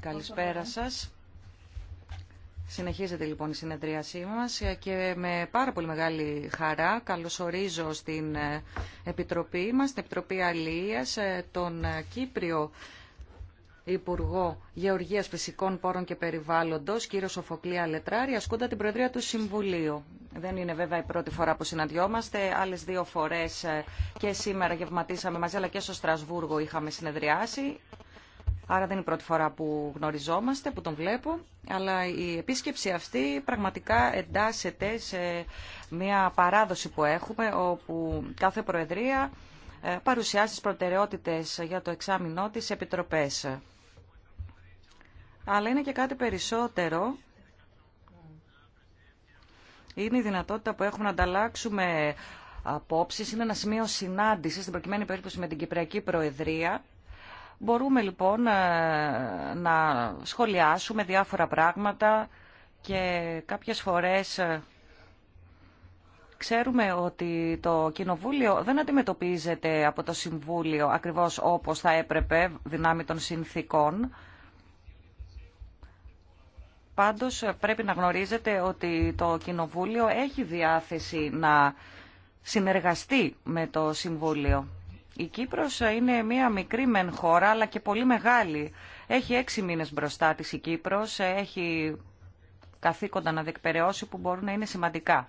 Καλησπέρα σας. Συνεχίζεται λοιπόν η συνεδρίασή μα και με πάρα πολύ μεγάλη χαρά καλωσορίζω στην ε, Επιτροπή μας, την Επιτροπή Αλίας, ε, τον ε, Κύπριο Υπουργό Γεωργίας Φυσικών Πόρων και Περιβάλλοντος, κύριο Σοφοκλή Αλετράρη, ασκούντα την Προεδρία του Συμβουλίου. Δεν είναι βέβαια η πρώτη φορά που συναντιόμαστε. Άλλε δύο φορέ ε, και σήμερα γευματίσαμε μαζί, αλλά και στο Στρασβούργο είχαμε συνεδριάσει. Άρα δεν είναι η πρώτη φορά που γνωριζόμαστε, που τον βλέπω. Αλλά η επίσκεψη αυτή πραγματικά εντάσσεται σε μια παράδοση που έχουμε, όπου κάθε Προεδρία ε, παρουσιάσει τις προτεραιότητες για το εξάμεινό της επιτροπές. Αλλά είναι και κάτι περισσότερο είναι η δυνατότητα που έχουμε να ανταλλάξουμε απόψεις. Είναι ένα σημείο συνάντησης, στην προκειμένη περίπτωση με την Κυπριακή Προεδρία, Μπορούμε λοιπόν ε, να σχολιάσουμε διάφορα πράγματα και κάποιες φορές ε, ξέρουμε ότι το Κοινοβούλιο δεν αντιμετωπίζεται από το Συμβούλιο ακριβώς όπως θα έπρεπε δυνάμει των συνθήκων. Πάντως πρέπει να γνωρίζετε ότι το Κοινοβούλιο έχει διάθεση να συνεργαστεί με το Συμβούλιο. Η Κύπρος είναι μια μικρή μεν χώρα αλλά και πολύ μεγάλη. Έχει έξι μήνες μπροστά της η Κύπρος, έχει καθήκοντα να δεκπεραιώσει που μπορούν να είναι σημαντικά.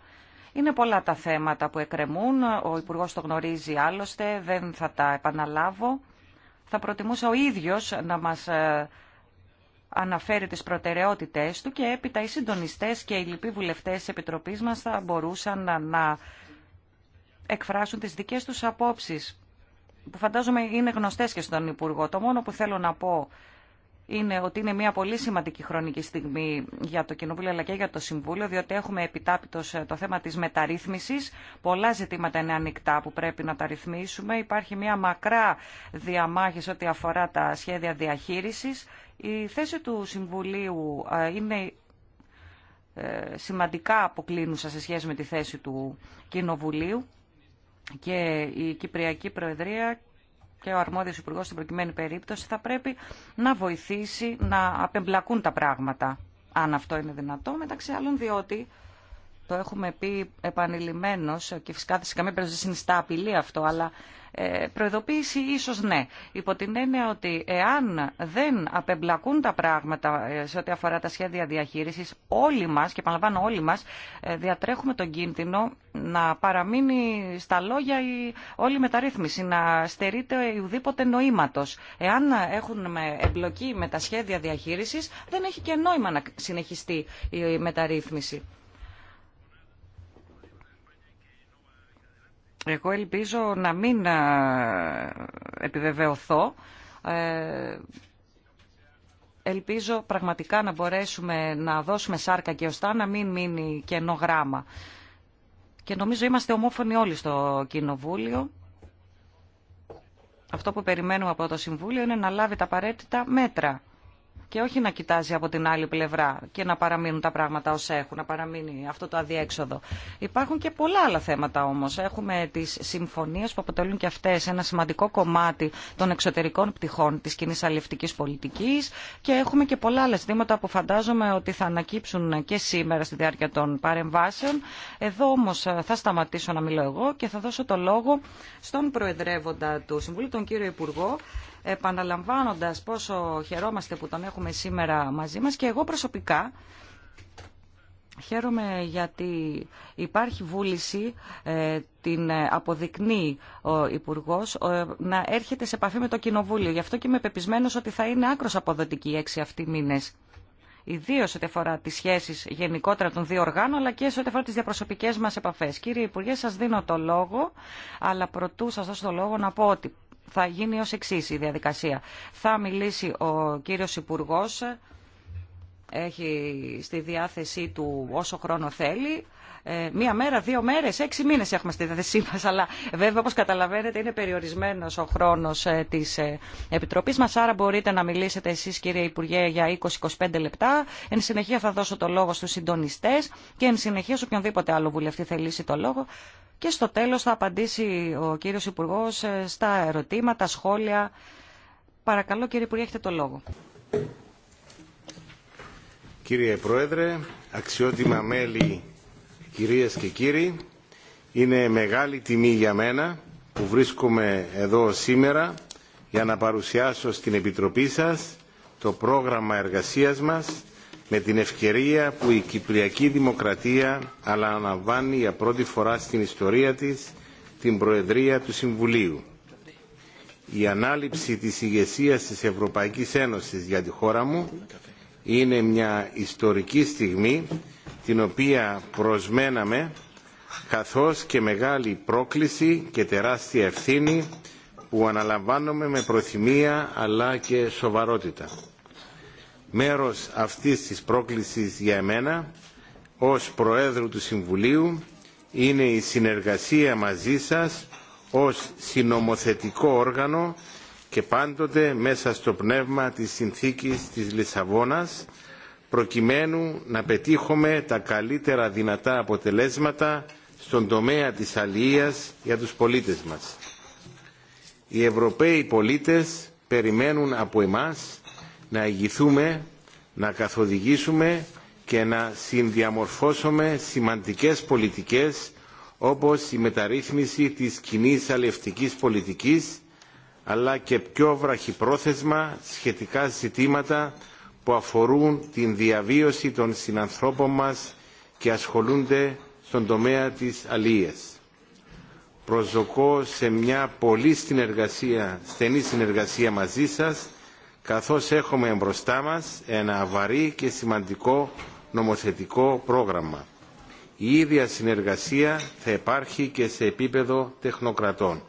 Είναι πολλά τα θέματα που εκκρεμούν, ο Υπουργός το γνωρίζει άλλωστε, δεν θα τα επαναλάβω. Θα προτιμούσα ο ίδιος να μας ε, αναφέρει τις προτεραιότητές του και έπειτα οι συντονιστές και οι λοιποί βουλευτές της Επιτροπής μας θα μπορούσαν να, να εκφράσουν τις δικές τους απόψεις που φαντάζομαι είναι γνωστές και στον Υπουργό. Το μόνο που θέλω να πω είναι ότι είναι μια πολύ σημαντική χρονική στιγμή για το Κοινοβούλιο αλλά και για το Συμβούλιο, διότι έχουμε επιτάπητος ε, το θέμα της μεταρρύθμισης. Πολλά ζητήματα είναι ανοιχτά που πρέπει να τα ρυθμίσουμε. Υπάρχει μια μακρά διαμάχη ό,τι αφορά τα σχέδια διαχείρισης η θέση του Συμβουλίου ε, είναι ε, σημαντικά αποκλίνουσα σε σχέση με τη θέση του Κοινοβουλίου και η Κυπριακή Προεδρία και ο αρμόδιος υπουργός στην προκειμένη περίπτωση θα πρέπει να βοηθήσει να απεμπλακούν τα πράγματα, αν αυτό είναι δυνατό, μεταξύ άλλων διότι το έχουμε πει επανειλημμένως και φυσικά δεν καμία συνιστά απειλή αυτό, αλλά ε, προειδοποίηση ίσως ναι. Υπό την έννοια ότι εάν δεν απεμπλακούν τα πράγματα ε, σε ό,τι αφορά τα σχέδια διαχείρισης, όλοι μας, και επαναλαμβάνω όλοι μας, ε, διατρέχουμε τον κίνδυνο να παραμείνει στα λόγια η όλη η μεταρρύθμιση, να στερείται ουδήποτε νοήματος. Εάν έχουν εμπλοκή με τα σχέδια διαχείρισης, δεν έχει και νόημα να συνεχιστεί η μεταρρύθμιση. Εγώ ελπίζω να μην ε, επιβεβαιωθώ. Ε, ελπίζω πραγματικά να μπορέσουμε να δώσουμε σάρκα και οστά, να μην μείνει κενό γράμμα. Και νομίζω είμαστε ομόφωνοι όλοι στο Κοινοβούλιο. Αυτό που περιμένουμε από το Συμβούλιο είναι να λάβει τα απαραίτητα μέτρα και όχι να κοιτάζει από την άλλη πλευρά και να παραμείνουν τα πράγματα ως έχουν, να παραμείνει αυτό το αδιέξοδο. Υπάρχουν και πολλά άλλα θέματα όμως. Έχουμε τις συμφωνίες που αποτελούν και αυτές ένα σημαντικό κομμάτι των εξωτερικών πτυχών της κοινή αλληλευτικής πολιτικής και έχουμε και πολλά άλλα ζητήματα που φαντάζομαι ότι θα ανακύψουν και σήμερα στη διάρκεια των παρεμβάσεων. Εδώ όμως ε, θα σταματήσω να μιλώ εγώ και θα δώσω το λόγο στον Προεδρεύοντα του Συμβουλίου, τον κύριο Υπουργό, επαναλαμβάνοντας πόσο χαιρόμαστε που τον έχουμε σήμερα μαζί μας και εγώ προσωπικά Χαίρομαι γιατί υπάρχει βούληση, ε, την ε, αποδεικνύει ο Υπουργό, ε, να έρχεται σε επαφή με το Κοινοβούλιο. Γι' αυτό και είμαι πεπισμένο ότι θα είναι άκρο αποδοτική οι έξι αυτοί μήνε. Ιδίω ό,τι αφορά τι σχέσει γενικότερα των δύο οργάνων, αλλά και ό,τι αφορά τι διαπροσωπικέ μα επαφέ. Κύριε Υπουργέ, σα δίνω το λόγο, αλλά προτού σα δώσω το λόγο να πω ότι θα γίνει ως εξή η διαδικασία. Θα μιλήσει ο κύριος Υπουργός, έχει στη διάθεσή του όσο χρόνο θέλει, ε, μία μέρα, δύο μέρες, έξι μήνες έχουμε στη θέση μα. Αλλά βέβαια, όπως καταλαβαίνετε, είναι περιορισμένος ο χρόνο ε, τη ε, Επιτροπής μας Άρα μπορείτε να μιλήσετε εσείς κύριε Υπουργέ, για 20-25 λεπτά. Εν συνεχεία θα δώσω το λόγο στους συντονιστέ και εν συνεχεία σε οποιονδήποτε άλλο βουλευτή θελήσει το λόγο. Και στο τέλο θα απαντήσει ο κύριο Υπουργό στα ερωτήματα, σχόλια. Παρακαλώ, κύριε Υπουργέ, έχετε το λόγο. Κύριε Πρόεδρε, αξιότιμα μέλη Κυρίες και κύριοι, είναι μεγάλη τιμή για μένα που βρίσκομαι εδώ σήμερα για να παρουσιάσω στην Επιτροπή σας το πρόγραμμα εργασίας μας με την ευκαιρία που η Κυπριακή Δημοκρατία αλλά αναβάνει για πρώτη φορά στην ιστορία της την Προεδρία του Συμβουλίου. Η ανάληψη της ηγεσία της Ευρωπαϊκής Ένωσης για τη χώρα μου είναι μια ιστορική στιγμή την οποία προσμέναμε καθώς και μεγάλη πρόκληση και τεράστια ευθύνη που αναλαμβάνουμε με προθυμία αλλά και σοβαρότητα. Μέρος αυτής της πρόκλησης για εμένα ως Προέδρου του Συμβουλίου είναι η συνεργασία μαζί σας ως συνομοθετικό όργανο και πάντοτε μέσα στο πνεύμα της συνθήκης της Λισαβόνας προκειμένου να πετύχουμε τα καλύτερα δυνατά αποτελέσματα στον τομέα της αλληλείας για τους πολίτες μας. Οι Ευρωπαίοι πολίτες περιμένουν από εμάς να ηγηθούμε, να καθοδηγήσουμε και να συνδιαμορφώσουμε σημαντικές πολιτικές όπως η μεταρρύθμιση της κοινή αλληλευτικής πολιτικής αλλά και πιο βραχυπρόθεσμα σχετικά ζητήματα που αφορούν την διαβίωση των συνανθρώπων μας και ασχολούνται στον τομέα της αλίας. Προσδοκώ σε μια πολύ συνεργασία, στενή συνεργασία μαζί σας, καθώς έχουμε μπροστά μας ένα βαρύ και σημαντικό νομοθετικό πρόγραμμα. Η ίδια συνεργασία θα υπάρχει και σε επίπεδο τεχνοκρατών.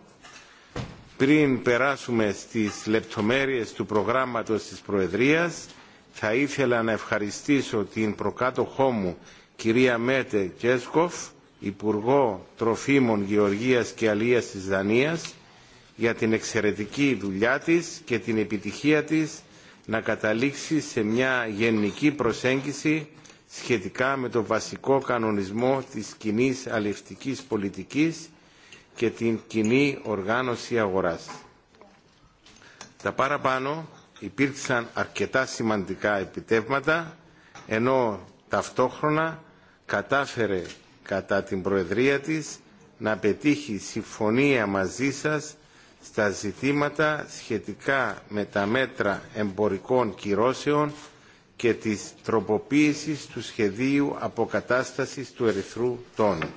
Πριν περάσουμε στις λεπτομέρειες του προγράμματος της Προεδρίας, θα ήθελα να ευχαριστήσω την προκάτοχό μου κυρία Μέτε Κέσκοφ, Υπουργό Τροφίμων Γεωργίας και Αλίας της Δανίας, για την εξαιρετική δουλειά της και την επιτυχία της να καταλήξει σε μια γενική προσέγγιση σχετικά με το βασικό κανονισμό της κοινή αλευτικής πολιτικής και την κοινή οργάνωση αγοράς. Τα παραπάνω υπήρξαν αρκετά σημαντικά επιτεύγματα, ενώ ταυτόχρονα κατάφερε κατά την Προεδρία της να πετύχει συμφωνία μαζί σας στα ζητήματα σχετικά με τα μέτρα εμπορικών κυρώσεων και της τροποποίησης του σχεδίου αποκατάστασης του ερυθρού τόνου.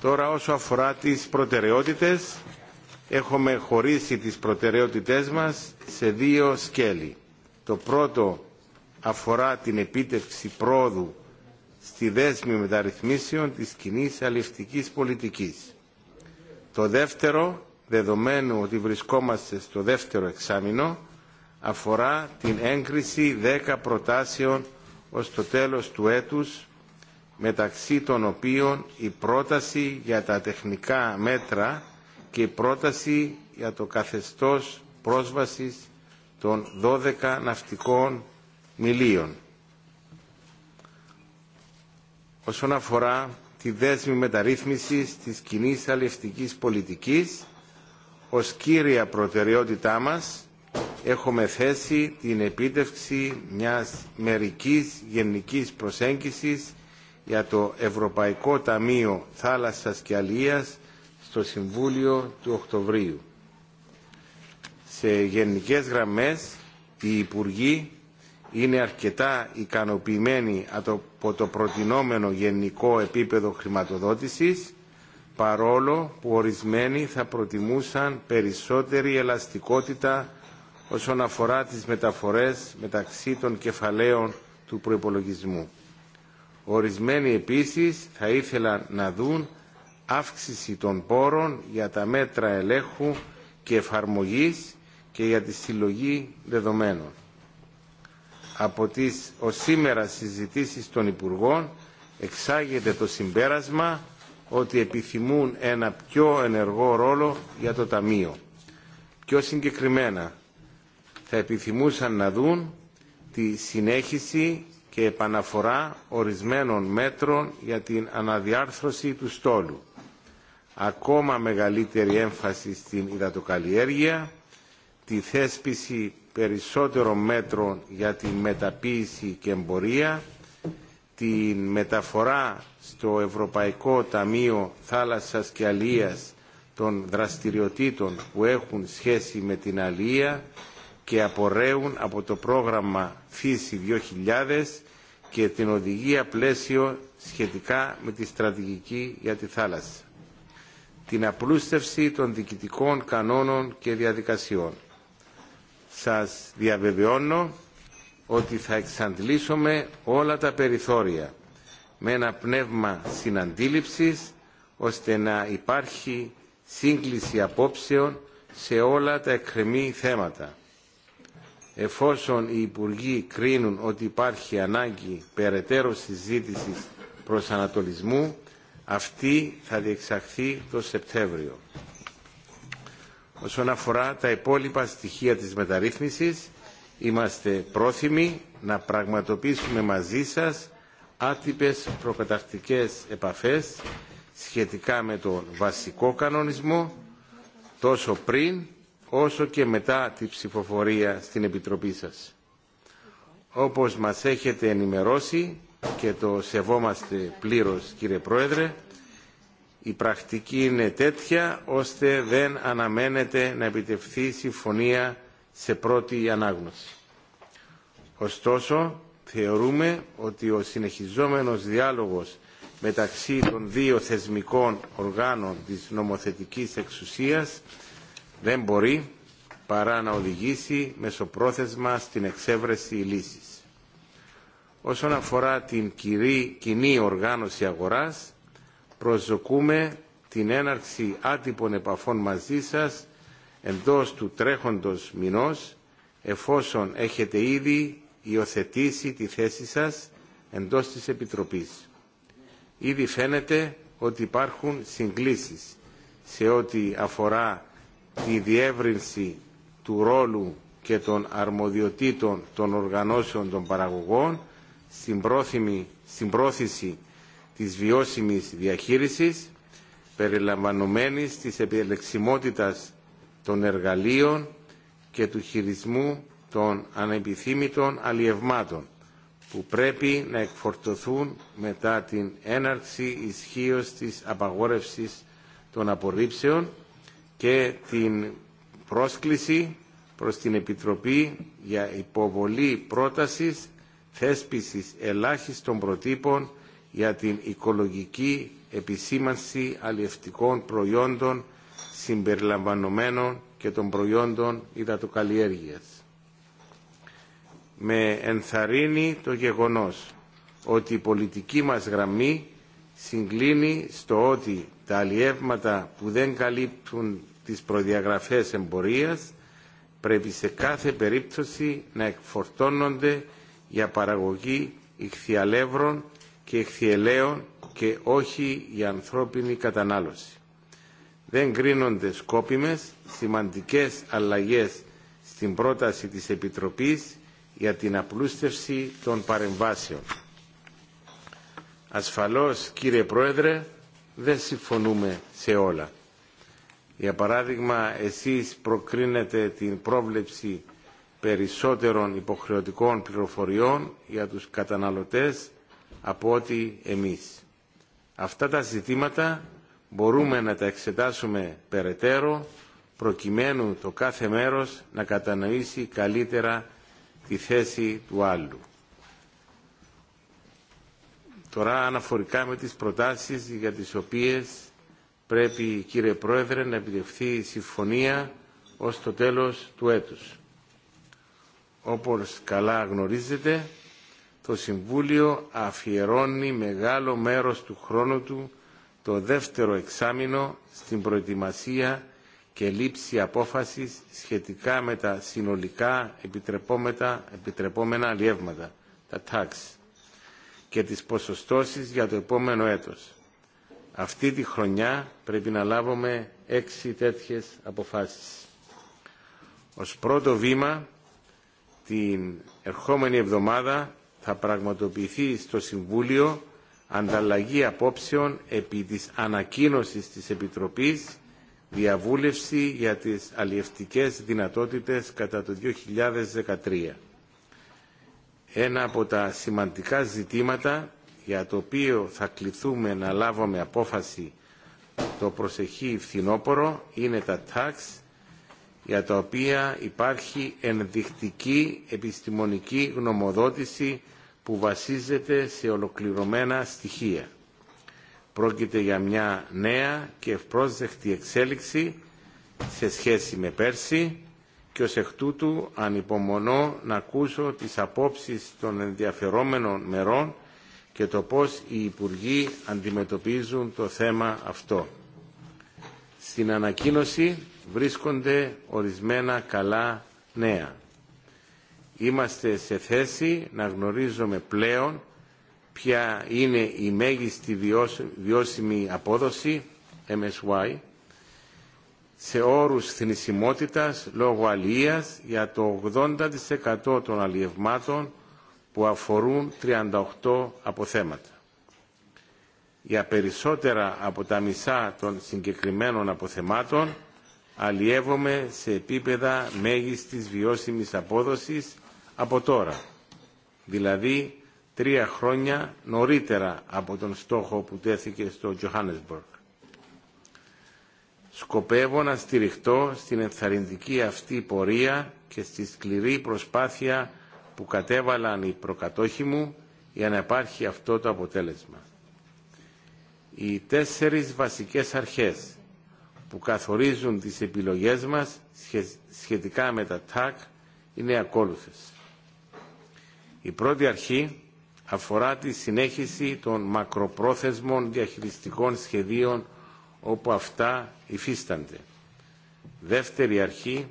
Τώρα όσο αφορά τις προτεραιότητες, έχουμε χωρίσει τις προτεραιότητές μας σε δύο σκέλη. Το πρώτο αφορά την επίτευξη πρόοδου στη δέσμη μεταρρυθμίσεων της κοινή αλληλευτικής πολιτικής. Το δεύτερο, δεδομένου ότι βρισκόμαστε στο δεύτερο εξάμεινο, αφορά την έγκριση 10 προτάσεων ως το τέλος του έτους, μεταξύ των οποίων η πρόταση για τα τεχνικά μέτρα και πρόταση για το καθεστώς πρόσβασης των 12 ναυτικών μιλίων. Όσον αφορά τη δέσμη μεταρρύθμισης της κοινή αλληλευτικής πολιτικής, ως κύρια προτεραιότητά μας έχουμε θέσει την επίτευξη μιας μερικής γενικής προσέγγισης για το Ευρωπαϊκό Ταμείο Θάλασσας και Αλίας στο Συμβούλιο του Οκτωβρίου. Σε γενικές γραμμές, οι Υπουργοί είναι αρκετά ικανοποιημένοι από το προτινόμενο γενικό επίπεδο χρηματοδότησης, παρόλο που ορισμένοι θα προτιμούσαν περισσότερη ελαστικότητα όσον αφορά τις μεταφορές μεταξύ των κεφαλαίων του προϋπολογισμού. Ορισμένοι επίσης θα ήθελαν να δουν αύξηση των πόρων για τα μέτρα ελέγχου και εφαρμογής και για τη συλλογή δεδομένων. Από τις ως σήμερα συζητήσεις των Υπουργών εξάγεται το συμπέρασμα ότι επιθυμούν ένα πιο ενεργό ρόλο για το Ταμείο. Πιο συγκεκριμένα θα επιθυμούσαν να δουν τη συνέχιση και επαναφορά ορισμένων μέτρων για την αναδιάρθρωση του στόλου ακόμα μεγαλύτερη έμφαση στην υδατοκαλλιέργεια, τη θέσπιση περισσότερων μέτρων για τη μεταποίηση και εμπορία, τη μεταφορά στο Ευρωπαϊκό Ταμείο Θάλασσας και Αλίας των δραστηριοτήτων που έχουν σχέση με την αλία και απορρέουν από το πρόγραμμα Φύση 2000 και την οδηγία πλαίσιο σχετικά με τη στρατηγική για τη θάλασσα την απλούστευση των διοικητικών κανόνων και διαδικασιών. Σας διαβεβαιώνω ότι θα εξαντλήσουμε όλα τα περιθώρια με ένα πνεύμα συναντήληψης ώστε να υπάρχει σύγκληση απόψεων σε όλα τα εκκρεμή θέματα. Εφόσον οι Υπουργοί κρίνουν ότι υπάρχει ανάγκη περαιτέρω συζήτησης προς ανατολισμού, αυτή θα διεξαχθεί το Σεπτέμβριο. Όσον αφορά τα υπόλοιπα στοιχεία της μεταρρύθμισης, είμαστε πρόθυμοι να πραγματοποιήσουμε μαζί σας άτυπες προκατακτικές επαφές σχετικά με τον βασικό κανονισμό τόσο πριν όσο και μετά τη ψηφοφορία στην Επιτροπή σας. Όπως μας έχετε ενημερώσει, και το σεβόμαστε πλήρως κύριε Πρόεδρε η πρακτική είναι τέτοια ώστε δεν αναμένεται να επιτευχθεί συμφωνία σε πρώτη ανάγνωση. Ωστόσο, θεωρούμε ότι ο συνεχιζόμενος διάλογος μεταξύ των δύο θεσμικών οργάνων της νομοθετικής εξουσίας δεν μπορεί παρά να οδηγήσει μεσοπρόθεσμα στην εξέβρεση λύσης. Όσον αφορά την κοινή οργάνωση αγοράς, προσδοκούμε την έναρξη άτυπων επαφών μαζί σας εντός του τρέχοντος μηνός, εφόσον έχετε ήδη υιοθετήσει τη θέση σας εντός της Επιτροπής. Ήδη φαίνεται ότι υπάρχουν συγκλήσεις σε ό,τι αφορά τη διεύρυνση του ρόλου και των αρμοδιοτήτων των οργανώσεων των παραγωγών στην, πρόθεση της βιώσιμης διαχείρισης περιλαμβανομένης της επιλεξιμότητας των εργαλείων και του χειρισμού των ανεπιθύμητων αλλιευμάτων που πρέπει να εκφορτωθούν μετά την έναρξη ισχύω της απαγόρευσης των απορρίψεων και την πρόσκληση προς την Επιτροπή για υποβολή πρότασης θέσπισης ελάχιστων προτύπων για την οικολογική επισήμανση αλλιευτικών προϊόντων συμπεριλαμβανομένων και των προϊόντων υδατοκαλλιέργειας. Με ενθαρρύνει το γεγονός ότι η πολιτική μας γραμμή συγκλίνει στο ότι τα αλλιεύματα που δεν καλύπτουν τις προδιαγραφές εμπορίας πρέπει σε κάθε περίπτωση να εκφορτώνονται για παραγωγή ηχθιαλεύρων και ηχθιελαίων και όχι για ανθρώπινη κατανάλωση. Δεν κρίνονται σκόπιμες σημαντικές αλλαγές στην πρόταση της Επιτροπής για την απλούστευση των παρεμβάσεων. Ασφαλώς, κύριε Πρόεδρε, δεν συμφωνούμε σε όλα. Για παράδειγμα, εσείς προκρίνετε την πρόβλεψη περισσότερων υποχρεωτικών πληροφοριών για τους καταναλωτές από ό,τι εμείς. Αυτά τα ζητήματα μπορούμε να τα εξετάσουμε περαιτέρω προκειμένου το κάθε μέρος να κατανοήσει καλύτερα τη θέση του άλλου. Τώρα αναφορικά με τις προτάσεις για τις οποίες πρέπει κύριε Πρόεδρε να επιτευχθεί συμφωνία ως το τέλος του έτους. Όπως καλά γνωρίζετε, το Συμβούλιο αφιερώνει μεγάλο μέρος του χρόνου του το δεύτερο εξάμεινο στην προετοιμασία και λήψη απόφασης σχετικά με τα συνολικά επιτρεπόμενα αλλιεύματα, τα tax, και τις ποσοστώσεις για το επόμενο έτος. Αυτή τη χρονιά πρέπει να λάβουμε έξι τέτοιες αποφάσεις. Ως πρώτο βήμα την ερχόμενη εβδομάδα θα πραγματοποιηθεί στο Συμβούλιο ανταλλαγή απόψεων επί της ανακοίνωσης της Επιτροπής διαβούλευση για τις αλλιευτικές δυνατότητες κατά το 2013. Ένα από τα σημαντικά ζητήματα για το οποίο θα κληθούμε να λάβουμε απόφαση το προσεχή φθινόπωρο είναι τα τάξη για τα οποία υπάρχει ενδεικτική επιστημονική γνωμοδότηση που βασίζεται σε ολοκληρωμένα στοιχεία. Πρόκειται για μια νέα και ευπρόσδεκτη εξέλιξη σε σχέση με πέρσι και ως εκ τούτου ανυπομονώ να ακούσω τις απόψεις των ενδιαφερόμενων μερών και το πώς οι Υπουργοί αντιμετωπίζουν το θέμα αυτό. Στην ανακοίνωση βρίσκονται ορισμένα καλά νέα. Είμαστε σε θέση να γνωρίζουμε πλέον ποια είναι η μέγιστη βιώσιμη απόδοση MSY σε όρους θνησιμότητας λόγω αλίας για το 80% των αλλιευμάτων που αφορούν 38 αποθέματα για περισσότερα από τα μισά των συγκεκριμένων αποθεμάτων αλλιεύομαι σε επίπεδα μέγιστης βιώσιμης απόδοσης από τώρα, δηλαδή τρία χρόνια νωρίτερα από τον στόχο που τέθηκε στο Johannesburg. Σκοπεύω να στηριχτώ στην ενθαρρυντική αυτή πορεία και στη σκληρή προσπάθεια που κατέβαλαν οι προκατόχοι μου για να υπάρχει αυτό το αποτέλεσμα οι τέσσερις βασικές αρχές που καθορίζουν τις επιλογές μας σχετικά με τα ΤΑΚ είναι ακόλουθες. Η πρώτη αρχή αφορά τη συνέχιση των μακροπρόθεσμων διαχειριστικών σχεδίων όπου αυτά υφίστανται. Δεύτερη αρχή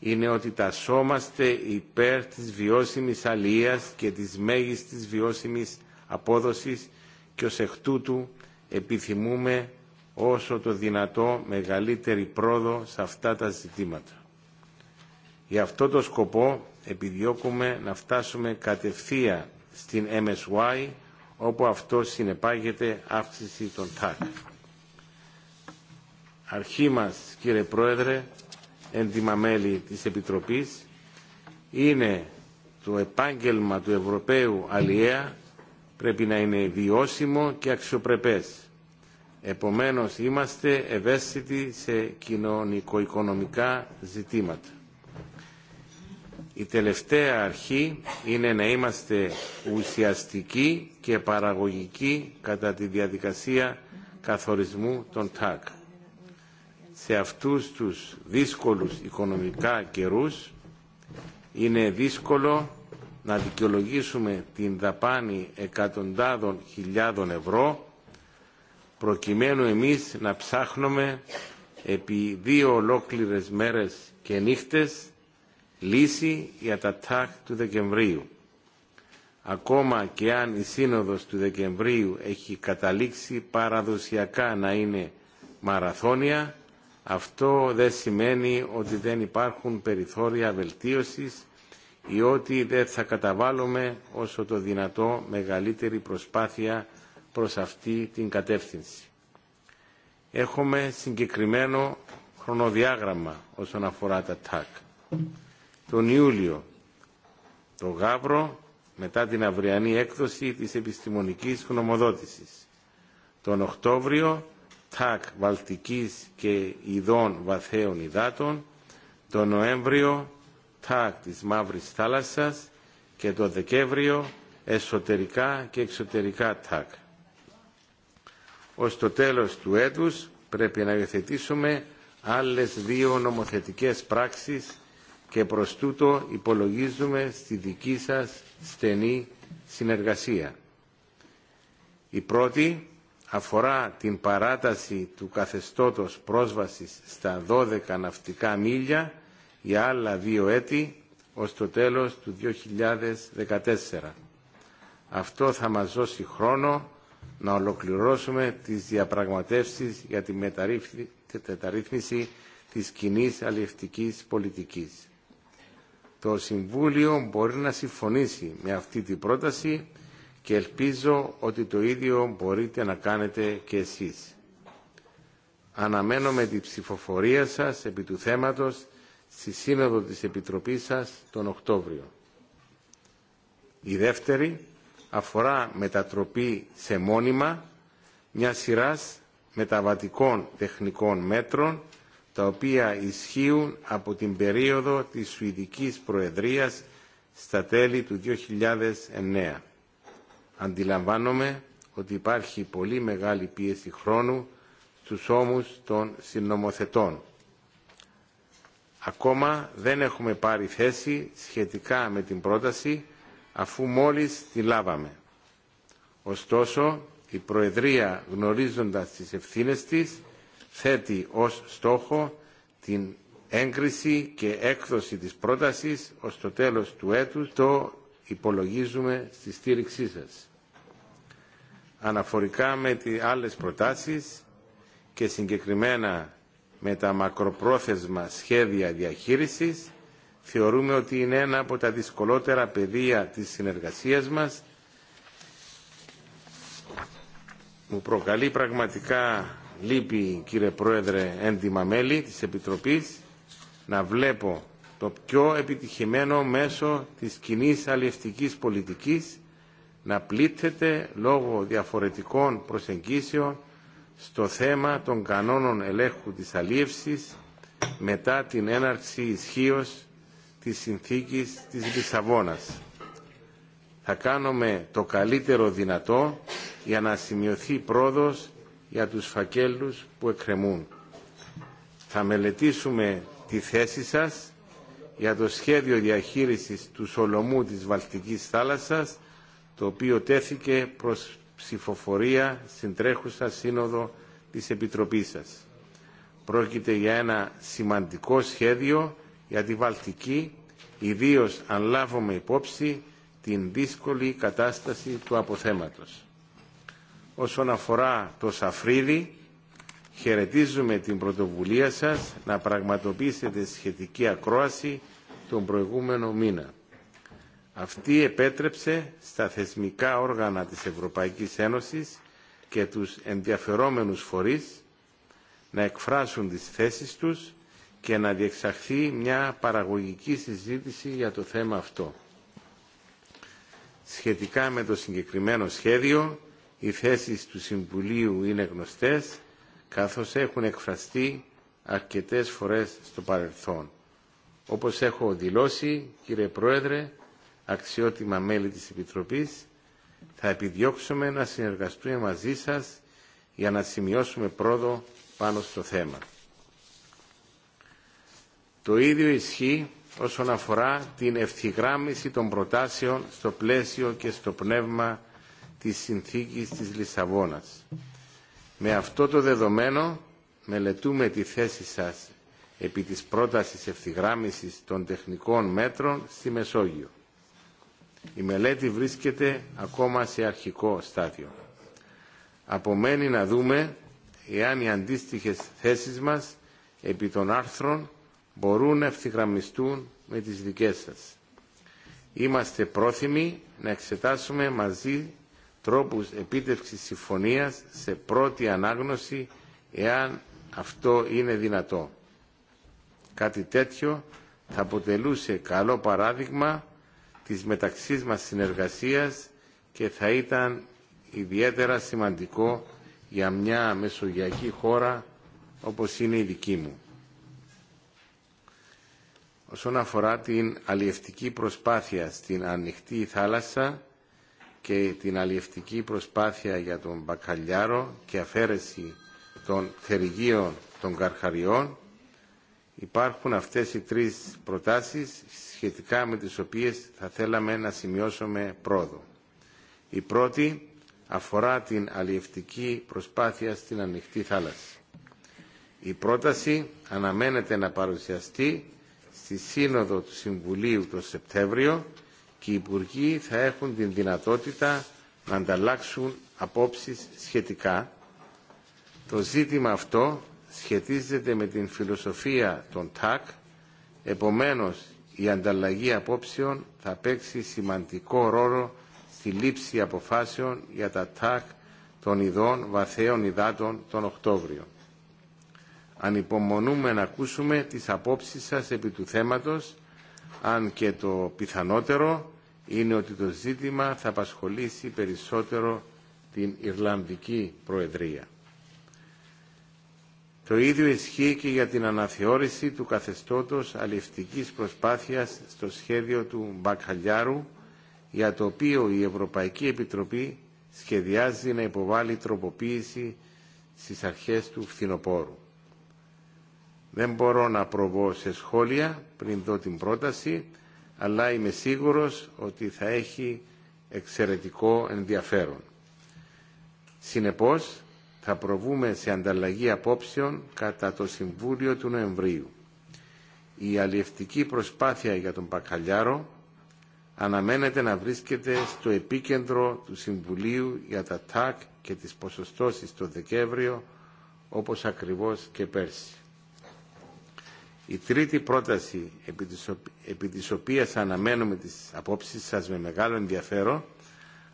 είναι ότι τασόμαστε υπέρ της βιώσιμης αλίας και της μέγιστης βιώσιμης απόδοσης και ως εκ τούτου επιθυμούμε όσο το δυνατό μεγαλύτερη πρόοδο σε αυτά τα ζητήματα. Για αυτό το σκοπό επιδιώκουμε να φτάσουμε κατευθείαν στην MSY, όπου αυτό συνεπάγεται αύξηση των ΤΑΚ. Αρχή μας, κύριε Πρόεδρε, έντιμα μέλη της Επιτροπής, είναι το επάγγελμα του Ευρωπαίου Αλιέα πρέπει να είναι βιώσιμο και αξιοπρεπές. Επομένως, είμαστε ευαίσθητοι σε κοινωνικο-οικονομικά ζητήματα. Η τελευταία αρχή είναι να είμαστε ουσιαστικοί και παραγωγικοί κατά τη διαδικασία καθορισμού των ΤΑΚ. Σε αυτούς τους δύσκολους οικονομικά καιρούς είναι δύσκολο να δικαιολογήσουμε την δαπάνη εκατοντάδων χιλιάδων ευρώ προκειμένου εμείς να ψάχνουμε επί δύο ολόκληρες μέρες και νύχτες λύση για τα ταχ του Δεκεμβρίου. Ακόμα και αν η σύνοδος του Δεκεμβρίου έχει καταλήξει παραδοσιακά να είναι μαραθώνια, αυτό δεν σημαίνει ότι δεν υπάρχουν περιθώρια βελτίωσης ή ότι δεν θα καταβάλουμε όσο το δυνατό μεγαλύτερη προσπάθεια προς αυτή την κατεύθυνση. Έχουμε συγκεκριμένο χρονοδιάγραμμα όσον αφορά τα ΤΑΚ. Τον Ιούλιο, το Γάβρο, μετά την αυριανή έκδοση της επιστημονικής γνωμοδότησης. Τον Οκτώβριο, ΤΑΚ Βαλτικής και Ειδών Βαθαίων Υδάτων. Τον Νοέμβριο, ΤΑΚ της Μαύρης Θάλασσας και το Δεκέμβριο εσωτερικά και εξωτερικά ΤΑΚ. Ως το τέλος του έτους πρέπει να υιοθετήσουμε άλλες δύο νομοθετικές πράξεις και προς τούτο υπολογίζουμε στη δική σας στενή συνεργασία. Η πρώτη αφορά την παράταση του καθεστώτος πρόσβασης στα 12 ναυτικά μίλια για άλλα δύο έτη ως το τέλος του 2014. Αυτό θα μας δώσει χρόνο να ολοκληρώσουμε τις διαπραγματεύσεις για τη μεταρρύθμιση της κοινή αλληλευτικής πολιτικής. Το Συμβούλιο μπορεί να συμφωνήσει με αυτή την πρόταση και ελπίζω ότι το ίδιο μπορείτε να κάνετε και εσείς. Αναμένω με την ψηφοφορία σας επί του θέματος στη σύνοδο της Επιτροπής σας τον Οκτώβριο. Η δεύτερη αφορά μετατροπή σε μόνιμα μια σειράς μεταβατικών τεχνικών μέτρων τα οποία ισχύουν από την περίοδο της Σουηδικής Προεδρίας στα τέλη του 2009. Αντιλαμβάνομαι ότι υπάρχει πολύ μεγάλη πίεση χρόνου στους ώμους των συνομοθετών. Ακόμα δεν έχουμε πάρει θέση σχετικά με την πρόταση αφού μόλις τη λάβαμε. Ωστόσο, η Προεδρία γνωρίζοντας τις ευθύνες της θέτει ως στόχο την έγκριση και έκδοση της πρότασης ως το τέλος του έτους το υπολογίζουμε στη στήριξή σας. Αναφορικά με τις άλλες προτάσεις και συγκεκριμένα με τα μακροπρόθεσμα σχέδια διαχείρισης θεωρούμε ότι είναι ένα από τα δυσκολότερα πεδία της συνεργασίας μας μου προκαλεί πραγματικά λύπη κύριε Πρόεδρε έντιμα μέλη της Επιτροπής να βλέπω το πιο επιτυχημένο μέσο της κοινή αλληλευτικής πολιτικής να πλήττεται λόγω διαφορετικών προσεγγίσεων στο θέμα των κανόνων ελέγχου της αλίευσης μετά την έναρξη ισχύω της συνθήκης της Λισαβόνας. Θα κάνουμε το καλύτερο δυνατό για να σημειωθεί πρόοδος για τους φακέλους που εκκρεμούν. Θα μελετήσουμε τη θέση σας για το σχέδιο διαχείρισης του Σολομού της Βαλτικής θάλασσας, το οποίο τέθηκε προς ψηφοφορία στην τρέχουσα σύνοδο της Επιτροπής σας. Πρόκειται για ένα σημαντικό σχέδιο για τη Βαλτική, ιδίως αν λάβουμε υπόψη την δύσκολη κατάσταση του αποθέματος. Όσον αφορά το Σαφρίδι, χαιρετίζουμε την πρωτοβουλία σας να πραγματοποιήσετε σχετική ακρόαση τον προηγούμενο μήνα. Αυτή επέτρεψε στα θεσμικά όργανα της Ευρωπαϊκής Ένωσης και τους ενδιαφερόμενους φορείς να εκφράσουν τις θέσεις τους και να διεξαχθεί μια παραγωγική συζήτηση για το θέμα αυτό. Σχετικά με το συγκεκριμένο σχέδιο, οι θέσεις του Συμβουλίου είναι γνωστές, καθώς έχουν εκφραστεί αρκετές φορές στο παρελθόν. Όπως έχω δηλώσει, κύριε Πρόεδρε, αξιότιμα μέλη της Επιτροπής, θα επιδιώξουμε να συνεργαστούμε μαζί σας για να σημειώσουμε πρόοδο πάνω στο θέμα. Το ίδιο ισχύει όσον αφορά την ευθυγράμμιση των προτάσεων στο πλαίσιο και στο πνεύμα της συνθήκης της Λισαβόνας. Με αυτό το δεδομένο μελετούμε τη θέση σας επί της πρότασης ευθυγράμμισης των τεχνικών μέτρων στη Μεσόγειο. Η μελέτη βρίσκεται ακόμα σε αρχικό στάδιο. Απομένει να δούμε εάν οι αντίστοιχες θέσεις μας επί των άρθρων μπορούν να ευθυγραμμιστούν με τις δικές σας. Είμαστε πρόθυμοι να εξετάσουμε μαζί τρόπους επίτευξης συμφωνίας σε πρώτη ανάγνωση εάν αυτό είναι δυνατό. Κάτι τέτοιο θα αποτελούσε καλό παράδειγμα της μεταξύ μας συνεργασίας και θα ήταν ιδιαίτερα σημαντικό για μια μεσογειακή χώρα όπως είναι η δική μου. Όσον αφορά την αλλιευτική προσπάθεια στην ανοιχτή θάλασσα και την αλλιευτική προσπάθεια για τον μπακαλιάρο και αφαίρεση των θεριγίων των καρχαριών, υπάρχουν αυτές οι τρεις προτάσεις σχετικά με τις οποίες θα θέλαμε να σημειώσουμε πρόοδο. Η πρώτη αφορά την αλλιευτική προσπάθεια στην ανοιχτή θάλασσα. Η πρόταση αναμένεται να παρουσιαστεί στη Σύνοδο του Συμβουλίου το Σεπτέμβριο και οι Υπουργοί θα έχουν την δυνατότητα να ανταλλάξουν απόψεις σχετικά. Το ζήτημα αυτό σχετίζεται με την φιλοσοφία των ΤΑΚ, επομένως η ανταλλαγή απόψεων θα παίξει σημαντικό ρόλο στη λήψη αποφάσεων για τα ΤΑΚ των ειδών βαθαίων υδάτων τον Οκτώβριο. Ανυπομονούμε να ακούσουμε τις απόψεις σας επί του θέματος, αν και το πιθανότερο είναι ότι το ζήτημα θα απασχολήσει περισσότερο την Ιρλανδική Προεδρία. Το ίδιο ισχύει και για την αναθεώρηση του καθεστώτος αλληλευτικής προσπάθειας στο σχέδιο του Μπακχαλιάρου, για το οποίο η Ευρωπαϊκή Επιτροπή σχεδιάζει να υποβάλει τροποποίηση στις αρχές του φθινοπόρου. Δεν μπορώ να προβώ σε σχόλια πριν δω την πρόταση, αλλά είμαι σίγουρος ότι θα έχει εξαιρετικό ενδιαφέρον. Συνεπώς, θα προβούμε σε ανταλλαγή απόψεων κατά το Συμβούλιο του Νοεμβρίου. Η αλλιευτική προσπάθεια για τον Πακαλιάρο αναμένεται να βρίσκεται στο επίκεντρο του Συμβουλίου για τα ΤΑΚ και τις ποσοστώσεις το Δεκέμβριο, όπως ακριβώς και πέρσι. Η τρίτη πρόταση επί της οποίας αναμένουμε τις απόψεις σας με μεγάλο ενδιαφέρον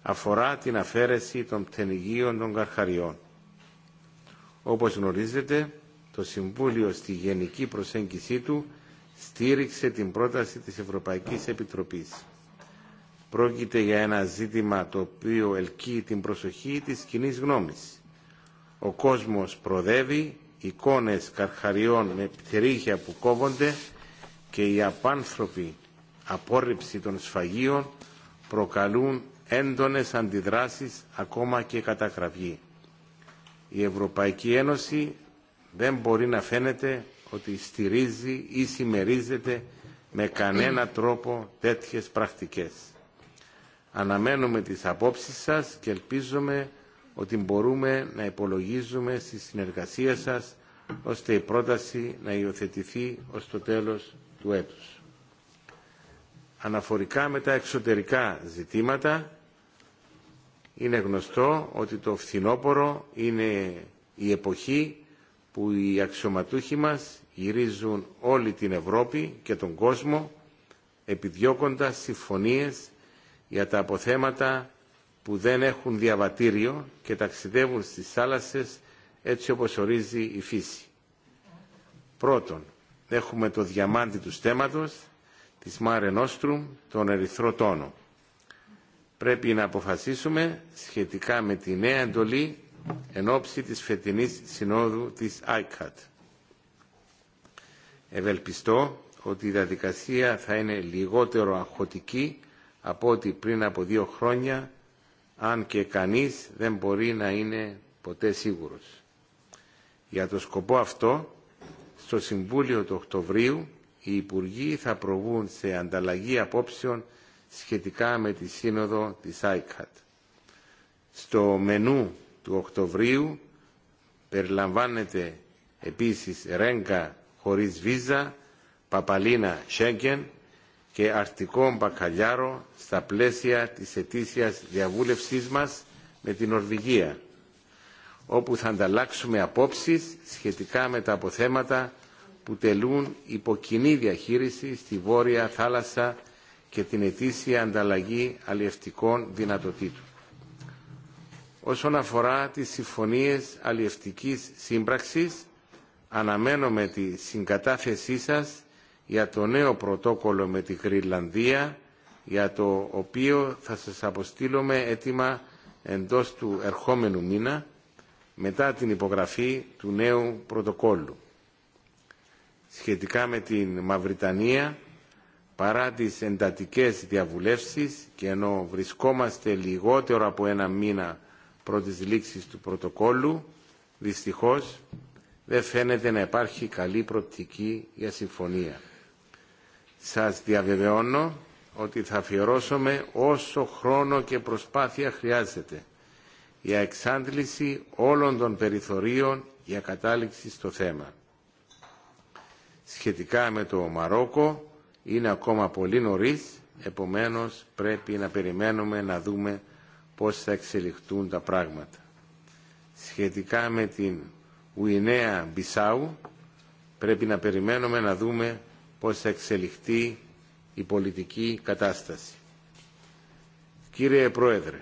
αφορά την αφαίρεση των πτενιγίων των καρχαριών. Όπως γνωρίζετε, το Συμβούλιο στη γενική προσέγγιση του στήριξε την πρόταση της Ευρωπαϊκής Επιτροπής. Πρόκειται για ένα ζήτημα το οποίο ελκύει την προσοχή της κοινή γνώμης. Ο κόσμος προδεύει, εικόνες καρχαριών με πτυρίχια που κόβονται και η απάνθρωπη απόρριψη των σφαγίων προκαλούν έντονες αντιδράσεις ακόμα και κατακραυγή. Η Ευρωπαϊκή Ένωση δεν μπορεί να φαίνεται ότι στηρίζει ή συμμερίζεται με κανένα τρόπο τέτοιες πρακτικές. Αναμένουμε τις απόψεις σας και ελπίζουμε ότι μπορούμε να υπολογίζουμε στη συνεργασία σας ώστε η πρόταση να υιοθετηθεί ως το τέλος του έτους. Αναφορικά με τα εξωτερικά ζητήματα, είναι γνωστό ότι το φθινόπωρο είναι η εποχή που οι αξιωματούχοι μας γυρίζουν όλη την Ευρώπη και τον κόσμο επιδιώκοντας συμφωνίες για τα αποθέματα που δεν έχουν διαβατήριο και ταξιδεύουν στις θάλασσες έτσι όπως ορίζει η φύση. Πρώτον, έχουμε το διαμάντι του στέματος, της Μάρε Νόστρουμ, τον ερυθρό τόνο πρέπει να αποφασίσουμε σχετικά με τη νέα εντολή εν ώψη της φετινής συνόδου της ICAT. Ευελπιστώ ότι η διαδικασία θα είναι λιγότερο αγχωτική από ό,τι πριν από δύο χρόνια, αν και κανείς δεν μπορεί να είναι ποτέ σίγουρος. Για το σκοπό αυτό, στο Συμβούλιο του Οκτωβρίου, οι Υπουργοί θα προβούν σε ανταλλαγή απόψεων σχετικά με τη σύνοδο της ICAT. Στο μενού του Οκτωβρίου περιλαμβάνεται επίσης ρέγκα χωρίς βίζα, παπαλίνα Σέγγεν και αρτικό μπακαλιάρο στα πλαίσια της ετήσιας διαβούλευσής μας με την Ορβηγία, όπου θα ανταλλάξουμε απόψεις σχετικά με τα αποθέματα που τελούν υποκοινή διαχείριση στη Βόρεια Θάλασσα και την ετήσια ανταλλαγή αλλιευτικών δυνατοτήτων. Όσον αφορά τις συμφωνίες αλλιευτικής σύμπραξης, αναμένουμε τη συγκατάθεσή σας για το νέο πρωτόκολλο με τη Γρυλανδία, για το οποίο θα σας αποστείλουμε έτοιμα εντός του ερχόμενου μήνα, μετά την υπογραφή του νέου πρωτοκόλλου. Σχετικά με την Μαυριτανία, παρά τις εντατικές διαβουλεύσεις και ενώ βρισκόμαστε λιγότερο από ένα μήνα πρώτης λήξη του πρωτοκόλλου, δυστυχώς δεν φαίνεται να υπάρχει καλή προοπτική για συμφωνία. Σας διαβεβαιώνω ότι θα αφιερώσουμε όσο χρόνο και προσπάθεια χρειάζεται για εξάντληση όλων των περιθωρίων για κατάληξη στο θέμα. Σχετικά με το Μαρόκο, είναι ακόμα πολύ νωρίς, επομένως πρέπει να περιμένουμε να δούμε πώς θα εξελιχθούν τα πράγματα. Σχετικά με την Ουινέα Μπισάου πρέπει να περιμένουμε να δούμε πώς θα εξελιχθεί η πολιτική κατάσταση. Κύριε Πρόεδρε,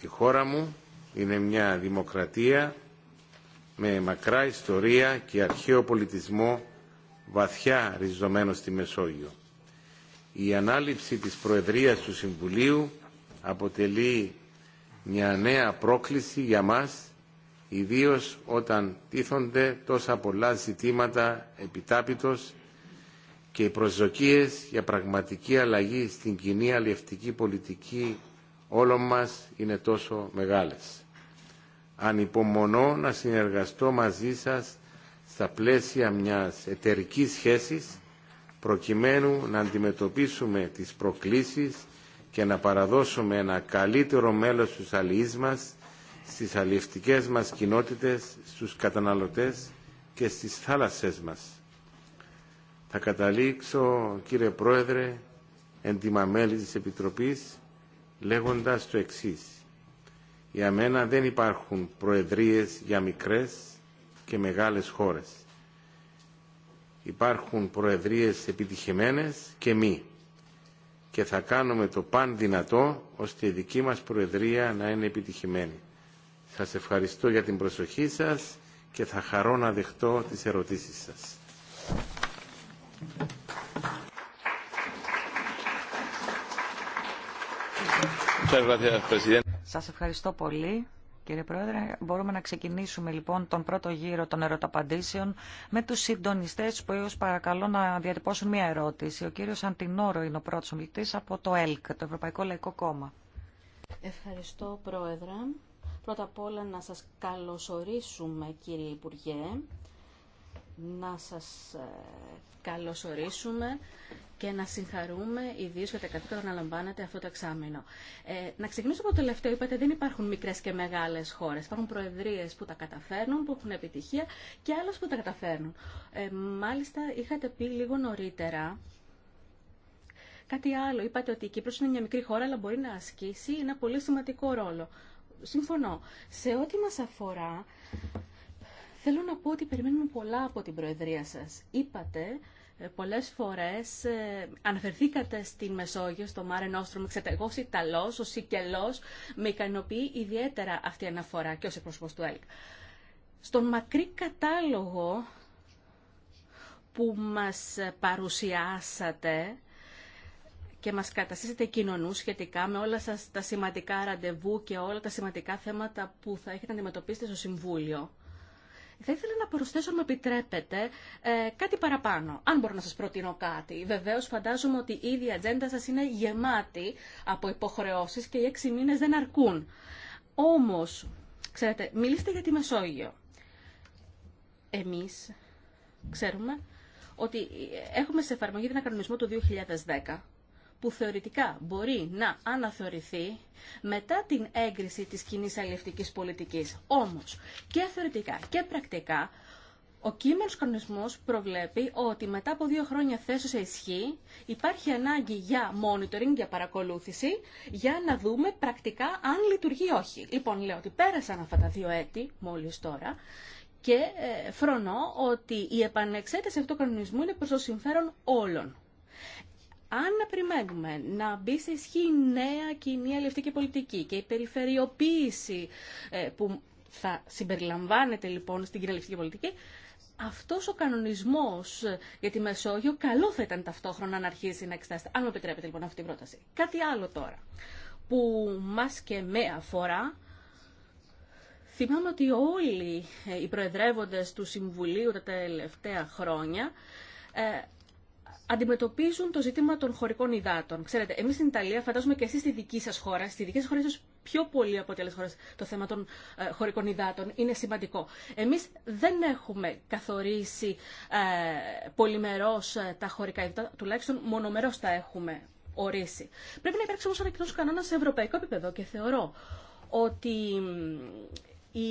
η χώρα μου είναι μια δημοκρατία με μακρά ιστορία και αρχαίο πολιτισμό βαθιά ριζωμένο στη Μεσόγειο. Η ανάληψη της Προεδρίας του Συμβουλίου αποτελεί μια νέα πρόκληση για μας, ιδίως όταν τίθονται τόσα πολλά ζητήματα επιτάπητος και οι προσδοκίες για πραγματική αλλαγή στην κοινή αλλιευτική πολιτική όλων μας είναι τόσο μεγάλες. Ανυπομονώ να συνεργαστώ μαζί σας στα πλαίσια μιας εταιρικής σχέσης προκειμένου να αντιμετωπίσουμε τις προκλήσεις και να παραδώσουμε ένα καλύτερο μέλος στους αλληλείς μας, στις αλληλευτικές μας κοινότητες, στους καταναλωτές και στις θάλασσές μας. Θα καταλήξω, κύριε Πρόεδρε, έντιμα μέλη της Επιτροπής, λέγοντας το εξής. Για μένα δεν υπάρχουν προεδρίες για μικρές και μεγάλες χώρες. Υπάρχουν προεδρίες επιτυχημένες και μη. Και θα κάνουμε το παν δυνατό ώστε η δική μας προεδρία να είναι επιτυχημένη. Σας ευχαριστώ για την προσοχή σας και θα χαρώ να δεχτώ τις ερωτήσεις σας. Σας ευχαριστώ πολύ κύριε Πρόεδρε. Μπορούμε να ξεκινήσουμε λοιπόν τον πρώτο γύρο των ερωταπαντήσεων με τους συντονιστές που έως παρακαλώ να διατυπώσουν μία ερώτηση. Ο κύριος Αντινόρο είναι ο πρώτος ομιλητής από το ΕΛΚ, το Ευρωπαϊκό Λαϊκό Κόμμα. Ευχαριστώ Πρόεδρε. Πρώτα απ' όλα να σας καλωσορίσουμε κύριε Υπουργέ να σας ε, καλωσορίσουμε και να συγχαρούμε ιδίω για τα καθήκοντα να λαμβάνετε αυτό το εξάμεινο. Ε, να ξεκινήσω από το τελευταίο. Είπατε δεν υπάρχουν μικρές και μεγάλες χώρες. Υπάρχουν προεδρίες που τα καταφέρνουν, που έχουν επιτυχία και άλλες που τα καταφέρνουν. Ε, μάλιστα, είχατε πει λίγο νωρίτερα κάτι άλλο. Είπατε ότι η Κύπρος είναι μια μικρή χώρα, αλλά μπορεί να ασκήσει ένα πολύ σημαντικό ρόλο. Συμφωνώ. Σε ό,τι μας αφορά, Θέλω να πω ότι περιμένουμε πολλά από την Προεδρία σας. Είπατε ε, πολλές φορές, ε, αναφερθήκατε στην Μεσόγειο, στο Μάρε Νόστρομ, ξέρετε, εγώ ως Ιταλός, Σικελός, με ικανοποιεί ιδιαίτερα αυτή η αναφορά και ως εκπροσωπός του ΕΛΚ. Στον μακρύ κατάλογο που μας παρουσιάσατε, και μας καταστήσετε κοινωνού σχετικά με όλα σας τα σημαντικά ραντεβού και όλα τα σημαντικά θέματα που θα έχετε να αντιμετωπίσετε στο Συμβούλιο. Θα ήθελα να προσθέσω, αν επιτρέπετε, ε, κάτι παραπάνω. Αν μπορώ να σας προτείνω κάτι. Βεβαίως φαντάζομαι ότι ήδη η ατζέντα σας είναι γεμάτη από υποχρεώσεις και οι έξι μήνες δεν αρκούν. Όμως, ξέρετε, μιλήστε για τη Μεσόγειο. Εμείς ξέρουμε ότι έχουμε σε εφαρμογή την ακρονισμό του 2010 που θεωρητικά μπορεί να αναθεωρηθεί μετά την έγκριση της κοινή αλληλευτικής πολιτικής. Όμως και θεωρητικά και πρακτικά ο κείμενος κανονισμός προβλέπει ότι μετά από δύο χρόνια θέσεως σε ισχύ υπάρχει ανάγκη για monitoring, για παρακολούθηση, για να δούμε πρακτικά αν λειτουργεί ή όχι. Λοιπόν, λέω ότι πέρασαν αυτά τα δύο έτη μόλις τώρα και ε, φρονώ ότι η επανεξέταση αυτού του κανονισμού είναι προς το συμφέρον όλων αν περιμένουμε να μπει σε ισχύ η νέα κοινή αλληλευτική πολιτική και η περιφερειοποίηση ε, που θα συμπεριλαμβάνεται λοιπόν στην κοινή αλληλευτική πολιτική, αυτός ο κανονισμός για τη Μεσόγειο καλό θα ήταν ταυτόχρονα να αρχίσει να εξετάσετε. Αν μου επιτρέπετε λοιπόν αυτή την πρόταση. Κάτι άλλο τώρα που μας και με αφορά Θυμάμαι ότι όλοι οι προεδρεύοντες του Συμβουλίου τα τελευταία χρόνια ε, αντιμετωπίζουν το ζήτημα των χωρικών υδάτων. Ξέρετε, εμεί στην Ιταλία, φαντάζομαι και εσείς στη δική σα χώρα, στη δική σας χώρα, ίσω πιο πολύ από άλλε χώρε, το θέμα των ε, χωρικών υδάτων είναι σημαντικό. Εμεί δεν έχουμε καθορίσει ε, πολυμερό ε, τα χωρικά υδάτα, τουλάχιστον μονομερό τα έχουμε ορίσει. Πρέπει να υπάρξει όμω ένα κοινό κανόνα σε ευρωπαϊκό επίπεδο και θεωρώ ότι η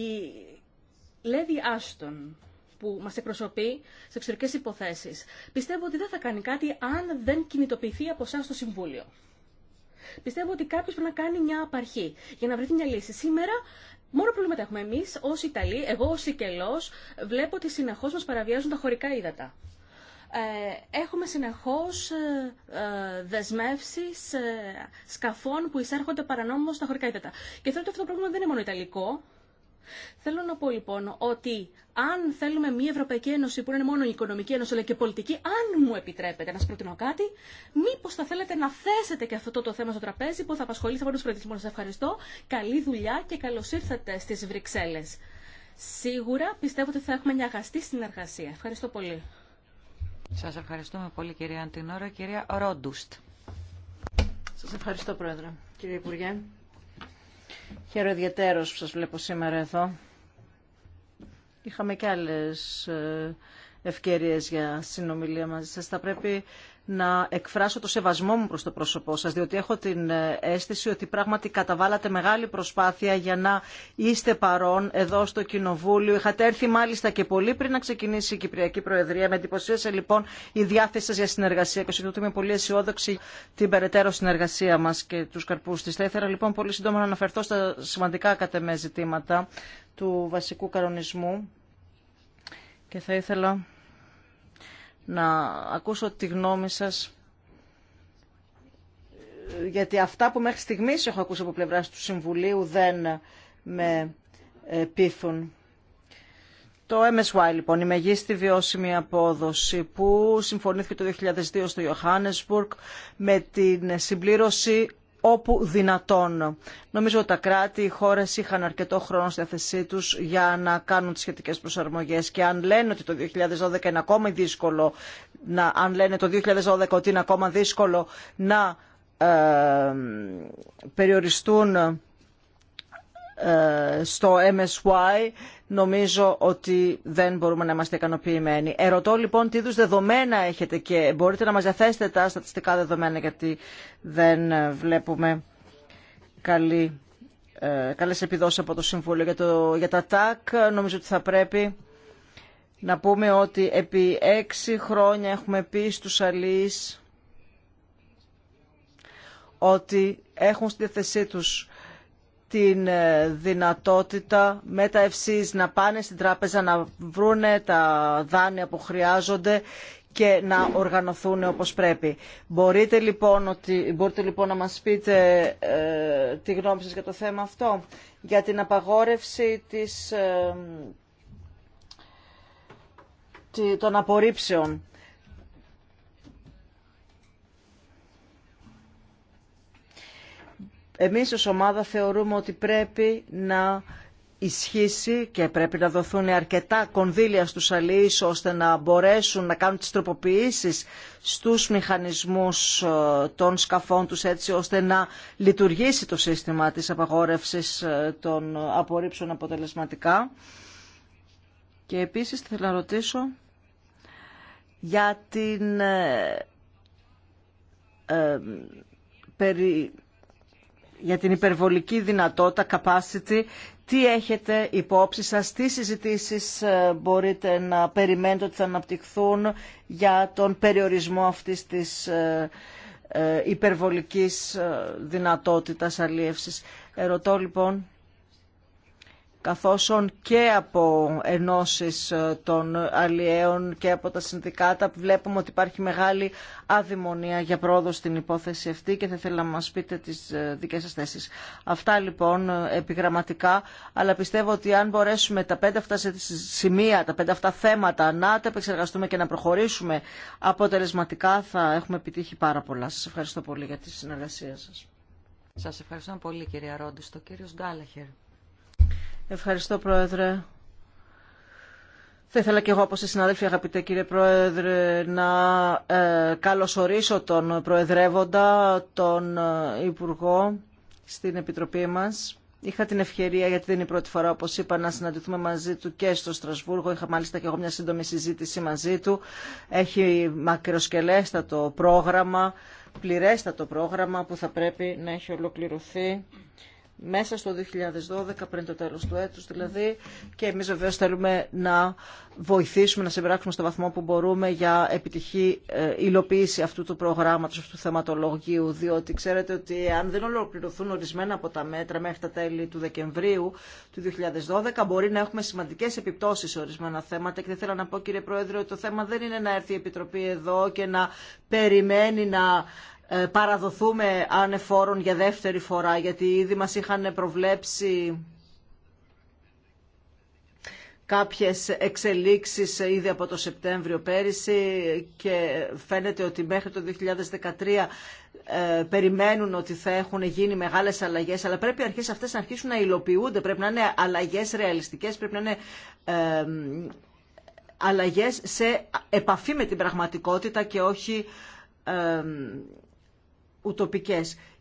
Λέδη Άστον που μα εκπροσωπεί σε εξωτερικέ υποθέσει. Πιστεύω ότι δεν θα κάνει κάτι αν δεν κινητοποιηθεί από εσά το Συμβούλιο. Πιστεύω ότι κάποιο πρέπει να κάνει μια απαρχή για να βρει μια λύση. Σήμερα μόνο προβλήματα έχουμε εμεί ω Ιταλοί, εγώ ω Σικελό, βλέπω ότι συνεχώ μα παραβιάζουν τα χωρικά ύδατα. Ε, έχουμε συνεχώ ε, ε, ε, σκαφών που εισέρχονται παρανόμω στα χωρικά ύδατα. Και θέλω ότι αυτό το πρόβλημα δεν είναι μόνο ιταλικό, Θέλω να πω λοιπόν ότι αν θέλουμε μια Ευρωπαϊκή Ένωση που είναι μόνο η οικονομική ένωση αλλά και πολιτική, αν μου επιτρέπετε να σα προτείνω κάτι, μήπω θα θέλετε να θέσετε και αυτό το θέμα στο τραπέζι που θα απασχολεί θα του προετοιμασμού. Σα ευχαριστώ. Καλή δουλειά και καλώ ήρθατε στι Βρυξέλλε. Σίγουρα πιστεύω ότι θα έχουμε μια αγαστή συνεργασία. Ευχαριστώ πολύ. Σα ευχαριστούμε πολύ κυρία Αντινόρα. Κυρία Ρόντουστ. Σα ευχαριστώ Πρόεδρε. Κύριε Υπουργέ, Χαίρομαι ιδιαίτερος που σας βλέπω σήμερα εδώ. Είχαμε και άλλες ε, ευκαιρίες για συνομιλία μαζί σας. Θα πρέπει να εκφράσω το σεβασμό μου προς το πρόσωπό σας, διότι έχω την ε, αίσθηση ότι πράγματι καταβάλατε μεγάλη προσπάθεια για να είστε παρόν εδώ στο Κοινοβούλιο. Είχατε έρθει μάλιστα και πολύ πριν να ξεκινήσει η Κυπριακή Προεδρία. Με εντυπωσίασε λοιπόν η διάθεση σας για συνεργασία και ότι είμαι πολύ αισιόδοξη την περαιτέρω συνεργασία μας και τους καρπούς της. Θα ήθελα λοιπόν πολύ σύντομα να αναφερθώ στα σημαντικά κατεμέ ζητήματα του βασικού κανονισμού και θα ήθελα να ακούσω τη γνώμη σας γιατί αυτά που μέχρι στιγμής έχω ακούσει από πλευράς του Συμβουλίου δεν με πείθουν. Το MSY λοιπόν, η μεγίστη βιώσιμη απόδοση που συμφωνήθηκε το 2002 στο Johannesburg με την συμπλήρωση όπου δυνατόν. Νομίζω ότι τα κράτη, οι χώρε είχαν αρκετό χρόνο στη θέση του για να κάνουν τι σχετικέ προσαρμογέ. Και αν λένε ότι το 2012 είναι ακόμα δύσκολο, να, αν λένε το 2012 ότι είναι ακόμα δύσκολο να ε, περιοριστούν ε, στο MSY, νομίζω ότι δεν μπορούμε να είμαστε ικανοποιημένοι. Ερωτώ λοιπόν τι είδου δεδομένα έχετε και μπορείτε να μας διαθέσετε τα στατιστικά δεδομένα γιατί δεν ε, βλέπουμε καλή, ε, καλές επιδόσεις από το Συμβούλιο για, το, για τα ΤΑΚ. Νομίζω ότι θα πρέπει να πούμε ότι επί έξι χρόνια έχουμε πει στους αλείς ότι έχουν στη διαθεσή τους την ε, δυνατότητα με τα να πάνε στην τράπεζα να βρούνε τα δάνεια που χρειάζονται και να οργανωθούν όπως πρέπει. Μπορείτε λοιπόν, ότι, μπορείτε, λοιπόν να μας πείτε ε, τη γνώμη σας για το θέμα αυτό, για την απαγόρευση της, ε, των απορρίψεων Εμείς ως ομάδα θεωρούμε ότι πρέπει να ισχύσει και πρέπει να δοθούν αρκετά κονδύλια στους αλληλείς ώστε να μπορέσουν να κάνουν τις τροποποιήσεις στους μηχανισμούς ε, των σκαφών τους έτσι ώστε να λειτουργήσει το σύστημα της απαγόρευσης ε, των απορρίψεων αποτελεσματικά. Και επίσης θέλω να ρωτήσω για την ε, περί για την υπερβολική δυνατότητα, capacity, τι έχετε υπόψη σας, τι συζητήσεις ε, μπορείτε να περιμένετε ότι θα αναπτυχθούν για τον περιορισμό αυτής της ε, ε, υπερβολικής δυνατότητας αλίευσης. Ερωτώ λοιπόν καθώς και από ενώσεις των αλλιέων και από τα συνδικάτα βλέπουμε ότι υπάρχει μεγάλη αδημονία για πρόοδο στην υπόθεση αυτή και θα ήθελα να μας πείτε τις ε, δικές σας θέσεις. Αυτά λοιπόν επιγραμματικά, αλλά πιστεύω ότι αν μπορέσουμε τα πέντε αυτά σημεία, τα πέντε αυτά θέματα να τα επεξεργαστούμε και να προχωρήσουμε αποτελεσματικά θα έχουμε επιτύχει πάρα πολλά. Σας ευχαριστώ πολύ για τη συνεργασία σας. Σας ευχαριστώ πολύ κυρία Ρόντιστο, κύριος Γκάλαχερ. Ευχαριστώ, Πρόεδρε. Θα ήθελα και εγώ, όπως οι συνάδελφοι, αγαπητέ κύριε Πρόεδρε, να ε, καλωσορίσω τον Προεδρεύοντα, τον ε, Υπουργό, στην Επιτροπή μας. Είχα την ευκαιρία, γιατί δεν είναι η πρώτη φορά, όπως είπα, να συναντηθούμε μαζί του και στο Στρασβούργο. Είχα μάλιστα και εγώ μια σύντομη συζήτηση μαζί του. Έχει μακροσκελέστατο πρόγραμμα, πληρέστατο πρόγραμμα που θα πρέπει να έχει ολοκληρωθεί μέσα στο 2012, πριν το τέλος του έτους δηλαδή. Και εμείς βεβαίως θέλουμε να βοηθήσουμε, να συμπράξουμε στο βαθμό που μπορούμε για επιτυχή ε, υλοποίηση αυτού του προγράμματος, αυτού του θεματολογίου, διότι ξέρετε ότι αν δεν ολοκληρωθούν ορισμένα από τα μέτρα μέχρι τα τέλη του Δεκεμβρίου του 2012, μπορεί να έχουμε σημαντικές επιπτώσεις σε ορισμένα θέματα. Και δεν θέλω να πω κύριε Πρόεδρε ότι το θέμα δεν είναι να έρθει η Επιτροπή εδώ και να περιμένει να ε, παραδοθούμε ανεφόρων για δεύτερη φορά, γιατί ήδη μας είχαν προβλέψει κάποιες εξελίξεις ήδη από το Σεπτέμβριο πέρυσι και φαίνεται ότι μέχρι το 2013 ε, περιμένουν ότι θα έχουν γίνει μεγάλες αλλαγές, αλλά πρέπει αρχές αυτές να αρχίσουν να υλοποιούνται, πρέπει να είναι αλλαγές ρεαλιστικές, πρέπει να είναι αλλαγές σε επαφή με την πραγματικότητα και όχι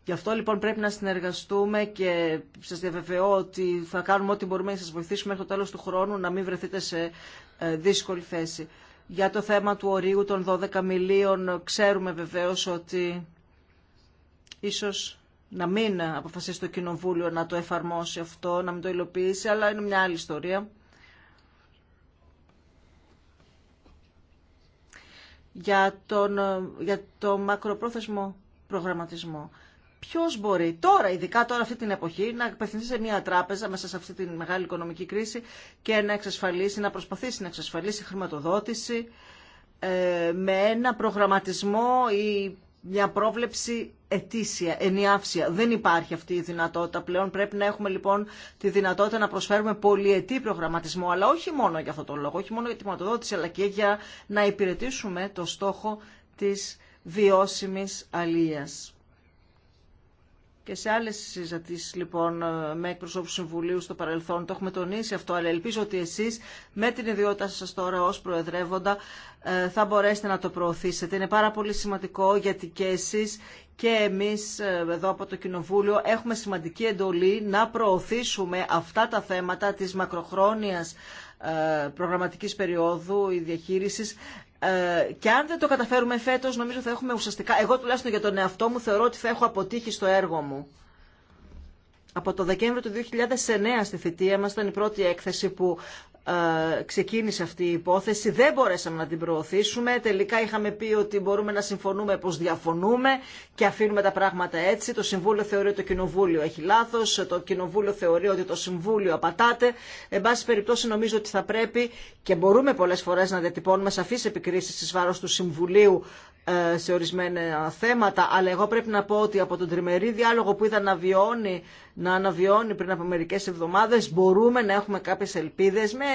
Γι' αυτό λοιπόν πρέπει να συνεργαστούμε και σας διαβεβαιώ ότι θα κάνουμε ό,τι μπορούμε να σας βοηθήσουμε μέχρι το τέλος του χρόνου να μην βρεθείτε σε ε, δύσκολη θέση. Για το θέμα του ορίου των 12 μιλίων ξέρουμε βεβαίως ότι ίσως να μην αποφασίσει το Κοινοβούλιο να το εφαρμόσει αυτό, να μην το υλοποιήσει, αλλά είναι μια άλλη ιστορία. Για, τον, ε, για το μακροπρόθεσμο προγραμματισμό. Ποιο μπορεί τώρα, ειδικά τώρα αυτή την εποχή, να απευθυνθεί σε μια τράπεζα μέσα σε αυτή τη μεγάλη οικονομική κρίση και να εξασφαλίσει, να προσπαθήσει να εξασφαλίσει χρηματοδότηση ε, με ένα προγραμματισμό ή μια πρόβλεψη ετήσια, ενιάυσια. Δεν υπάρχει αυτή η δυνατότητα πλέον. Πρέπει να έχουμε λοιπόν τη δυνατότητα να προσφέρουμε πολυετή προγραμματισμό, αλλά όχι μόνο για αυτόν τον λόγο, όχι μόνο για τη χρηματοδότηση, αλλά και για να υπηρετήσουμε το στόχο της βιώσιμης αλίας. Και σε άλλες συζητήσεις λοιπόν ε, με εκπροσώπου Συμβουλίου στο παρελθόν το έχουμε τονίσει αυτό, αλλά ελπίζω ότι εσείς με την ιδιότητα σας τώρα ω Προεδρεύοντα ε, θα μπορέσετε να το προωθήσετε. Είναι πάρα πολύ σημαντικό γιατί και εσείς και εμείς ε, εδώ από το Κοινοβούλιο έχουμε σημαντική εντολή να προωθήσουμε αυτά τα θέματα της μακροχρόνιας προγραμματικής περίοδου η διαχείρισης ε, και αν δεν το καταφέρουμε φέτος, νομίζω θα έχουμε ουσιαστικά, εγώ τουλάχιστον για τον εαυτό μου θεωρώ ότι θα έχω αποτύχει στο έργο μου. Από το Δεκέμβριο του 2009 στη θητεία μας ήταν η πρώτη έκθεση που ε, ξεκίνησε αυτή η υπόθεση. Δεν μπορέσαμε να την προωθήσουμε. Τελικά είχαμε πει ότι μπορούμε να συμφωνούμε πως διαφωνούμε και αφήνουμε τα πράγματα έτσι. Το Συμβούλιο θεωρεί ότι το Κοινοβούλιο έχει λάθος. Το Κοινοβούλιο θεωρεί ότι το Συμβούλιο απατάται. Εν πάση περιπτώσει νομίζω ότι θα πρέπει και μπορούμε πολλές φορές να διατυπώνουμε σαφείς επικρίσεις στις βάρος του Συμβουλίου ε, σε ορισμένα θέματα, αλλά εγώ πρέπει να πω ότι από τον τριμερή διάλογο που είδα να βιώνει να αναβιώνει πριν από μερικές εβδομάδες, μπορούμε να έχουμε κάποιες ελπίδες με,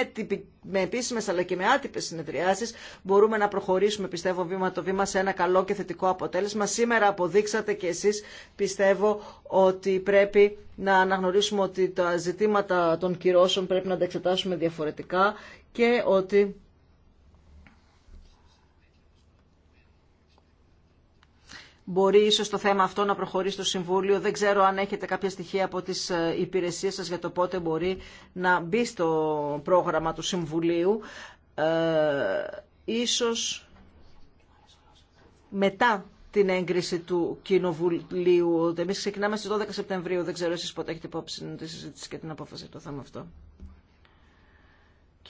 με επίσημες αλλά και με άτυπες συνεδριάσεις, μπορούμε να προχωρήσουμε πιστεύω βήμα το βήμα σε ένα καλό και θετικό αποτέλεσμα. Σήμερα αποδείξατε και εσείς πιστεύω ότι πρέπει να αναγνωρίσουμε ότι τα ζητήματα των κυρώσεων πρέπει να τα εξετάσουμε διαφορετικά και ότι Μπορεί ίσως το θέμα αυτό να προχωρήσει στο Συμβούλιο. Δεν ξέρω αν έχετε κάποια στοιχεία από τις ε, υπηρεσίες σας για το πότε μπορεί να μπει στο πρόγραμμα του Συμβουλίου. Ε, ίσως μετά την έγκριση του Κοινοβουλίου. Εμείς ξεκινάμε στις 12 Σεπτεμβρίου. Δεν ξέρω εσείς πότε έχετε υπόψη τη συζήτηση και την απόφαση το θέμα αυτό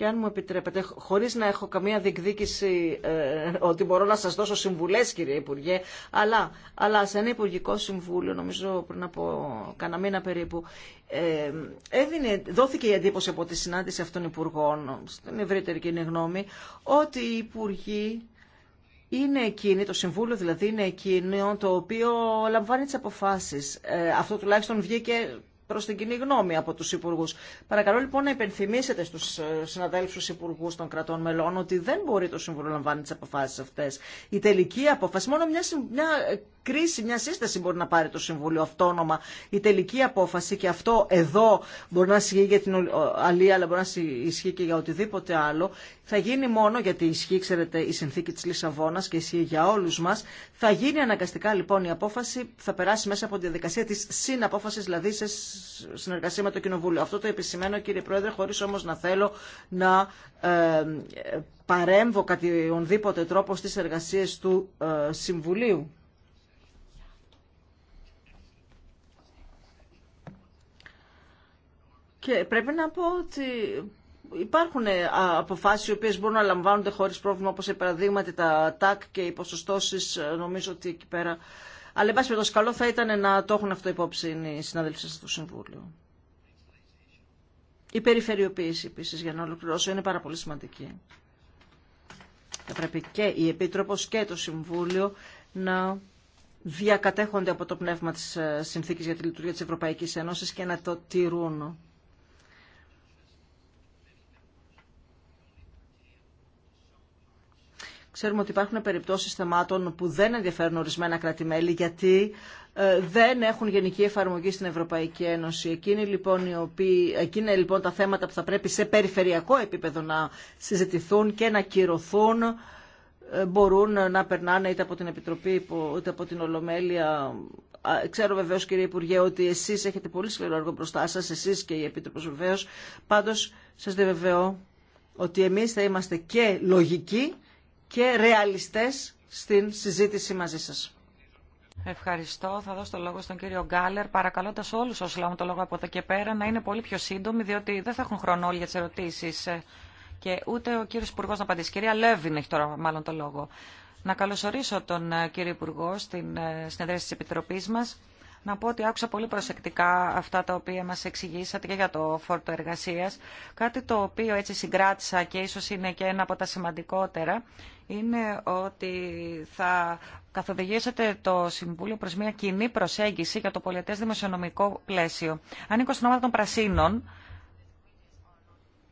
και αν μου επιτρέπετε, χωρίς να έχω καμία διεκδίκηση ε, ότι μπορώ να σας δώσω συμβουλέ κύριε Υπουργέ, αλλά, αλλά σε ένα Υπουργικό Συμβούλιο, νομίζω πριν από κανένα μήνα περίπου, ε, έδινε, δόθηκε η εντύπωση από τη συνάντηση αυτών Υπουργών, στην ευρύτερη κοινή γνώμη, ότι οι Υπουργοί είναι εκείνοι, το Συμβούλιο δηλαδή είναι εκείνο το οποίο λαμβάνει τις αποφάσεις. Ε, αυτό τουλάχιστον βγήκε προ την κοινή γνώμη από του υπουργού. Παρακαλώ λοιπόν να υπενθυμίσετε στου ε, συναδέλφου υπουργού των κρατών μελών ότι δεν μπορεί το Σύμβουλο να λαμβάνει τι αποφάσει αυτέ. Η τελική απόφαση, μόνο μια ε, κρίση, μια σύσταση μπορεί να πάρει το Συμβούλιο αυτόνομα. Η τελική απόφαση και αυτό εδώ μπορεί να ισχύει για την Αλία, αλλά μπορεί να ισχύει και για οτιδήποτε άλλο. Θα γίνει μόνο, γιατί ισχύει, ξέρετε, η συνθήκη τη Λισαβόνα και ισχύει για όλου μα. Θα γίνει αναγκαστικά λοιπόν η απόφαση, θα περάσει μέσα από τη διαδικασία τη συναπόφαση, δηλαδή σε συνεργασία με το Κοινοβούλιο. Αυτό το επισημαίνω, κύριε Πρόεδρε, χωρί όμω να θέλω να ε, παρέμβω κατά τρόπο στι εργασίες του ε, Συμβουλίου. Και πρέπει να πω ότι υπάρχουν ε, αποφάσεις οι οποίες μπορούν να λαμβάνονται χωρίς πρόβλημα όπως οι παραδείγματι τα τάκ και οι ποσοστώσεις ε, νομίζω ότι εκεί πέρα. Αλλά εν πάση περιπτώσει καλό θα ήταν να το έχουν αυτό υπόψη οι συναδέλφοι σας στο Συμβούλιο. Η περιφερειοποίηση επίση για να ολοκληρώσω είναι πάρα πολύ σημαντική. Θα πρέπει και η Επίτροπος και το Συμβούλιο να διακατέχονται από το πνεύμα της ε, Συνθήκης για τη Λειτουργία της Ευρωπαϊκής Ένωσης και να το τηρούν. Ξέρουμε ότι υπάρχουν περιπτώσει θεμάτων που δεν ενδιαφέρουν ορισμένα κράτη-μέλη γιατί ε, δεν έχουν γενική εφαρμογή στην Ευρωπαϊκή Ένωση. Εκείνοι λοιπόν, οι οποίοι, λοιπόν τα θέματα που θα πρέπει σε περιφερειακό επίπεδο να συζητηθούν και να κυρωθούν ε, μπορούν να περνάνε είτε από την Επιτροπή είτε από την Ολομέλεια. Ξέρω βεβαίω, κύριε Υπουργέ, ότι εσεί έχετε πολύ σκληρό έργο μπροστά σα, εσεί και η Επίτροπο βεβαίω. Πάντω, σα διαβεβαιώ ότι εμεί θα είμαστε και λογικοί και ρεαλιστές στην συζήτηση μαζί σας. Ευχαριστώ. Θα δώσω το λόγο στον κύριο Γκάλερ, παρακαλώντα όλου όσου λάβουν το λόγο από εδώ και πέρα να είναι πολύ πιο σύντομοι, διότι δεν θα έχουν χρόνο όλοι για τι ερωτήσει. Ε, και ούτε ο κύριο Υπουργό να απαντήσει. Κυρία Λέβιν έχει τώρα μάλλον το λόγο. Να καλωσορίσω τον ε, κύριο Υπουργό στην ε, συνεδρία τη Επιτροπή μα. Να πω ότι άκουσα πολύ προσεκτικά αυτά τα οποία μας εξηγήσατε και για το φόρτο εργασία, Κάτι το οποίο έτσι συγκράτησα και ίσως είναι και ένα από τα σημαντικότερα είναι ότι θα καθοδηγήσετε το Συμβούλιο προς μια κοινή προσέγγιση για το πολιτές δημοσιονομικό πλαίσιο. Ανήκω στην ομάδα των Πρασίνων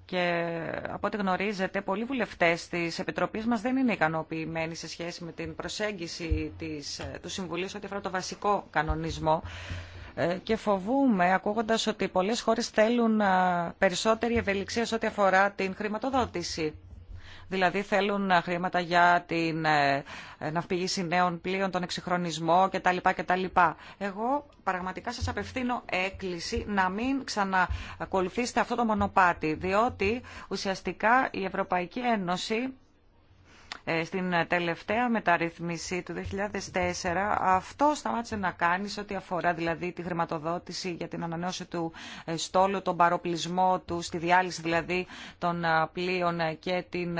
και από ό,τι γνωρίζετε, πολλοί βουλευτές της Επιτροπής μας δεν είναι ικανοποιημένοι σε σχέση με την προσέγγιση της, του Συμβουλίου σε ό,τι αφορά το βασικό κανονισμό ε, και φοβούμε ακούγοντας ότι πολλές χώρες θέλουν ε, περισσότερη ευελιξία σε ό,τι αφορά την χρηματοδότηση. Δηλαδή θέλουν ε, χρήματα για την ε, ε, ναυπηγήση νέων πλοίων, τον εξυγχρονισμό κτλ. κτλ. Εγώ πραγματικά σας απευθύνω έκκληση να μην ξανακολουθήσετε αυτό το μονοπάτι, διότι ουσιαστικά η Ευρωπαϊκή Ένωση ε, στην τελευταία μεταρρυθμίση του 2004 αυτό σταμάτησε να κάνει σε ό,τι αφορά δηλαδή τη χρηματοδότηση για την ανανέωση του ε, στόλου, τον παροπλισμό του, στη διάλυση δηλαδή των ε, πλοίων και την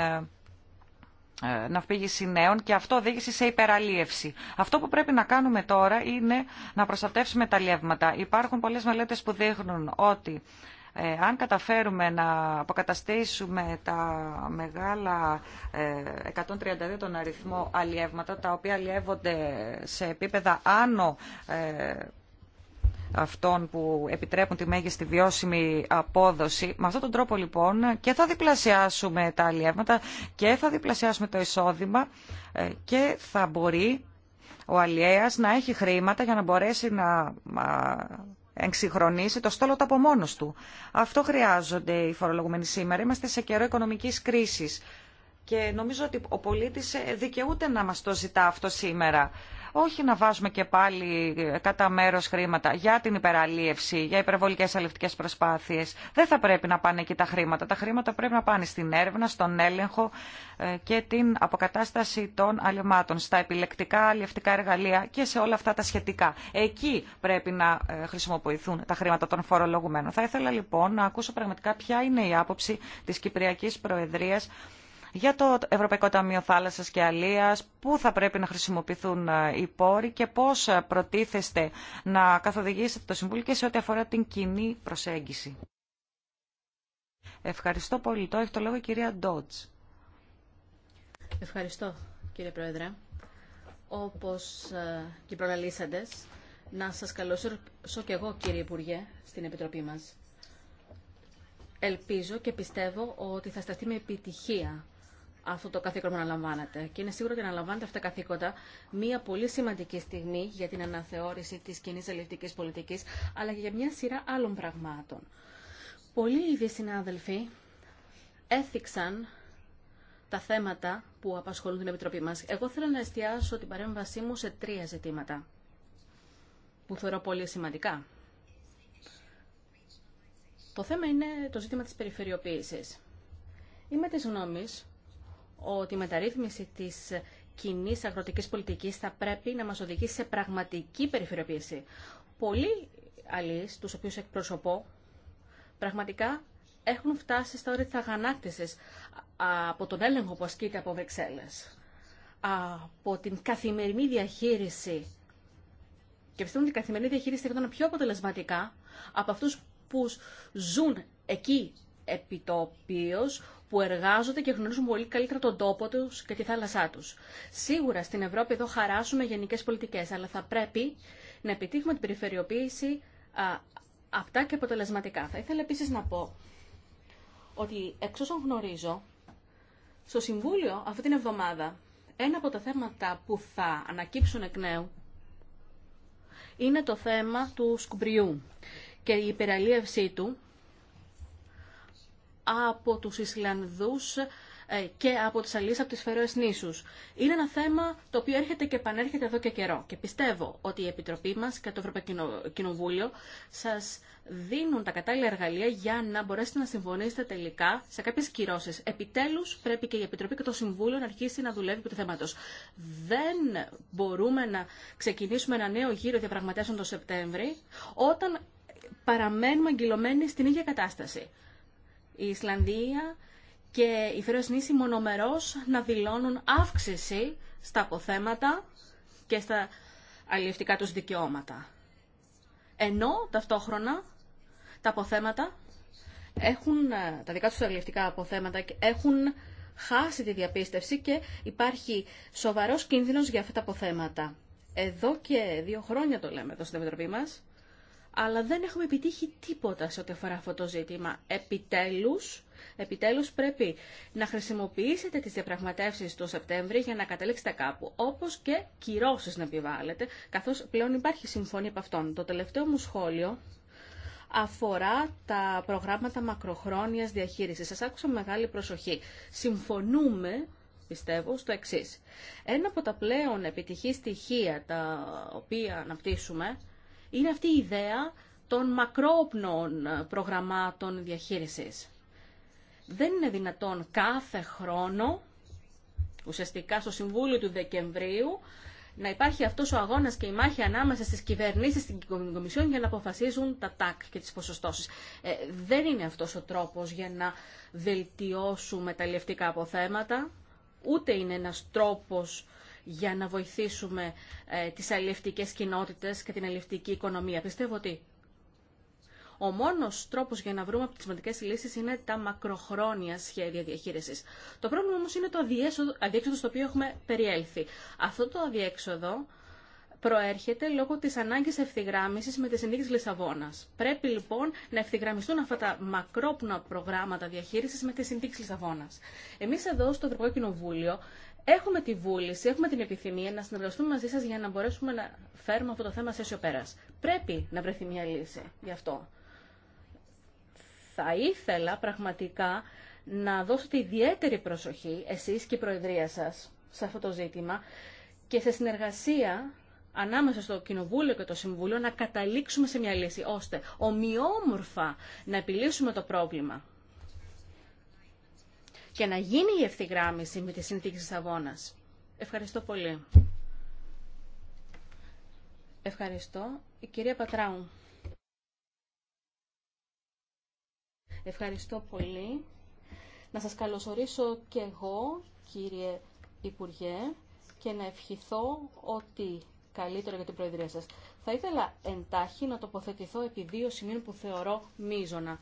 ναυπήγηση νέων και αυτό οδήγησε σε υπεραλίευση. Αυτό που πρέπει να κάνουμε τώρα είναι να προστατεύσουμε τα λεύματα. Υπάρχουν πολλές μελέτες που δείχνουν ότι ε, αν καταφέρουμε να αποκαταστήσουμε τα μεγάλα ε, 132 τον αριθμό αλλιεύματα, τα οποία αλλιεύονται σε επίπεδα άνω ε, αυτών που επιτρέπουν τη μέγιστη βιώσιμη απόδοση. Με αυτόν τον τρόπο λοιπόν και θα διπλασιάσουμε τα αλλιεύματα και θα διπλασιάσουμε το εισόδημα ε, και θα μπορεί ο αλλιέας να έχει χρήματα για να μπορέσει να εξυγχρονίσει το στόλο του από μόνο του. Αυτό χρειάζονται οι φορολογούμενοι σήμερα. Είμαστε σε καιρό οικονομική κρίση. Και νομίζω ότι ο πολίτη δικαιούται να μας το ζητά αυτό σήμερα όχι να βάζουμε και πάλι κατά μέρο χρήματα για την υπεραλίευση, για υπερβολικέ αλληλευτικέ προσπάθειε. Δεν θα πρέπει να πάνε εκεί τα χρήματα. Τα χρήματα πρέπει να πάνε στην έρευνα, στον έλεγχο ε, και την αποκατάσταση των αλλημάτων, στα επιλεκτικά αλληλευτικά εργαλεία και σε όλα αυτά τα σχετικά. Εκεί πρέπει να ε, χρησιμοποιηθούν τα χρήματα των φορολογουμένων. Θα ήθελα λοιπόν να ακούσω πραγματικά ποια είναι η άποψη τη Κυπριακή Προεδρία για το Ευρωπαϊκό Ταμείο Θάλασσας και Αλίας, πού θα πρέπει να χρησιμοποιηθούν ε, οι πόροι και πώς ε, προτίθεστε να καθοδηγήσετε το Συμβούλιο και σε ό,τι αφορά την κοινή προσέγγιση. Ευχαριστώ πολύ. Το έχει το λόγο η κυρία Ντότζ. Ευχαριστώ κύριε Πρόεδρε. Όπως ε, και προλαλήσαντες, να σας καλωσορίσω και εγώ κύριε Υπουργέ στην Επιτροπή μας. Ελπίζω και πιστεύω ότι θα σταθεί με επιτυχία αυτό το καθήκον που λαμβάνετε. Και είναι σίγουρο ότι αναλαμβάνετε αυτά τα καθήκοντα μία πολύ σημαντική στιγμή για την αναθεώρηση τη κοινή ελληνική πολιτική, αλλά και για μια σειρά άλλων πραγμάτων. Πολλοί ήδη συνάδελφοι έθιξαν τα θέματα που απασχολούν την Επιτροπή μας. Εγώ θέλω να εστιάσω την παρέμβασή μου σε τρία ζητήματα που θεωρώ πολύ σημαντικά. Το θέμα είναι το ζήτημα της περιφερειοποίησης. Είμαι της γνώμης ότι η μεταρρύθμιση της κοινή αγροτική πολιτικής θα πρέπει να μας οδηγήσει σε πραγματική περιφερειοποίηση. Πολλοί αλλοί, τους οποίους εκπροσωπώ, πραγματικά έχουν φτάσει στα όρια τη αγανάκτηση από τον έλεγχο που ασκείται από Βεξέλλε, από την καθημερινή διαχείριση. Και πιστεύω ότι η καθημερινή διαχείριση θα πιο αποτελεσματικά από αυτού που ζουν εκεί επιτοπίως, που εργάζονται και γνωρίζουν πολύ καλύτερα τον τόπο τους και τη θάλασσά τους. Σίγουρα στην Ευρώπη εδώ χαράσουμε γενικέ πολιτικές, αλλά θα πρέπει να επιτύχουμε την περιφερειοποίηση αυτά και αποτελεσματικά. Θα ήθελα επίσης να πω ότι εξ όσων γνωρίζω, στο Συμβούλιο αυτή την εβδομάδα, ένα από τα θέματα που θα ανακύψουν εκ νέου είναι το θέμα του σκουμπριού και η υπεραλίευσή του από τους Ισλανδούς ε, και από τις αλληλείς από τις Φερόες νήσους. Είναι ένα θέμα το οποίο έρχεται και επανέρχεται εδώ και καιρό. Και πιστεύω ότι η Επιτροπή μας και το Ευρωπαϊκό Κοινοβούλιο σας δίνουν τα κατάλληλα εργαλεία για να μπορέσετε να συμφωνήσετε τελικά σε κάποιες κυρώσεις. Επιτέλους πρέπει και η Επιτροπή και το Συμβούλιο να αρχίσει να δουλεύει το του θέματος. Δεν μπορούμε να ξεκινήσουμε ένα νέο γύρο διαπραγματεύσεων το Σεπτέμβρη όταν παραμένουμε αγκυλωμένοι στην ίδια κατάσταση η Ισλανδία και οι Φερές Νήσοι μονομερός να δηλώνουν αύξηση στα αποθέματα και στα αλληλευτικά τους δικαιώματα. Ενώ ταυτόχρονα τα αποθέματα έχουν, τα δικά τους αλληλευτικά αποθέματα έχουν χάσει τη διαπίστευση και υπάρχει σοβαρός κίνδυνος για αυτά τα αποθέματα. Εδώ και δύο χρόνια το λέμε εδώ στην Επιτροπή μας αλλά δεν έχουμε επιτύχει τίποτα σε ό,τι αφορά αυτό το ζήτημα. Επιτέλους, επιτέλους πρέπει να χρησιμοποιήσετε τις διαπραγματεύσεις του Σεπτέμβρη για να καταλήξετε κάπου, όπως και κυρώσεις να επιβάλλετε, καθώς πλέον υπάρχει συμφωνία από αυτόν. Το τελευταίο μου σχόλιο αφορά τα προγράμματα μακροχρόνιας διαχείρισης. Σας άκουσα μεγάλη προσοχή. Συμφωνούμε πιστεύω, στο εξή. Ένα από τα πλέον επιτυχή στοιχεία τα οποία αναπτύσσουμε είναι αυτή η ιδέα των μακρόπνων προγραμμάτων διαχείρισης. Δεν είναι δυνατόν κάθε χρόνο, ουσιαστικά στο Συμβούλιο του Δεκεμβρίου, να υπάρχει αυτός ο αγώνας και η μάχη ανάμεσα στις κυβερνήσεις στην Κομισιόν για να αποφασίζουν τα τάκ και τις ποσοστώσεις. Ε, δεν είναι αυτός ο τρόπος για να βελτιώσουμε τα λευτικά αποθέματα, ούτε είναι ένας τρόπος για να βοηθήσουμε ε, τις αλληλευτικές κοινότητες και την αλληλευτική οικονομία. Πιστεύω ότι ο μόνος τρόπος για να βρούμε αποτελεσματικές λύσεις είναι τα μακροχρόνια σχέδια διαχείρισης. Το πρόβλημα όμως είναι το αδιέξοδο στο οποίο έχουμε περιέλθει. Αυτό το αδιέξοδο προέρχεται λόγω της ανάγκης ευθυγράμμισης με τις συνθήκες Λισαβόνας. Πρέπει λοιπόν να ευθυγραμμιστούν αυτά τα μακρόπνοα προγράμματα διαχείρισης με τις συνθήκες Λισαβόνας. Εμείς εδώ στο Ευρωπαϊκό Κοινοβούλιο έχουμε τη βούληση, έχουμε την επιθυμία να συνεργαστούμε μαζί σας για να μπορέσουμε να φέρουμε αυτό το θέμα σε πέρα. Πρέπει να βρεθεί μια λύση γι' αυτό. Θα ήθελα πραγματικά να δώσετε ιδιαίτερη προσοχή εσείς και η Προεδρία σας σε αυτό το ζήτημα και σε συνεργασία ανάμεσα στο Κοινοβούλιο και το Συμβούλιο να καταλήξουμε σε μια λύση ώστε ομοιόμορφα να επιλύσουμε το πρόβλημα και να γίνει η ευθυγράμμιση με τη συνθήκη της Ευχαριστώ πολύ. Ευχαριστώ. Η κυρία Πατράου. Ευχαριστώ πολύ. Να σας καλωσορίσω και εγώ, κύριε Υπουργέ, και να ευχηθώ ότι καλύτερο για την Προεδρία σας. Θα ήθελα εντάχει να τοποθετηθώ επί δύο σημείων που θεωρώ μίζωνα.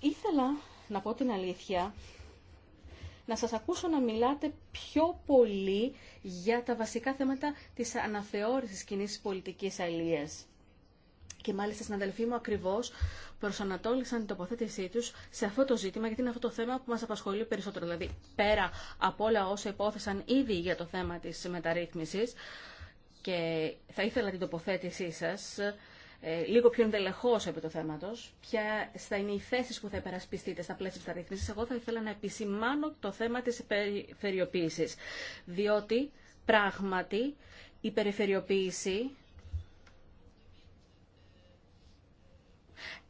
Ήθελα να πω την αλήθεια, να σας ακούσω να μιλάτε πιο πολύ για τα βασικά θέματα της αναθεώρησης κοινή πολιτικής αλίας. Και μάλιστα στην αδελφή μου ακριβώς προσανατόλισαν την τοποθέτησή τους σε αυτό το ζήτημα, γιατί είναι αυτό το θέμα που μας απασχολεί περισσότερο. Δηλαδή, πέρα από όλα όσα υπόθεσαν ήδη για το θέμα της μεταρρύθμισης, και θα ήθελα την τοποθέτησή σας, ε, λίγο πιο εντελεχώ επί το θέματο, ποια θα είναι οι θέσει που θα υπερασπιστείτε στα πλαίσια τη μεταρρύθμιση, εγώ θα ήθελα να επισημάνω το θέμα τη περιφερειοποίηση. Διότι πράγματι η περιφερειοποίηση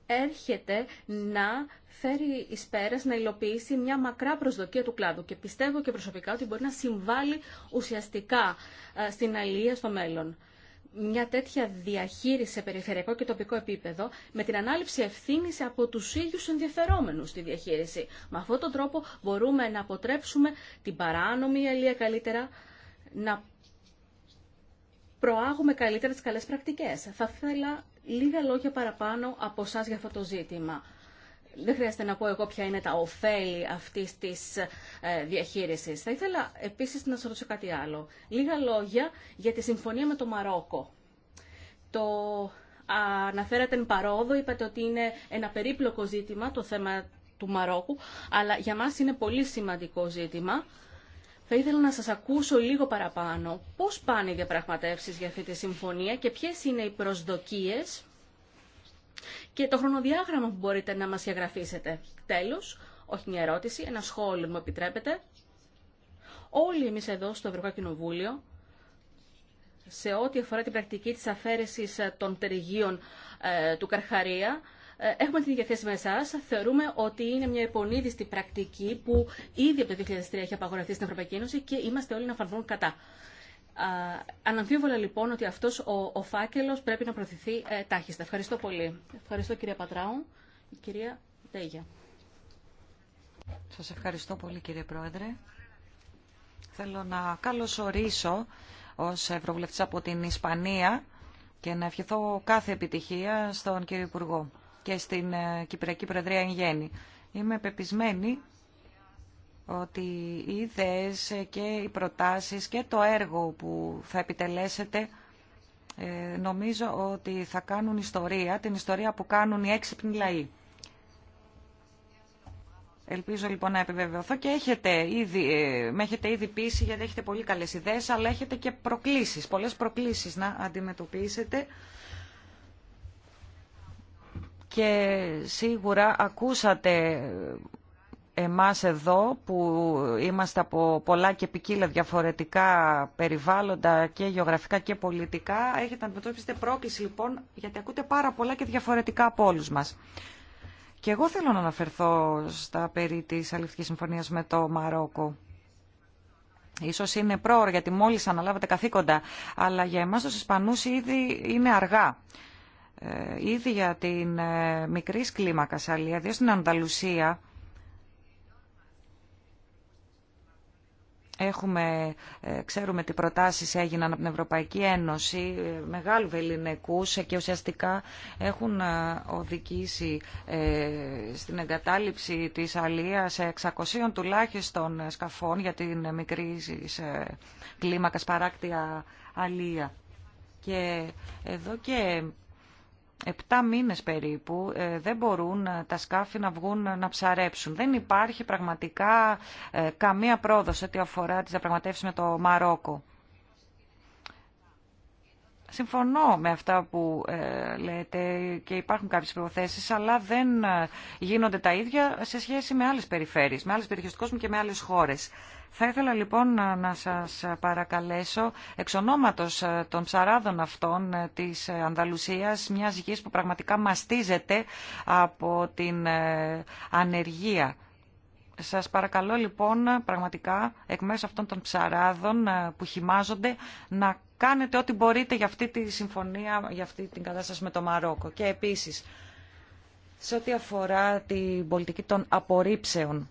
έρχεται να φέρει εις πέρας να υλοποιήσει μια μακρά προσδοκία του κλάδου και πιστεύω και προσωπικά ότι μπορεί να συμβάλλει ουσιαστικά ε, στην αλληλεία στο μέλλον μια τέτοια διαχείριση σε περιφερειακό και τοπικό επίπεδο με την ανάληψη ευθύνη από του ίδιου ενδιαφερόμενου στη διαχείριση. Με αυτόν τον τρόπο μπορούμε να αποτρέψουμε την παράνομη αλληλεία καλύτερα, να προάγουμε καλύτερα τι καλέ πρακτικέ. Θα ήθελα λίγα λόγια παραπάνω από εσά για αυτό το ζήτημα δεν χρειάζεται να πω εγώ ποια είναι τα ωφέλη αυτής της ε, διαχείριση. Θα ήθελα επίσης να σα ρωτήσω κάτι άλλο. Λίγα λόγια για τη συμφωνία με το Μαρόκο. Το αναφέρατε εν παρόδο, είπατε ότι είναι ένα περίπλοκο ζήτημα το θέμα του Μαρόκου, αλλά για μας είναι πολύ σημαντικό ζήτημα. Θα ήθελα να σας ακούσω λίγο παραπάνω πώς πάνε οι διαπραγματεύσεις για αυτή τη συμφωνία και ποιες είναι οι προσδοκίες και το χρονοδιάγραμμα που μπορείτε να μας διαγραφήσετε. Τέλος, όχι μια ερώτηση, ένα σχόλιο μου επιτρέπετε. Όλοι εμείς εδώ στο Ευρωπαϊκό Κοινοβούλιο, σε ό,τι αφορά την πρακτική της αφαίρεσης ε, των πτερυγίων ε, του Καρχαρία, ε, Έχουμε την διαθέση με εσά. Θεωρούμε ότι είναι μια υπονείδηστη πρακτική που ήδη από το 2003 έχει απαγορευτεί στην Ευρωπαϊκή Ένωση και είμαστε όλοι να φανθούν κατά. Αναμφίβολα λοιπόν ότι αυτός ο, ο φάκελος πρέπει να προωθηθεί ε, τάχιστα. Ευχαριστώ πολύ. Ευχαριστώ κυρία Πατράου. κυρία Τέγια. Σας ευχαριστώ πολύ κύριε Πρόεδρε. Θέλω να καλωσορίσω ως Ευρωβουλευτής από την Ισπανία και να ευχηθώ κάθε επιτυχία στον κύριο Υπουργό και στην ε, Κυπριακή Προεδρία εν Είμαι πεπισμένη ότι οι ιδέες και οι προτάσεις και το έργο που θα επιτελέσετε ε, νομίζω ότι θα κάνουν ιστορία, την ιστορία που κάνουν οι έξυπνοι λαοί. Ελπίζω λοιπόν να επιβεβαιωθώ και έχετε ήδη, ε, με έχετε ήδη πείσει γιατί έχετε πολύ καλές ιδέες, αλλά έχετε και προκλήσεις, πολλές προκλήσεις να αντιμετωπίσετε. Και σίγουρα ακούσατε εμάς εδώ που είμαστε από πολλά και ποικίλα διαφορετικά περιβάλλοντα και γεωγραφικά και πολιτικά. Έχετε αντιμετώπιστε πρόκληση λοιπόν γιατί ακούτε πάρα πολλά και διαφορετικά από όλους μας. Και εγώ θέλω να αναφερθώ στα περί της αληθικής συμφωνίας με το Μαρόκο. Ίσως είναι πρόωρο γιατί μόλις αναλάβατε καθήκοντα, αλλά για εμάς τους Ισπανούς ήδη είναι αργά. Ε, ήδη για την ε, μικρή κλίμακα Σαλία, διότι στην Ανταλουσία, Έχουμε, ε, ξέρουμε τι προτάσεις έγιναν από την Ευρωπαϊκή Ένωση ε, μεγάλου Βελινεκούς, ε, και ουσιαστικά έχουν οδηγήσει στην εγκατάλειψη της αλίας 600 τουλάχιστον σκαφών για την μικρή κλίμακα παράκτια αλία. Και εδώ και Επτά μήνες περίπου ε, δεν μπορούν ε, τα σκάφη να βγουν ε, να ψαρέψουν. Δεν υπάρχει πραγματικά καμία πρόοδος ό,τι αφορά τις διαπραγματεύσεις με το Μαρόκο. Συμφωνώ με αυτά που ε, λέτε και υπάρχουν κάποιες προθέσεις αλλά δεν ε, γίνονται τα ίδια σε σχέση με άλλες περιφέρειες, με άλλες περιοχές του κόσμου και με άλλες χώρες. Θα ήθελα λοιπόν να σας παρακαλέσω εξ ονόματος ε, των ψαράδων αυτών της Ανδαλουσίας, μιας γης που πραγματικά μαστίζεται από την ανεργία. Σας παρακαλώ λοιπόν πραγματικά εκ μέσω αυτών των ψαράδων που χυμάζονται να κάνετε ό,τι μπορείτε για αυτή τη συμφωνία, για αυτή την κατάσταση με το Μαρόκο. Και επίσης, σε ό,τι αφορά την πολιτική των απορρίψεων,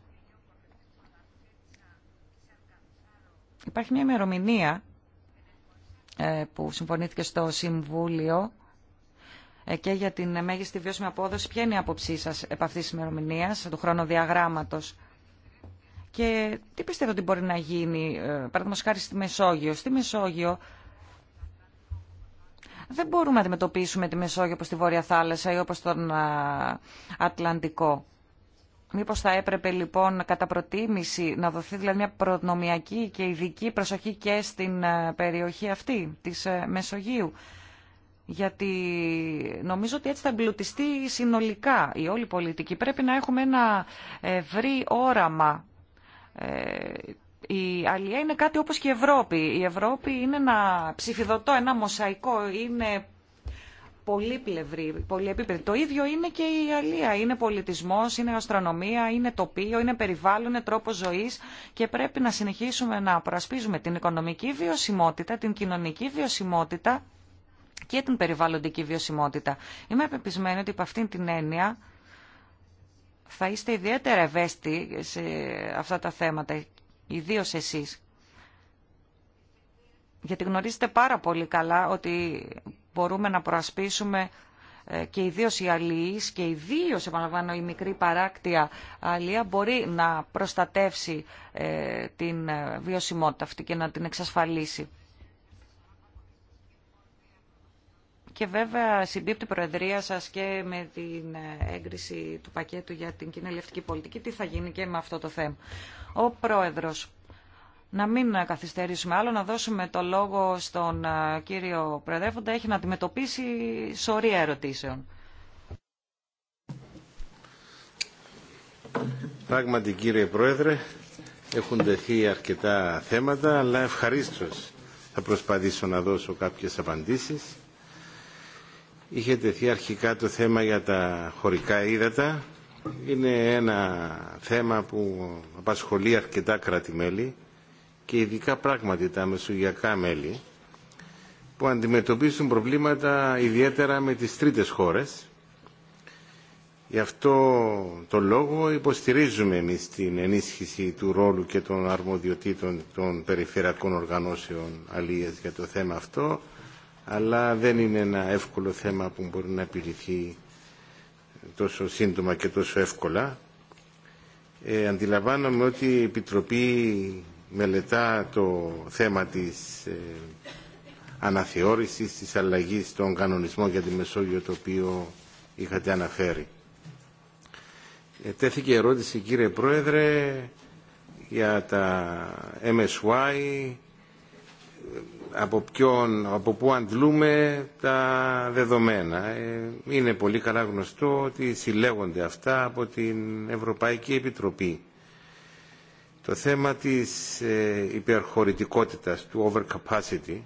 υπάρχει μια ημερομηνία ε, που συμφωνήθηκε στο Συμβούλιο ε, και για την μέγιστη βιώσιμη απόδοση. Ποια είναι η άποψή σας επ' αυτής της ημερομηνίας, του χρονοδιαγράμματος και τι πιστεύετε ότι μπορεί να γίνει, ε, παραδείγματος χάρη στη Μεσόγειο. Στη Μεσόγειο δεν μπορούμε να αντιμετωπίσουμε τη Μεσόγειο όπως τη Βόρεια Θάλασσα ή όπως τον Ατλαντικό. Μήπως θα έπρεπε λοιπόν κατά προτίμηση να δοθεί δηλαδή μια προνομιακή και ειδική προσοχή και στην περιοχή αυτή της Μεσογείου. Γιατί νομίζω ότι έτσι θα εμπλουτιστεί συνολικά η όλη πολιτική. Πρέπει να έχουμε ένα ευρύ όραμα ε, η Αλία είναι κάτι όπως και η Ευρώπη. Η Ευρώπη είναι ένα ψηφιδωτό, ένα μοσαϊκό, είναι πολύπλευρη, πολυεπίπεδη. Το ίδιο είναι και η Αλία. Είναι πολιτισμός, είναι αστρονομία, είναι τοπίο, είναι περιβάλλον, είναι τρόπος ζωής και πρέπει να συνεχίσουμε να προασπίζουμε την οικονομική βιωσιμότητα, την κοινωνική βιωσιμότητα και την περιβαλλοντική βιωσιμότητα. Είμαι πεπισμένη ότι από αυτήν την έννοια θα είστε ιδιαίτερα ευαίσθητοι σε αυτά τα θέματα ιδίω εσεί. Γιατί γνωρίζετε πάρα πολύ καλά ότι μπορούμε να προασπίσουμε ε, και ιδίω οι αλληλεί και ιδίω επαναλαμβάνω η μικρή παράκτια αλληλεία μπορεί να προστατεύσει ε, την ε, βιωσιμότητα αυτή και να την εξασφαλίσει. Και βέβαια συμπίπτει η Προεδρία σας και με την έγκριση του πακέτου για την κοινελευτική πολιτική. Τι θα γίνει και με αυτό το θέμα. Ο Πρόεδρος. Να μην καθυστερήσουμε άλλο, να δώσουμε το λόγο στον κύριο Προεδρεύοντα. Έχει να αντιμετωπίσει σωρία ερωτήσεων. Πράγματι κύριε Πρόεδρε, έχουν τεθεί αρκετά θέματα, αλλά ευχαρίστως θα προσπαθήσω να δώσω κάποιες απαντήσεις είχε τεθεί αρχικά το θέμα για τα χωρικά ύδατα. Είναι ένα θέμα που απασχολεί αρκετά κράτη-μέλη και ειδικά πράγματι τα μεσογειακά μέλη που αντιμετωπίζουν προβλήματα ιδιαίτερα με τις τρίτες χώρες. Γι' αυτό το λόγο υποστηρίζουμε εμείς την ενίσχυση του ρόλου και των αρμοδιοτήτων των περιφερειακών οργανώσεων αλίες για το θέμα αυτό αλλά δεν είναι ένα εύκολο θέμα που μπορεί να επιληθεί τόσο σύντομα και τόσο εύκολα. Ε, αντιλαμβάνομαι ότι η Επιτροπή μελετά το θέμα της ε, αναθεώρησης της αλλαγής των κανονισμών για τη Μεσόγειο το οποίο είχατε αναφέρει. Ε, τέθηκε ερώτηση κύριε Πρόεδρε για τα MSY από, από πού αντλούμε τα δεδομένα. Ε, είναι πολύ καλά γνωστό ότι συλλέγονται αυτά από την Ευρωπαϊκή Επιτροπή. Το θέμα της ε, υπερχωρητικότητας, του overcapacity,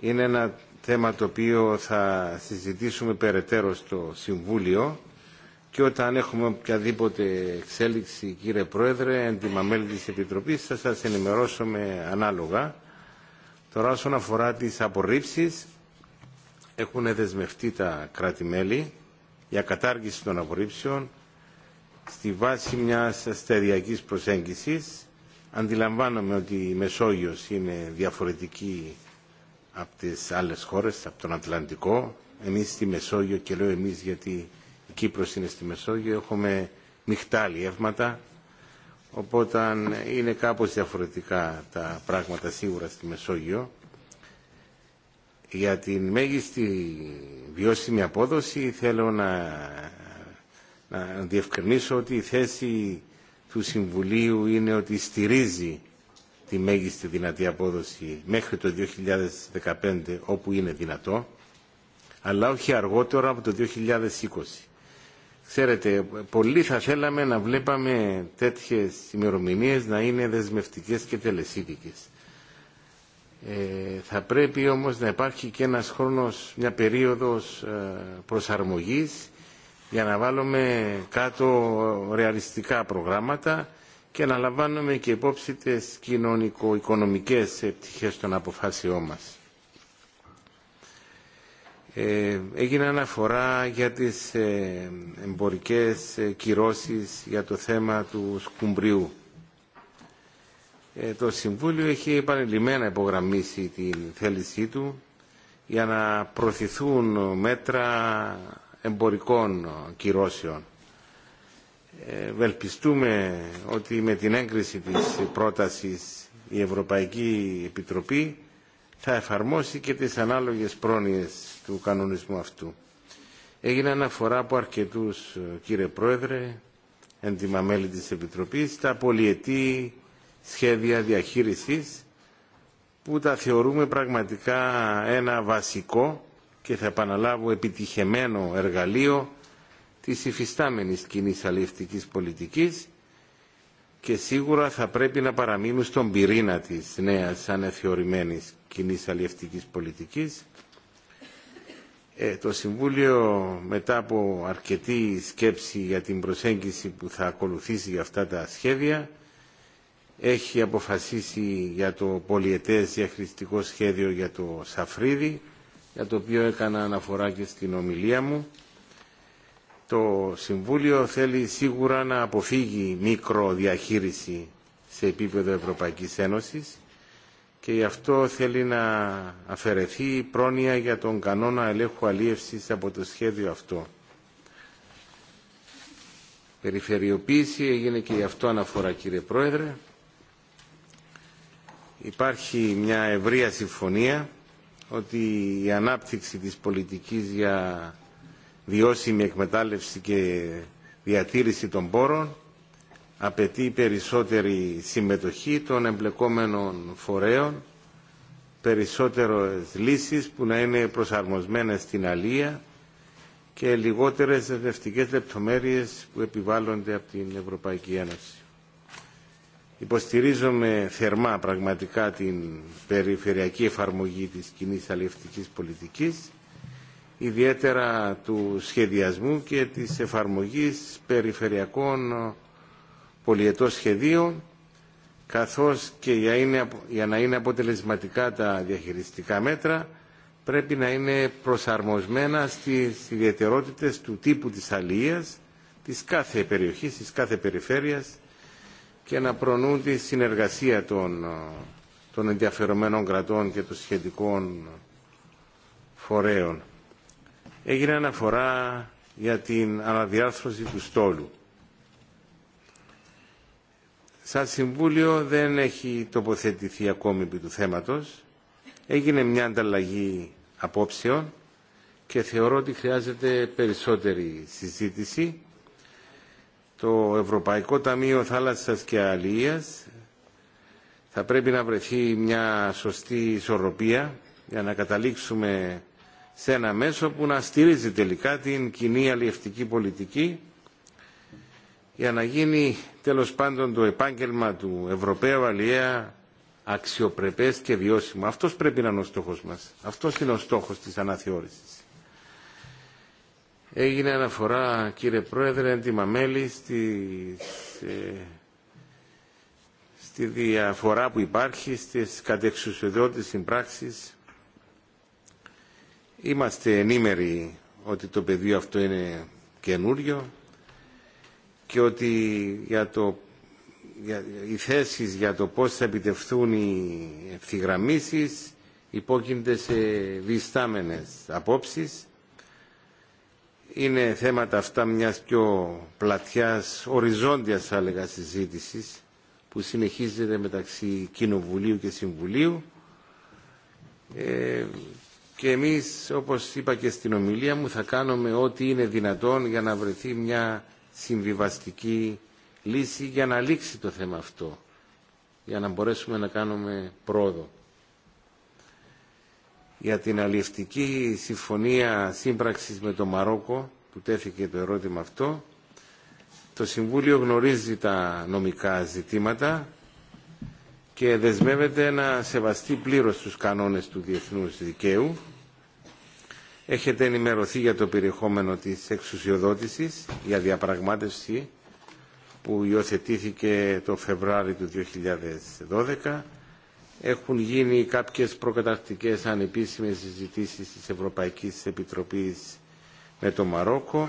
είναι ένα θέμα το οποίο θα συζητήσουμε περαιτέρω στο Συμβούλιο και όταν έχουμε οποιαδήποτε εξέλιξη, κύριε Πρόεδρε, έντιμα μέλη της Επιτροπής, θα σας ενημερώσουμε ανάλογα Τώρα όσον αφορά τις απορρίψεις, έχουν δεσμευτεί τα κράτη-μέλη για κατάργηση των απορρίψεων στη βάση μιας στεριακής προσέγγισης. Αντιλαμβάνομαι ότι η Μεσόγειος είναι διαφορετική από τις άλλες χώρες, από τον Ατλαντικό. Εμείς στη Μεσόγειο, και λέω εμείς γιατί η Κύπρος είναι στη Μεσόγειο, έχουμε μειχτά αλλιεύματα Οπότε είναι κάπως διαφορετικά τα πράγματα σίγουρα στη Μεσόγειο. Για την μέγιστη βιώσιμη απόδοση θέλω να, να διευκρινίσω ότι η θέση του Συμβουλίου είναι ότι στηρίζει τη μέγιστη δυνατή απόδοση μέχρι το 2015 όπου είναι δυνατό, αλλά όχι αργότερα από το 2020. Ξέρετε, πολλοί θα θέλαμε να βλέπαμε τέτοιες ημερομηνίες να είναι δεσμευτικές και τελεσίδικες. Ε, θα πρέπει όμως να υπάρχει και ένας χρόνος, μια περίοδος ε, προσαρμογής για να βάλουμε κάτω ρεαλιστικά προγράμματα και να λαμβάνουμε και υπόψη τις κοινωνικο-οικονομικές επιτυχίες των αποφάσεών μας. Ε, έγινε αναφορά για τις ε, εμπορικές ε, κυρώσεις για το θέμα του σκουμπριού. Το Συμβούλιο έχει επανειλημμένα υπογραμμίσει την θέλησή του για να προωθηθούν μέτρα εμπορικών κυρώσεων. Βελπιστούμε ότι με την έγκριση της πρότασης η Ευρωπαϊκή Επιτροπή θα εφαρμόσει και τις ανάλογες πρόνοιες του κανονισμού αυτού. Έγινε αναφορά από αρκετούς, ε, κύριε Πρόεδρε, έντιμα μέλη της Επιτροπής, τα πολυετή σχέδια διαχείρισης που τα θεωρούμε πραγματικά ένα βασικό και θα επαναλάβω επιτυχεμένο εργαλείο της υφιστάμενης κοινή αλληλευτικής πολιτικής και σίγουρα θα πρέπει να παραμείνουν στον πυρήνα της νέας ανεθεωρημένης κοινής αλλιευτικής πολιτικής. Ε, το Συμβούλιο μετά από αρκετή σκέψη για την προσέγγιση που θα ακολουθήσει για αυτά τα σχέδια έχει αποφασίσει για το πολιετές διαχρηστικό σχέδιο για το Σαφρίδι για το οποίο έκανα αναφορά και στην ομιλία μου. Το Συμβούλιο θέλει σίγουρα να αποφύγει μικροδιαχείριση σε επίπεδο Ευρωπαϊκής Ένωσης και γι' αυτό θέλει να αφαιρεθεί η πρόνοια για τον κανόνα ελέγχου αλίευσης από το σχέδιο αυτό. Περιφερειοποίηση έγινε και γι' αυτό αναφορά κύριε Πρόεδρε. Υπάρχει μια ευρεία συμφωνία ότι η ανάπτυξη της πολιτικής για βιώσιμη εκμετάλλευση και διατήρηση των πόρων απαιτεί περισσότερη συμμετοχή των εμπλεκόμενων φορέων, περισσότερες λύσεις που να είναι προσαρμοσμένες στην αλία και λιγότερες δευτικές λεπτομέρειες που επιβάλλονται από την Ευρωπαϊκή Ένωση. Υποστηρίζομαι θερμά πραγματικά την περιφερειακή εφαρμογή της κοινή αλληλευτικής πολιτικής, ιδιαίτερα του σχεδιασμού και της εφαρμογής περιφερειακών πολιετό σχεδίο καθώς και για να είναι αποτελεσματικά τα διαχειριστικά μέτρα πρέπει να είναι προσαρμοσμένα στις ιδιαιτερότητες του τύπου της αλίας της κάθε περιοχής, της κάθε περιφέρειας και να προνούν τη συνεργασία των, των ενδιαφερομένων κρατών και των σχετικών φορέων. Έγινε αναφορά για την αναδιάρθρωση του στόλου. Σαν Συμβούλιο δεν έχει τοποθετηθεί ακόμη επί του θέματος. Έγινε μια ανταλλαγή απόψεων και θεωρώ ότι χρειάζεται περισσότερη συζήτηση. Το Ευρωπαϊκό Ταμείο Θάλασσας και Αλίας θα πρέπει να βρεθεί μια σωστή ισορροπία για να καταλήξουμε σε ένα μέσο που να στηρίζει τελικά την κοινή αλληλευτική πολιτική για να γίνει τέλος πάντων το επάγγελμα του Ευρωπαίου Αλλιέα αξιοπρεπές και βιώσιμο. Αυτός πρέπει να είναι ο στόχος μας. Αυτός είναι ο στόχος της αναθεώρησης. Έγινε αναφορά, κύριε Πρόεδρε, τη ε, στη, διαφορά που υπάρχει στις κατεξουσιοδότητες συμπράξεις. Είμαστε ενήμεροι ότι το πεδίο αυτό είναι καινούριο και ότι για το, για, οι θέσεις για το πώς θα επιτευχθούν οι ευθυγραμμίσεις υπόκεινται σε διστάμενες απόψεις. Είναι θέματα αυτά μιας πιο πλατιάς, οριζόντιας θα έλεγα συζήτησης που συνεχίζεται μεταξύ Κοινοβουλίου και Συμβουλίου ε, και εμείς όπως είπα και στην ομιλία μου θα κάνουμε ό,τι είναι δυνατόν για να βρεθεί μια συμβιβαστική λύση για να λήξει το θέμα αυτό, για να μπορέσουμε να κάνουμε πρόοδο. Για την αλληλευτική συμφωνία σύμπραξης με το Μαρόκο, που τέθηκε το ερώτημα αυτό, το Συμβούλιο γνωρίζει τα νομικά ζητήματα και δεσμεύεται να σεβαστεί πλήρως τους κανόνες του διεθνούς δικαίου έχετε ενημερωθεί για το περιεχόμενο της εξουσιοδότησης για διαπραγμάτευση που υιοθετήθηκε το Φεβράρι του 2012. Έχουν γίνει κάποιες προκαταρκτικές ανεπίσημες συζητήσεις της Ευρωπαϊκής Επιτροπής με το Μαρόκο,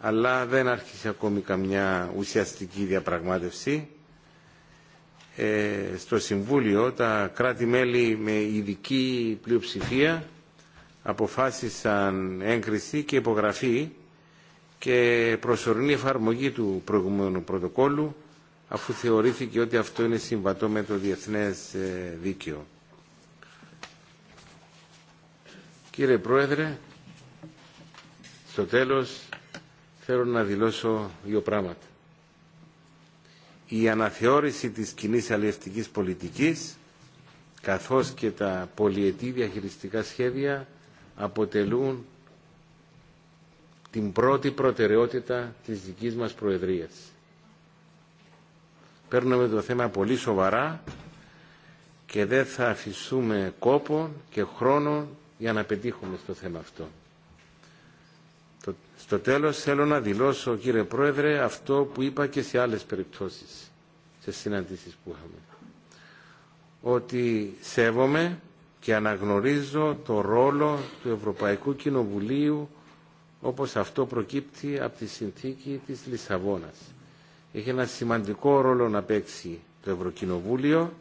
αλλά δεν άρχισε ακόμη καμιά ουσιαστική διαπραγμάτευση. Ε, στο Συμβούλιο τα κράτη-μέλη με ειδική πλειοψηφία αποφάσισαν έγκριση και υπογραφή και προσωρινή εφαρμογή του προηγούμενου πρωτοκόλλου, αφού θεωρήθηκε ότι αυτό είναι συμβατό με το διεθνές ε, δίκαιο. Κύριε Πρόεδρε, στο τέλος θέλω να δηλώσω δύο πράγματα. Η αναθεώρηση της κοινή αλληλευτικής πολιτικής καθώς και τα πολυετή διαχειριστικά σχέδια αποτελούν την πρώτη προτεραιότητα της δικής μας Προεδρίας. Παίρνουμε το θέμα πολύ σοβαρά και δεν θα αφήσουμε κόπο και χρόνο για να πετύχουμε στο θέμα αυτό. Στο τέλος θέλω να δηλώσω κύριε Πρόεδρε αυτό που είπα και σε άλλες περιπτώσεις, σε συναντήσεις που είχαμε. Ότι σέβομαι και αναγνωρίζω το ρόλο του Ευρωπαϊκού Κοινοβουλίου όπως αυτό προκύπτει από τη συνθήκη της Λισαβόνας. Έχει ένα σημαντικό ρόλο να παίξει το Ευρωκοινοβούλιο.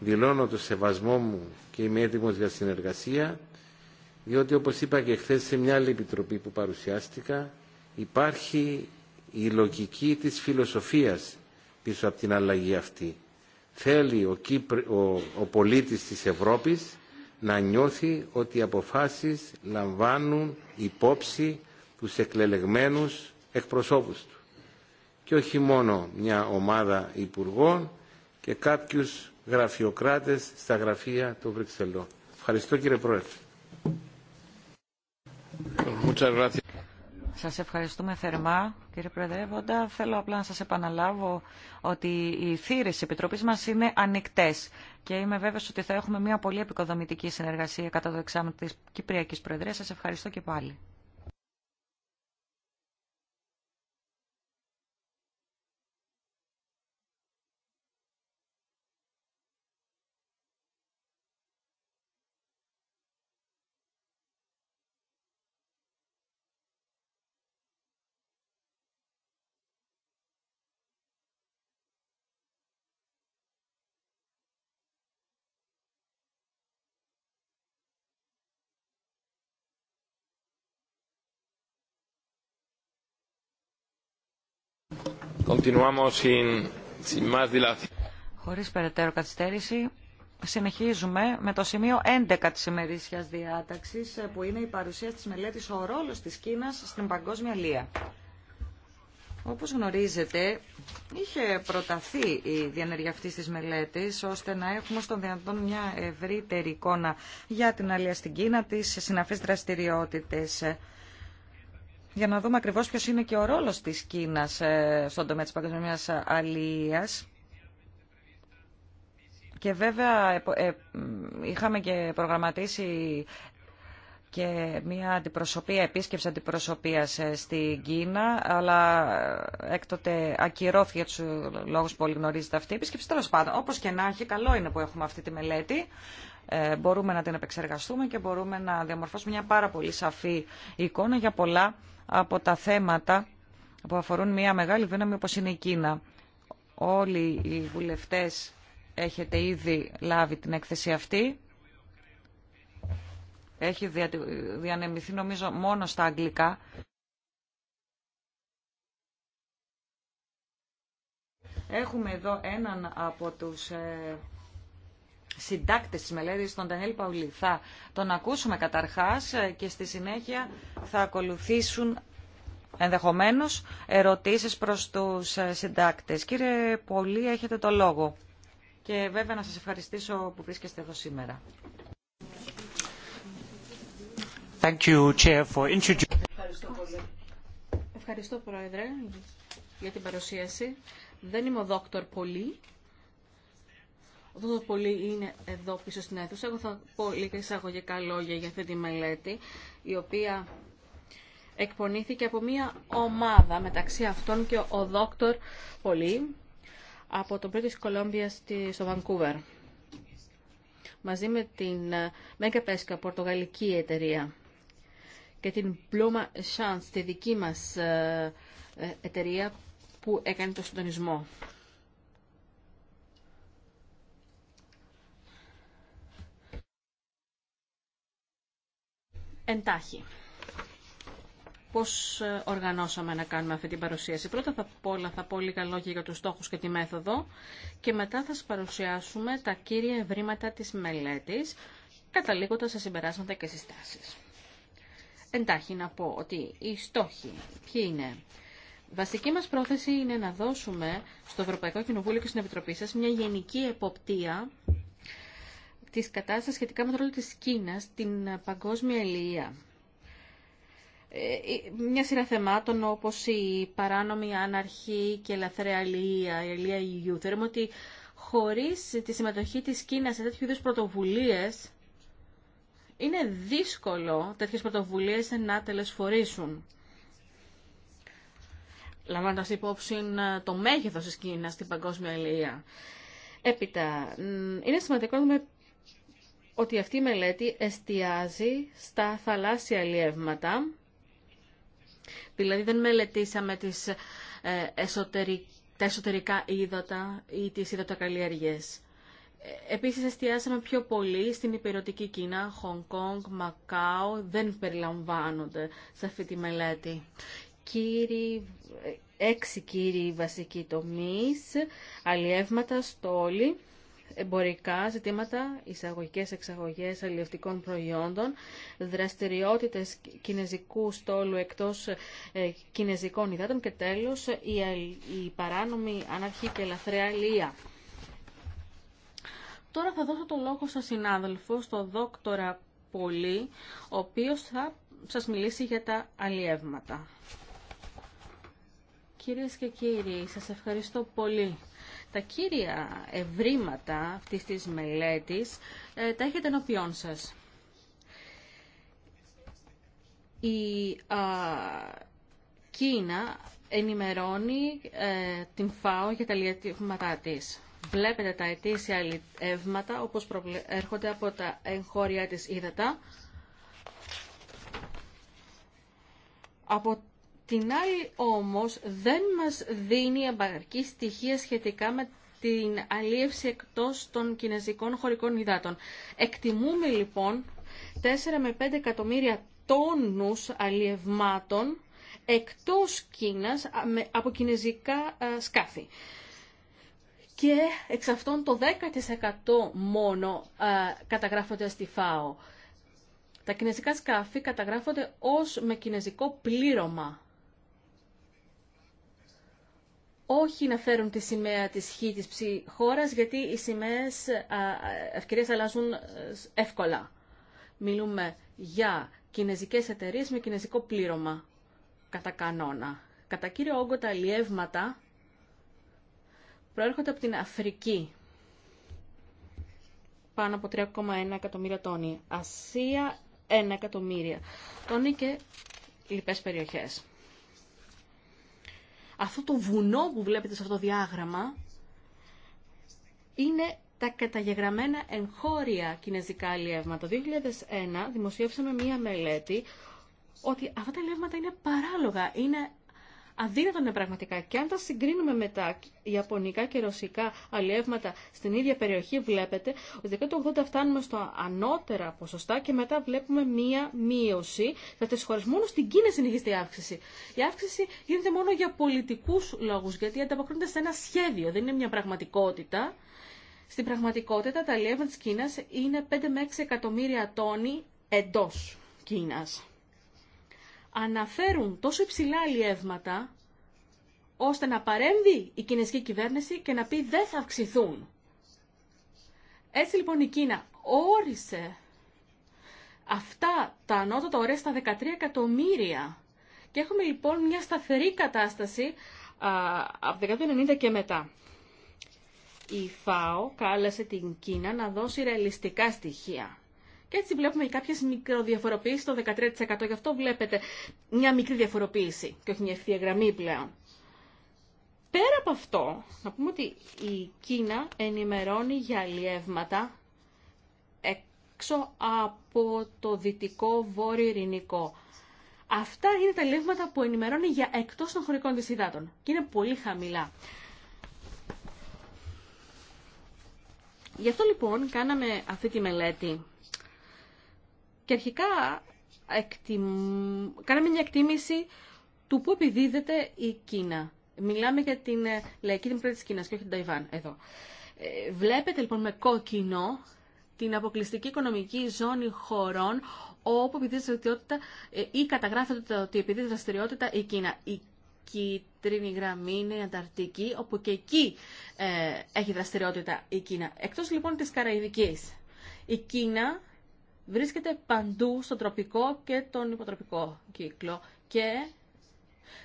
Δηλώνω το σεβασμό μου και είμαι έτοιμος για συνεργασία, διότι όπως είπα και χθε σε μια άλλη επιτροπή που παρουσιάστηκα, υπάρχει η λογική της φιλοσοφίας πίσω από την αλλαγή αυτή. Θέλει ο, Κύπρ, ο, ο πολίτης της Ευρώπης να νιώθει ότι οι αποφάσεις λαμβάνουν υπόψη τους εκλελεγμένους εκπροσώπους του. Και όχι μόνο μια ομάδα υπουργών και κάποιους γραφειοκράτες στα γραφεία του Βρυξελών. Ευχαριστώ κύριε Πρόεδρε. Σας ευχαριστούμε θερμά, κύριε Προεδρεύοντα. Θέλω απλά να σας επαναλάβω ότι οι θύρες της Επιτροπής μας είναι ανοιχτέ και είμαι βέβαιος ότι θα έχουμε μια πολύ επικοδομητική συνεργασία κατά το εξάμεινο της Κυπριακής Προεδρίας. Σας ευχαριστώ και πάλι. Χωρίς περαιτέρω καθυστέρηση, συνεχίζουμε με το σημείο 11 της ημερήσιας διάταξης, που είναι η παρουσία της μελέτης «Ο ρόλος της Κίνας στην παγκόσμια λία». Όπως γνωρίζετε, είχε προταθεί η διενέργεια αυτής της μελέτης, ώστε να έχουμε στον δυνατόν μια ευρύτερη εικόνα για την αλία στην Κίνα, τις συναφείς δραστηριότητες για να δούμε ακριβώς ποιος είναι και ο ρόλος της Κίνας ε, στον τομέα της παγκοσμίας αλληλείας. Και βέβαια ε, είχαμε και προγραμματίσει και μια αντιπροσωπεία, επίσκεψη αντιπροσωπείας ε, στην Κίνα, αλλά έκτοτε ακυρώθηκε του λόγους που όλοι γνωρίζετε αυτή η επίσκεψη. Τέλο πάντων, όπως και να έχει, καλό είναι που έχουμε αυτή τη μελέτη. Ε, μπορούμε να την επεξεργαστούμε και μπορούμε να διαμορφώσουμε μια πάρα πολύ σαφή εικόνα για πολλά από τα θέματα που αφορούν μια μεγάλη δύναμη όπως είναι η Κίνα. Όλοι οι βουλευτές έχετε ήδη λάβει την έκθεση αυτή. Έχει διανεμηθεί νομίζω μόνο στα αγγλικά. Έχουμε εδώ έναν από τους ε, συντάκτες της μελέτης, τον Ντανιέλ Παουλή. Θα τον ακούσουμε καταρχάς και στη συνέχεια θα ακολουθήσουν ενδεχομένως ερωτήσεις προς τους συντάκτες. Κύριε Πολύ, έχετε το λόγο. Και βέβαια να σας ευχαριστήσω που βρίσκεστε εδώ σήμερα. Thank you, Chair, for Ευχαριστώ Ευχαριστώ, Πρόεδρε, για την παρουσίαση. Δεν είμαι ο δόκτωρ πολύ, το πολύ είναι εδώ πίσω στην αίθουσα. Εγώ θα πω λίγα εισαγωγικά λόγια για αυτή τη μελέτη, η οποία εκπονήθηκε από μία ομάδα μεταξύ αυτών και ο δόκτωρ Πολύ από το British Columbia στο Βανκούβερ, μαζί με την Μέγκα Πέσκα, πορτογαλική εταιρεία και την Πλούμα Chance, τη δική μας ε, ε, εταιρεία που έκανε το συντονισμό. εντάχει. Πώς ε, οργανώσαμε να κάνουμε αυτή την παρουσίαση. Πρώτα πω όλα θα πω λίγα λόγια για τους στόχους και τη μέθοδο και μετά θα σας παρουσιάσουμε τα κύρια ευρήματα της μελέτης, καταλήγοντας σε συμπεράσματα και συστάσεις. Εντάχει να πω ότι οι στόχοι ποιοι είναι. Βασική μας πρόθεση είναι να δώσουμε στο Ευρωπαϊκό Κοινοβούλιο και στην Επιτροπή σας μια γενική εποπτεία της κατάστασης σχετικά με το ρόλο της Κίνας στην παγκόσμια ελεία. Ε, μια σειρά θεμάτων όπως η παράνομη, άναρχη και ελαθρέα ηλία, η ηλία υγιού. Θεωρούμε ότι χωρίς τη συμμετοχή της Κίνας σε τέτοιου είδους πρωτοβουλίες, είναι δύσκολο τέτοιες πρωτοβουλίες να τελεσφορήσουν. Λαμβάνοντα υπόψη ε, το μέγεθος της Κίνας στην παγκόσμια ηλία. Έπειτα, είναι σημαντικό να δούμε ότι αυτή η μελέτη εστιάζει στα θαλάσσια λιεύματα, δηλαδή δεν μελετήσαμε τις ε, τα εσωτερικά ύδατα ή τις υδατοκαλλιέργειες. Ε, επίσης εστιάσαμε πιο πολύ στην υπηρετική Κίνα, Χονγκ Κόνγκ, Μακάο, δεν περιλαμβάνονται σε αυτή τη μελέτη. Κύριοι, ε, έξι κύριοι βασικοί τομείς, αλλιεύματα, στόλοι, εμπορικά ζητήματα, εισαγωγικές εξαγωγές αλλιευτικών προϊόντων, δραστηριότητες κινέζικου στόλου εκτός ε, κινέζικων υδάτων και τέλος η παράνομη αναρχή και ελαφρέα αλία. Τώρα θα δώσω το λόγο στον συνάδελφο, στον δόκτορα Πολύ, ο οποίος θα σας μιλήσει για τα αλλιεύματα. Κυρίες και κύριοι, σας ευχαριστώ πολύ τα κύρια ευρήματα αυτής της μελέτης ε, τα έχετε ενώπιόν σας. Η α, Κίνα ενημερώνει ε, την ΦΑΟ για τα λιεύματά της. Βλέπετε τα αιτήσια λιεύματα όπως έρχονται από τα εγχώρια της ύδατα, από την άλλη όμως δεν μας δίνει εμπαρκή στοιχεία σχετικά με την αλίευση εκτός των κινέζικων χωρικών υδάτων. Εκτιμούμε λοιπόν 4 με 5 εκατομμύρια τόνους αλιευμάτων εκτός Κίνας από κινέζικα σκάφη. Και εξ αυτών το 10% μόνο καταγράφονται στη ΦΑΟ. Τα κινέζικα σκάφη καταγράφονται ως με κινέζικο πλήρωμα όχι να φέρουν τη σημαία της χή της χώρας, γιατί οι σημαίες ευκαιρίε αλλάζουν ε, εύκολα. Μιλούμε για κινέζικες εταιρείε με κινέζικο πλήρωμα, κατά κανόνα. Κατά κύριο όγκο τα αλλιεύματα προέρχονται από την Αφρική, πάνω από 3,1 εκατομμύρια τόνοι. Ασία, 1 εκατομμύρια τόνοι και λοιπές περιοχές. Αυτό το βουνό που βλέπετε σε αυτό το διάγραμμα είναι τα καταγεγραμμένα εγχώρια κινέζικα αλλιεύματα. Το 2001 δημοσιεύσαμε μία μελέτη ότι αυτά τα αλλιεύματα είναι παράλογα, είναι αδύνατο είναι πραγματικά. Και αν τα συγκρίνουμε με τα ιαπωνικά και ρωσικά αλλιεύματα στην ίδια περιοχή, βλέπετε ότι το 1980 φτάνουμε στο ανώτερα ποσοστά και μετά βλέπουμε μία μείωση. Θα τις χωρε μόνο στην Κίνα συνεχίζεται η αύξηση. Η αύξηση γίνεται μόνο για πολιτικου λογου γιατί ανταποκρίνεται σε ένα σχέδιο, δεν είναι μια πραγματικότητα. Στην πραγματικότητα τα αλλιεύματα τη κινα είναι 5 με 6 εκατομμύρια τόνοι εντό Κίνας αναφέρουν τόσο υψηλά αλλιεύματα, ώστε να παρέμβει η κινέζικη κυβέρνηση και να πει δεν θα αυξηθούν. Έτσι λοιπόν η Κίνα όρισε αυτά τα ανώτατα ωραία στα 13 εκατομμύρια. Και έχουμε λοιπόν μια σταθερή κατάσταση α, από 1990 και μετά. Η ΦΑΟ κάλεσε την Κίνα να δώσει ρεαλιστικά στοιχεία. Και έτσι βλέπουμε και κάποιες μικροδιαφοροποίησεις, το 13%. Γι' αυτό βλέπετε μια μικρή διαφοροποίηση και όχι μια ευθεία γραμμή πλέον. Πέρα από αυτό, να πούμε ότι η Κίνα ενημερώνει για αλλιεύματα έξω από το δυτικό βόρειο ειρηνικό. Αυτά είναι τα αλλιεύματα που ενημερώνει για εκτός των χωρικών της και είναι πολύ χαμηλά. Γι' αυτό λοιπόν κάναμε αυτή τη μελέτη και αρχικά εκτιμ... κάναμε μια εκτίμηση του πού επιδίδεται η Κίνα. Μιλάμε για την ε, λαϊκή δημοκρατία της Κίνας και όχι την Ταϊβάν εδώ. Ε, βλέπετε λοιπόν με κόκκινο την αποκλειστική οικονομική ζώνη χωρών όπου επιδίδεται δραστηριότητα ε, ή καταγράφεται ότι επιδίδεται δραστηριότητα η Κίνα. Η κίτρινη γραμμή είναι η Ανταρκτική, όπου και εκεί ε, έχει δραστηριότητα η Κίνα. Εκτός εκει λοιπόν της Καραϊβικής. Η κινα εκτος λοιπον της καραιδικης η κινα βρίσκεται παντού στο τροπικό και τον υποτροπικό κύκλο και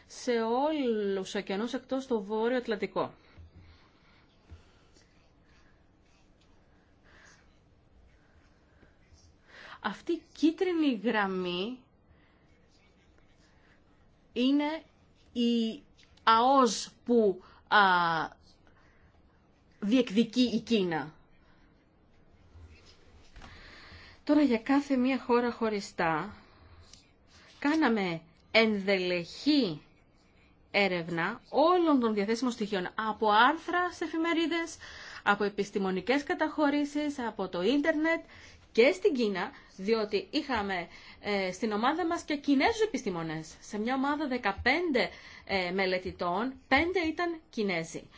σε όλους τους ωκεανούς εκτός του Βόρειο Ατλαντικό. Αυτή η κίτρινη γραμμή είναι η ΑΟΣ που α, διεκδικεί η Κίνα. Τώρα για κάθε μία χώρα χωριστά κάναμε ενδελεχή έρευνα όλων των διαθέσιμων στοιχείων από άρθρα σε εφημερίδες, από επιστημονικές καταχωρήσεις, από το ίντερνετ και στην Κίνα, διότι είχαμε ε, στην ομάδα μας και Κινέζους επιστήμονες. Σε μια ομάδα 15 ε, μελετητών, 5 ήταν Κινέζοι.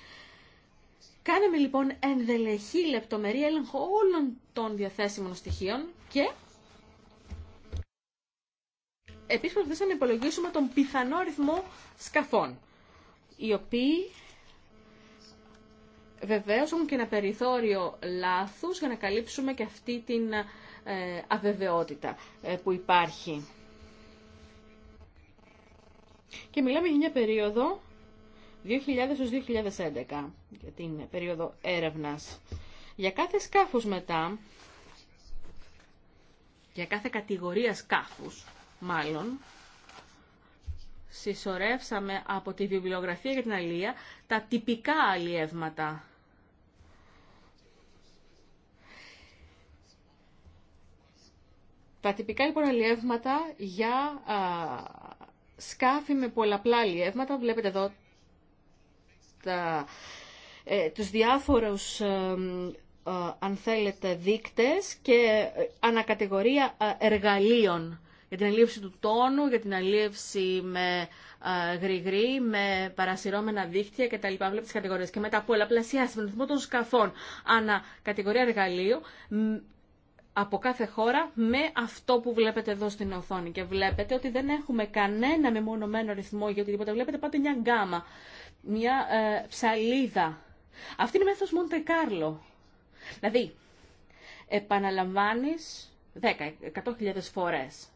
Κάναμε λοιπόν ενδελεχή λεπτομερή έλεγχο όλων των διαθέσιμων στοιχείων και επίσης προσπαθήσαμε να υπολογίσουμε τον πιθανό ρυθμό σκαφών, οι οποίοι βεβαίως έχουν και ένα περιθώριο λάθους για να καλύψουμε και αυτή την ε, αβεβαιότητα ε, που υπάρχει. Και μιλάμε για μια περίοδο 2000-2011, για την περίοδο έρευνας. Για κάθε σκάφος μετά για κάθε κατηγορία σκάφους, μάλλον, συσσωρεύσαμε από τη βιβλιογραφία για την αλληλεία τα τυπικά αλληλεύματα. Τα τυπικά λοιπόν για σκάφη με πολλαπλά αλληλεύματα. βλέπετε εδώ τα, ε, τους διάφορους ε, αν θέλετε, δείκτες και ε, ανακατηγορία ε, εργαλείων για την αλίευση του τόνου, για την αλίευση με γρηγρή, με παρασυρώμενα δίκτυα λοιπά Βλέπετε τις κατηγορίες. Και μετά με τον αριθμό των σκαφών ανακατηγορία εργαλείου από κάθε χώρα με αυτό που βλέπετε εδώ στην οθόνη. Και βλέπετε ότι δεν έχουμε κανένα μεμονωμένο ρυθμό για οτιδήποτε. Βλέπετε πάντα μια γκάμα, μια ψαλίδα. Αυτή είναι η μέθοδος Μοντεκάρλο. Δηλαδή, επαναλαμβάνεις 100.000 φορές.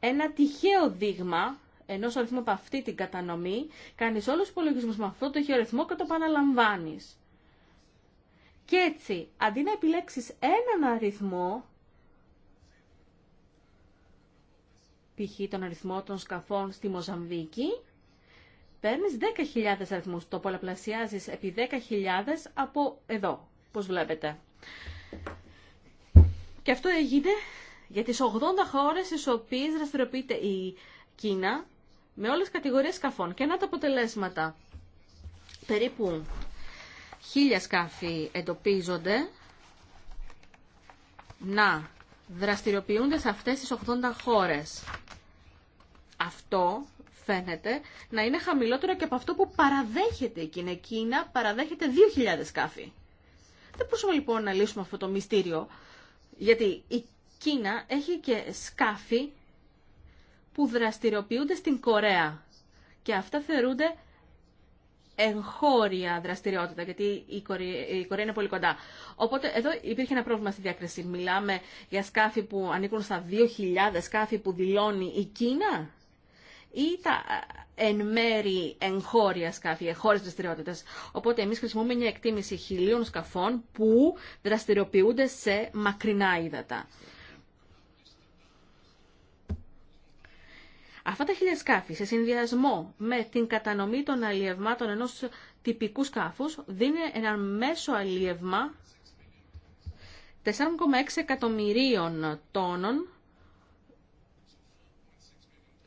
Ένα τυχαίο δείγμα ενό αριθμού από αυτή την κατανομή, κάνει όλου του υπολογισμού με αυτό το αριθμό και το επαναλαμβάνει. Και έτσι, αντί να επιλέξει έναν αριθμό, π.χ. τον αριθμό των σκαφών στη Μοζαμβίκη, παίρνει 10.000 αριθμούς, το πολλαπλασιάζεις επί 10.000 από εδώ πως βλέπετε. Και αυτό έγινε για τις 80 χώρες στις οποίες δραστηριοποιείται η Κίνα με όλες τις κατηγορίες σκαφών. Και να τα αποτελέσματα. Περίπου χίλια σκάφη εντοπίζονται να δραστηριοποιούνται σε αυτές τις 80 χώρες. Αυτό φαίνεται να είναι χαμηλότερο και από αυτό που παραδέχεται η Κίνα. Κίνα παραδέχεται 2.000 σκάφη. Δεν μπορούσαμε λοιπόν να λύσουμε αυτό το μυστήριο, γιατί η Κίνα έχει και σκάφη που δραστηριοποιούνται στην Κορέα και αυτά θεωρούνται εγχώρια δραστηριότητα, γιατί η Κορέα η είναι πολύ κοντά. Οπότε εδώ υπήρχε ένα πρόβλημα στη διάκριση. Μιλάμε για σκάφη που ανήκουν στα 2.000 σκάφη που δηλώνει η Κίνα ή τα ε, εν μέρη εγχώρια σκάφη, εγχώριες δραστηριότητε. Οπότε εμείς χρησιμοποιούμε μια εκτίμηση χιλίων σκαφών που δραστηριοποιούνται σε μακρινά ύδατα. Αυτά τα χίλια σκάφη σε συνδυασμό με την κατανομή των αλλιευμάτων ενός τυπικού σκάφους δίνει ένα μέσο αλλιεύμα 4,6 εκατομμυρίων τόνων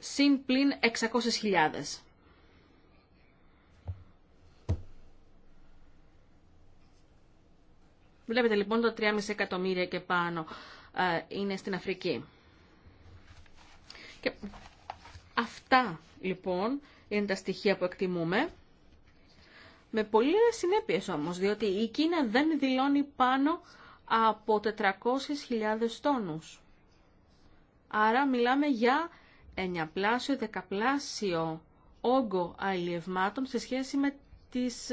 συν πλην 600.000. Βλέπετε λοιπόν το 3,5 εκατομμύρια και πάνω ε, είναι στην Αφρική. Και αυτά λοιπόν είναι τα στοιχεία που εκτιμούμε. Με πολλέ συνέπειε όμως, διότι η Κίνα δεν δηλώνει πάνω από 400.000 τόνους. Άρα μιλάμε για ενιαπλάσιο, δεκαπλάσιο όγκο αλλιευμάτων σε σχέση με, τις,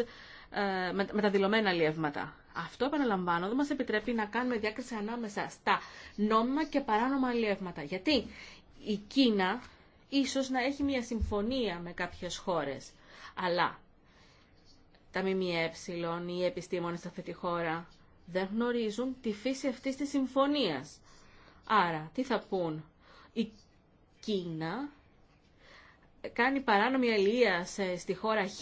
ε, με, τα δηλωμένα αλλιεύματα. Αυτό, επαναλαμβάνω, δεν μας επιτρέπει να κάνουμε διάκριση ανάμεσα στα νόμιμα και παράνομα αλλιεύματα. Γιατί η Κίνα ίσως να έχει μια συμφωνία με κάποιες χώρες, αλλά τα ΜΜΕ, οι επιστήμονες σε αυτή τη χώρα δεν γνωρίζουν τη φύση αυτής της συμφωνίας. Άρα, τι θα πούν. Κίνα κάνει παράνομη αλληλεία στη χώρα Χ,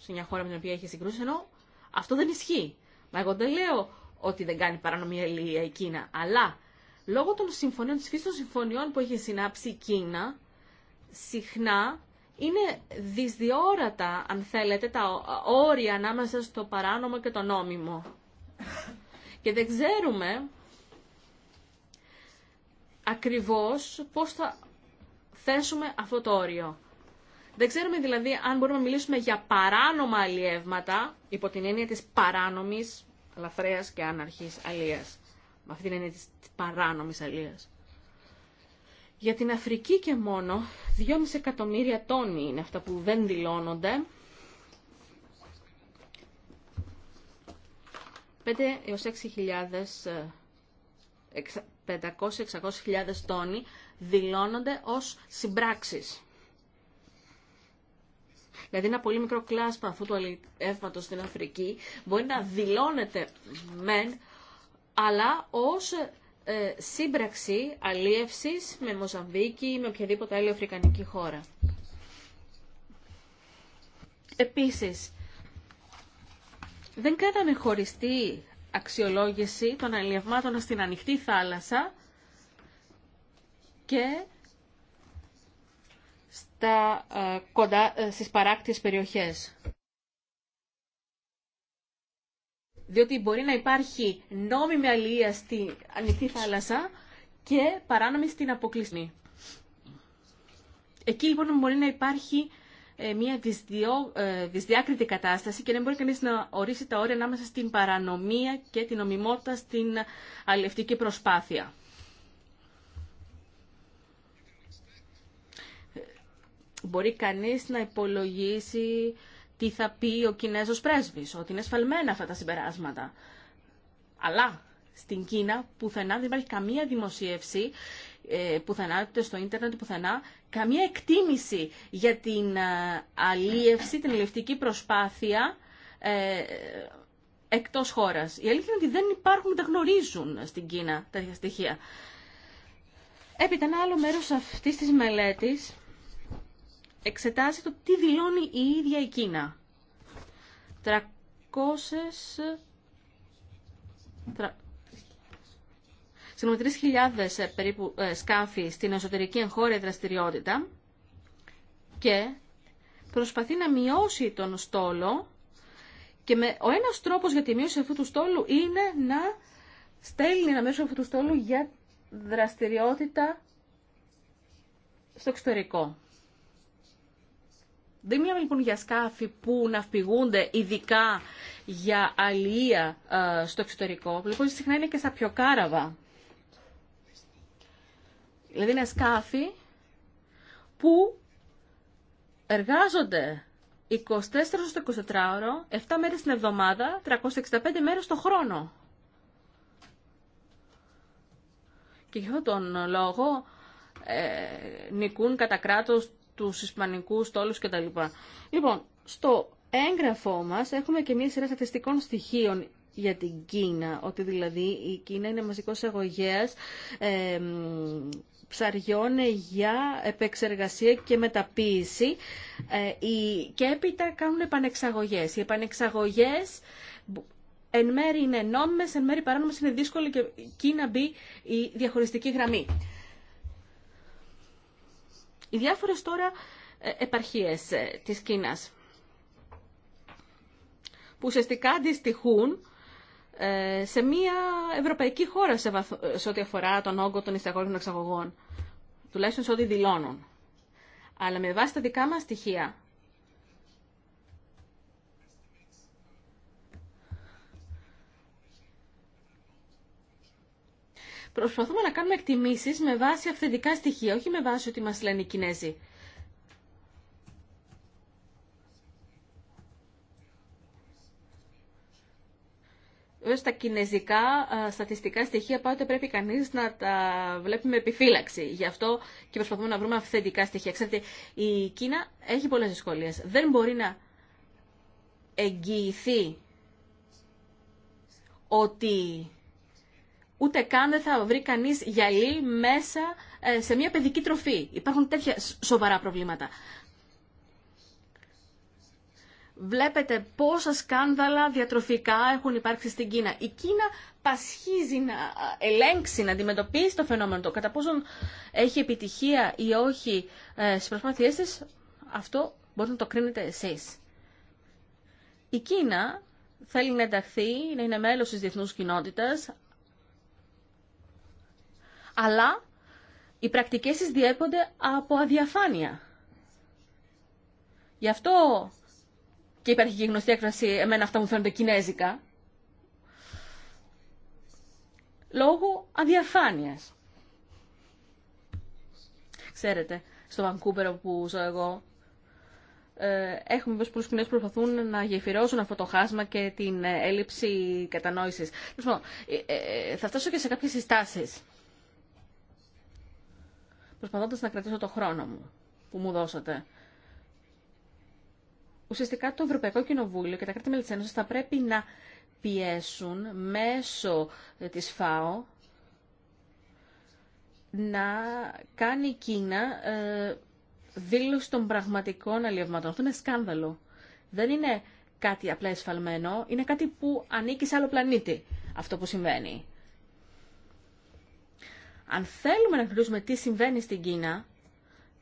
σε μια χώρα με την οποία έχει συγκρούσει, ενώ αυτό δεν ισχύει. Μα εγώ δεν λέω ότι δεν κάνει παράνομη αλληλεία η Κίνα, αλλά λόγω των συμφωνιών, της φύσης των συμφωνιών που έχει συνάψει η Κίνα, συχνά είναι δυσδιόρατα, αν θέλετε, τα όρια ανάμεσα στο παράνομο και το νόμιμο. Και δεν ξέρουμε ακριβώς πώς θα θέσουμε αυτό το όριο. Δεν ξέρουμε δηλαδή αν μπορούμε να μιλήσουμε για παράνομα αλλιεύματα, υπό την έννοια της παράνομης, λαθρέας και άναρχης αλλίας. Με αυτή την έννοια της παράνομης αλλίας. Για την Αφρική και μόνο, 2,5 εκατομμύρια τόνοι είναι αυτά που δεν δηλώνονται. 5 έως χιλιάδες, 500 ε, τόνοι δηλώνονται ως συμπράξεις. Δηλαδή ένα πολύ μικρό κλάσμα αυτού του αλληλεύματος στην Αφρική μπορεί να δηλώνεται μεν, αλλά ως ε, σύμπραξη αλίευσης με Μοζαμβίκη ή με οποιαδήποτε άλλη αφρικανική χώρα. Επίσης, δεν κάναμε χωριστή αξιολόγηση των αλλιευμάτων στην ανοιχτή θάλασσα και στα, ε, κοντά, ε, στις παράκτιες περιοχές. Διότι μπορεί να υπάρχει νόμιμη αλληλεία στη ανοιχτή θάλασσα και παράνομη στην αποκλεισμή. Εκεί λοιπόν μπορεί να υπάρχει ε, μια δυσδιο, δυσδιάκριτη κατάσταση και δεν μπορεί κανείς να ορίσει τα όρια ανάμεσα στην παρανομία και την ομιμότητα στην αλληλευτική προσπάθεια. μπορεί κανείς να υπολογίσει τι θα πει ο Κινέζος πρέσβης, ότι είναι σφαλμένα αυτά τα συμπεράσματα. Αλλά στην Κίνα πουθενά δεν υπάρχει καμία δημοσίευση, ε, πουθενά ούτε στο ίντερνετ, πουθενά, καμία εκτίμηση για την ε, αλίευση, την ελευτική προσπάθεια ε, εκτός χώρας. Η αλήθεια είναι ότι δεν υπάρχουν, δεν γνωρίζουν στην Κίνα τέτοια στοιχεία. Έπειτα ένα άλλο μέρος αυτής της μελέτης εξετάσει το τι δηλώνει η ίδια η Κίνα. 300... 3.000 ε, περίπου ε, σκάφη στην εσωτερική εγχώρια δραστηριότητα και προσπαθεί να μειώσει τον στόλο και με, ο ένας τρόπος για τη μείωση αυτού του στόλου είναι να στέλνει ένα μέσο αυτού του στόλου για δραστηριότητα στο εξωτερικό. Δεν μιλάμε λοιπόν για σκάφη που ναυπηγούνται ειδικά για αλληλεία ε, στο εξωτερικό. Λοιπόν, συχνά είναι και στα πιο κάραβα. Δηλαδή είναι σκάφη που εργάζονται 24 στο 24 ώρο, 7 μέρες την εβδομάδα, 365 μέρες το χρόνο. Και για αυτόν τον λόγο ε, νικούν κατά κράτος τους ισπανικούς τόλους κτλ. Λοιπόν, στο έγγραφό μας έχουμε και μία σειρά στατιστικών στοιχείων για την Κίνα, ότι δηλαδή η Κίνα είναι μαζικός αγωγέας ε, ψαριών για επεξεργασία και μεταποίηση ε, και έπειτα κάνουν επανεξαγωγές. Οι επανεξαγωγές εν μέρη είναι νόμιμες, εν μέρη παράνομες είναι δύσκολο και εκεί να μπει η διαχωριστική γραμμή. Οι διάφορες τώρα ε, επαρχίες ε, της Κίνας που ουσιαστικά αντιστοιχούν ε, σε μια ευρωπαϊκή χώρα σε, βαθ... σε ό,τι αφορά τον όγκο των εισαγωγών εξαγωγών. Τουλάχιστον σε ό,τι δηλώνουν. Αλλά με βάση τα δικά μας στοιχεία Προσπαθούμε να κάνουμε εκτιμήσεις με βάση αυθεντικά στοιχεία, όχι με βάση ότι μας λένε οι Κινέζοι. Βέβαια στα κινέζικα στατιστικά στοιχεία πάντοτε πρέπει κανεί να τα βλέπει με επιφύλαξη. Γι' αυτό και προσπαθούμε να βρούμε αυθεντικά στοιχεία. Ξέρετε, η Κίνα έχει πολλέ δυσκολίε. Δεν μπορεί να εγγυηθεί ότι ούτε καν δεν θα βρει κανείς γυαλί μέσα ε, σε μια παιδική τροφή. Υπάρχουν τέτοια σοβαρά προβλήματα. Βλέπετε πόσα σκάνδαλα διατροφικά έχουν υπάρξει στην Κίνα. Η Κίνα πασχίζει να ελέγξει, να αντιμετωπίσει το φαινόμενο το κατά πόσον έχει επιτυχία ή όχι ε, στις προσπάθειές της, αυτό μπορείτε να το κρίνετε εσείς. Η Κίνα θέλει να ενταχθεί, να είναι μέλος της διεθνούς κοινότητας, αλλά οι πρακτικές της διέπονται από αδιαφάνεια. Γι' αυτό και υπάρχει και γνωστή έκφραση «εμένα αυτά μου φαίνονται κινέζικα», λόγω αδιαφάνειας. Ξέρετε, στο Βανκούπερο που ζω εγώ, ε, έχουμε πως πολλούς Κινέζους προσπαθούν να γεφυρώσουν αυτό το χάσμα και την ε, έλλειψη κατανόησης. Λοιπόν, ε, θα φτάσω και σε κάποιες συστάσεις προσπαθώντας να κρατήσω το χρόνο μου που μου δώσατε. Ουσιαστικά το Ευρωπαϊκό Κοινοβούλιο και τα κράτη μέλη θα πρέπει να πιέσουν μέσω ε, της ΦΑΟ να κάνει η Κίνα ε, δήλωση των πραγματικών αλλιευμάτων. Αυτό είναι σκάνδαλο. Δεν είναι κάτι απλά εσφαλμένο, είναι κάτι που ανήκει σε άλλο πλανήτη αυτό που συμβαίνει. Αν θέλουμε να γνωρίζουμε τι συμβαίνει στην Κίνα,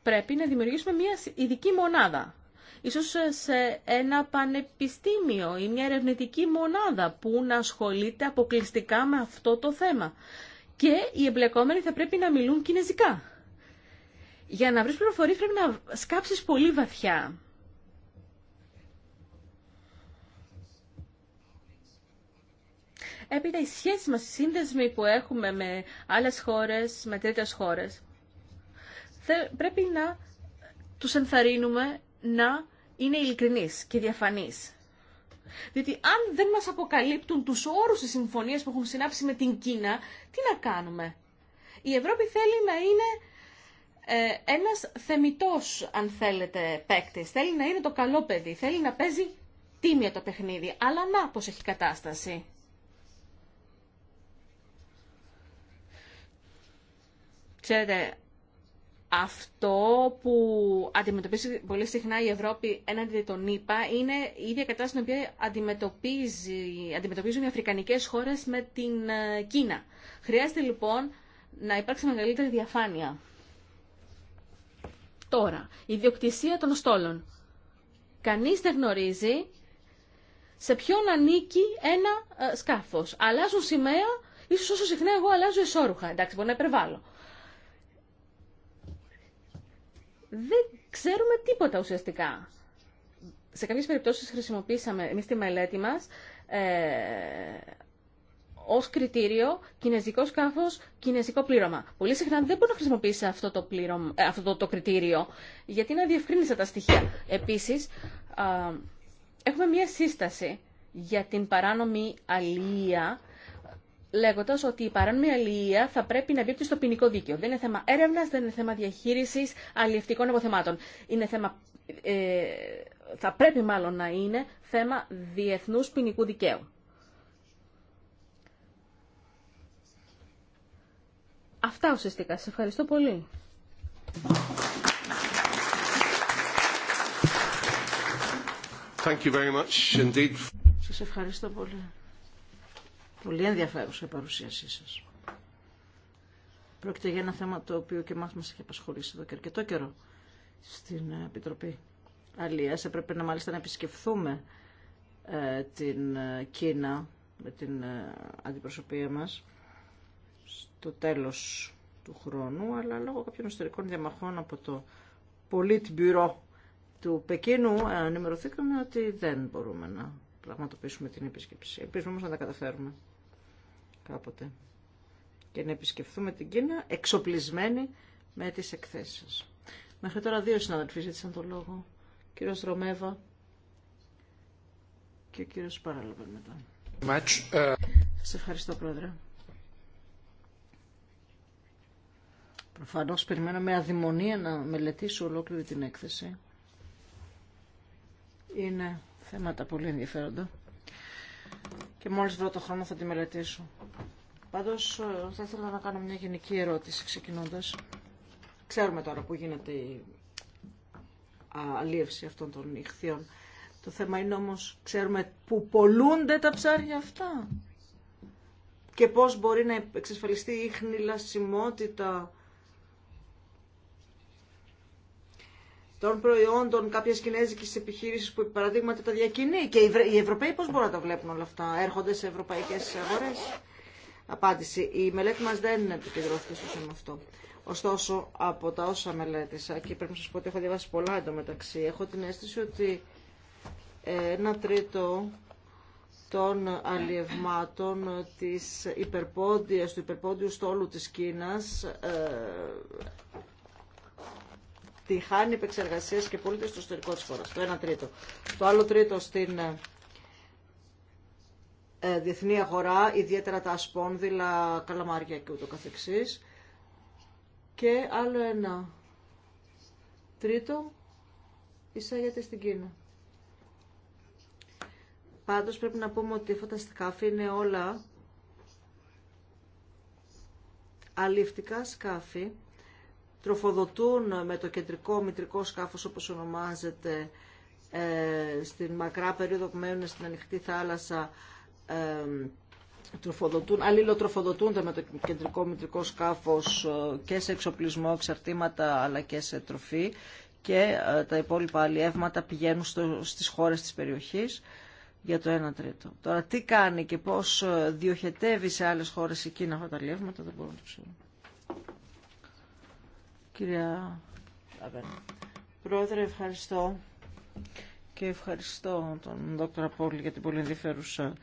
πρέπει να δημιουργήσουμε μια ειδική μονάδα. Ίσως ε, σε ένα πανεπιστήμιο ή μια ερευνητική μονάδα που να ασχολείται αποκλειστικά με αυτό το θέμα. Και οι εμπλεκόμενοι θα πρέπει να μιλούν κινέζικα. Για να βρεις πληροφορίες πρέπει να σκάψεις πολύ βαθιά. έπειτα οι σχέσεις μας, οι σύνδεσμοι που έχουμε με άλλες χώρες, με τρίτες χώρες. Πρέπει να τους ενθαρρύνουμε να είναι ειλικρινείς και διαφανείς. Διότι αν δεν μας αποκαλύπτουν τους όρους της συμφωνίας που έχουν συνάψει με την Κίνα, τι να κάνουμε. Η Ευρώπη θέλει να είναι ε, ένας θεμητός, αν θέλετε, παίκτη. Θέλει να είναι το καλό παιδί, θέλει να παίζει τίμια το παιχνίδι. Αλλά να πώς έχει κατάσταση. Ξέρετε, αυτό που αντιμετωπίζει πολύ συχνά η Ευρώπη έναντι των ΗΠΑ είναι η ίδια κατάσταση την οποία αντιμετωπίζουν οι αφρικανικές χώρες με την ε, Κίνα. Χρειάζεται λοιπόν να υπάρξει μεγαλύτερη διαφάνεια. Τώρα, η ιδιοκτησία των στόλων. Κανείς δεν γνωρίζει σε ποιον ανήκει ένα ε, σκάφος. Αλλάζουν σημαία, ίσως όσο συχνά εγώ αλλάζω εσώρουχα. Εντάξει, μπορεί να υπερβάλλω. δεν ξέρουμε τίποτα ουσιαστικά. Σε κάποιες περιπτώσεις χρησιμοποίησαμε εμείς τη μελέτη μας ε, ως κριτήριο κινέζικο σκάφος, κινέζικο πλήρωμα. Πολύ συχνά δεν μπορεί να χρησιμοποιήσει αυτό το, πλήρωμα, ε, αυτό το, κριτήριο, γιατί να διευκρίνησε τα στοιχεία. Επίσης, έχουμε μία σύσταση για την παράνομη αλλήλεια, Λέγοντα ότι η παράνομη αλληλεία θα πρέπει να μπει στο ποινικό δίκαιο. Δεν είναι θέμα έρευνας, δεν είναι θέμα διαχείρισης αλληλευτικών αποθεμάτων. Είναι θέμα, ε, θα πρέπει μάλλον να είναι θέμα διεθνούς ποινικού δικαίου. Αυτά ουσιαστικά. Σε ευχαριστώ πολύ. Thank you very much indeed. Σας ευχαριστώ πολύ. Πολύ ενδιαφέρουσα η παρουσίασή σας. Πρόκειται για ένα θέμα το οποίο και εμάς μας έχει απασχολήσει εδώ και αρκετό καιρό στην ε, Επιτροπή Αλίας. Έπρεπε να μάλιστα να επισκεφθούμε ε, την ε, Κίνα με την αντιπροσωπεία μας στο τέλος του χρόνου, αλλά λόγω κάποιων ιστορικών διαμαχών από το Politburo του Πεκίνου ενημερωθήκαμε ότι δεν μπορούμε να πραγματοποιήσουμε την επίσκεψη. Ελπίζουμε όμως να τα καταφέρουμε κάποτε και να επισκεφθούμε την Κίνα εξοπλισμένη με τις εκθέσεις. Μέχρι τώρα δύο συναδελφοί ζήτησαν τον λόγο. Κύριο κύριος Ρωμέβα και ο κύριος Παράλαβαν μετά. Uh, σας ευχαριστώ πρόεδρε. Προφανώς περιμένω με αδημονία να μελετήσω ολόκληρη την έκθεση. Είναι θέματα πολύ ενδιαφέροντα και μόλις βρω το χρόνο θα τη μελετήσω. Πάντως ε, θα ήθελα να κάνω μια γενική ερώτηση ξεκινώντας. Ξέρουμε τώρα που γίνεται η αλίευση αυτών των ηχθείων. Το θέμα είναι όμως ξέρουμε που πολλούνται τα ψάρια αυτά και πώς μπορεί να εξασφαλιστεί η χνηλασιμότητα των προϊόντων κάποια κινέζικη επιχείρηση που παραδείγματα τα διακινεί και οι Ευρωπαίοι πώ μπορούν να τα βλέπουν όλα αυτά, έρχονται σε ευρωπαϊκέ αγορέ. Απάντηση. Η μελέτη μα δεν επικεντρώθηκε στο θέμα αυτό. Ωστόσο, από τα όσα μελέτησα, και πρέπει να σα πω ότι έχω διαβάσει πολλά εντωμεταξύ, έχω την αίσθηση ότι ένα τρίτο των αλλιευμάτων της υπερπόντιας, του υπερπόντιου στόλου της Κίνας ε, τη χάνει επεξεργασία και πολίτε στο εσωτερικό τη χώρα. Το 1 τρίτο. Το άλλο τρίτο στην ε, ε, διεθνή αγορά, ιδιαίτερα τα ασπόνδυλα, καλαμάρια και ούτω καθεξής. Και άλλο ένα τρίτο εισάγεται στην Κίνα. Πάντως πρέπει να πούμε ότι αυτά τα σκάφη είναι όλα αληφτικά σκάφη τροφοδοτούν με το κεντρικό μητρικό σκάφος όπως ονομάζεται ε, στην μακρά περίοδο που μένουν στην ανοιχτή θάλασσα ε, τροφοδοτούν, αλληλοτροφοδοτούνται με το κεντρικό μητρικό σκάφος ε, και σε εξοπλισμό, εξαρτήματα αλλά και σε τροφή και τα υπόλοιπα αλλιεύματα πηγαίνουν στο, στις χώρες της περιοχής για το 1 τρίτο. Τώρα τι κάνει και πώς διοχετεύει σε άλλες χώρες εκείνα αυτά τα αλλιεύματα δεν μπορούμε να το ξέρουμε. Κυρία Πρόεδρε, ευχαριστώ και ευχαριστώ τον Δόκτωρα Πόλη για την πολύ ενδιαφέρουσα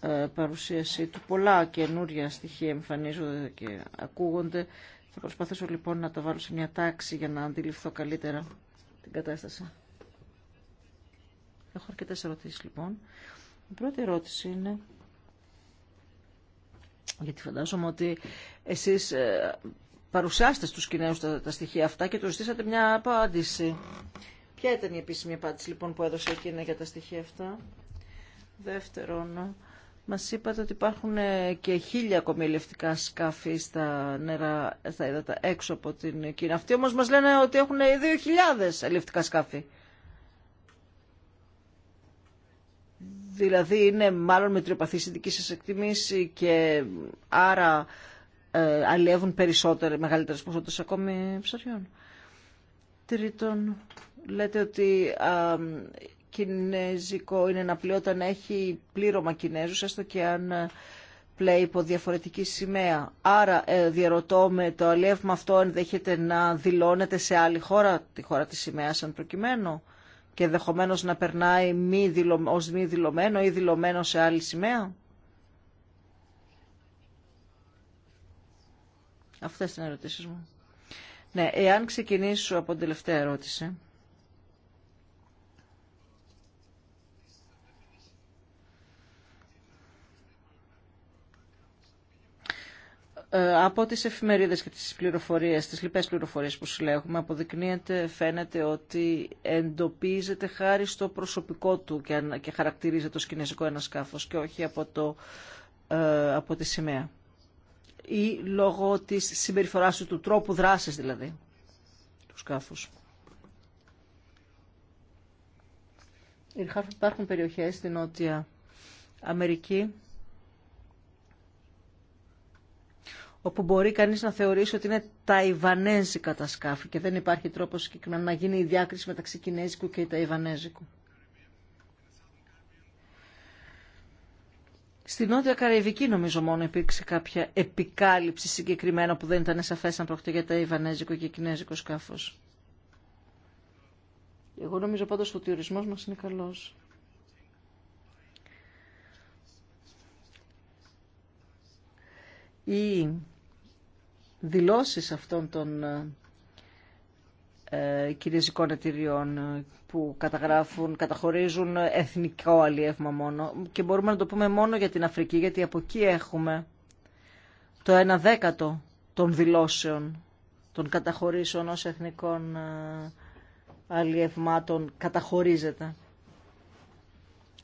ε, παρουσίασή του. Πολλά καινούρια στοιχεία εμφανίζονται και ακούγονται. Θα προσπαθήσω λοιπόν να τα βάλω σε μια τάξη για να αντιληφθώ καλύτερα την κατάσταση. Έχω αρκετέ ερωτήσει λοιπόν. Η πρώτη ερώτηση είναι. Γιατί φαντάζομαι ότι εσείς ε, παρουσιάσετε στους Κινέους τα, στοιχεία αυτά και του ζητήσατε μια απάντηση. Ποια ήταν η επίσημη απάντηση λοιπόν που έδωσε η Κίνα για τα στοιχεία αυτά. Δεύτερον, μας είπατε ότι υπάρχουν ε, και χίλια ακόμη ελευτικά σκάφη στα νερά, στα έξω από την Κίνα. Αυτοί όμως μας λένε ότι έχουν δύο χιλιάδες ελευτικά σκάφη. Δηλαδή είναι μάλλον μετριοπαθής η δική σας εκτιμήση και άρα ε, αλλιεύουν περισσότερες, μεγαλύτερες ποσότητες ακόμη ψαριών. Τρίτον, λέτε ότι α, κινέζικο είναι ένα πλοίο όταν έχει πλήρωμα Κινέζου, έστω και αν ε, πλέει υπό διαφορετική σημαία. Άρα ε, διαρωτώ με το αλλιεύμα αυτό ενδέχεται να δηλώνεται σε άλλη χώρα, τη χώρα της σημαία αν προκειμένου και ενδεχομένω να περνάει μη δηλω... μη δηλωμένο ή δηλωμένο σε άλλη σημαία. Αυτές είναι οι ερωτήσεις μου. Ναι, εάν ξεκινήσω από την τελευταία ερώτηση. Ε, από τις εφημερίδες και τις πληροφορίες, τις λοιπές πληροφορίες που συλλέγουμε, αποδεικνύεται, φαίνεται ότι εντοπίζεται χάρη στο προσωπικό του και, χαρακτηρίζεται ως κινέζικο ένα σκάφος και όχι από, το, ε, από τη σημαία ή λόγω της συμπεριφοράς του, του τρόπου δράσης δηλαδή του σκάφους. Υπάρχουν περιοχές στην Νότια Αμερική όπου μπορεί κανείς να θεωρήσει ότι είναι ταϊβανέζικα τα σκάφη και δεν υπάρχει τρόπο να γίνει η διάκριση μεταξύ κινέζικου και ταϊβανέζικου. Στην Νότια Καραϊβική νομίζω μόνο υπήρξε κάποια επικάλυψη συγκεκριμένα που δεν ήταν σαφές αν πρόκειται για τα Ιβανέζικο και Κινέζικο σκάφος. Εγώ νομίζω πάντως ότι ο ορισμός μας είναι καλός. Οι δηλώσεις αυτών των ε, ε, κινέζικων εταιριών ε, που καταγράφουν, καταχωρίζουν εθνικό αλλιεύμα μόνο και μπορούμε να το πούμε μόνο για την Αφρική γιατί από εκεί έχουμε το 1 δέκατο των δηλώσεων των καταχωρήσεων ως εθνικών ε, αλλιευμάτων καταχωρίζεται.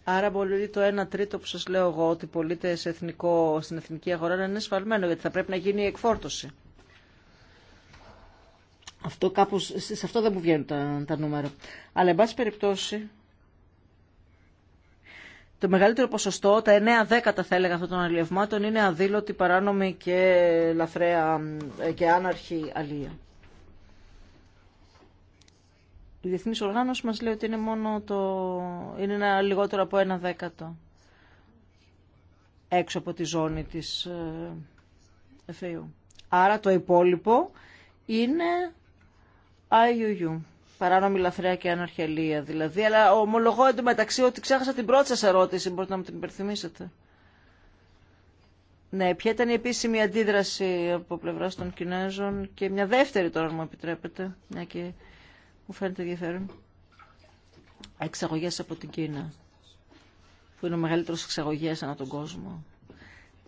Άρα μπορεί το 1 τρίτο που σας λέω εγώ ότι πολίτες εθνικό, στην εθνική αγορά είναι σφαλμένο γιατί θα πρέπει να γίνει η εκφόρτωση. Αυτό κάπως, σε αυτό δεν μου βγαίνουν τα, τα νούμερα. Αλλά εν πάση περιπτώσει, το μεγαλύτερο ποσοστό, τα 9 δέκατα θα έλεγα αυτών των αλλιευμάτων, είναι αδήλωτη, παράνομη και λαθρέα ε, και άναρχη αλλία. Η Διεθνής Οργάνωση μας λέει ότι είναι μόνο το... είναι ένα λιγότερο από ένα δέκατο έξω από τη ζώνη της ε, ΕΦΕΙΟΥ. Άρα το υπόλοιπο είναι IUU. Παράνομη λαθρέα και αναρχελία δηλαδή. Αλλά ομολογώ εντωμεταξύ ότι ξέχασα την πρώτη σα ερώτηση. Μπορείτε να μου την υπερθυμίσετε. Ναι, ποια ήταν η επίσημη αντίδραση από πλευρά των Κινέζων και μια δεύτερη τώρα, αν μου επιτρέπετε, μια και μου φαίνεται ενδιαφέρον. Εξαγωγέ από την Κίνα, που είναι ο μεγαλύτερο εξαγωγέ ανά τον κόσμο.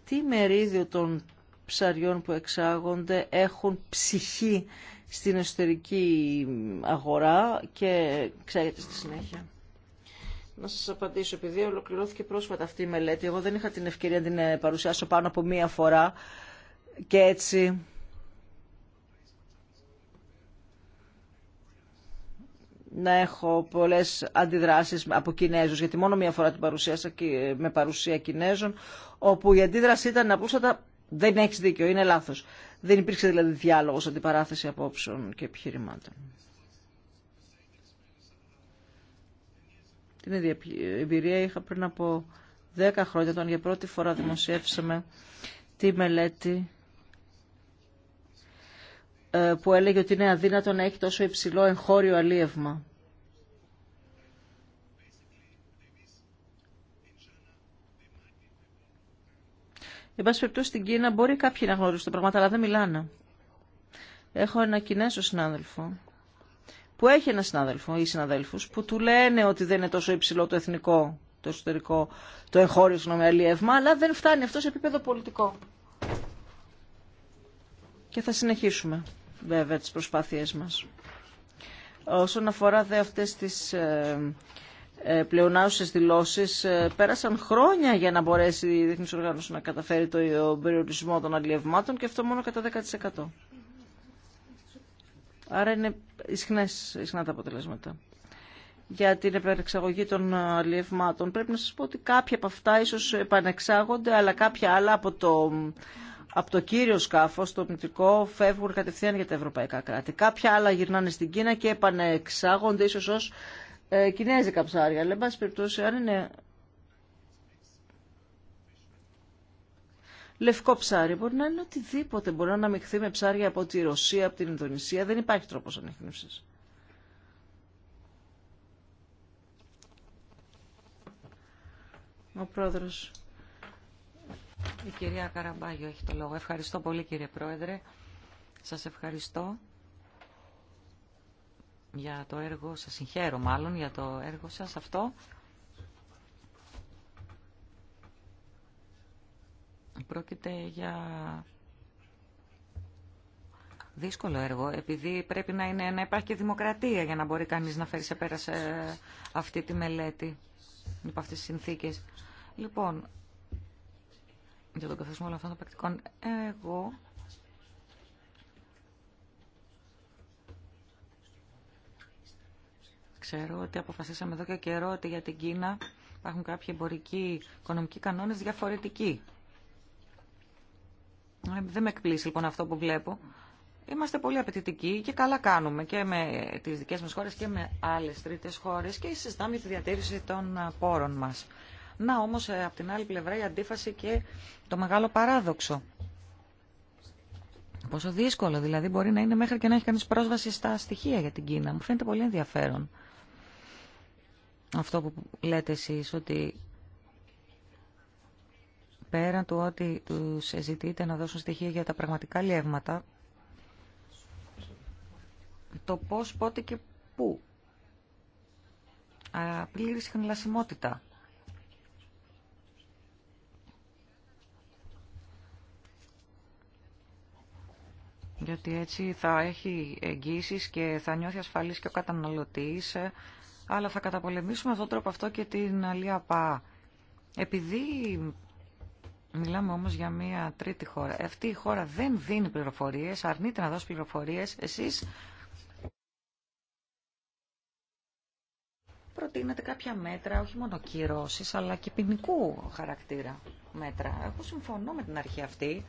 Τι μερίδιο των ψαριών που εξάγονται έχουν ψυχή στην εσωτερική αγορά και ξέρετε στη συνέχεια. Να σας απαντήσω, επειδή ολοκληρώθηκε πρόσφατα αυτή η μελέτη, εγώ δεν είχα την ευκαιρία να την ε, παρουσιάσω πάνω από μία φορά και έτσι... να έχω πολλές αντιδράσεις από Κινέζους, γιατί μόνο μία φορά την παρουσίασα ε, με παρουσία Κινέζων, όπου η αντίδραση ήταν απλούστατα δεν έχεις δίκιο, είναι λάθος. Δεν υπήρξε δηλαδή διάλογος αντιπαράθεση απόψεων και επιχειρημάτων. Την ίδια εμπειρία είχα πριν από 10 χρόνια, όταν για πρώτη φορά δημοσιεύσαμε τη μελέτη ε, που έλεγε ότι είναι αδύνατο να έχει τόσο υψηλό εγχώριο αλίευμα. Εν πάση περιπτώσει στην Κίνα μπορεί κάποιοι να γνωρίζουν τα πράγματα, αλλά δεν μιλάνε. Έχω ένα Κινέζο συνάδελφο που έχει ένα συνάδελφο ή συναδέλφου, που του λένε ότι δεν είναι τόσο υψηλό το εθνικό, το εσωτερικό, το εγχώριο συγγνώμη αλλά δεν φτάνει αυτό σε επίπεδο πολιτικό. Και θα συνεχίσουμε βέβαια τις προσπάθειές μας. Όσον αφορά δε αυτές τις ε, ε, πλεονάζουσες δηλώσεις ε, πέρασαν χρόνια για να μπορέσει η Διεθνής Οργάνωση να καταφέρει το ε, περιορισμό των αλλιευμάτων και αυτό μόνο κατά 10%. Άρα είναι ισχνές, ισχνά τα αποτελέσματα. Για την επανεξαγωγή των αλλιευμάτων πρέπει να σας πω ότι κάποια από αυτά ίσως επανεξάγονται αλλά κάποια άλλα από το, από το κύριο σκάφος, το πνητικό, φεύγουν κατευθείαν για τα ευρωπαϊκά κράτη. Κάποια άλλα γυρνάνε στην Κίνα και επανεξάγονται ίσως ως ε, κινέζικα ψάρια. Αλλά, εν πάση περιπτώσει, αν είναι λευκό ψάρι, μπορεί να είναι οτιδήποτε. Μπορεί να αναμειχθεί με ψάρια από τη Ρωσία, από την Ινδονησία. Δεν υπάρχει τρόπος ανείχνευσης. Ο πρόεδρος. Η κυρία Καραμπάγιο έχει το λόγο. Ευχαριστώ πολύ κύριε Πρόεδρε. Σας ευχαριστώ για το έργο σας, συγχαίρω μάλλον για το έργο σας αυτό. Πρόκειται για δύσκολο έργο, επειδή πρέπει να, είναι, να υπάρχει και δημοκρατία για να μπορεί κανείς να φέρει σε πέρα αυτή τη μελέτη υπό αυτές τις συνθήκες. Λοιπόν, για τον καθεσμό όλων αυτών των πρακτικών, εγώ Ξέρω ότι αποφασίσαμε εδώ και καιρό ότι για την Κίνα υπάρχουν κάποιοι εμπορικοί, οικονομικοί κανόνες διαφορετικοί. Ε, δεν με εκπλήσει λοιπόν αυτό που βλέπω. Είμαστε πολύ απαιτητικοί και καλά κάνουμε και με τις δικές μας χώρες και με άλλες τρίτες χώρες και συζητάμε τη διατήρηση των πόρων μας. Να όμως ε, από την άλλη πλευρά η αντίφαση και το μεγάλο παράδοξο. Πόσο δύσκολο δηλαδή μπορεί να είναι μέχρι και να έχει κανείς πρόσβαση στα στοιχεία για την Κίνα. Μου φαίνεται πολύ ενδιαφέρον αυτό που λέτε εσείς, ότι πέραν του ότι τους ζητείτε να δώσουν στοιχεία για τα πραγματικά λεύματα. το πώς, πότε και πού. Α, πλήρη συχνηλασιμότητα. Γιατί έτσι θα έχει εγγύσεις και θα νιώθει ασφαλής και ο καταναλωτής ε, αλλά θα καταπολεμήσουμε αυτόν τον τρόπο αυτό και την πά. Επειδή μιλάμε όμως για μια τρίτη χώρα, αυτή η χώρα δεν δίνει πληροφορίες, αρνείται να δώσει πληροφορίες, εσείς προτείνετε κάποια μέτρα, όχι μόνο κυρώσεις, αλλά και ποινικού χαρακτήρα μέτρα. Εγώ συμφωνώ με την αρχή αυτή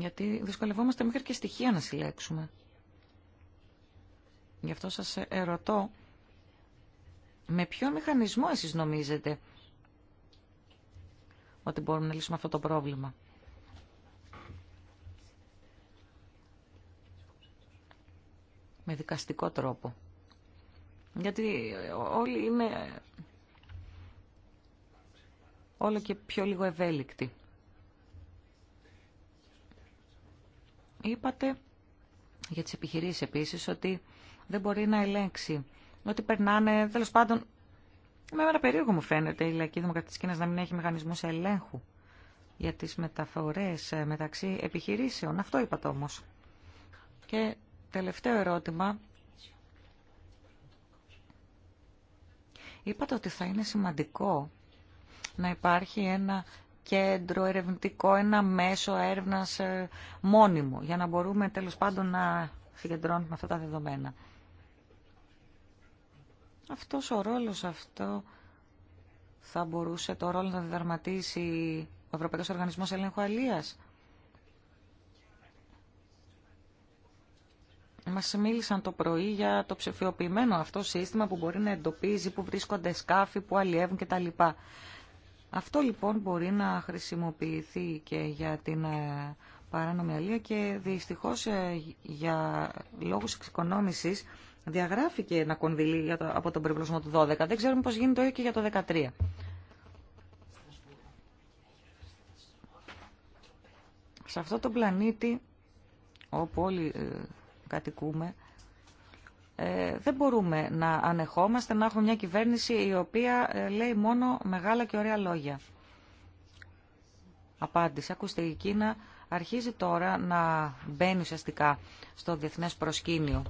γιατί δυσκολευόμαστε μέχρι και στοιχεία να συλλέξουμε. Γι' αυτό σας ερωτώ, με ποιο μηχανισμό εσείς νομίζετε ότι μπορούμε να λύσουμε αυτό το πρόβλημα. Με δικαστικό τρόπο. Γιατί όλοι είναι όλο και πιο λίγο ευέλικτοι. Είπατε για τις επιχειρήσεις επίσης ότι δεν μπορεί να ελέγξει, ότι περνάνε, τέλο πάντων, με ένα περίεργο μου φαίνεται η Λαϊκή Δημοκρατία της Κίνας να μην έχει μηχανισμούς ελέγχου για τις μεταφορές ε, μεταξύ επιχειρήσεων. Αυτό είπατε όμως. Και τελευταίο ερώτημα. Είπατε ότι θα είναι σημαντικό να υπάρχει ένα κέντρο ερευνητικό, ένα μέσο έρευνα ε, μόνιμο, για να μπορούμε τέλος πάντων να συγκεντρώνουμε αυτά τα δεδομένα. Αυτός ο ρόλος αυτό θα μπορούσε το ρόλο να διδαρματίσει ο Ευρωπαϊκός Οργανισμός Ελέγχου Αλίας. Μας μίλησαν το πρωί για το ψηφιοποιημένο αυτό σύστημα που μπορεί να εντοπίζει που βρίσκονται σκάφη, που αλλιεύουν κτλ. Αυτό λοιπόν μπορεί να χρησιμοποιηθεί και για την ε, παράνομη αλία και δυστυχώς ε, για λόγους εξοικονόμησης διαγράφηκε ένα κονδυλί από τον περιπλωσμό του 12. Δεν ξέρουμε πώς γίνεται το και για το 13. Σε αυτό το πλανήτη όπου όλοι ε, κατοικούμε ε, δεν μπορούμε να ανεχόμαστε να έχουμε μια κυβέρνηση η οποία ε, λέει μόνο μεγάλα και ωραία λόγια. Απάντηση. Ακούστε, η Κίνα αρχίζει τώρα να μπαίνει ουσιαστικά στο διεθνές προσκήνιο.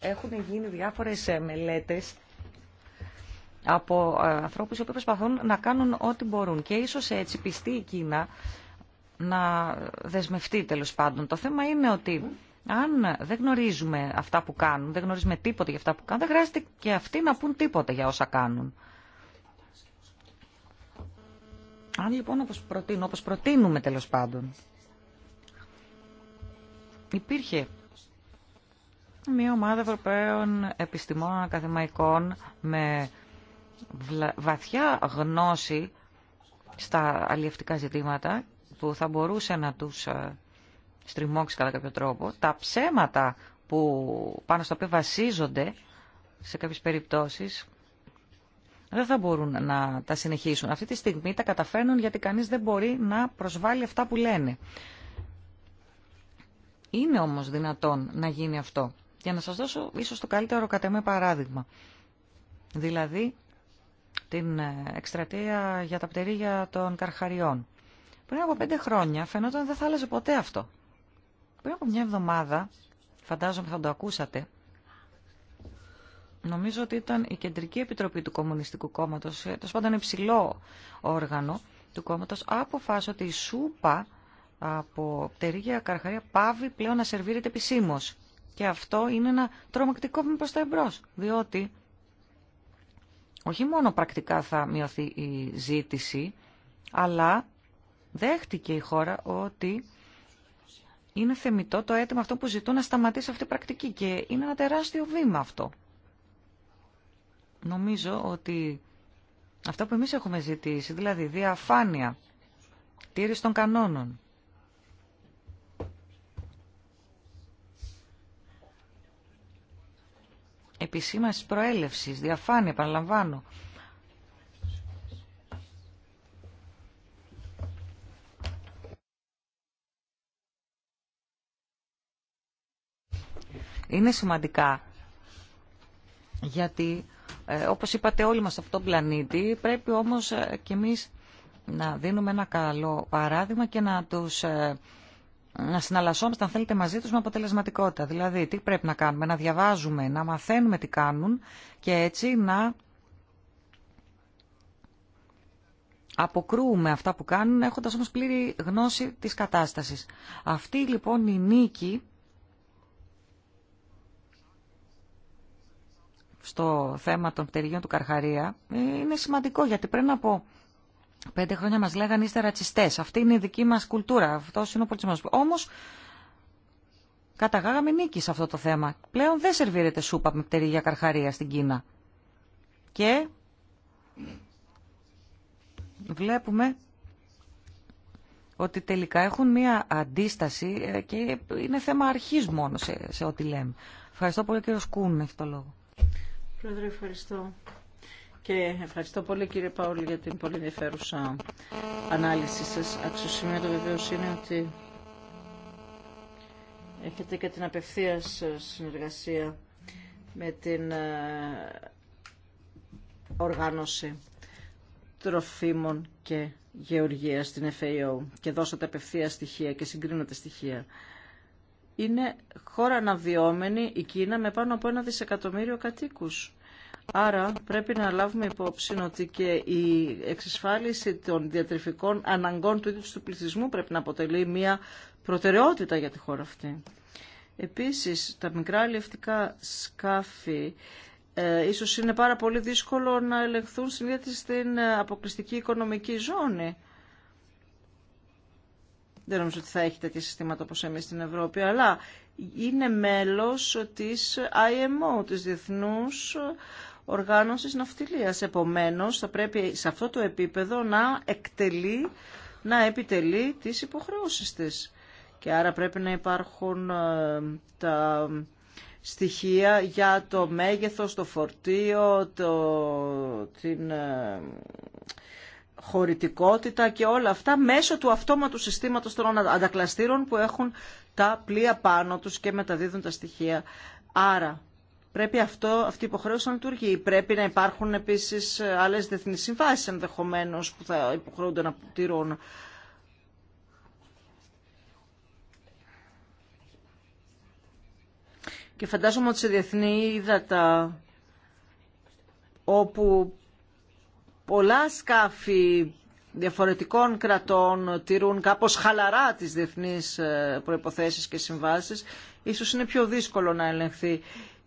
Έχουν γίνει διάφορες ε, μελέτες από ανθρώπους που προσπαθούν να κάνουν ό,τι μπορούν. Και ίσως έτσι πιστεί η Κίνα να δεσμευτεί τέλο πάντων. Το θέμα είναι ότι αν δεν γνωρίζουμε αυτά που κάνουν, δεν γνωρίζουμε τίποτα για αυτά που κάνουν, δεν χρειάζεται και αυτοί να πούν τίποτα για όσα κάνουν. Αν λοιπόν όπως, προτείνω, όπως προτείνουμε τέλος πάντων, υπήρχε μια ομάδα Ευρωπαίων Επιστημών ακαδημαϊκών με βαθιά γνώση στα αλλιευτικά ζητήματα που θα μπορούσε να τους ε, στριμώξει κατά κάποιο τρόπο, τα ψέματα που, πάνω στα οποία βασίζονται σε κάποιες περιπτώσεις δεν θα μπορούν να τα συνεχίσουν. Αυτή τη στιγμή τα καταφέρνουν γιατί κανείς δεν μπορεί να προσβάλλει αυτά που λένε. Είναι όμως δυνατόν να γίνει αυτό. Για να σας δώσω ίσως το καλύτερο κατά παράδειγμα. Δηλαδή την ε, εκστρατεία για τα πτερίγια των καρχαριών. Πριν από πέντε χρόνια φαινόταν δεν θα άλλαζε ποτέ αυτό. Πριν από μια εβδομάδα, φαντάζομαι θα το ακούσατε, νομίζω ότι ήταν η Κεντρική Επιτροπή του Κομμουνιστικού Κόμματος, ε, το πάντων υψηλό όργανο του κόμματος, αποφάσισε ότι η σούπα από πτερήγια καρχαρία πάβει πλέον να σερβίρεται επισήμω. Και αυτό είναι ένα τρομακτικό βήμα προς τα εμπρός, διότι όχι μόνο πρακτικά θα μειωθεί η ζήτηση, αλλά δέχτηκε η χώρα ότι είναι θεμητό το αίτημα αυτό που ζητούν να σταματήσει αυτή η πρακτική και είναι ένα τεράστιο βήμα αυτό. Νομίζω ότι αυτό που εμείς έχουμε ζητήσει, δηλαδή διαφάνεια, τήρηση των κανόνων, επισήμανση προέλευσης, διαφάνεια, παραλαμβάνω, είναι σημαντικά. Γιατί, ε, όπως είπατε όλοι μας από τον πλανήτη, πρέπει όμως ε, και εμείς να δίνουμε ένα καλό παράδειγμα και να τους ε, να συναλλασσόμαστε, αν θέλετε, μαζί τους με αποτελεσματικότητα. Δηλαδή, τι πρέπει να κάνουμε, να διαβάζουμε, να μαθαίνουμε τι κάνουν και έτσι να αποκρούουμε αυτά που κάνουν, έχοντας όμως πλήρη γνώση της κατάστασης. Αυτή λοιπόν η νίκη στο θέμα των πτερυγίων του Καρχαρία είναι σημαντικό γιατί πριν από πέντε χρόνια μας λέγανε είστε ρατσιστές. Αυτή είναι η δική μας κουλτούρα, αυτό είναι ο πολιτισμός. Όμως καταγάγαμε νίκη σε αυτό το θέμα. Πλέον δεν σερβίρεται σούπα με πτεριγιά Καρχαρία στην Κίνα. Και βλέπουμε ότι τελικά έχουν μία αντίσταση ε, και είναι θέμα αρχής μόνο σε, σε ό,τι λέμε. Ευχαριστώ πολύ κύριο Σκούν, έχει το λόγο. Πρόεδρε, ευχαριστώ. Και ευχαριστώ πολύ κύριε Παόλη για την πολύ ενδιαφέρουσα ανάλυση σας. Αξιοσημείωτο βεβαίω είναι ότι έχετε και την απευθείας ε, συνεργασία με την ε, οργάνωση τροφίμων και γεωργίας στην FAO και δώσατε απευθεία στοιχεία και συγκρίνατε στοιχεία. Είναι χώρα αναβιώμενη η Κίνα με πάνω από ένα δισεκατομμύριο κατοίκους. Άρα πρέπει να λάβουμε υπόψη ότι και η εξασφάλιση των διατρεφικών αναγκών του ίδιου του πληθυσμού πρέπει να αποτελεί μια προτεραιότητα για τη χώρα αυτή. Επίσης, τα μικρά αλληλευτικά σκάφη ε, ίσως είναι πάρα πολύ δύσκολο να ελεγχθούν συνδέτη στην ε, αποκλειστική οικονομική ζώνη. Δεν νομίζω ότι θα έχει τέτοια συστήματα όπως εμείς στην Ευρώπη, αλλά είναι μέλος της IMO, της Διεθνούς οργάνωσης ναυτιλίας. Επομένως, θα πρέπει σε αυτό το επίπεδο να εκτελεί, να επιτελεί τις υποχρεώσεις της. Και άρα πρέπει να υπάρχουν ε, τα στοιχεία για το μέγεθος, το φορτίο, την ε, χωρητικότητα και όλα αυτά μέσω του αυτόματου συστήματος των αντακλαστήρων που έχουν τα πλοία πάνω τους και μεταδίδουν τα στοιχεία. Άρα Πρέπει αυτό, αυτή η υποχρέωση να λειτουργεί. Πρέπει να υπάρχουν επίσης άλλε διεθνεί συμβάσεις ενδεχομένω που θα υποχρεούνται να τηρούν. Και φαντάζομαι ότι σε διεθνή ύδατα όπου πολλά σκάφη διαφορετικών κρατών τηρούν κάπως χαλαρά τις διεθνείς ε, προϋποθέσεις και συμβάσεις, ίσως είναι πιο δύσκολο να ελεγχθεί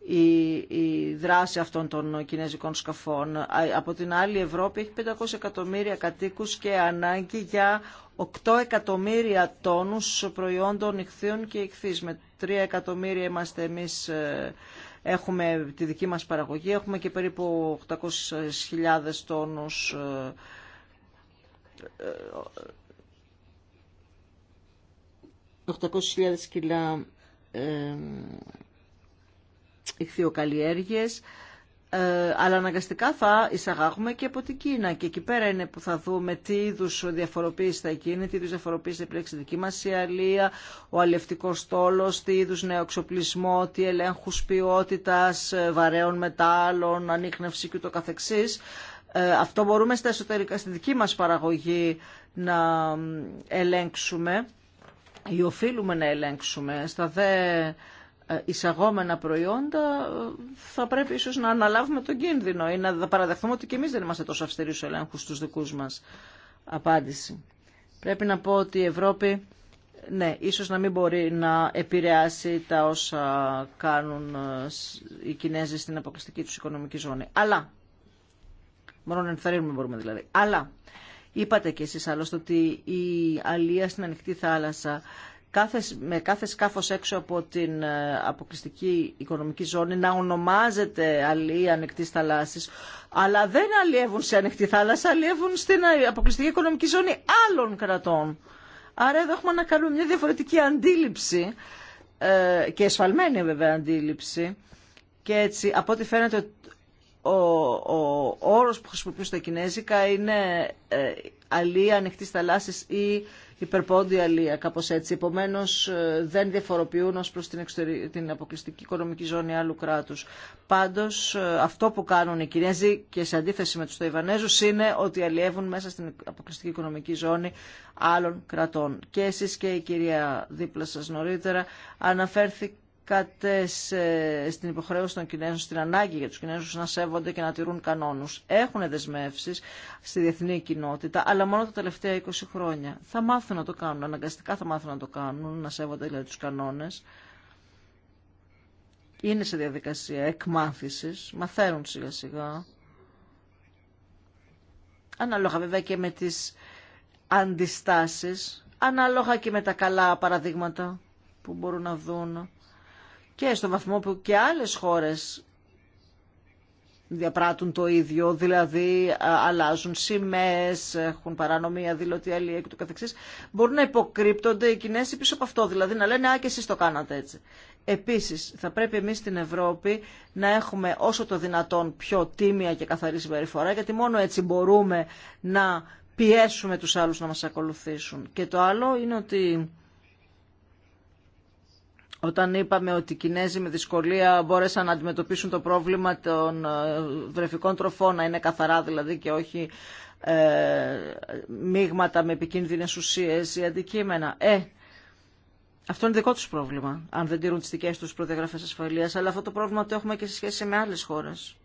η, δράση αυτών των κινέζικων σκαφών. Από την άλλη η Ευρώπη έχει 500 εκατομμύρια κατοίκους και ανάγκη για 8 εκατομμύρια τόνους προϊόντων ηχθείων και ηχθείς. Με 3 εκατομμύρια είμαστε εμείς, ε, έχουμε τη δική μας παραγωγή, έχουμε και περίπου 800.000 τόνους 800.000 ε, ε, κιλά ηχθειοκαλλιέργειες, ε, αλλά αναγκαστικά θα εισαγάγουμε και από την Κίνα. Και εκεί πέρα είναι που θα δούμε τι είδου διαφοροποίηση θα γίνει, τι είδου διαφοροποίηση θα επιλέξει δική μα η αλία, ο αλληλευτικό στόλο, τι είδου νέο εξοπλισμό, τι ελέγχου ποιότητα, ε, βαρέων μετάλλων, ανείχνευση κ.ο.κ. Ε, αυτό μπορούμε στα εσωτερικά, στη δική μα παραγωγή να ελέγξουμε ή οφείλουμε να ελέγξουμε στα δε εισαγόμενα προϊόντα θα πρέπει ίσως να αναλάβουμε τον κίνδυνο ή να παραδεχθούμε ότι και εμείς δεν είμαστε τόσο αυστηροί στους ελέγχους στους δικούς μας. Απάντηση. Πρέπει να πω ότι η Ευρώπη ναι, ίσως να μην μπορεί να επηρεάσει τα όσα κάνουν ε, οι Κινέζοι στην αποκλειστική τους οικονομική ζώνη. Αλλά, μόνο να ενθαρρύνουμε μπορούμε δηλαδή, αλλά είπατε κι εσείς άλλωστε ότι η αλία στην ανοιχτή θάλασσα κάθε, με κάθε σκάφος έξω από την ε, αποκλειστική οικονομική ζώνη να ονομάζεται αλλοί ανοιχτή θαλάσσης, αλλά δεν αλλιεύουν σε ανοιχτή θάλασσα, αλλιεύουν στην ε, αποκλειστική οικονομική ζώνη άλλων κρατών. Άρα εδώ έχουμε να κάνουμε μια διαφορετική αντίληψη ε, και εσφαλμένη βέβαια αντίληψη και έτσι από ό,τι φαίνεται ο, ο, όρος που χρησιμοποιούν στα Κινέζικα είναι ε, αλλοί θαλάσσης ή υπερπόντια αλία, κάπω έτσι. Επομένω, ε, δεν διαφοροποιούν ω προς την, την αποκλειστική οικονομική ζώνη άλλου κράτου. Πάντως ε, αυτό που κάνουν οι Κινέζοι και σε αντίθεση με του Ταϊβανέζου είναι ότι αλλιεύουν μέσα στην αποκλειστική οικονομική ζώνη άλλων κρατών. Και εσείς και η κυρία δίπλα σα νωρίτερα αναφέρθηκε ε, στην υποχρέωση των Κινέζων, στην ανάγκη για τους Κινέζους να σέβονται και να τηρούν κανόνους. Έχουν δεσμεύσει στη διεθνή κοινότητα, αλλά μόνο τα τελευταία 20 χρόνια. Θα μάθουν να το κάνουν, αναγκαστικά θα μάθουν να το κάνουν, να σέβονται δηλαδή τους κανόνες. Είναι σε διαδικασία εκμάθησης, μαθαίνουν σιγά σιγά. Ανάλογα βέβαια και με τις αντιστάσεις, ανάλογα και με τα καλά παραδείγματα που μπορούν να δουν και στο βαθμό που και άλλες χώρες διαπράττουν το ίδιο, δηλαδή αλλάζουν σημαίες, έχουν παρανομία, δηλωτή αλληλεία και το καθεξής, μπορούν να υποκρύπτονται οι Κινέζοι πίσω από αυτό, δηλαδή να λένε «Α, και εσείς το κάνατε έτσι». Επίσης, θα πρέπει εμείς στην Ευρώπη να έχουμε όσο το δυνατόν πιο τίμια και καθαρή συμπεριφορά, γιατί μόνο έτσι μπορούμε να πιέσουμε τους άλλους να μας ακολουθήσουν. Και το άλλο είναι ότι όταν είπαμε ότι οι Κινέζοι με δυσκολία μπόρεσαν να αντιμετωπίσουν το πρόβλημα των ε, βρεφικών τροφών, να είναι καθαρά δηλαδή και όχι ε, μείγματα με επικίνδυνες ουσίες ή αντικείμενα. Ε, αυτό είναι δικό τους πρόβλημα, αν δεν τηρούν τις δικές τους προδιαγραφές ασφαλείας, αλλά αυτό το πρόβλημα το έχουμε και σε σχέση με άλλες χώρες.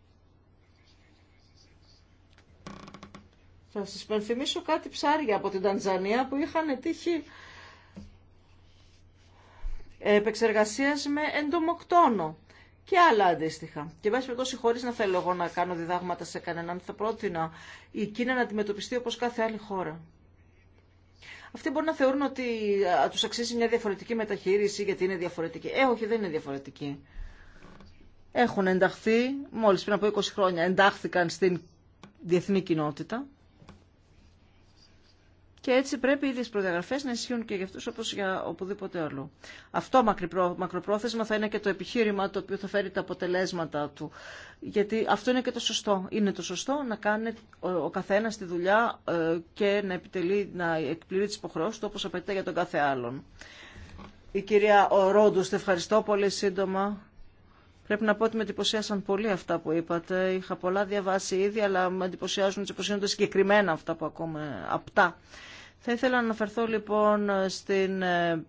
Θα σας υπενθυμίσω κάτι ψάρια από την Τανζανία που είχαν τύχει Επεξεργασία με εντομοκτόνο και άλλα αντίστοιχα. Και βέβαια περιπτώσει, χωρί να θέλω εγώ να κάνω διδάγματα σε κανέναν, θα πρότεινα η Κίνα να αντιμετωπιστεί όπω κάθε άλλη χώρα. Αυτοί μπορεί να θεωρούν ότι του αξίζει μια διαφορετική μεταχείριση γιατί είναι διαφορετική. Ε, όχι, δεν είναι διαφορετική. Έχουν ενταχθεί, μόλι πριν από 20 χρόνια εντάχθηκαν στην διεθνή κοινότητα και έτσι πρέπει οι ίδιες προδιαγραφές να ισχύουν και για αυτούς όπως για οπουδήποτε άλλο. Αυτό μακροπρόθεσμα θα είναι και το επιχείρημα το οποίο θα φέρει τα αποτελέσματα του. Γιατί αυτό είναι και το σωστό. Είναι το σωστό να κάνει ο καθένας τη δουλειά ε, και να, επιτελεί, να εκπληρεί τις υποχρεώσεις του όπως απαιτείται για τον κάθε άλλον. Η κυρία Ρόντου, ευχαριστώ πολύ σύντομα. Πρέπει να πω ότι με εντυπωσίασαν πολύ αυτά που είπατε. Είχα πολλά διαβάσει ήδη, αλλά με εντυπωσιάζουν, εντυπωσιάζονται συγκεκριμένα αυτά που ακόμα απτά. Θα ήθελα να αναφερθώ λοιπόν στην ε,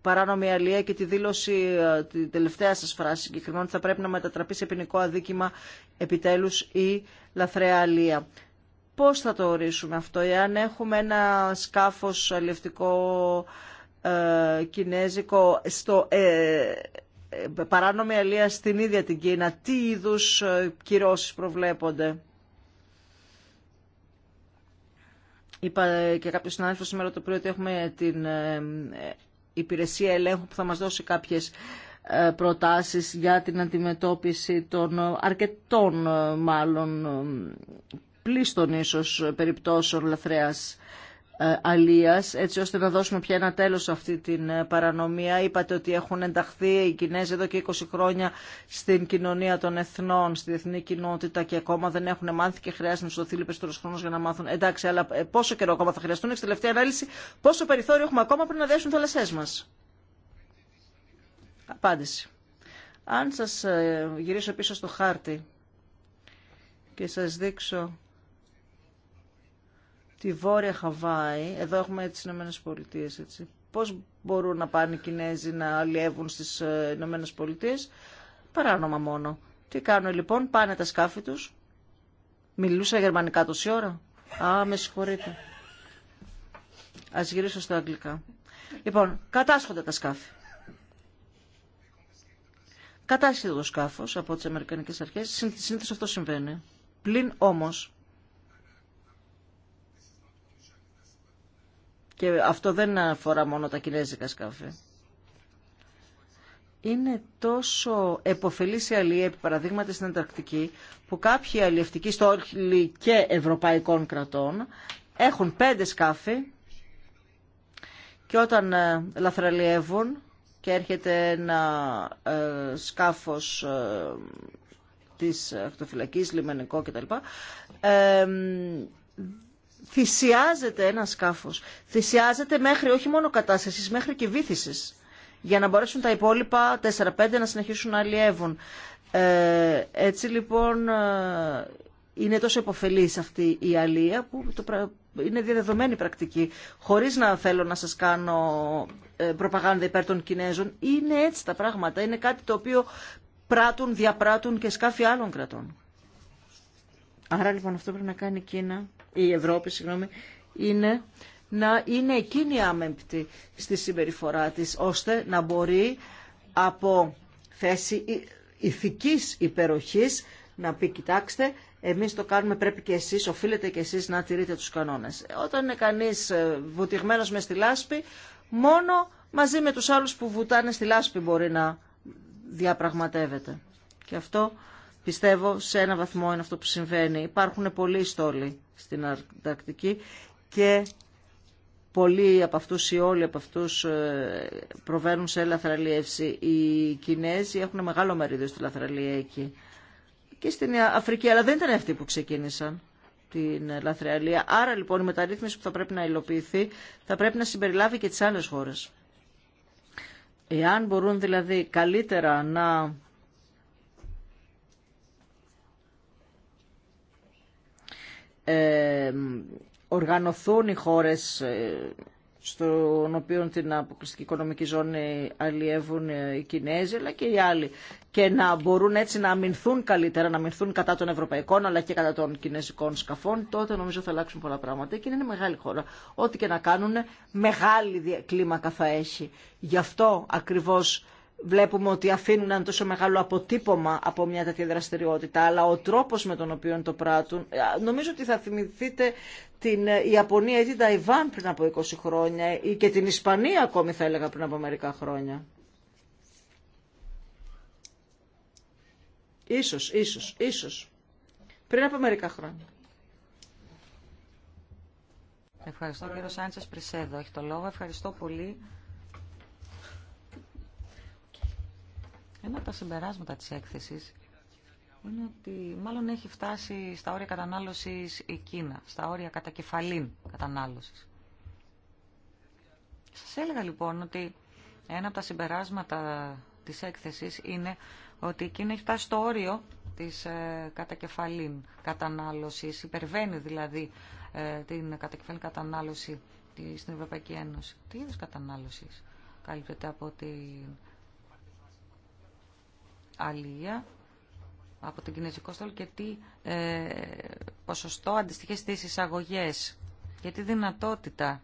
παράνομη αλία και τη δήλωση, ε, τη τελευταία σας φράση συγκεκριμένα, ότι θα πρέπει να μετατραπεί σε ποινικό αδίκημα επιτέλους η λαθρέα αλία. Πώς θα το ορίσουμε αυτό, εάν έχουμε ένα σκάφος αλληλευτικό ε, κινέζικο στο, παράνομη αλία στην ίδια την Κίνα, τι είδους κυρώσεις προβλέπονται. Είπα και κάποιο συνάδελφο σήμερα το πρωί ότι έχουμε την ε, υπηρεσία ελέγχου που θα μας δώσει κάποιες ε, προτάσεις για την αντιμετώπιση των ε, αρκετών μάλλον πλήστων ίσως περιπτώσεων λαθρέας ε, αλίας, έτσι ώστε να δώσουμε πια ένα τέλος σε αυτή την ε, παρανομία. Είπατε ότι έχουν ενταχθεί οι Κινέζοι εδώ και 20 χρόνια στην κοινωνία των εθνών, στη διεθνή κοινότητα και ακόμα δεν έχουν μάθει και χρειάζεται να σου δοθεί περισσότερο χρόνος για να μάθουν. Εντάξει, αλλά ε, πόσο καιρό ακόμα θα χρειαστούν, Στη τελευταία ανάλυση, πόσο περιθώριο έχουμε ακόμα πριν να δέσουν θάλασσές μας. Απάντηση. Αν σας γυρίσω πίσω στο χάρτη και σας δείξω τη Βόρεια Χαβάη, εδώ έχουμε τις Ηνωμένε Πολιτείες, έτσι, πώς μπορούν να πάνε οι Κινέζοι να αλλιεύουν στις ε, Ηνωμένε Πολιτείε. παράνομα μόνο. Τι κάνουν λοιπόν, πάνε τα σκάφη τους, μιλούσα γερμανικά τόση ώρα, α, με συγχωρείτε. Ας γυρίσω στα αγγλικά. Λοιπόν, κατάσχονται τα σκάφη. Κατάσχεται το σκάφος από τις Αμερικανικές Αρχές, συνήθως αυτό συμβαίνει. Πλην όμως Και αυτό δεν αφορά μόνο τα κινέζικα σκάφη. Είναι τόσο εποφελής η αλληλεία, επί παραδείγματι στην Ανταρκτική, που κάποιοι αλληλευτικοί στόχοι και ευρωπαϊκών κρατών έχουν πέντε σκάφη και όταν ε, λαθραλιεύουν και έρχεται ένα ε, σκάφος ε, της αυτοφυλακής, λιμενικό κτλ θυσιάζεται ένα σκάφο. θυσιάζεται μέχρι όχι μόνο κατάσταση, μέχρι και βήθηση. για να μπορέσουν τα υπόλοιπα 4-5 να συνεχίσουν να αλλιεύουν. Ε, έτσι λοιπόν ε, είναι τόσο υποφελή αυτή η αλλία που είναι διαδεδομένη πρακτική. Χωρί να θέλω να σα κάνω ε, προπαγάνδα υπέρ των Κινέζων, είναι έτσι τα πράγματα. Είναι κάτι το οποίο πράττουν, διαπράττουν και σκάφη άλλων κρατών. Άρα λοιπόν αυτό πρέπει να κάνει η Κίνα η Ευρώπη συγγνώμη, είναι να είναι εκείνη άμεμπτη στη συμπεριφορά της, ώστε να μπορεί από θέση ηθικής υπεροχής να πει κοιτάξτε εμείς το κάνουμε, πρέπει και εσείς, οφείλετε και εσείς να τηρείτε τους κανόνες. Όταν είναι κανείς ε, βουτυγμένος με στη λάσπη, μόνο μαζί με τους άλλους που βουτάνε στη λάσπη μπορεί να διαπραγματεύεται. Και αυτό πιστεύω σε ένα βαθμό είναι αυτό που συμβαίνει. Υπάρχουν πολλοί στόλοι στην Αρκτική και πολλοί από αυτούς ή όλοι από αυτούς ε, προβαίνουν σε λαθραλίευση. Οι Κινέζοι έχουν μεγάλο μερίδιο στη λαθραλία εκεί και στην Αφρική, αλλά δεν ήταν αυτοί που ξεκίνησαν την ε, λαθραλία. Άρα λοιπόν η μεταρρύθμιση που θα πρέπει να υλοποιηθεί θα πρέπει να συμπεριλάβει και τις άλλες χώρες. Εάν μπορούν δηλαδή καλύτερα να οργανωθούν οι χώρες ε, στον οποίο την αποκλειστική οικονομική ζώνη αλλιεύουν ε, οι Κινέζοι αλλά και οι άλλοι και να μπορούν έτσι να αμυνθούν καλύτερα, να αμυνθούν κατά των ευρωπαϊκών αλλά και κατά των κινέζικων σκαφών, τότε νομίζω θα αλλάξουν πολλά πράγματα. Και είναι μεγάλη χώρα. Ό,τι και να κάνουν, μεγάλη κλίμακα θα έχει. Γι' αυτό ακριβώς βλέπουμε ότι αφήνουν ένα τόσο μεγάλο αποτύπωμα από μια τέτοια δραστηριότητα, αλλά ο τρόπος με τον οποίο το πράττουν, ε, νομίζω ότι θα θυμηθείτε την ε, Ιαπωνία ή την Ταϊβάν πριν από 20 χρόνια ή ε, και την Ισπανία ακόμη θα έλεγα πριν από μερικά χρόνια. Ίσως, ίσως, ίσως. Πριν από μερικά χρόνια. Ευχαριστώ κύριο Σάντσες Πρισέδο. Έχει το λόγο. Ευχαριστώ πολύ. Ένα από τα συμπεράσματα της έκθεσης είναι ότι μάλλον έχει φτάσει στα όρια κατανάλωσης η Κίνα, στα όρια κατακεφαλήν κατανάλωσης. Σας έλεγα λοιπόν ότι ένα από τα συμπεράσματα της έκθεσης είναι ότι η Κίνα έχει φτάσει στο όριο της ε, κατακεφαλήν κατανάλωσης, υπερβαίνει δηλαδή ε, την κατακεφαλήν κατανάλωση στην Ευρωπαϊκή Ένωση. Τι είδους κατανάλωσης καλύπτεται από την αλία από τον Κινέζικο στόλο και τι ε, ποσοστό αντιστοιχεί στις εισαγωγές και τι δυνατότητα.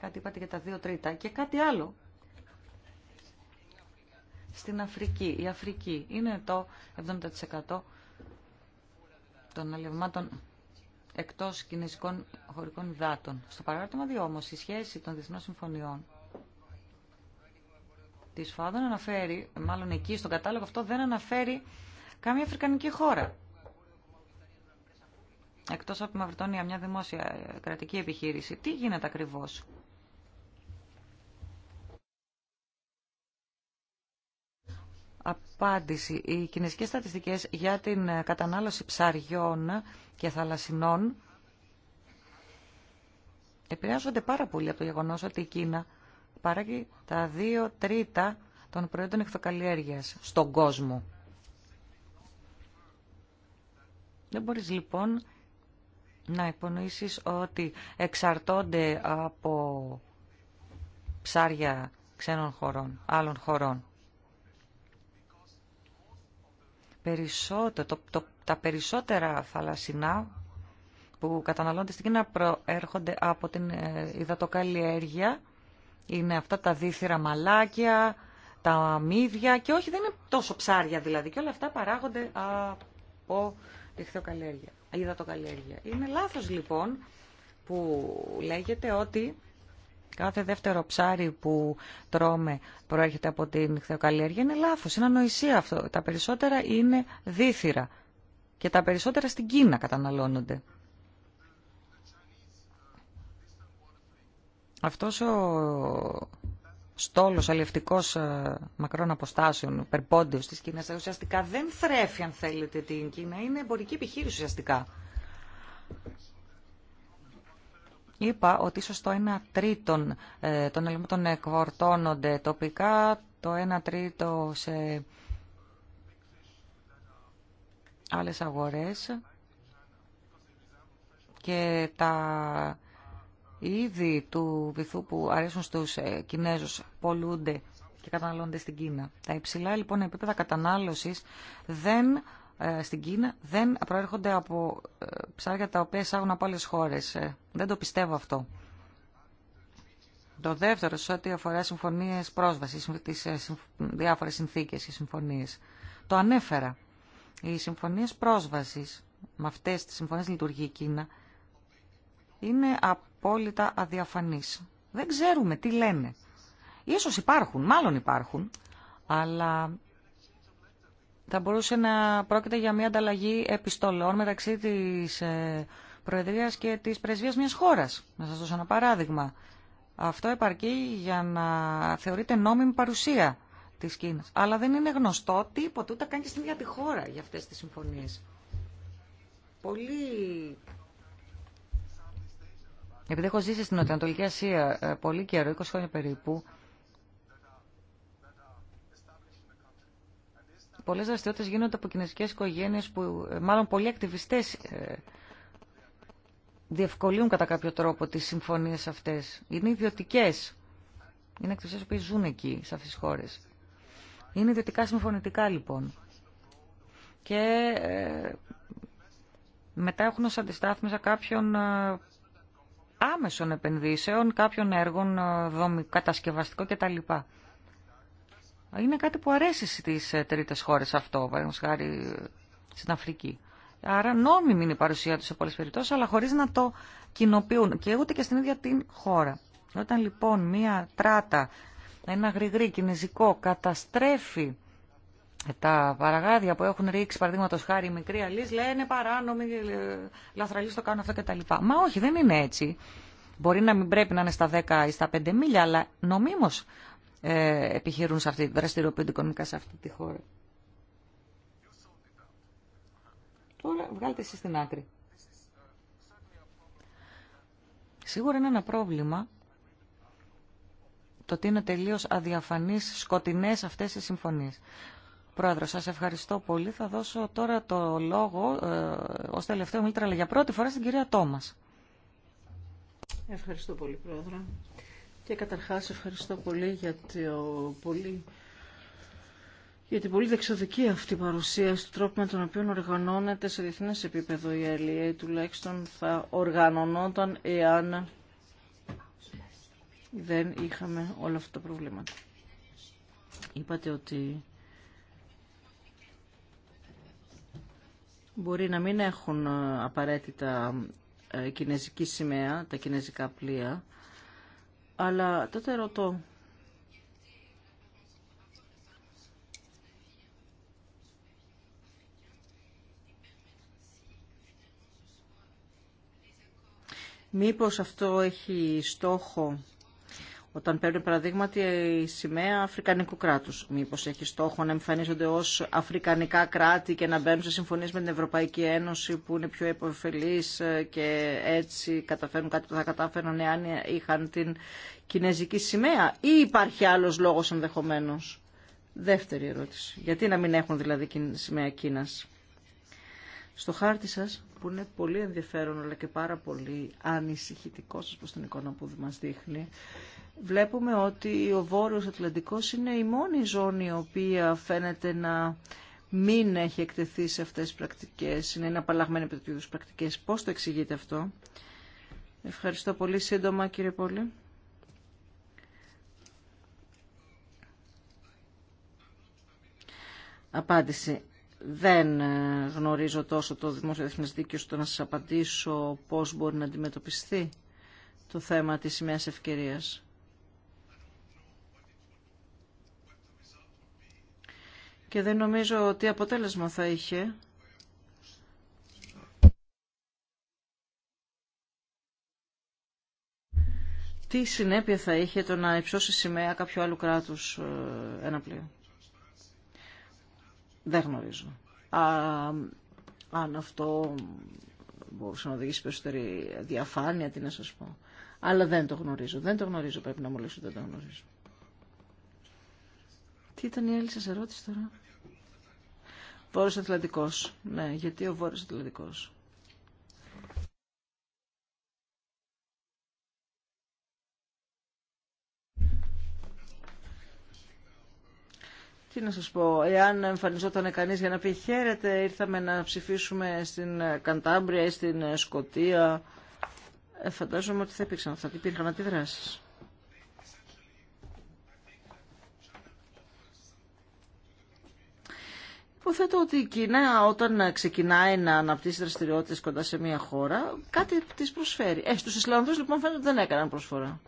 Κάτι είπατε για τα δύο τρίτα και κάτι άλλο. Στην Αφρική. Η Αφρική είναι το 70% των αλευμάτων εκτός κινέζικων χωρικών υδάτων. Στο παράδειγμα 2 όμως η σχέση των διεθνών συμφωνιών της ΦΑΟ δεν αναφέρει, μάλλον εκεί στον κατάλογο αυτό δεν αναφέρει καμία αφρικανική χώρα. Εκτός από τη Μαυρτώνια, μια δημόσια ε, κρατική επιχείρηση. Τι γίνεται ακριβώς. Απάντηση. Οι κινέζικες στατιστικές για την ε, κατανάλωση ψαριών και θαλασσινών επηρεάζονται πάρα πολύ από το γεγονός ότι η Κίνα παράγει τα δύο τρίτα των προϊόντων εχθοκαλλιέργειας στον κόσμο. Δεν μπορείς λοιπόν να υπονοήσεις ότι εξαρτώνται από ψάρια ξένων χωρών, άλλων χωρών. Περισσότερο, τα περισσότερα θαλασσινά που καταναλώνται στην Κίνα προέρχονται από την ε, υδατοκαλλιέργεια είναι αυτά τα δίθυρα μαλάκια, τα μύδια και όχι δεν είναι τόσο ψάρια δηλαδή. Και όλα αυτά παράγονται από τη χθεοκαλλιέργεια, υδατοκαλλιέργεια. Είναι λάθος λοιπόν που λέγεται ότι κάθε δεύτερο ψάρι που τρώμε προέρχεται από την χθεοκαλλιέργεια. Είναι λάθος, είναι ανοησία αυτό. Τα περισσότερα είναι δίθυρα και τα περισσότερα στην Κίνα καταναλώνονται. Αυτός ο στόλος αλληλευτικός ε, μακρών αποστάσεων, περπόντιος της Κίνας, ουσιαστικά δεν θρέφει, αν θέλετε, την Κίνα. Είναι εμπορική επιχείρηση ουσιαστικά. Είπα ότι ίσως το 1 τρίτο ε, των ελληνικών εκφορτώνονται τοπικά, το 1 τρίτο σε άλλες αγορές και τα οι είδη του βυθού που αρέσουν στους ε, Κινέζους πολλούνται και καταναλώνονται στην Κίνα. Τα υψηλά λοιπόν επίπεδα κατανάλωσης δεν, ε, στην Κίνα δεν προέρχονται από ε, ψάρια τα οποία εισάγουν από άλλες χώρες. Δεν το πιστεύω αυτό. Το δεύτερο, σε ό,τι αφορά συμφωνίες πρόσβασης, τις διάφορες συνθήκες και συμφωνίες. Το ανέφερα. Οι συμφωνίες πρόσβασης, με αυτές τις συμφωνίες λειτουργεί η Κίνα, είναι απόλυτα αδιαφανής. Δεν ξέρουμε τι λένε. Ίσως υπάρχουν, μάλλον υπάρχουν, αλλά θα μπορούσε να πρόκειται για μια ανταλλαγή επιστολών μεταξύ της ε, Προεδρίας και της Πρεσβείας μιας χώρας. Να σας δώσω ένα παράδειγμα. Αυτό επαρκεί για να θεωρείται νόμιμη παρουσία της Κίνας. Αλλά δεν είναι γνωστό τίποτα, ούτε καν και στην ίδια τη χώρα για αυτές τις συμφωνίες. Πολύ επειδή έχω ζήσει στην Νοτιοανατολική Ασία ε, πολύ καιρό, 20 χρόνια περίπου, πολλές δραστηριότητες γίνονται από κινέζικες οικογένειες που ε, μάλλον πολλοί ακτιβιστές ε, διευκολύνουν κατά κάποιο τρόπο τις συμφωνίες αυτές. Είναι ιδιωτικέ. Είναι ακτιβιστές που ζουν εκεί, σε αυτές τις χώρες. Είναι ιδιωτικά συμφωνητικά λοιπόν. Και μετά έχουν ως αντιστάθμιζα κάποιον άμεσων επενδύσεων, κάποιων έργων, ε, δομη, κατασκευαστικό κτλ. Είναι κάτι που αρέσει στις ε, τρίτες χώρες αυτό, παραδείγματος χάρη ε, στην Αφρική. Άρα νόμιμη είναι η παρουσία του σε πολλές περιπτώσεις, αλλά χωρίς να το κοινοποιούν και ούτε και στην ίδια την χώρα. Όταν λοιπόν μία τράτα, ένα γρηγρή κινέζικο καταστρέφει τα παραγάδια που έχουν ρίξει, παραδείγματο χάρη, οι μικροί αλεί λένε παράνομοι, ε, λαθραλεί το κάνουν αυτό κτλ. Μα όχι, δεν είναι έτσι. Μπορεί να μην πρέπει να είναι στα 10 ή στα 5 μίλια, αλλά νομίμω ε, επιχειρούν σε αυτή, δραστηριοποιούνται οικονομικά σε αυτή τη χώρα. Τώρα βγάλτε εσείς στην άκρη. Σίγουρα είναι ένα πρόβλημα το ότι είναι τελείως αδιαφανείς σκοτεινές αυτές οι συμφωνίες. Πρόεδρο, σας ευχαριστώ πολύ. Θα δώσω τώρα το λόγο ε, ως τελευταίο μήτρα, αλλά για πρώτη φορά στην κυρία Τόμας. Ευχαριστώ πολύ, Πρόεδρε. Και καταρχάς ευχαριστώ πολύ για, το πολύ, για την πολύ δεξοδική αυτή παρουσία του τρόπο με τον οποίο οργανώνεται σε διεθνέ επίπεδο η ΕΛΙΕ, e τουλάχιστον θα οργανωνόταν εάν δεν είχαμε όλα αυτά τα προβλήματα. Είπατε ότι μπορεί να μην έχουν ε, απαραίτητα ε, κινέζικη σημαία, τα κινέζικα πλοία, αλλά τότε ρωτώ, Μήπως αυτό έχει στόχο όταν παίρνει παραδείγματι η σημαία Αφρικανικού κράτους. Μήπως έχει στόχο να εμφανίζονται ως Αφρικανικά κράτη και να μπαίνουν σε συμφωνίες με την Ευρωπαϊκή Ένωση που είναι πιο υποφελής ε, και έτσι καταφέρνουν κάτι που θα κατάφεραν εάν είχαν την Κινέζικη σημαία ή υπάρχει άλλος λόγος ενδεχομένω. Δεύτερη ερώτηση. Γιατί να μην έχουν δηλαδή σημαία Κίνας. Στο χάρτη σας που είναι πολύ ενδιαφέρον αλλά και πάρα πολύ ανησυχητικό σας προς την εικόνα που μας δείχνει. Βλέπουμε ότι ο Βόρειος Ατλαντικός είναι η μόνη ζώνη η οποία φαίνεται να μην έχει εκτεθεί σε αυτές τις πρακτικές, είναι απαλλαγμένη από τέτοιου πρακτικές. Πώς το εξηγείτε αυτό. Ευχαριστώ πολύ σύντομα κύριε Πόλη. Απάντηση. Δεν ε, γνωρίζω τόσο το δημόσιο διεθνές δίκαιο στο να σας απαντήσω πώς μπορεί να αντιμετωπιστεί το θέμα της σημαίας ευκαιρίας. Και δεν νομίζω τι αποτέλεσμα θα είχε. Τι συνέπεια θα είχε το να υψώσει σημαία κάποιου άλλου κράτους ε, ένα πλοίο. Δεν γνωρίζω. Α, αν αυτό μπορούσε να οδηγήσει περισσότερη διαφάνεια, τι να σας πω. Αλλά δεν το γνωρίζω. Δεν το γνωρίζω, πρέπει να μου λες ότι δεν το γνωρίζω. Τι ήταν η άλλη σας ερώτηση τώρα. Βόρειος Ατλαντικός. Ναι, γιατί ο Βόρειος Ατλαντικός. Τι να σας πω, εάν εμφανιζόταν κανείς για να πει χαίρετε, ήρθαμε να ψηφίσουμε στην Καντάμπρια ή στην Σκοτία. Ε, φαντάζομαι ότι θα υπήρξαν αυτά, υπήρχαν αντιδράσεις. Υποθέτω ότι η Κίνα όταν ξεκινάει να αναπτύσσει δραστηριότητε κοντά σε μια χώρα, κάτι τη προσφέρει. Ε, στου Ισλανδού λοιπόν φαίνεται ότι δεν έκαναν προσφορά.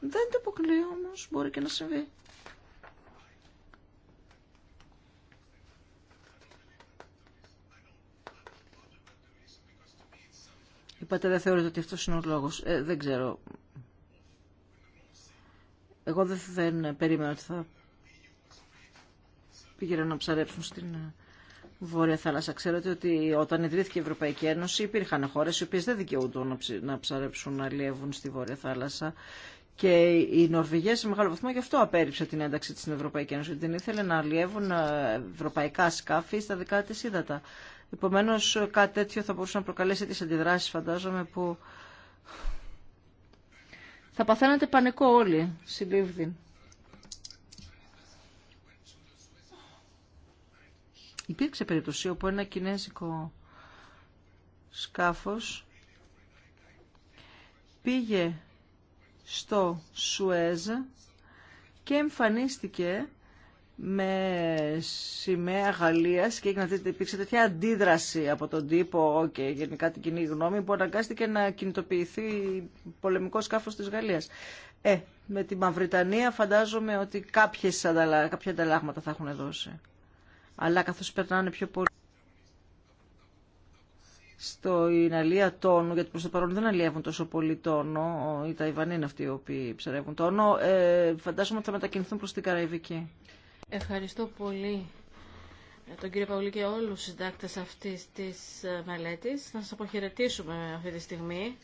Δεν το αποκλείω όμω, μπορεί και να συμβεί. Είπατε δεν θεωρείτε ότι αυτός είναι ο λόγος. Ε, δεν ξέρω. Εγώ δεν, δεν περίμενα ότι θα πήγαιναν να ψαρέψουν στην ε, Βόρεια Θάλασσα. Ξέρετε ότι όταν ιδρύθηκε η Ευρωπαϊκή Ένωση υπήρχαν χώρες οι οποίες δεν δικαιούνται να ψαρέψουν, να αλλιεύουν στη Βόρεια Θάλασσα. Και η Νορβηγία σε μεγάλο βαθμό γι' αυτό απέρριψε την ένταξη της στην Ευρωπαϊκή Ένωση. Δεν ήθελε να αλλιεύουν ε, ευρωπαϊκά σκάφη στα δικά της ύδατα. Επομένως κάτι τέτοιο θα μπορούσε να προκαλέσει τις αντιδράσεις φαντάζομαι που θα παθαίνατε πανικό όλοι, συλλήβδιν. Υπήρξε περίπτωση όπου ένα κινέζικο σκάφος πήγε στο Σουέζ και εμφανίστηκε με σημαία Γαλλία και υπήρξε τέτοια αντίδραση από τον τύπο και γενικά την κοινή γνώμη που αναγκάστηκε να κινητοποιηθεί πολεμικό σκάφο τη Γαλλία. Ε, με τη Μαυριτανία φαντάζομαι ότι κάποιες κάποια ανταλλάγματα θα έχουν δώσει. Αλλά καθώ περνάνε πιο πολύ στο Ιναλία τόνου, γιατί προ το παρόν δεν αλλιεύουν τόσο πολύ τόνο, οι Ταϊβανοί είναι αυτοί οι οποίοι ψαρεύουν τόνο, ε, φαντάζομαι ότι θα μετακινηθούν προ την Καραϊβική. Ευχαριστώ πολύ ε, τον κύριο Παουλή και όλους τους συντάκτες αυτής της ε, μελέτης. Να σας αποχαιρετήσουμε αυτή τη στιγμή.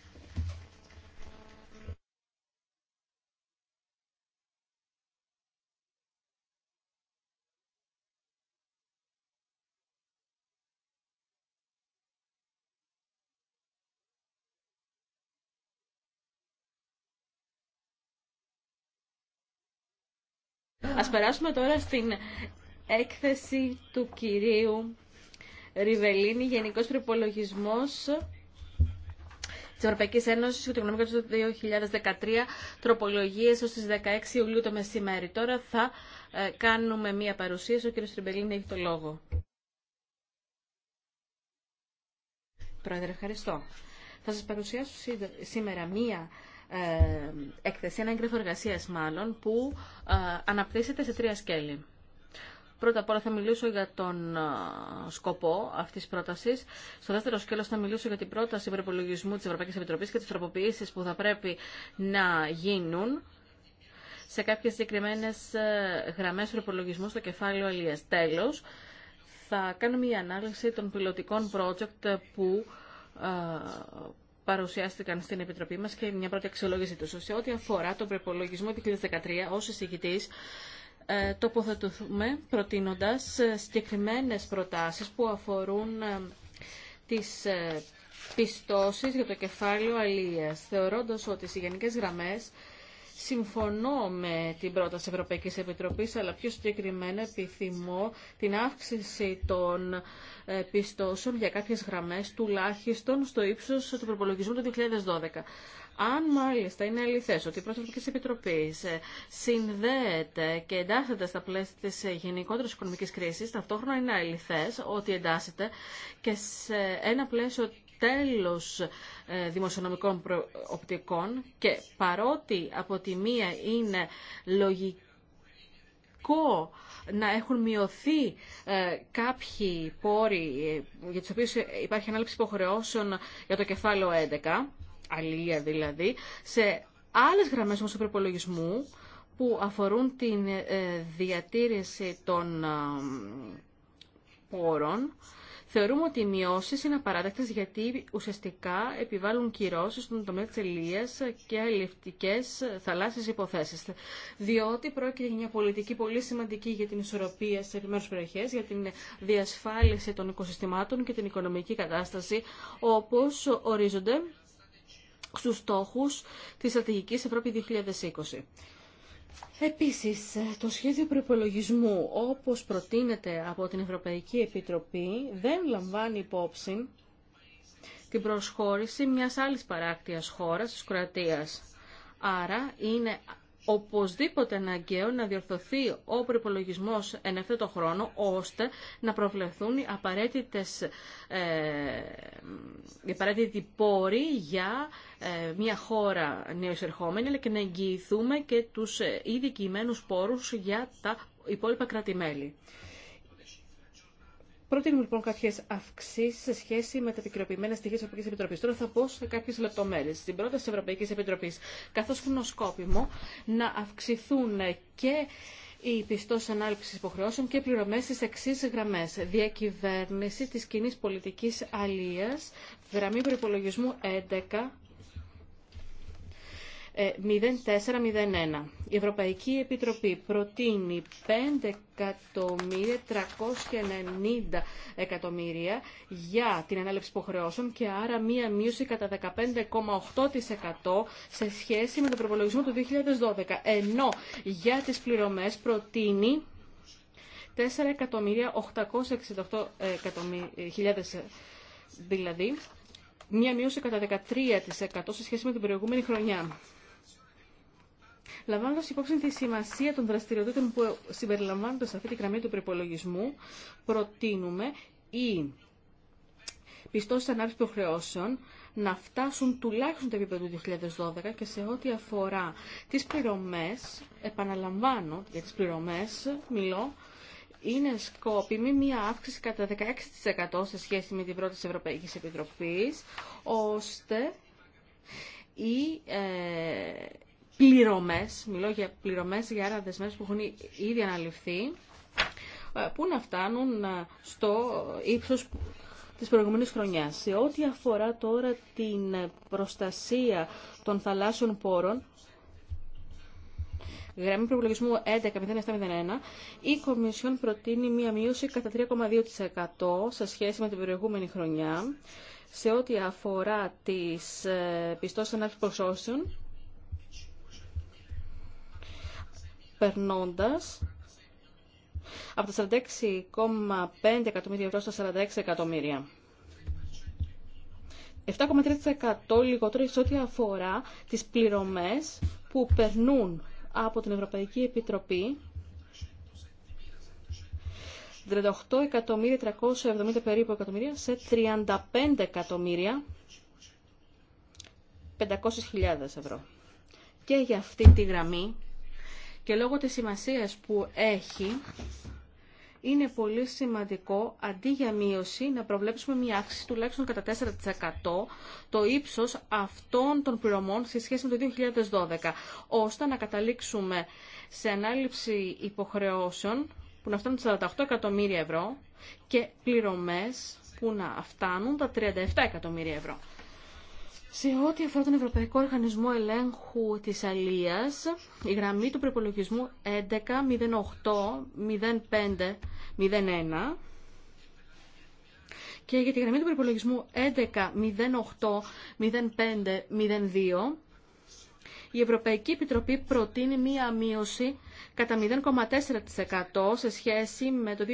Ας περάσουμε τώρα στην έκθεση του κυρίου Ριβελίνη, Γενικός Προϋπολογισμός της Ευρωπαϊκής Ένωσης και το Οικονομία του 2013, τροπολογίες ως τις 16 Ιουλίου το μεσημέρι. Τώρα θα ε, κάνουμε μία παρουσίαση. Ο κύριος Ριβελίνη έχει το λόγο. Πρόεδρε, ευχαριστώ. Θα σας παρουσιάσω σήμερα μία ε, έκθεση, ένα έγγραφο εργασία μάλλον, που ε, αναπτύσσεται σε τρία σκέλη. Πρώτα απ' όλα θα μιλήσω για τον ε, σκοπό αυτή τη πρόταση. Στο δεύτερο σκέλο θα μιλήσω για την πρόταση προπολογισμού τη Ευρωπαϊκή Επιτροπή και τι τροποποιήσει που θα πρέπει να γίνουν σε κάποιες συγκεκριμένε γραμμές προπολογισμού, στο κεφάλαιο Αλίας. Τέλος, θα κάνουμε μια ανάλυση των πιλωτικών project που παρουσιάστηκαν στην Επιτροπή μας και μια πρώτη αξιολόγηση του. Σε ό,τι αφορά τον προπολογισμό 2013, ω εισηγητή, τοποθετούμε προτείνοντα ε, συγκεκριμένε προτάσεις που αφορούν ε, τις ε, πιστώσεις για το κεφάλαιο αλληλεία, θεωρώντα ότι οι γενικέ γραμμές Συμφωνώ με την πρόταση Ευρωπαϊκής Επιτροπής, αλλά πιο συγκεκριμένα επιθυμώ την αύξηση των ε, πιστώσεων για κάποιες γραμμές, τουλάχιστον στο ύψος του προπολογισμού του 2012. Αν μάλιστα είναι αληθέ ότι η πρόταση Επιτροπή ε, συνδέεται και εντάσσεται στα πλαίσια τη ε, γενικότερη οικονομική κρίση, ταυτόχρονα είναι αληθέ ότι εντάσσεται και σε ένα πλαίσιο τέλος ε, δημοσιονομικών οπτικών και παρότι από τη μία είναι λογικό να έχουν μειωθεί ε, κάποιοι πόροι ε, για τους οποίους υπάρχει ανάληψη υποχρεώσεων για το κεφάλαιο 11, αλλήλεια δηλαδή, σε άλλες γραμμές όμως του προπολογισμού που αφορούν την διατήρηση των πόρων Θεωρούμε ότι οι μειώσει είναι απαράδεκτε γιατί ουσιαστικά επιβάλλουν κυρώσει στον τομέα τη ελληνία και αλληλευτικέ θαλάσσιε υποθέσει. Διότι πρόκειται για μια πολιτική πολύ σημαντική για την ισορροπία στι επιμέρου περιοχέ, για την διασφάλιση των οικοσυστημάτων και την οικονομική κατάσταση όπω ορίζονται στου στόχου τη στρατηγική Ευρώπη 2020. Επίσης, ε, το σχέδιο προπολογισμού, όπως προτείνεται από την Ευρωπαϊκή Επιτροπή, δεν λαμβάνει υπόψη την προσχώρηση μιας άλλης παράκτιας χώρας, της Κροατίας. Άρα, είναι οπωσδήποτε αναγκαίο να διορθωθεί ο προπολογισμό εν το χρόνο, ώστε να προβλεφθούν οι απαραίτητες, ε, απαραίτητοι πόροι για ε, μια χώρα νεοεισερχόμενη, αλλά και να εγγυηθούμε και τους ε, ήδη πόρους για τα υπόλοιπα κράτη-μέλη. Προτείνουμε λοιπόν κάποιε αυξήσει σε σχέση με τα επικαιροποιημένα στοιχεία τη Ευρωπαϊκή Επιτροπή. Τώρα θα πω σε κάποιε λεπτομέρειε. Στην πρόταση τη Ευρωπαϊκή Επιτροπή, καθώ χρονοσκόπιμο, να αυξηθούν και οι πιστώσει ανάληψη υποχρεώσεων και πληρωμέ στι εξή γραμμέ. Διακυβέρνηση τη κοινή πολιτική αλεία, γραμμή προπολογισμού 11, 0401. Ε, Η Ευρωπαϊκή Επιτροπή προτείνει 5.390 εκατομμύρια για την ανάληψη υποχρεώσεων και άρα μία μείωση κατά 15,8% σε σχέση με τον προπολογισμό του 2012. Ενώ για τις πληρωμές προτείνει 4.868.000 δηλαδή μία μείωση κατά 13% σε σχέση με την προηγούμενη χρονιά. Λαμβάνοντα υπόψη τη σημασία των δραστηριοτήτων που συμπεριλαμβάνονται σε αυτή τη γραμμή του προπολογισμού, προτείνουμε οι πιστώσει ανάπτυξη προχρεώσεων να φτάσουν τουλάχιστον το επίπεδο του 2012 και σε ό,τι αφορά τις πληρωμές, επαναλαμβάνω για τι πληρωμές, μιλώ, είναι σκόπιμη μία αύξηση κατά 16% σε σχέση με την πρώτη της Ευρωπαϊκής ώστε ε, πληρωμές, μιλώ για πληρωμές για άρα δεσμές που έχουν ήδη αναλυφθεί, ε, που να φτάνουν ε, στο ύψος της προηγούμενης χρονιάς. Σε ό,τι αφορά τώρα την ε, προστασία των θαλάσσιων πόρων, γραμμή προπολογισμού 11.0701, η Κομισιόν προτείνει μία μείωση κατά 3,2% σε σχέση με την προηγούμενη χρονιά σε ό,τι αφορά τις πιστώσεις ανάπτυξης προσώσεων περνώντας από τα 46,5 εκατομμύρια ευρώ στα 46 εκατομμύρια. 7,3% λιγότερο σε ό,τι αφορά τις πληρωμές που περνούν από την Ευρωπαϊκή Επιτροπή 38 εκατομμύρια, περίπου εκατομμύρια σε 35 εκατομμύρια 500.000 ευρώ. Και για αυτή τη γραμμή και λόγω της σημασίας που έχει είναι πολύ σημαντικό αντί για μείωση να προβλέψουμε μια αύξηση τουλάχιστον κατά 4% το ύψος αυτών των πληρωμών σε σχέση με το 2012 ώστε να καταλήξουμε σε ανάληψη υποχρεώσεων που να φτάνουν τα 48 εκατομμύρια ευρώ και πληρωμές που να φτάνουν τα 37 εκατομμύρια ευρώ. Σε ό,τι αφορά τον Ευρωπαϊκό Οργανισμό Ελέγχου της Αλίας, η γραμμή του προπολογισμού 11.08.05.01 και για τη γραμμή του προπολογισμού 11.08.05.02 η Ευρωπαϊκή Επιτροπή προτείνει μία μείωση κατά 0,4% σε σχέση με το 2012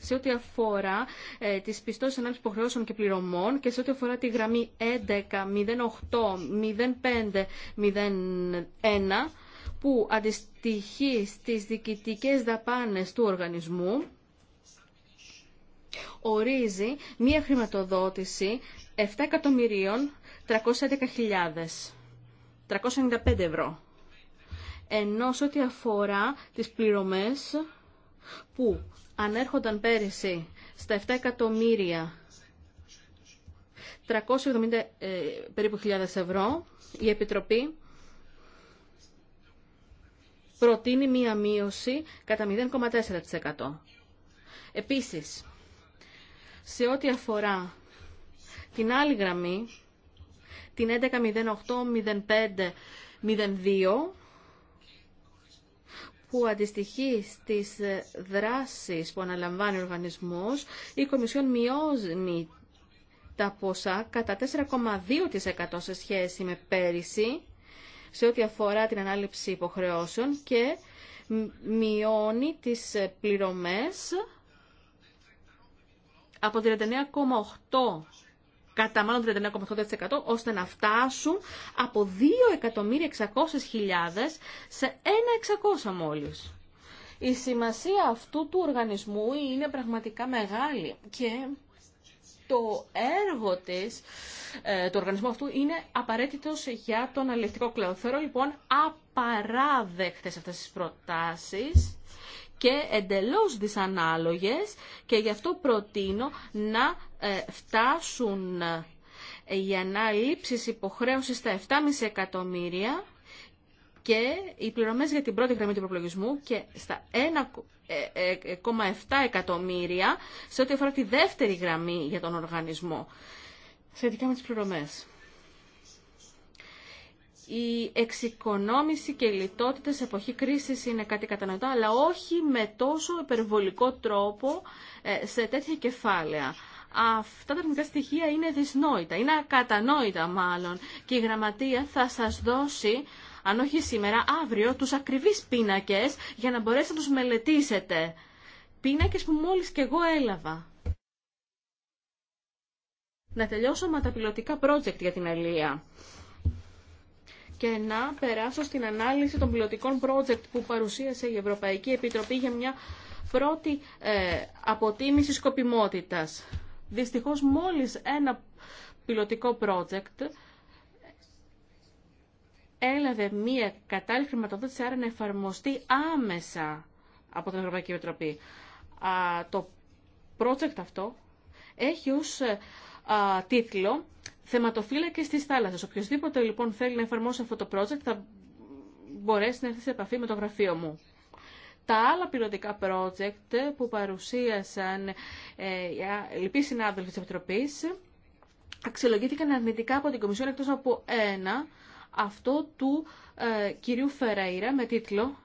σε ό,τι αφορά ε, τις πιστώσεις ανάπτυξης υποχρεώσεων και πληρωμών και σε ό,τι αφορά τη γραμμή 11.08.05.01 που αντιστοιχεί στις διοικητικές δαπάνες του οργανισμού ορίζει μία χρηματοδότηση 7.311.395 ευρώ ενώ σε ό,τι αφορά τις πληρωμές που ανέρχονταν πέρυσι στα 7 εκατομμύρια 370 ε, περίπου χιλιάδες ευρώ, η Επιτροπή προτείνει μία μείωση κατά 0,4%. Επίσης, σε ό,τι αφορά την άλλη γραμμή, την 11.08.05.02, που αντιστοιχεί στις δράσεις που αναλαμβάνει ο οργανισμός, η Κομισιόν μειώνει τα ποσά κατά 4,2% σε σχέση με πέρυσι, σε ό,τι αφορά την ανάληψη υποχρεώσεων και μειώνει τις πληρωμές από 39,8 κατά μάλλον 39,8% ώστε να φτάσουν από 2.600.000 σε 1.600 μόλις. Η σημασία αυτού του οργανισμού είναι πραγματικά μεγάλη και το έργο της, ε, οργανισμού αυτού είναι απαραίτητος για τον αλληλευτικό κλάδο. λοιπόν απαράδεκτες αυτές τις προτάσεις και εντελώς δυσανάλογες και γι' αυτό προτείνω να ε, φτάσουν οι ε, ανάληψεις υποχρέωσης στα 7,5 εκατομμύρια και οι πληρωμές για την πρώτη γραμμή του προπλογισμού και στα 1,7 ε, εκατομμύρια σε ό,τι αφορά τη δεύτερη γραμμή για τον οργανισμό σχετικά με τις πληρωμές η εξοικονόμηση και η λιτότητα σε εποχή κρίσης είναι κάτι κατανοητό, αλλά όχι με τόσο υπερβολικό τρόπο ε, σε τέτοια κεφάλαια. Αυτά τα τεχνικά στοιχεία είναι δυσνόητα, είναι ακατανόητα μάλλον και η γραμματεία θα σας δώσει, αν όχι σήμερα, αύριο τους ακριβείς πίνακες για να μπορέσετε να τους μελετήσετε. Πίνακες που μόλις και εγώ έλαβα. Να τελειώσω με τα πιλωτικά project για την Αλία και να περάσω στην ανάλυση των πιλωτικών project που παρουσίασε η Ευρωπαϊκή Επιτροπή για μια πρώτη ε, αποτίμηση σκοπιμότητας. Δυστυχώς μόλις ένα πιλωτικό project έλαβε μία κατάλληλη χρηματοδότηση, άρα να εφαρμοστεί άμεσα από την Ευρωπαϊκή Επιτροπή. το project αυτό έχει ως ε, τίτλο θεματοφύλακε τη θάλασσα. οποιοδήποτε λοιπόν θέλει να εφαρμόσει αυτό το project θα μπορέσει να έρθει σε επαφή με το γραφείο μου. Τα άλλα πυροδικά project που παρουσίασαν ε, οι λοιποί συνάδελφοι της Επιτροπής αξιολογήθηκαν αρνητικά από την Κομισιόν εκτός από ένα, αυτό του ε, κυρίου Φεραίρα με τίτλο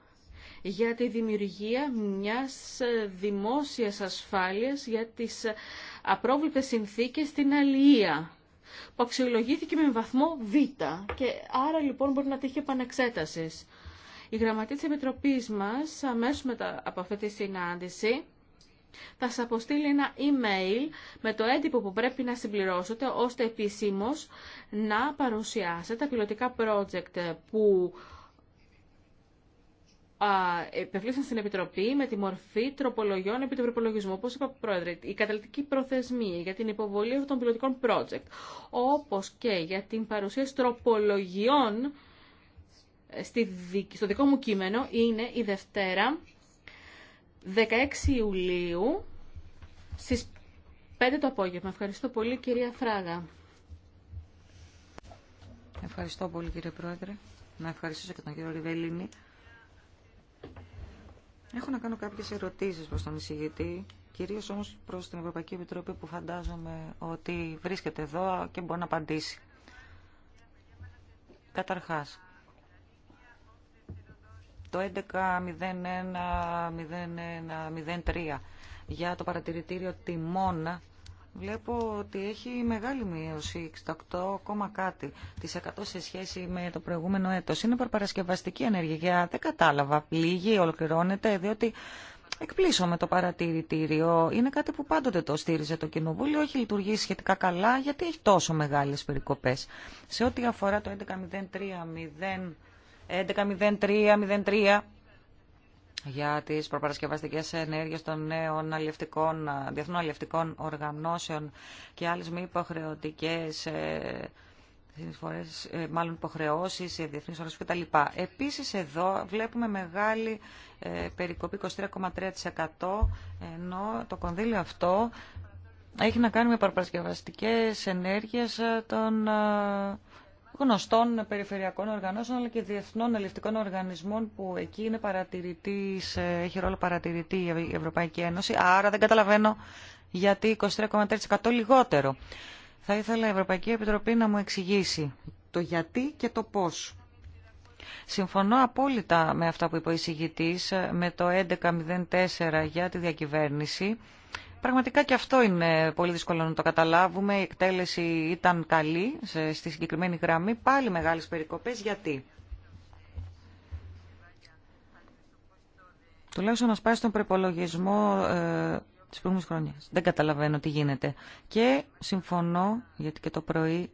για τη δημιουργία μιας ε, δημόσιας ασφάλειας για τις ε, απρόβλεπτες συνθήκες στην Αλία που αξιολογήθηκε με βαθμό Β και άρα λοιπόν μπορεί να τύχει επανεξέταση. Η γραμματή της Επιτροπής μας, αμέσως μετά από αυτή τη συνάντηση, θα σας αποστείλει ένα email με το έντυπο που πρέπει να συμπληρώσετε ώστε επίσημος να παρουσιάσετε τα πιλωτικά project που επευλήθησαν στην Επιτροπή με τη μορφή τροπολογιών επί του προπολογισμού. Όπω είπα, Πρόεδρε, η καταλητική προθεσμία για την υποβολή αυτών των πιλωτικών project, όπω και για την παρουσίαση τροπολογιών ε, στο δικό μου κείμενο, είναι η Δευτέρα 16 Ιουλίου στις 5 το απόγευμα. Ευχαριστώ πολύ, κυρία Φράγα. Ευχαριστώ πολύ, κύριε Πρόεδρε. Να ευχαριστήσω και τον κύριο Ριβελίνη Έχω να κάνω κάποιες ερωτήσεις προς τον εισηγητή, κυρίως όμως προς την Ευρωπαϊκή Επιτροπή που φαντάζομαι ότι βρίσκεται εδώ και μπορεί να απαντήσει. Καταρχάς, το 11.01.01.03 για το παρατηρητήριο τιμώνα. Βλέπω ότι έχει μεγάλη μείωση, 68, κάτι της 100 σε σχέση με το προηγούμενο έτος. Είναι προπαρασκευαστική ενέργεια, δεν κατάλαβα, λίγη, ολοκληρώνεται, διότι εκπλήσω με το παρατηρητήριο. Είναι κάτι που πάντοτε το στήριζε το Κοινοβούλιο, έχει λειτουργήσει σχετικά καλά, γιατί έχει τόσο μεγάλες περικοπές. Σε ό,τι αφορά το 11.03, για τι προπαρασκευαστικέ ενέργειες των νέων αλληλευτικών, διεθνών αλληλευτικών οργανώσεων και άλλες μη υποχρεωτικέ ε, ε, μάλλον υποχρεώσεις σε διεθνείς κτλ. Επίσης εδώ βλέπουμε μεγάλη ε, περικοπή 23,3% ενώ το κονδύλιο αυτό έχει να κάνει με προπαρασκευαστικέ ενέργειες ε, των γνωστών περιφερειακών οργανώσεων αλλά και διεθνών ελευτικών οργανισμών που εκεί είναι παρατηρητής, ε, έχει ρόλο παρατηρητή η Ευρωπαϊκή Ένωση. Άρα δεν καταλαβαίνω γιατί 23,3% λιγότερο. Θα ήθελα η Ευρωπαϊκή Επιτροπή να μου εξηγήσει το γιατί και το πώς. Συμφωνώ απόλυτα με αυτά που είπε ο εισηγητής, με το 1104 για τη διακυβέρνηση Πραγματικά και αυτό είναι πολύ δύσκολο να το καταλάβουμε. Η εκτέλεση ήταν καλή στη συγκεκριμένη γραμμή. Πάλι μεγάλες περικοπές. Γιατί? Τουλάχιστον να σπάσει τον προπολογισμό ε, της προηγούμενης χρονιάς. Δεν καταλαβαίνω τι γίνεται. Και συμφωνώ, γιατί και το πρωί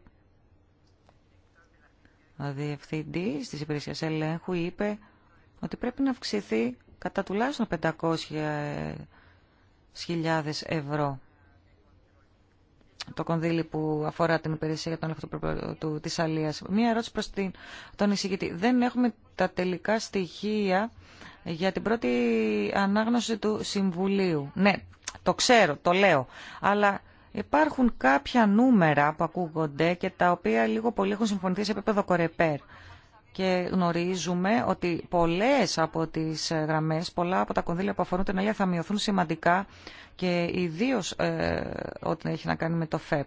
ο διευθυντής της υπηρεσίας ελέγχου είπε ότι πρέπει να αυξηθεί κατά τουλάχιστον 500 ευρώ. Το κονδύλι που αφορά την υπηρεσία για τον του της Αλία. Μία ερώτηση προ την, τον εισηγητή. Δεν έχουμε τα τελικά στοιχεία για την πρώτη ανάγνωση του Συμβουλίου. Ναι, το ξέρω, το λέω. Αλλά υπάρχουν κάποια νούμερα που ακούγονται και τα οποία λίγο πολύ έχουν συμφωνηθεί σε επίπεδο κορεπέρ και γνωρίζουμε ότι πολλές από τις ε, γραμμές, πολλά από τα κονδύλια που αφορούν την ΑΕΑ θα μειωθούν σημαντικά και ιδίως ε, ό,τι έχει να κάνει με το ΦΕΠ.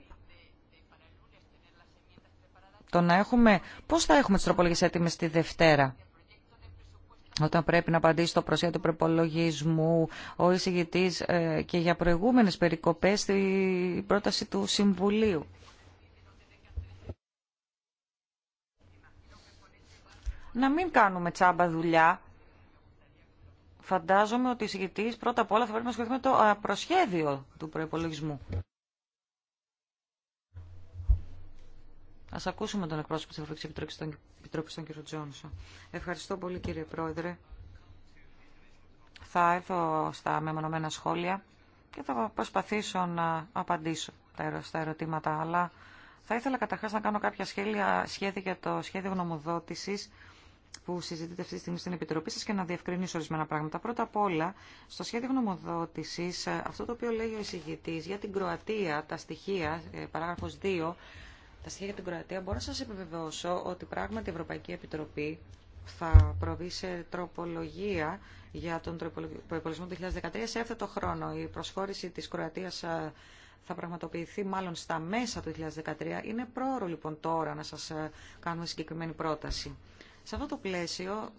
Το να έχουμε, πώς θα έχουμε τις τροπολογίες έτοιμες τη Δευτέρα όταν πρέπει να απαντήσει το προσία του προπολογισμού, ο εισηγητής ε, και για προηγούμενες περικοπές στην πρόταση του Συμβουλίου. να μην κάνουμε τσάμπα δουλειά. Φαντάζομαι ότι οι συγκεκριτές πρώτα απ' όλα θα πρέπει να ασχοληθεί με το προσχέδιο του προϋπολογισμού. Ας ακούσουμε τον εκπρόσωπο της Ευρωπαϊκής Επιτροπής, τον κύριο Τζόνσο. Ευχαριστώ πολύ κύριε Πρόεδρε. Θα έρθω στα μεμονωμένα σχόλια και θα προσπαθήσω να απαντήσω στα ερωτήματα, αλλά θα ήθελα καταρχάς να κάνω κάποια σχέδια, σχέδια για το σχέδιο γνωμοδότησης που συζητείτε αυτή τη στιγμή στην Επιτροπή σας και να διευκρινίσω ορισμένα πράγματα. Πρώτα απ' όλα, στο σχέδιο γνωμοδότησης, ε, αυτό το οποίο λέει ο εισηγητής για την Κροατία, τα στοιχεία, ε, παράγραφος 2, τα στοιχεία για την Κροατία, μπορώ να σας επιβεβαιώσω ότι πράγματι η Ευρωπαϊκή Επιτροπή θα προβεί σε τροπολογία για τον προπολογισμό του 2013 σε έφτατο χρόνο. Η προσχώρηση της Κροατίας ε, θα πραγματοποιηθεί μάλλον στα μέσα του 2013. Είναι πρόωρο λοιπόν τώρα να σας κάνουμε συγκεκριμένη πρόταση. Σε αυτό το πλαίσιο,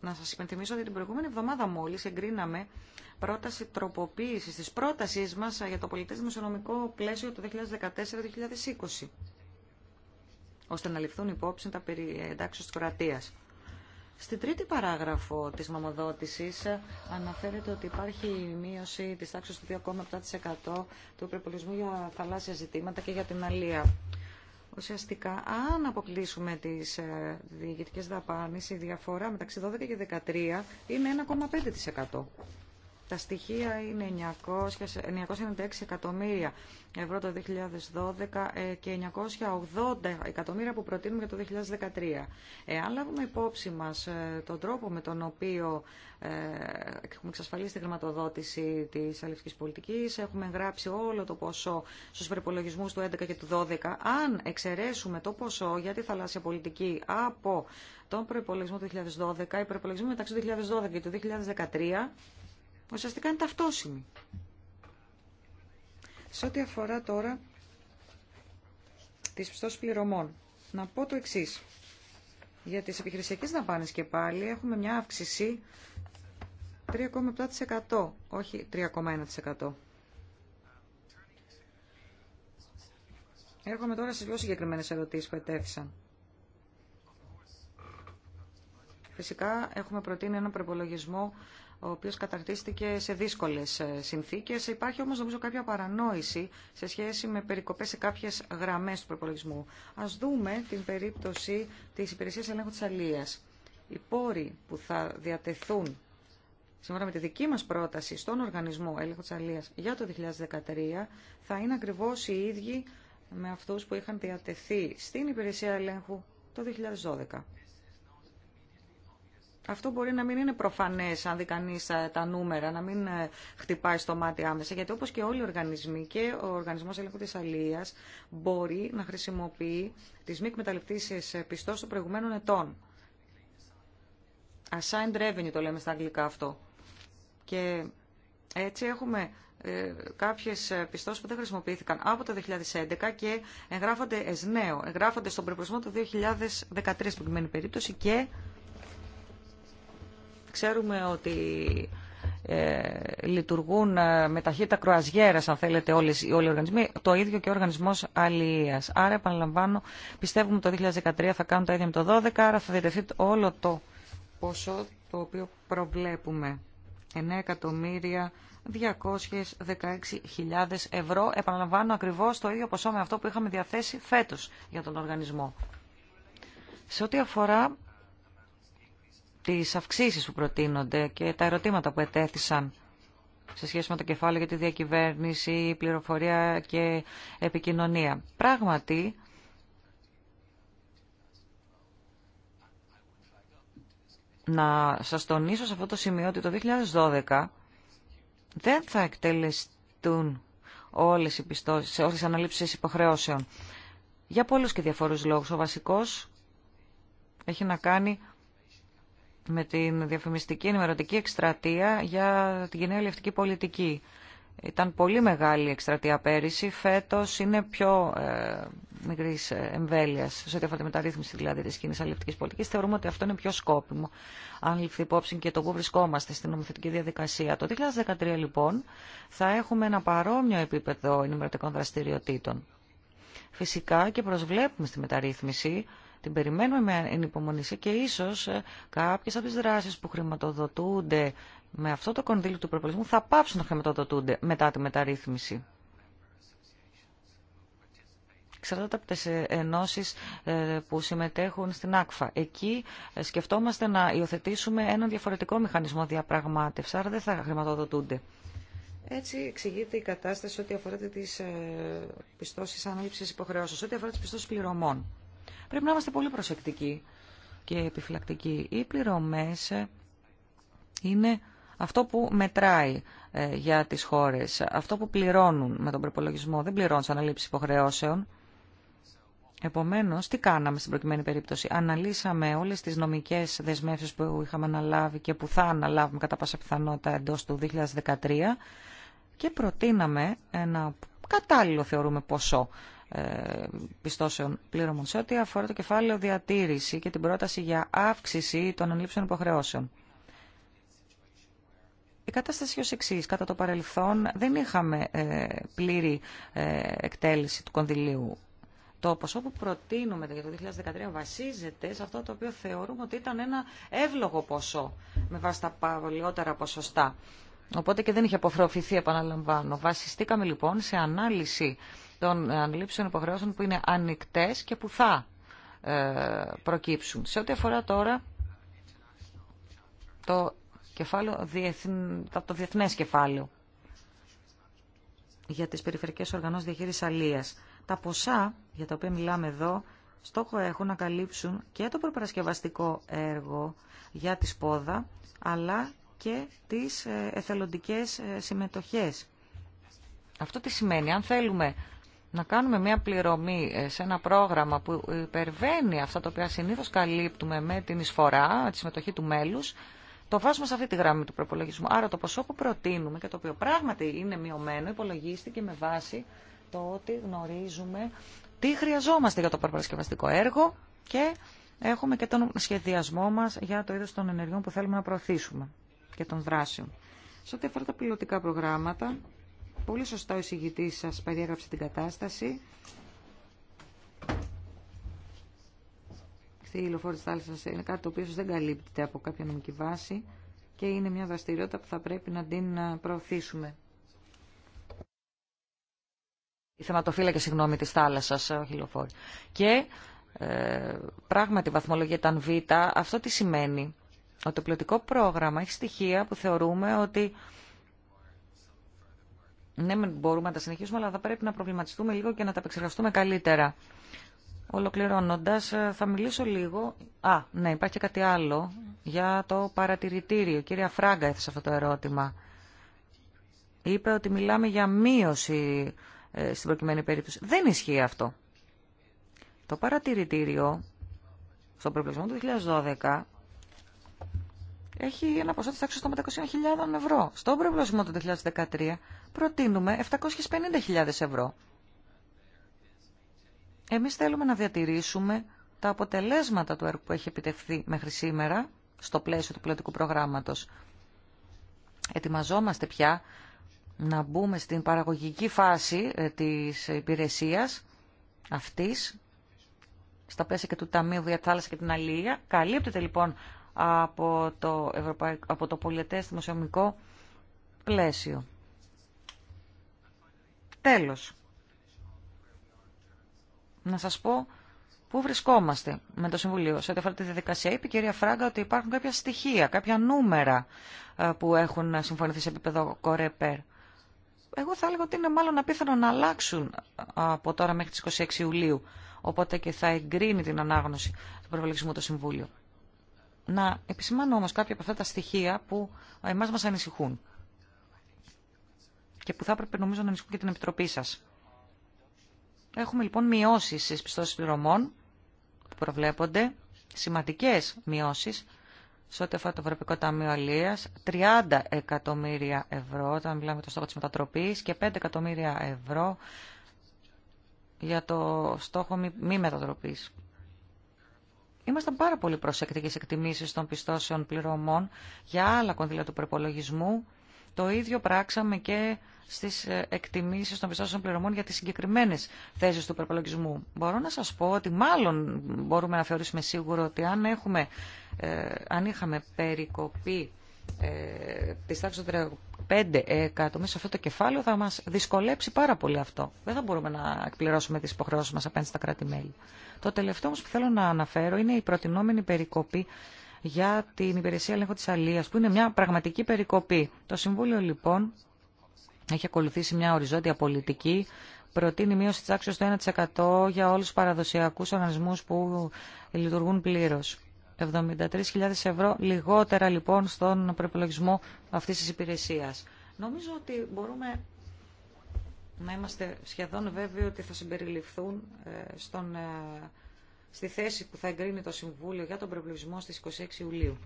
να σας υπενθυμίσω ότι την προηγούμενη εβδομάδα μόλις εγκρίναμε πρόταση τροποποίησης της πρότασής μας για το πολιτές δημοσιονομικό πλαίσιο του 2014-2020 ώστε να ληφθούν υπόψη τα περί εντάξεις της κρατίας. Στην τρίτη παράγραφο της μαμοδότησης αναφέρεται ότι υπάρχει μείωση της τάξης του 2,7% του υπερπολισμού για θαλάσσια ζητήματα και για την αλία. Ουσιαστικά, αν αποκλείσουμε τις ε, διοικητικές δαπάνες, η διαφορά μεταξύ 12 και 13 είναι 1,5%. Τα στοιχεία είναι 996 εκατομμύρια ευρώ το 2012 ε, και 980 εκατομμύρια που προτείνουμε για το 2013. Εάν λάβουμε υπόψη μας ε, τον τρόπο με τον οποίο ε, έχουμε εξασφαλίσει τη χρηματοδότηση της αλληλευτικής πολιτικής, έχουμε γράψει όλο το ποσό στους προϋπολογισμούς του 2011 και του 2012, αν εξαιρέσουμε το ποσό για τη θαλάσσια πολιτική από τον προπολογισμό του 2012, οι προπολογισμοί μεταξύ του 2012 και του 2013 ουσιαστικά είναι ταυτόσιμη. Σε ό,τι αφορά τώρα τις πιστώσεις πληρωμών, να πω το εξής. Για τις επιχειρησιακές δαπάνες και πάλι έχουμε μια αύξηση 3,7%, όχι 3,1%. Έρχομαι τώρα στις δυο συγκεκριμένες ερωτήσεις που ετέθησαν. Φυσικά έχουμε προτείνει έναν προπολογισμό ο οποίος καταρτίστηκε σε δύσκολες ε, συνθήκες. Υπάρχει όμως νομίζω κάποια παρανόηση σε σχέση με περικοπές σε κάποιες γραμμές του προπολογισμού. Ας δούμε την περίπτωση της υπηρεσίας ελέγχου της αλίας. Οι πόροι που θα διατεθούν σύμφωνα με τη δική μας πρόταση στον οργανισμό Ελέγχου της αλίας για το 2013 θα είναι ακριβώς οι ίδιοι με αυτούς που είχαν διατεθεί στην υπηρεσία ελέγχου το 2012. Αυτό μπορεί να μην είναι προφανέ αν δει κανεί ε, τα νούμερα, να μην ε, χτυπάει στο μάτι άμεσα, γιατί όπω και όλοι οι οργανισμοί και ο Οργανισμό Ελέγχου τη Αλίας μπορεί να χρησιμοποιεί τι μη εκμεταλλευτήσει ε, πιστό των προηγουμένων ετών. Assigned revenue το λέμε στα αγγλικά αυτό. Και έτσι έχουμε κάποιε κάποιες που δεν χρησιμοποιήθηκαν από το 2011 και εγγράφονται εσ νέο, εγγράφονται στον προεπισμό του 2013 στην περίπτωση και Ξέρουμε ότι ε, λειτουργούν ε, με ταχύτητα κρουαζιέρα, αν θέλετε, όλες, όλοι οι οργανισμοί, το ίδιο και ο οργανισμός αλληλείας. Άρα, επαναλαμβάνω, πιστεύουμε το 2013 θα κάνουν το ίδιο με το 2012, άρα θα διατεθεί όλο το ποσό το οποίο προβλέπουμε. 9.216.000 ευρώ. Επαναλαμβάνω ακριβώς το ίδιο ποσό με αυτό που είχαμε διαθέσει φέτος για τον οργανισμό. Σε ό,τι αφορά τις αυξήσεις που προτείνονται και τα ερωτήματα που ετέθησαν σε σχέση με το κεφάλαιο για τη διακυβέρνηση, πληροφορία και επικοινωνία. Πράγματι, να σας τονίσω σε αυτό το σημείο ότι το 2012 δεν θα εκτελεστούν όλες οι πιστώσεις, όλες τις αναλήψεις υποχρεώσεων. Για πολλούς και διαφορούς λόγους. Ο βασικός έχει να κάνει με την διαφημιστική ενημερωτική εκστρατεία για την κοινή αλληλευτική πολιτική. Ήταν πολύ μεγάλη η εκστρατεία πέρυσι. Φέτο είναι πιο ε, μικρή ε, εμβέλεια σε ό,τι αφορά τη μεταρρύθμιση δηλαδή τη κοινή αλληλευτική πολιτική. Θεωρούμε ότι αυτό είναι πιο σκόπιμο, αν ληφθεί υπόψη και το που βρισκόμαστε στην νομοθετική διαδικασία. Το 2013 λοιπόν θα έχουμε ένα παρόμοιο επίπεδο ενημερωτικών δραστηριοτήτων. Φυσικά και προσβλέπουμε στη μεταρρύθμιση την περιμένουμε με ενυπομονησία και ίσως ε, κάποιες από τις δράσεις που χρηματοδοτούνται με αυτό το κονδύλιο του προπολισμού θα πάψουν να χρηματοδοτούνται μετά τη μεταρρύθμιση. Εξαρτάται από τις ε, ενώσεις ε, που συμμετέχουν στην ΑΚΦΑ. Εκεί σκεφτόμαστε να υιοθετήσουμε έναν διαφορετικό μηχανισμό διαπραγμάτευσης, άρα δεν θα χρηματοδοτούνται. Έτσι εξηγείται η κατάσταση ό,τι αφορά τις πιστώσεις ανάληψης υποχρεώσεων, ό,τι αφορά τις πιστώσεις πληρωμών. Πρέπει να είμαστε πολύ προσεκτικοί και επιφυλακτικοί. Οι πληρωμές είναι αυτό που μετράει ε, για τις χώρες, αυτό που πληρώνουν με τον προπολογισμό. Δεν πληρώνουν σαν αλήψη υποχρεώσεων. Επομένως, τι κάναμε στην προκειμένη περίπτωση. Αναλύσαμε όλες τις νομικές δεσμεύσεις που είχαμε αναλάβει και που θα αναλάβουμε κατά πάσα πιθανότητα εντός του 2013 και προτείναμε ένα κατάλληλο θεωρούμε ποσό ε, πιστώσεων πλήρωμων σε ό,τι αφορά το κεφάλαιο διατήρηση και την πρόταση για αύξηση των ανλήψεων υποχρεώσεων. Η κατάσταση ως εξή. Κατά το παρελθόν δεν είχαμε ε, πλήρη ε, εκτέλεση του κονδυλίου. Το ποσό που προτείνουμε για το 2013 βασίζεται σε αυτό το οποίο θεωρούμε ότι ήταν ένα εύλογο ποσό με βάση τα παλαιότερα ποσοστά. Οπότε και δεν είχε αποφροφηθεί, επαναλαμβάνω. Βασιστήκαμε λοιπόν σε ανάλυση των ανλήψεων υποχρεώσεων που είναι ανοιχτέ και που θα ε, προκύψουν. Σε ό,τι αφορά τώρα το, κεφάλαιο, το διεθνές κεφάλαιο για τις περιφερειακές οργανώσεις διαχείρισης αλίας. Τα ποσά για τα οποία μιλάμε εδώ στόχο έχουν να καλύψουν και το προπαρασκευαστικό έργο για τη σπόδα, αλλά και τις ε, εθελοντικές ε, συμμετοχές. Αυτό τι σημαίνει, αν θέλουμε να κάνουμε μια πληρωμή ε, σε ένα πρόγραμμα που υπερβαίνει αυτά τα οποία συνήθως καλύπτουμε με την εισφορά, τη συμμετοχή του μέλους, το βάζουμε σε αυτή τη γραμμή του προπολογισμού. Άρα το ποσό που προτείνουμε και το οποίο πράγματι είναι μειωμένο υπολογίστηκε με βάση το ότι γνωρίζουμε τι χρειαζόμαστε για το προπαρασκευαστικό έργο και έχουμε και τον σχεδιασμό μας για το είδος των ενεργειών που θέλουμε να προωθήσουμε και των δράσεων. Σε ό,τι αφορά τα πιλωτικά προγράμματα, Πολύ σωστά ο εισηγητής σας περιέγραψε την κατάσταση. Η υλοφόρη της θάλασσας είναι κάτι το οποίο δεν καλύπτεται από κάποια νομική βάση και είναι μια δραστηριότητα που θα πρέπει να την προωθήσουμε. Η θεματοφύλακε, συγγνώμη, της θάλασσας, ε, όχι χιλοφόρη. Και ε, πράγματι βαθμολογία ήταν Β. Αυτό τι σημαίνει. Ότι το πλωτικό πρόγραμμα έχει στοιχεία που θεωρούμε ότι ναι, μπορούμε να τα συνεχίσουμε, αλλά θα πρέπει να προβληματιστούμε λίγο και να τα επεξεργαστούμε καλύτερα. Ολοκληρώνοντα, ε, θα μιλήσω λίγο. Α, ναι, υπάρχει και κάτι άλλο για το παρατηρητήριο. Κυρία Φράγκα έθεσε αυτό το ερώτημα. Είπε ότι μιλάμε για μείωση ε, στην προκειμένη περίπτωση. Δεν ισχύει αυτό. Το παρατηρητήριο στον προβληματισμό του 2012 έχει ένα ποσό της τάξης των 500.000 ευρώ. Στον προϋπολογισμό του 2013 προτείνουμε 750.000 ευρώ. Εμείς θέλουμε να διατηρήσουμε τα αποτελέσματα του έργου που έχει επιτευχθεί μέχρι σήμερα στο πλαίσιο του πολιτικού προγράμματος. Ετοιμαζόμαστε πια να μπούμε στην παραγωγική φάση ε, της υπηρεσίας αυτής, στα πλαίσια και του Ταμείου Διαθάλασσα και την Αλία. Καλύπτεται λοιπόν από το, Ευρωπαϊκό, από το δημοσιομικό πλαίσιο. Τέλος, να σας πω πού βρισκόμαστε με το Συμβουλίο. Σε ό,τι αφορά τη διαδικασία, είπε η κυρία Φράγκα ότι υπάρχουν κάποια στοιχεία, κάποια νούμερα ε, που έχουν συμφωνηθεί σε επίπεδο κορέπερ. Εγώ θα έλεγα ότι είναι μάλλον απίθανο να αλλάξουν ε, από τώρα μέχρι τις 26 Ιουλίου, οπότε και θα εγκρίνει την ανάγνωση του προβολισμού του Συμβούλιο. Να επισημάνω όμως κάποια από αυτά τα στοιχεία που εμάς μας ανησυχούν και που θα έπρεπε νομίζω να ανησυχούν και την Επιτροπή σας. Έχουμε λοιπόν μειώσεις στις πιστώσεις πληρωμών που προβλέπονται, σημαντικές μειώσεις σε ό,τι αφορά το Ευρωπαϊκό Ταμείο Αλίας, 30 εκατομμύρια ευρώ, όταν μιλάμε το στόχο της μετατροπής, και 5 εκατομμύρια ευρώ για το στόχο μη, μη Ήμασταν πάρα πολύ προσεκτικοί στις εκτιμήσεις των πιστώσεων πληρωμών για άλλα κονδύλια του προπολογισμού. Το ίδιο πράξαμε και στις εκτιμήσεις των πιστώσεων πληρωμών για τις συγκεκριμένες θέσεις του προπολογισμού. Μπορώ να σας πω ότι μάλλον μπορούμε να θεωρήσουμε σίγουρο ότι αν, έχουμε, ε, αν είχαμε περικοπή ε, των 5 εκατομμύρια σε αυτό το κεφάλαιο θα μας δυσκολέψει πάρα πολύ αυτό. Δεν θα μπορούμε να εκπληρώσουμε τις υποχρεώσεις μας απέναντι στα κράτη-μέλη. Το τελευταίο όμως που θέλω να αναφέρω είναι η προτινόμενη περικοπή για την υπηρεσία ελέγχου τη αλίας, που είναι μια πραγματική περικοπή. Το Συμβούλιο λοιπόν έχει ακολουθήσει μια οριζόντια πολιτική, προτείνει μείωση της άξιος του 1% για όλους τους παραδοσιακούς οργανισμούς που λειτουργούν πλήρω. 73.000 ευρώ λιγότερα λοιπόν στον προπολογισμό αυτής της υπηρεσίας. Νομίζω ότι μπορούμε να είμαστε σχεδόν βέβαιοι ότι θα συμπεριληφθούν ε, στον, ε, στη θέση που θα εγκρίνει το Συμβούλιο για τον προπολογισμό στις 26 Ιουλίου.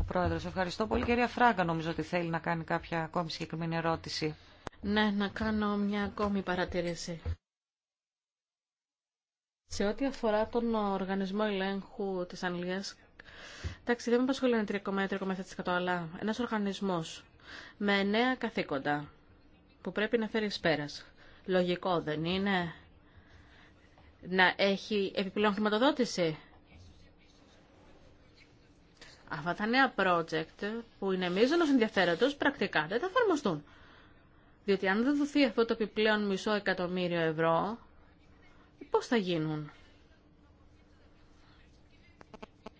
Ο Πρόεδρος, ευχαριστώ πολύ. Κυρία Φράγκα νομίζω ότι θέλει να κάνει κάποια ακόμη συγκεκριμένη ερώτηση. Ναι, να κάνω μια ακόμη παρατήρηση. Σε ό,τι αφορά τον οργανισμό ελέγχου τη Αγγλία, εντάξει δεν με απασχολεί 3,3% αλλά ένας οργανισμός με νέα καθήκοντα που πρέπει να φέρει πέρα. Λογικό δεν είναι να έχει επιπλέον χρηματοδότηση. Αυτά τα νέα project που είναι μείζονος ενδιαφέροντος πρακτικά δεν θα εφαρμοστούν. Διότι αν δεν δοθεί αυτό το επιπλέον μισό εκατομμύριο ευρώ, Πώς θα γίνουν.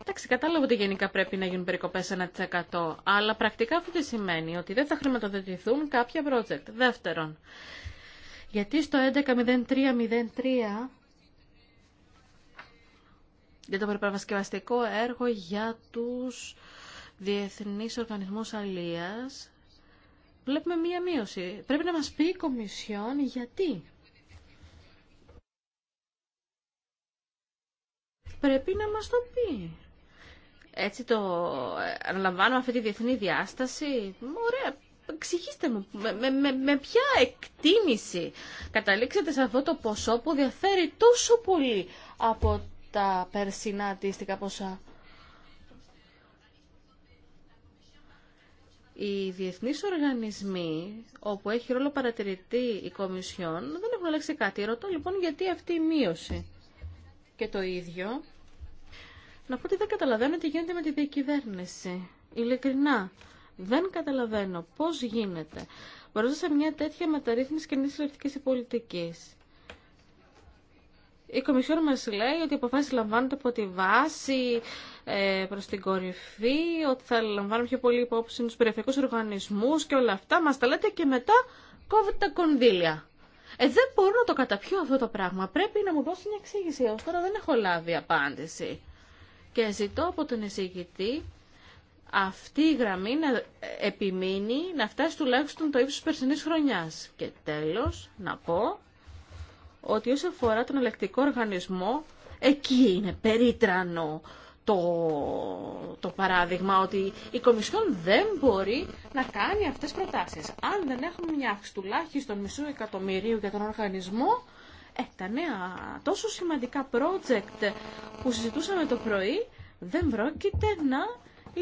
Εντάξει, κατάλαβα ότι γενικά πρέπει να γίνουν περικοπές 1%, αλλά πρακτικά αυτό τι σημαίνει, ότι δεν θα χρηματοδοτηθούν κάποια project. Δεύτερον, γιατί στο 11.03.03 για το προπαρασκευαστικό έργο για τους διεθνείς οργανισμούς αλίας, βλέπουμε μία μείωση. Πρέπει να μας πει η Κομισιόν γιατί. πρέπει να μας το πει. Έτσι το ε, Αναλαμβάνω αυτή τη διεθνή διάσταση. Ωραία, εξηγήστε μου, με, με, με ποια εκτίμηση καταλήξετε σε αυτό το ποσό που διαφέρει τόσο πολύ από τα περσινά αντίστοιχα ποσά. Οι διεθνεί οργανισμοί, όπου έχει ρόλο παρατηρητή η Κομισιόν, δεν έχουν αλλάξει κάτι. Ρωτώ λοιπόν γιατί αυτή η μείωση και το ίδιο. Να πω ότι δεν καταλαβαίνω τι γίνεται με τη διακυβέρνηση. Ειλικρινά. Δεν καταλαβαίνω πώς γίνεται. Μπορούσα σε μια τέτοια μεταρρύθμιση κοινή συλλεκτική πολιτική. Η Κομισιόν μας λέει ότι οι αποφάσεις λαμβάνονται από τη βάση ε, προς την κορυφή, ότι θα λαμβάνουν πιο πολύ υπόψη του περιφερειακούς οργανισμούς και όλα αυτά. Μας τα λέτε και μετά κόβετε τα κονδύλια. Ε, δεν μπορώ να το καταπιώ αυτό το πράγμα. Πρέπει να μου δώσει μια εξήγηση. Ως τώρα δεν έχω λάβει απάντηση. Και ζητώ από τον εισηγητή αυτή η γραμμή να επιμείνει να φτάσει τουλάχιστον το ύψος περσινής χρονιάς. Και τέλος, να πω ότι όσο αφορά τον ελεκτικό οργανισμό, εκεί είναι περίτρανο το, το παράδειγμα ότι η Κομισιόν δεν μπορεί να κάνει αυτές τις προτάσεις. Αν δεν έχουμε μια αύξηση τουλάχιστον μισού εκατομμυρίου για τον οργανισμό, ε, τα νέα τόσο σημαντικά project που συζητούσαμε το πρωί δεν πρόκειται να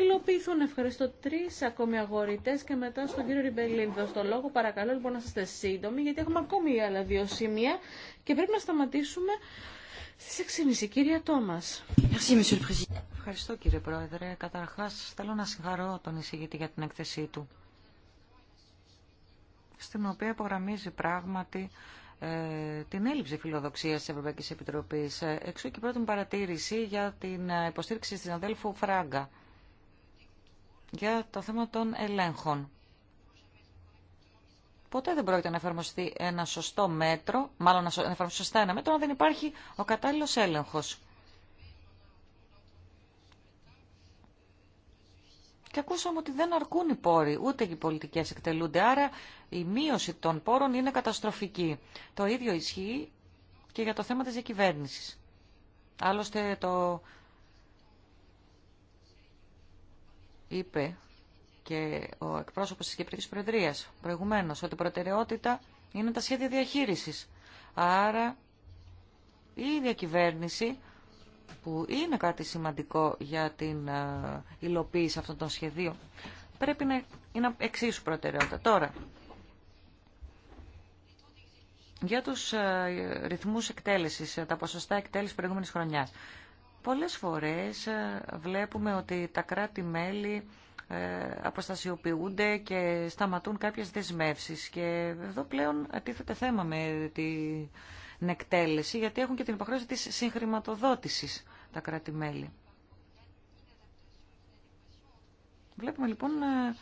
υλοποιηθούν. Ευχαριστώ τρει ακόμη αγορητέ και μετά στον κύριο Ριμπελίνδο. Στον λόγο, παρακαλώ λοιπόν να είστε σύντομοι, γιατί έχουμε ακόμη άλλα δύο σημεία και πρέπει να σταματήσουμε Στι Τόμας. Ευχαριστώ κύριε Πρόεδρε. Καταρχάς θέλω να συγχαρώ τον εισηγητή για την έκθεσή του, στην οποία απογραμμίζει πράγματι ε, την έλλειψη φιλοδοξίας τη Ευρωπαϊκή Επιτροπής. Ε, εξού και πρώτη μου παρατήρηση για την ε, υποστήριξη της αδέλφου Φράγκα για το θέμα των ελέγχων ποτέ δεν πρόκειται να εφαρμοστεί ένα σωστό μέτρο, μάλλον να εφαρμοστεί σωστά ένα μέτρο, αν δεν υπάρχει ο κατάλληλος έλεγχος. Και ακούσαμε ότι δεν αρκούν οι πόροι, ούτε οι πολιτικές εκτελούνται, άρα η μείωση των πόρων είναι καταστροφική. Το ίδιο ισχύει και για το θέμα της διακυβέρνησης. Άλλωστε το είπε και ο εκπρόσωπος της Κυπρικής Προεδρίας προηγουμένως, ότι η προτεραιότητα είναι τα σχέδια διαχείρισης. Άρα η διακυβέρνηση που είναι κάτι σημαντικό για την ε, υλοποίηση αυτών των σχεδίων πρέπει να είναι εξίσου προτεραιότητα. Τώρα, για τους ε, ρυθμούς εκτέλεσης, ε, τα ποσοστά εκτέλεσης προηγούμενης χρονιάς. Πολλές φορές βλέπουμε ότι τα κράτη-μέλη ε, αποστασιοποιούνται και σταματούν κάποιες δεσμεύσεις. Και εδώ πλέον αντίθεται θέμα με την εκτέλεση, γιατί έχουν και την υποχρέωση της συγχρηματοδότησης τα κράτη-μέλη. Βλέπουμε λοιπόν ε,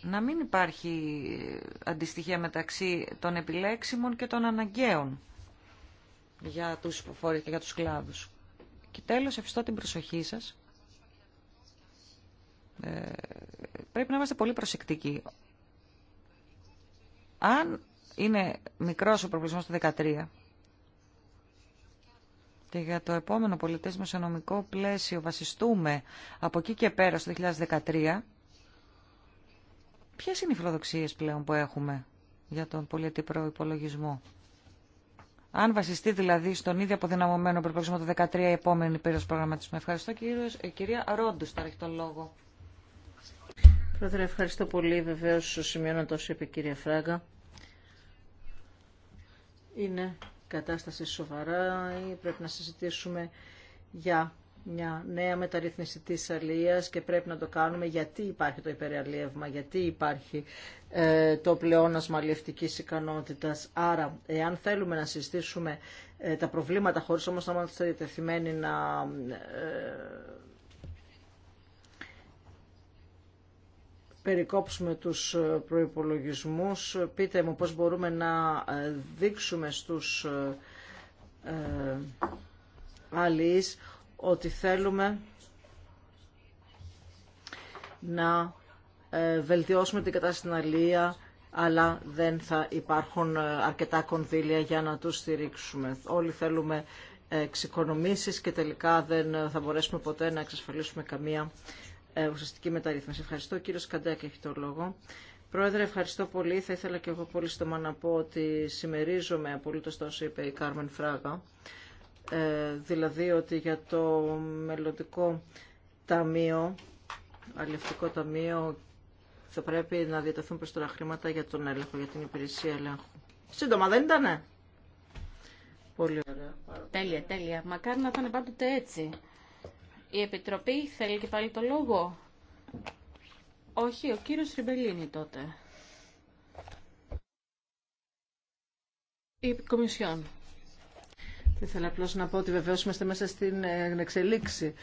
να μην υπάρχει αντιστοιχεία μεταξύ των επιλέξιμων και των αναγκαίων για τους φορείς και για τους κλάδους. Και τέλος, ευχαριστώ την προσοχή σας ε, πρέπει να είμαστε πολύ προσεκτικοί. Αν είναι μικρός ο προβλησμός του 2013 και για το επόμενο πολιτές νομικό πλαίσιο βασιστούμε από εκεί και πέρα στο 2013, ποιες είναι οι φιλοδοξίες πλέον που έχουμε για τον πολιτικό υπολογισμό. Αν βασιστεί δηλαδή στον ίδιο αποδυναμωμένο προπολογισμό του 2013 η επόμενη περίοδο προγραμματισμού. Ευχαριστώ κύριε, κυρία Ρόντου, τώρα έχει τον λόγο. Πρόεδρε, ευχαριστώ πολύ. Βεβαίω, σημειώνω τόσο είπε η κυρία Φράγκα. Είναι κατάσταση σοβαρά. Πρέπει να συζητήσουμε για μια νέα μεταρρύθμιση της αλληλεία και πρέπει να το κάνουμε γιατί υπάρχει το υπεραλίευμα, γιατί υπάρχει ε, το πλεόνασμα αλληλευτική ικανότητας. Άρα, εάν θέλουμε να συζητήσουμε ε, τα προβλήματα χωρί όμω να είμαστε διατεθειμένοι να ε, περικόψουμε τους ε, προϋπολογισμούς. Πείτε μου πώς μπορούμε να ε, δείξουμε στους άλλοις ε, ότι θέλουμε να βελτιώσουμε την κατάσταση στην αλληλεία αλλά δεν θα υπάρχουν αρκετά κονδύλια για να τους στηρίξουμε. Όλοι θέλουμε εξοικονομήσεις και τελικά δεν θα μπορέσουμε ποτέ να εξασφαλίσουμε καμία ε, ουσιαστική μεταρρύθμιση. Ευχαριστώ. Ο κύριος Καντέκ έχει το λόγο. Πρόεδρε, ευχαριστώ πολύ. Θα ήθελα και εγώ πολύ στομα να πω ότι συμμερίζομαι απολύτως τόσο είπε η Κάρμεν Φράγα. Ε, δηλαδή ότι για το μελλοντικό ταμείο, αλληλευτικό ταμείο, θα πρέπει να διατεθούν προς τώρα χρήματα για τον έλεγχο, για την υπηρεσία ελέγχου. Σύντομα δεν ήτανε. Πολύ ωραία. Τέλεια, τέλεια. Μακάρι να ήταν πάντοτε έτσι. Η Επιτροπή θέλει και πάλι το λόγο. Όχι, ο κύριος Ριμπελίνη τότε. Η Κομισιόν. Ήθελα απλώς να πω ότι βεβαίως είμαστε μέσα στην ε, εξελίξη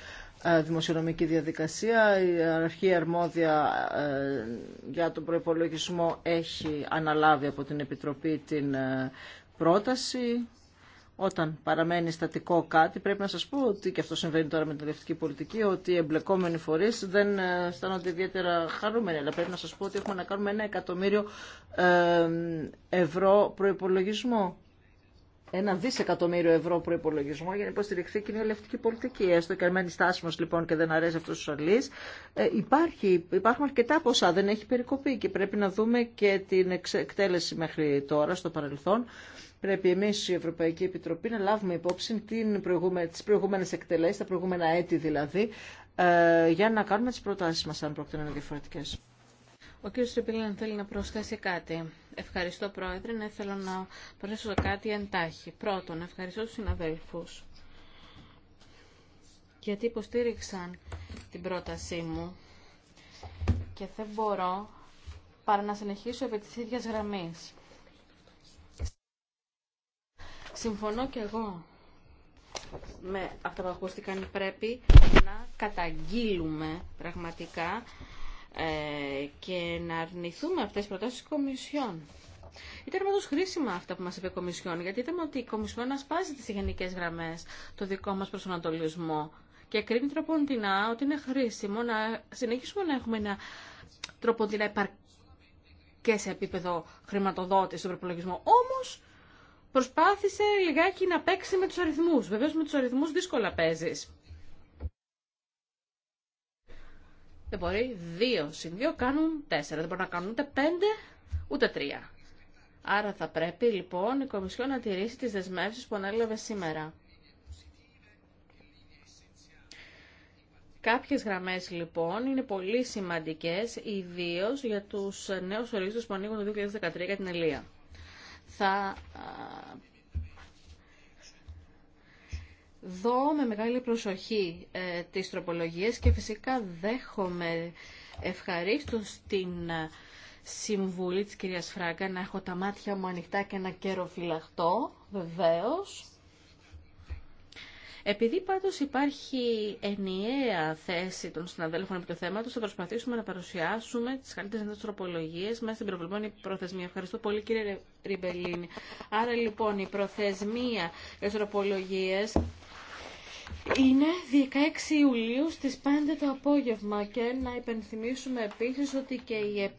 ε, δημοσιονομική διαδικασία. Η αρχή αρμόδια ε, για τον προϋπολογισμό έχει αναλάβει από την Επιτροπή την πρόταση όταν παραμένει στατικό κάτι, πρέπει να σας πω ότι και αυτό συμβαίνει τώρα με την ελευτική πολιτική, ότι οι εμπλεκόμενοι φορείς δεν ε, αισθάνονται ιδιαίτερα χαρούμενοι. Αλλά πρέπει να σας πω ότι έχουμε να κάνουμε ένα εκατομμύριο ε, ευρώ προϋπολογισμό. Ένα δισεκατομμύριο ευρώ προπολογισμό για να υποστηριχθεί η κοινή πολιτική. Έστω και αν μένει στάσιμο λοιπόν και δεν αρέσει αυτό ο αλλή, ε, υπάρχουν αρκετά ποσά, δεν έχει περικοπεί και πρέπει να δούμε και την εκτέλεση μέχρι τώρα στο παρελθόν Πρέπει εμείς η Ευρωπαϊκή Επιτροπή να λάβουμε υπόψη την προηγούμε, τις προηγούμενες εκτελέσεις, τα προηγούμενα έτη δηλαδή, ε, για να κάνουμε τις προτάσεις μας αν πρόκειται να είναι διαφορετικές. Ο κύριος Στρεπίλαν θέλει να προσθέσει κάτι. Ευχαριστώ, Πρόεδρε. να θέλω να προσθέσω κάτι εντάχει. Πρώτον, ευχαριστώ τους συναδέλφους γιατί υποστήριξαν την πρότασή μου και δεν μπορώ παρά να συνεχίσω επί της ίδιας γραμμής. Συμφωνώ και εγώ με αυτά που ακούστηκαν. Πρέπει να καταγγείλουμε πραγματικά ε, και να αρνηθούμε αυτές τις προτάσεις της Κομισιόν. Ήταν πάντω χρήσιμα αυτά που μα είπε η Κομισιόν, γιατί είδαμε ότι η Κομισιόν ασπάζει τι γενικέ γραμμέ, το δικό μα προσανατολισμό και κρίνει τροποντινά ότι είναι χρήσιμο να συνεχίσουμε να έχουμε ένα τροποντινά σε επίπεδο χρηματοδότηση του προπολογισμό. Όμω προσπάθησε λιγάκι να παίξει με τους αριθμούς. Βεβαίως με τους αριθμούς δύσκολα παίζεις. Δεν μπορεί. Δύο συν δύο κάνουν τέσσερα. Δεν μπορεί να κάνουν ούτε πέντε ούτε τρία. Άρα θα πρέπει λοιπόν η Κομισιόν να τηρήσει τις δεσμεύσεις που ανέλαβε σήμερα. Κάποιες γραμμές λοιπόν είναι πολύ σημαντικές, ιδίως για τους νέους ορίζοντες που ανοίγουν το 2013 για την Ελία θα δω με μεγάλη προσοχή ε, τις τροπολογίες και φυσικά δέχομαι ευχαρίστως την ε, συμβουλή της κυρίας Φράγκα να έχω τα μάτια μου ανοιχτά και να καιροφυλαχτώ βεβαίως επειδή πάντως υπάρχει ενιαία θέση των συναδέλφων επί του θέματος, θα προσπαθήσουμε να παρουσιάσουμε τι καλύτερε τροπολογίε τροπολογίες μέσα στην προβλεπόμενη προθεσμία. Ευχαριστώ πολύ κύριε Ριμπελίνη. Άρα λοιπόν η προθεσμία για τροπολογίες είναι 16 Ιουλίου στις 5 το απόγευμα και να υπενθυμίσουμε επίση ότι και η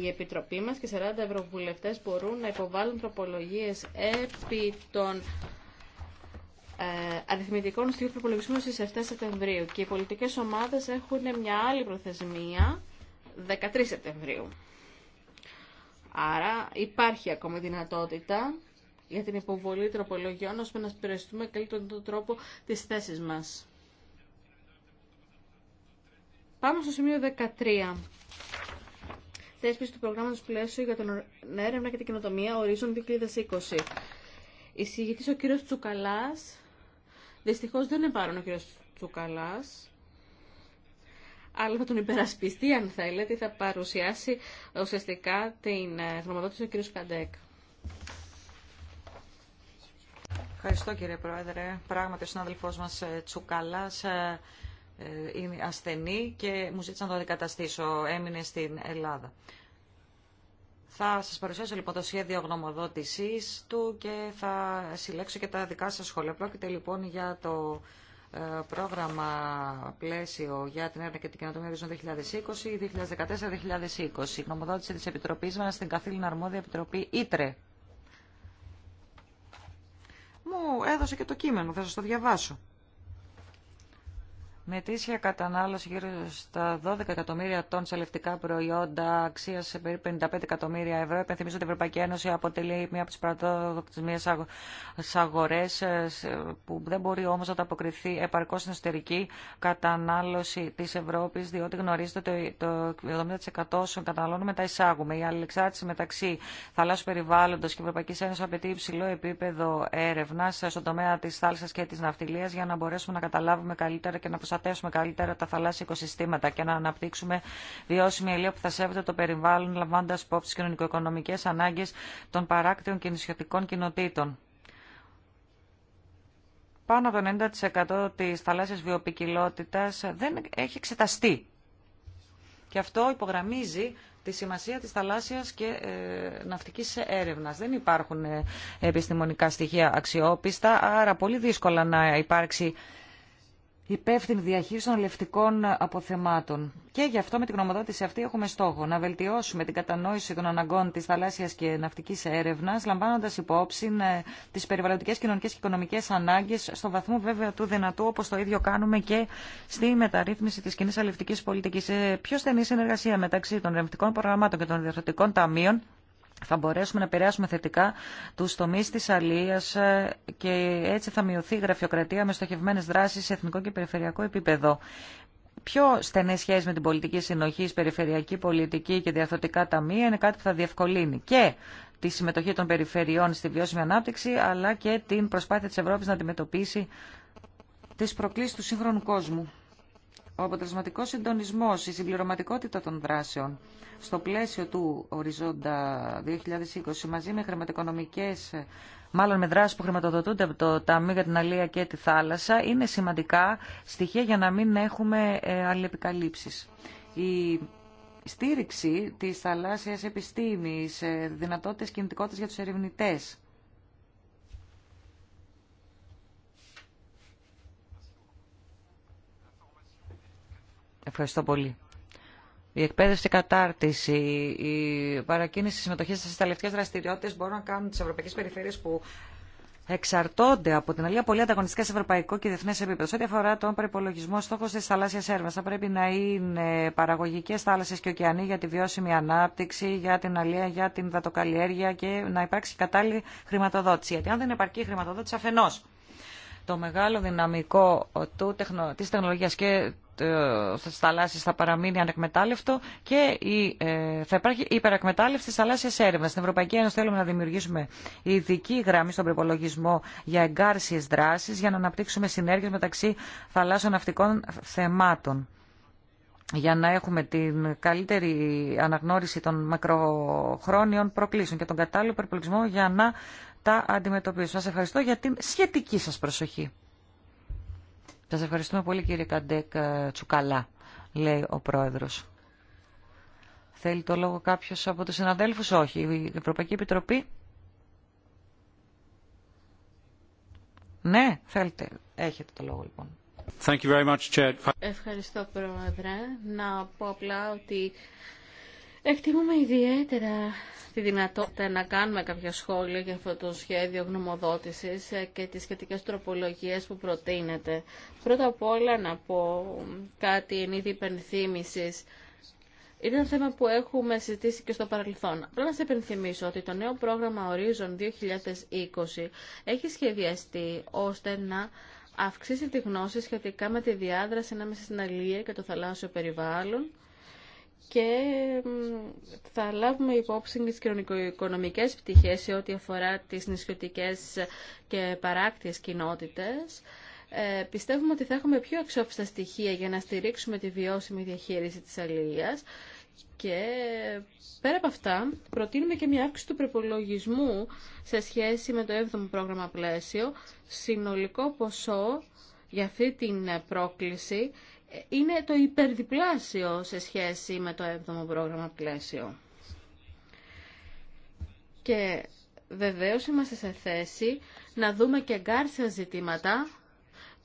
η Επιτροπή μας και 40 ευρωβουλευτές μπορούν να υποβάλουν τροπολογίες επί των ε, αριθμητικών στοιχείων προπολογισμού στις 7 Σεπτεμβρίου και οι πολιτικές ομάδες έχουν μια άλλη προθεσμία 13 Σεπτεμβρίου. Άρα υπάρχει ακόμα δυνατότητα για την υποβολή τροπολογιών ώστε να σπηρεστούμε καλύτερον τον τρόπο τις θέσεις μας. Πάμε στο σημείο 13. Θέσπιση του προγράμματος πλαίσιο για την έρευνα και την κοινοτομία ορίζον 2020. Εισηγητής ο κύριος Τσουκαλάς Δυστυχώς δεν είναι πάρον ο κύριος Τσουκαλάς, αλλά θα τον υπερασπιστεί, αν θέλετε, θα παρουσιάσει ουσιαστικά την ε, γνωμοδότηση του κ. Καντέκ. Ευχαριστώ κύριε Πρόεδρε. Πράγματι ο συνάδελφός μας ε, Τσουκαλάς ε, είναι ασθενή και μου ζήτησε να τον αντικαταστήσω. Έμεινε στην Ελλάδα. Θα σας παρουσιάσω λοιπόν το σχέδιο γνωμοδότησής του και θα συλλέξω και τα δικά σας σχόλια. Πρόκειται λοιπόν για το ε, πρόγραμμα πλαίσιο για την έρευνα και την καινοτομία 2020-2014-2020. γνωμοδότηση της Επιτροπής μας στην καθήλυνα αρμόδια Επιτροπή Ήτρε. Μου έδωσε και το κείμενο, θα σας το διαβάσω με αιτήσια κατανάλωση γύρω στα 12 εκατομμύρια τόν σε λευτικά προϊόντα αξία σε περίπου 55 εκατομμύρια ευρώ. Επενθυμίζω ότι η Ευρωπαϊκή Ένωση αποτελεί μία από τι πρωτοδοκτισμένε αγορέ που δεν μπορεί όμω να αποκριθεί επαρκώ στην εσωτερική κατανάλωση τη Ευρώπη, διότι γνωρίζετε ότι το 70% όσων καταναλώνουμε τα εισάγουμε. Η αλληλεξάρτηση μεταξύ θαλάσσιου περιβάλλοντο και Ευρωπαϊκή Ένωση απαιτεί υψηλό επίπεδο έρευνα στον τομέα τη θάλασσα και τη ναυτιλία για να μπορέσουμε να καταλάβουμε καλύτερα και να να προστατεύσουμε καλύτερα τα θαλάσσια οικοσυστήματα και να αναπτύξουμε βιώσιμη ελεία που θα σέβεται το περιβάλλον, λαμβάνοντα υπόψη κοινωνικο-οικονομικέ ανάγκε των παράκτιων και νησιωτικών κοινοτήτων. Πάνω από το 90% τη θαλάσσια βιοπικιλότητας δεν έχει εξεταστεί. Και αυτό υπογραμμίζει τη σημασία της θαλάσσιας και ε, ναυτικής έρευνας. Δεν υπάρχουν ε, επιστημονικά στοιχεία αξιόπιστα, άρα πολύ δύσκολα να υπάρξει υπεύθυνη διαχείριση των λευτικών αποθεμάτων. Και γι' αυτό με την γνωμοδότηση αυτή έχουμε στόχο να βελτιώσουμε την κατανόηση των αναγκών τη θαλάσσια και ναυτική έρευνα, λαμβάνοντα υπόψη ε, τι περιβαλλοντικέ, κοινωνικέ και οικονομικέ ανάγκε, στο βαθμό βέβαια του δυνατού, όπω το ίδιο κάνουμε και στη μεταρρύθμιση τη κοινή αλληλευτική πολιτική. Ε, πιο στενή συνεργασία μεταξύ των ρευτικών προγραμμάτων και των διαθροτικών ταμείων θα μπορέσουμε να επηρεάσουμε θετικά του τομεί τη αλληλεία ε, και έτσι θα μειωθεί η γραφειοκρατία με στοχευμένε δράσει σε εθνικό και περιφερειακό επίπεδο. Πιο στενέ σχέσει με την πολιτική συνοχή, περιφερειακή πολιτική και διαρθρωτικά ταμεία είναι κάτι που θα διευκολύνει και τη συμμετοχή των περιφερειών στη βιώσιμη ανάπτυξη, αλλά και την προσπάθεια τη Ευρώπη να αντιμετωπίσει τι προκλήσει του σύγχρονου κόσμου. Ο αποτελεσματικός συντονισμός, η συμπληρωματικότητα των δράσεων στο πλαίσιο του οριζόντα 2020 μαζί με χρηματοοικονομικές, μάλλον με δράσεις που χρηματοδοτούνται από το Ταμείο για την Αλία και τη Θάλασσα, είναι σημαντικά στοιχεία για να μην έχουμε ε, αλληλεπικαλύψεις. Η στήριξη της θαλάσσιας επιστήμης, ε, δυνατότητες κινητικότητας για τους ερευνητές, Ευχαριστώ πολύ. Η εκπαίδευση, η κατάρτιση, η παρακίνηση συμμετοχή στι τελευταίε δραστηριότητε μπορούν να κάνουν τι ευρωπαϊκέ περιφέρειε που εξαρτώνται από την αλληλεία πολύ ανταγωνιστικά σε ευρωπαϊκό και διεθνέ επίπεδο. Σε ό,τι αφορά τον προπολογισμό, στόχο τη θαλάσσια έρευνα θα πρέπει να είναι παραγωγικέ θάλασσε και ωκεανοί για τη βιώσιμη ανάπτυξη, για την αλληλεία, για την δατοκαλλιέργεια και να υπάρξει κατάλληλη χρηματοδότηση. Γιατί αν δεν επαρκεί χρηματοδότηση, αφενό το μεγάλο δυναμικό του, της τεχνολογίας και στις θαλάσσιες θα παραμείνει ανεκμετάλλευτο και η, ε, θα υπάρχει υπερακμετάλλευση στις θαλάσσιες έρευνα. Στην Ευρωπαϊκή Ένωση θέλουμε να δημιουργήσουμε ειδική γραμμή στον προπολογισμό για εγκάρσιες δράσεις για να αναπτύξουμε συνέργειες μεταξύ θαλάσσιων ναυτικών θεμάτων για να έχουμε την καλύτερη αναγνώριση των μακροχρόνιων προκλήσεων και τον κατάλληλο προπολογισμό για να τα αντιμετωπίζω. Σας ευχαριστώ για την σχετική σας προσοχή. Σας ευχαριστούμε πολύ κύριε Καντέκ ε, Τσουκαλά, λέει ο πρόεδρος. Θέλει το λόγο κάποιος από τους συναδέλφους, όχι. Η Ευρωπαϊκή Επιτροπή. Ναι, θέλετε. Έχετε το λόγο λοιπόν. Thank you very much, Ευχαριστώ πρόεδρε. Να πω απλά ότι Εκτιμούμε ιδιαίτερα τη δυνατότητα να κάνουμε κάποια σχόλια για αυτό το σχέδιο γνωμοδότησης και τις σχετικές τροπολογίες που προτείνεται. Πρώτα απ' όλα να πω κάτι εν είδη υπενθύμησης. Είναι ένα θέμα που έχουμε συζητήσει και στο παρελθόν. Πρέπει να σε υπενθυμίσω ότι το νέο πρόγραμμα Horizon 2020 έχει σχεδιαστεί ώστε να αυξήσει τη γνώση σχετικά με τη διάδραση ανάμεσα στην αλληλεία και το θαλάσσιο περιβάλλον, και θα λάβουμε υπόψη τις κοινωνικο-οικονομικές πτυχές σε ό,τι αφορά τις νησιωτικές και παράκτιες κοινότητες. Ε, πιστεύουμε ότι θα έχουμε πιο αξιόπιστα στοιχεία για να στηρίξουμε τη βιώσιμη διαχείριση της αλληλείας και πέρα από αυτά προτείνουμε και μια αύξηση του προπολογισμού σε σχέση με το 7ο πρόγραμμα πλαίσιο, συνολικό ποσό για αυτή την πρόκληση είναι το υπερδιπλάσιο σε σχέση με το 7ο πρόγραμμα πλαίσιο. Και βεβαίως είμαστε σε θέση να δούμε και εγκάρσια ζητήματα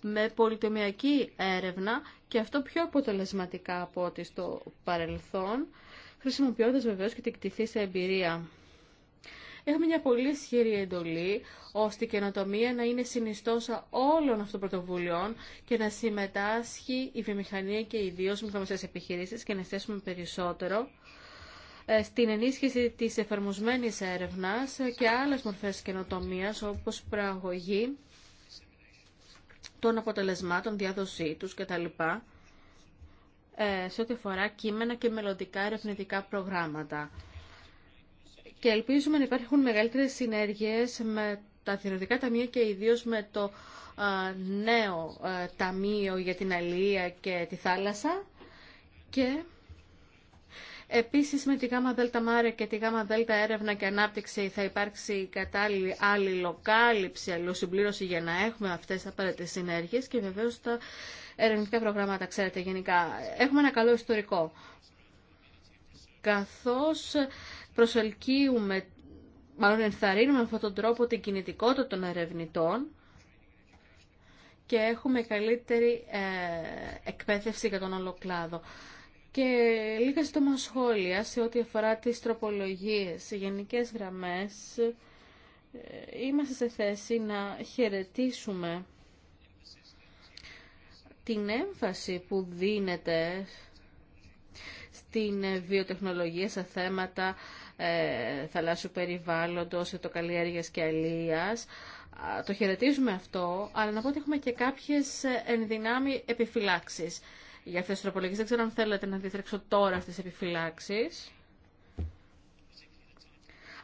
με πολυτομιακή έρευνα και αυτό πιο αποτελεσματικά από ό,τι στο παρελθόν, χρησιμοποιώντας βεβαίως και την κτηθή σε εμπειρία. Έχουμε μια πολύ ισχυρή εντολή ώστε η καινοτομία να είναι συνιστόσα όλων αυτών των πρωτοβουλειών και να συμμετάσχει η βιομηχανία και ιδίω μικρομεσαίε επιχειρήσει και να θέσουμε περισσότερο ε, στην ενίσχυση της εφαρμοσμένης έρευνας και άλλες μορφές καινοτομίας όπως προαγωγή των αποτελεσμάτων, διάδοσή τους κτλ. Ε, σε ό,τι αφορά κείμενα και μελλοντικά ερευνητικά προγράμματα και ελπίζουμε να υπάρχουν μεγαλύτερες συνέργειες με τα θεωρητικά ταμεία και ιδίως με το νέο ταμείο για την αλληλεία και τη θάλασσα και επίσης με τη ΓΑΜΑ ΔΕΛΤΑ ΜΑΡΕ και τη ΓΑΜΑ ΔΕΛΤΑ έρευνα και ανάπτυξη θα υπάρξει κατάλληλη αλληλοκάλυψη, αλληλοσυμπλήρωση για να έχουμε αυτές τις απαραίτητες συνέργειες και βεβαίως τα ερευνητικά προγράμματα, ξέρετε γενικά. Έχουμε ένα καλό ιστορικό καθώς προσελκύουμε, μάλλον ενθαρρύνουμε με αυτόν τον τρόπο την κινητικότητα των ερευνητών και έχουμε καλύτερη ε, εκπαίδευση για τον ολοκλάδο. Και λίγα σύντομα σχόλια σε ό,τι αφορά τις τροπολογίες, σε γενικές γραμμές. Ε, είμαστε σε θέση να χαιρετήσουμε την έμφαση που δίνεται στην βιοτεχνολογία σε θέματα ε, θαλάσσιου περιβάλλοντος, ετοκαλλιέργειας και αλίας. Το χαιρετίζουμε αυτό, αλλά να πω ότι έχουμε και κάποιες ε, ενδυνάμει επιφυλάξεις για αυτές τις τροπολογίες. Δεν ξέρω αν θέλετε να διατρέξω τώρα αυτές τις επιφυλάξεις.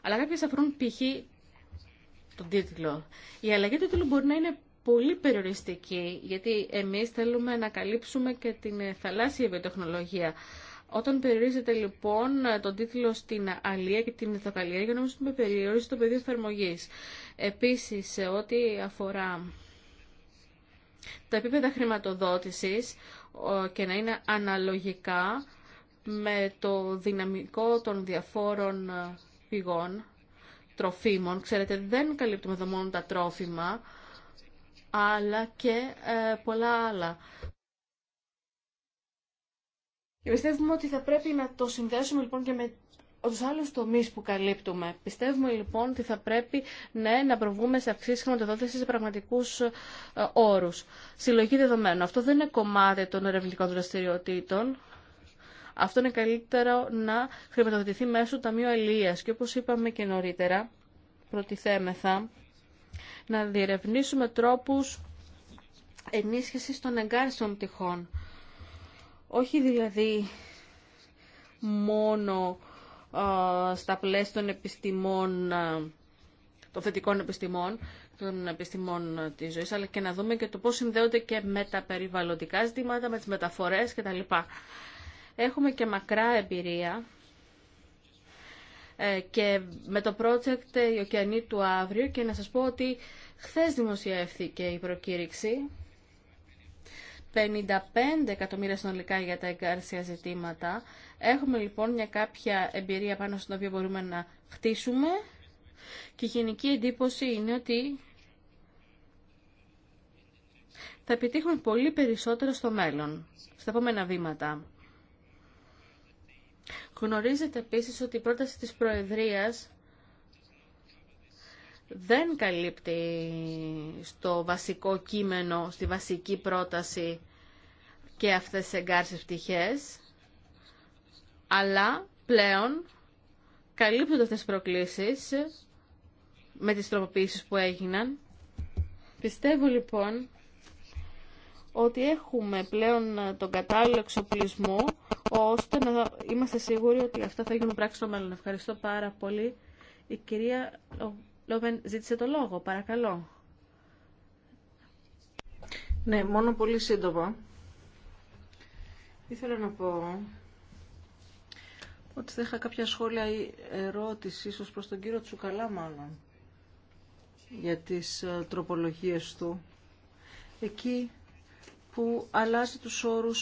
Αλλά κάποιες αφορούν π.χ. τον τίτλο. Η αλλαγή του τίτλου μπορεί να είναι πολύ περιοριστική, γιατί εμείς θέλουμε να καλύψουμε και την ε, θαλάσσια βιοτεχνολογία. Όταν περιορίζεται λοιπόν τον τίτλο στην αλία και την για να μην με περιορίζει το πεδίο εφαρμογή. Επίση, σε ό,τι αφορά τα επίπεδα χρηματοδότησης και να είναι αναλογικά με το δυναμικό των διαφόρων ε, πηγών τροφίμων. Ξέρετε, δεν καλύπτουμε εδώ μόνο τα τρόφιμα, αλλά και ε, πολλά άλλα. Και πιστεύουμε ότι θα πρέπει να το συνδέσουμε λοιπόν και με του άλλου τομεί που καλύπτουμε. Πιστεύουμε λοιπόν ότι θα πρέπει ναι, να προβούμε σε αυξήσει χρηματοδότηση σε πραγματικού ε, όρου. Συλλογή δεδομένων. Αυτό δεν είναι κομμάτι των ερευνητικών δραστηριοτήτων. Αυτό είναι καλύτερο να χρηματοδοτηθεί μέσω του Ταμείου Ελεία. Και όπω είπαμε και νωρίτερα, προτιθέμεθα να διερευνήσουμε τρόπου ενίσχυση των εγκάρσεων πτυχών όχι δηλαδή μόνο στα πλαίσια των επιστημών, των θετικών επιστημών, των επιστημών της ζωής, αλλά και να δούμε και το πώς συνδέονται και με τα περιβαλλοντικά ζητήματα, με τις μεταφορές κτλ. Έχουμε και μακρά εμπειρία ε, και με το project «Η ωκεανή του αύριο» και να σας πω ότι χθες δημοσιεύθηκε η προκήρυξη 55 εκατομμύρια συνολικά για τα εγκάρσια ζητήματα. Έχουμε λοιπόν μια κάποια εμπειρία πάνω στην οποία μπορούμε να χτίσουμε και η γενική εντύπωση είναι ότι θα επιτύχουμε πολύ περισσότερο στο μέλλον, στα επόμενα βήματα. Γνωρίζετε επίσης ότι η πρόταση της Προεδρίας δεν καλύπτει στο βασικό κείμενο, στη βασική πρόταση και αυτές τις εγκάρσεις πτυχές, αλλά πλέον καλύπτονται αυτές τις προκλήσεις με τις τροποποιήσεις που έγιναν. Πιστεύω λοιπόν ότι έχουμε πλέον τον κατάλληλο εξοπλισμό ώστε να είμαστε σίγουροι ότι αυτά θα γίνουν πράξη στο μέλλον. Ευχαριστώ πάρα πολύ. Η κυρία Λόβεν, ζήτησε το λόγο, παρακαλώ. Ναι, μόνο πολύ σύντομα. Ήθελα να πω ότι θα είχα κάποια σχόλια ή ερώτηση, ίσως προς τον κύριο Τσουκαλά μάλλον, για τις ε, τροπολογίες του. Εκεί που αλλάζει τους όρους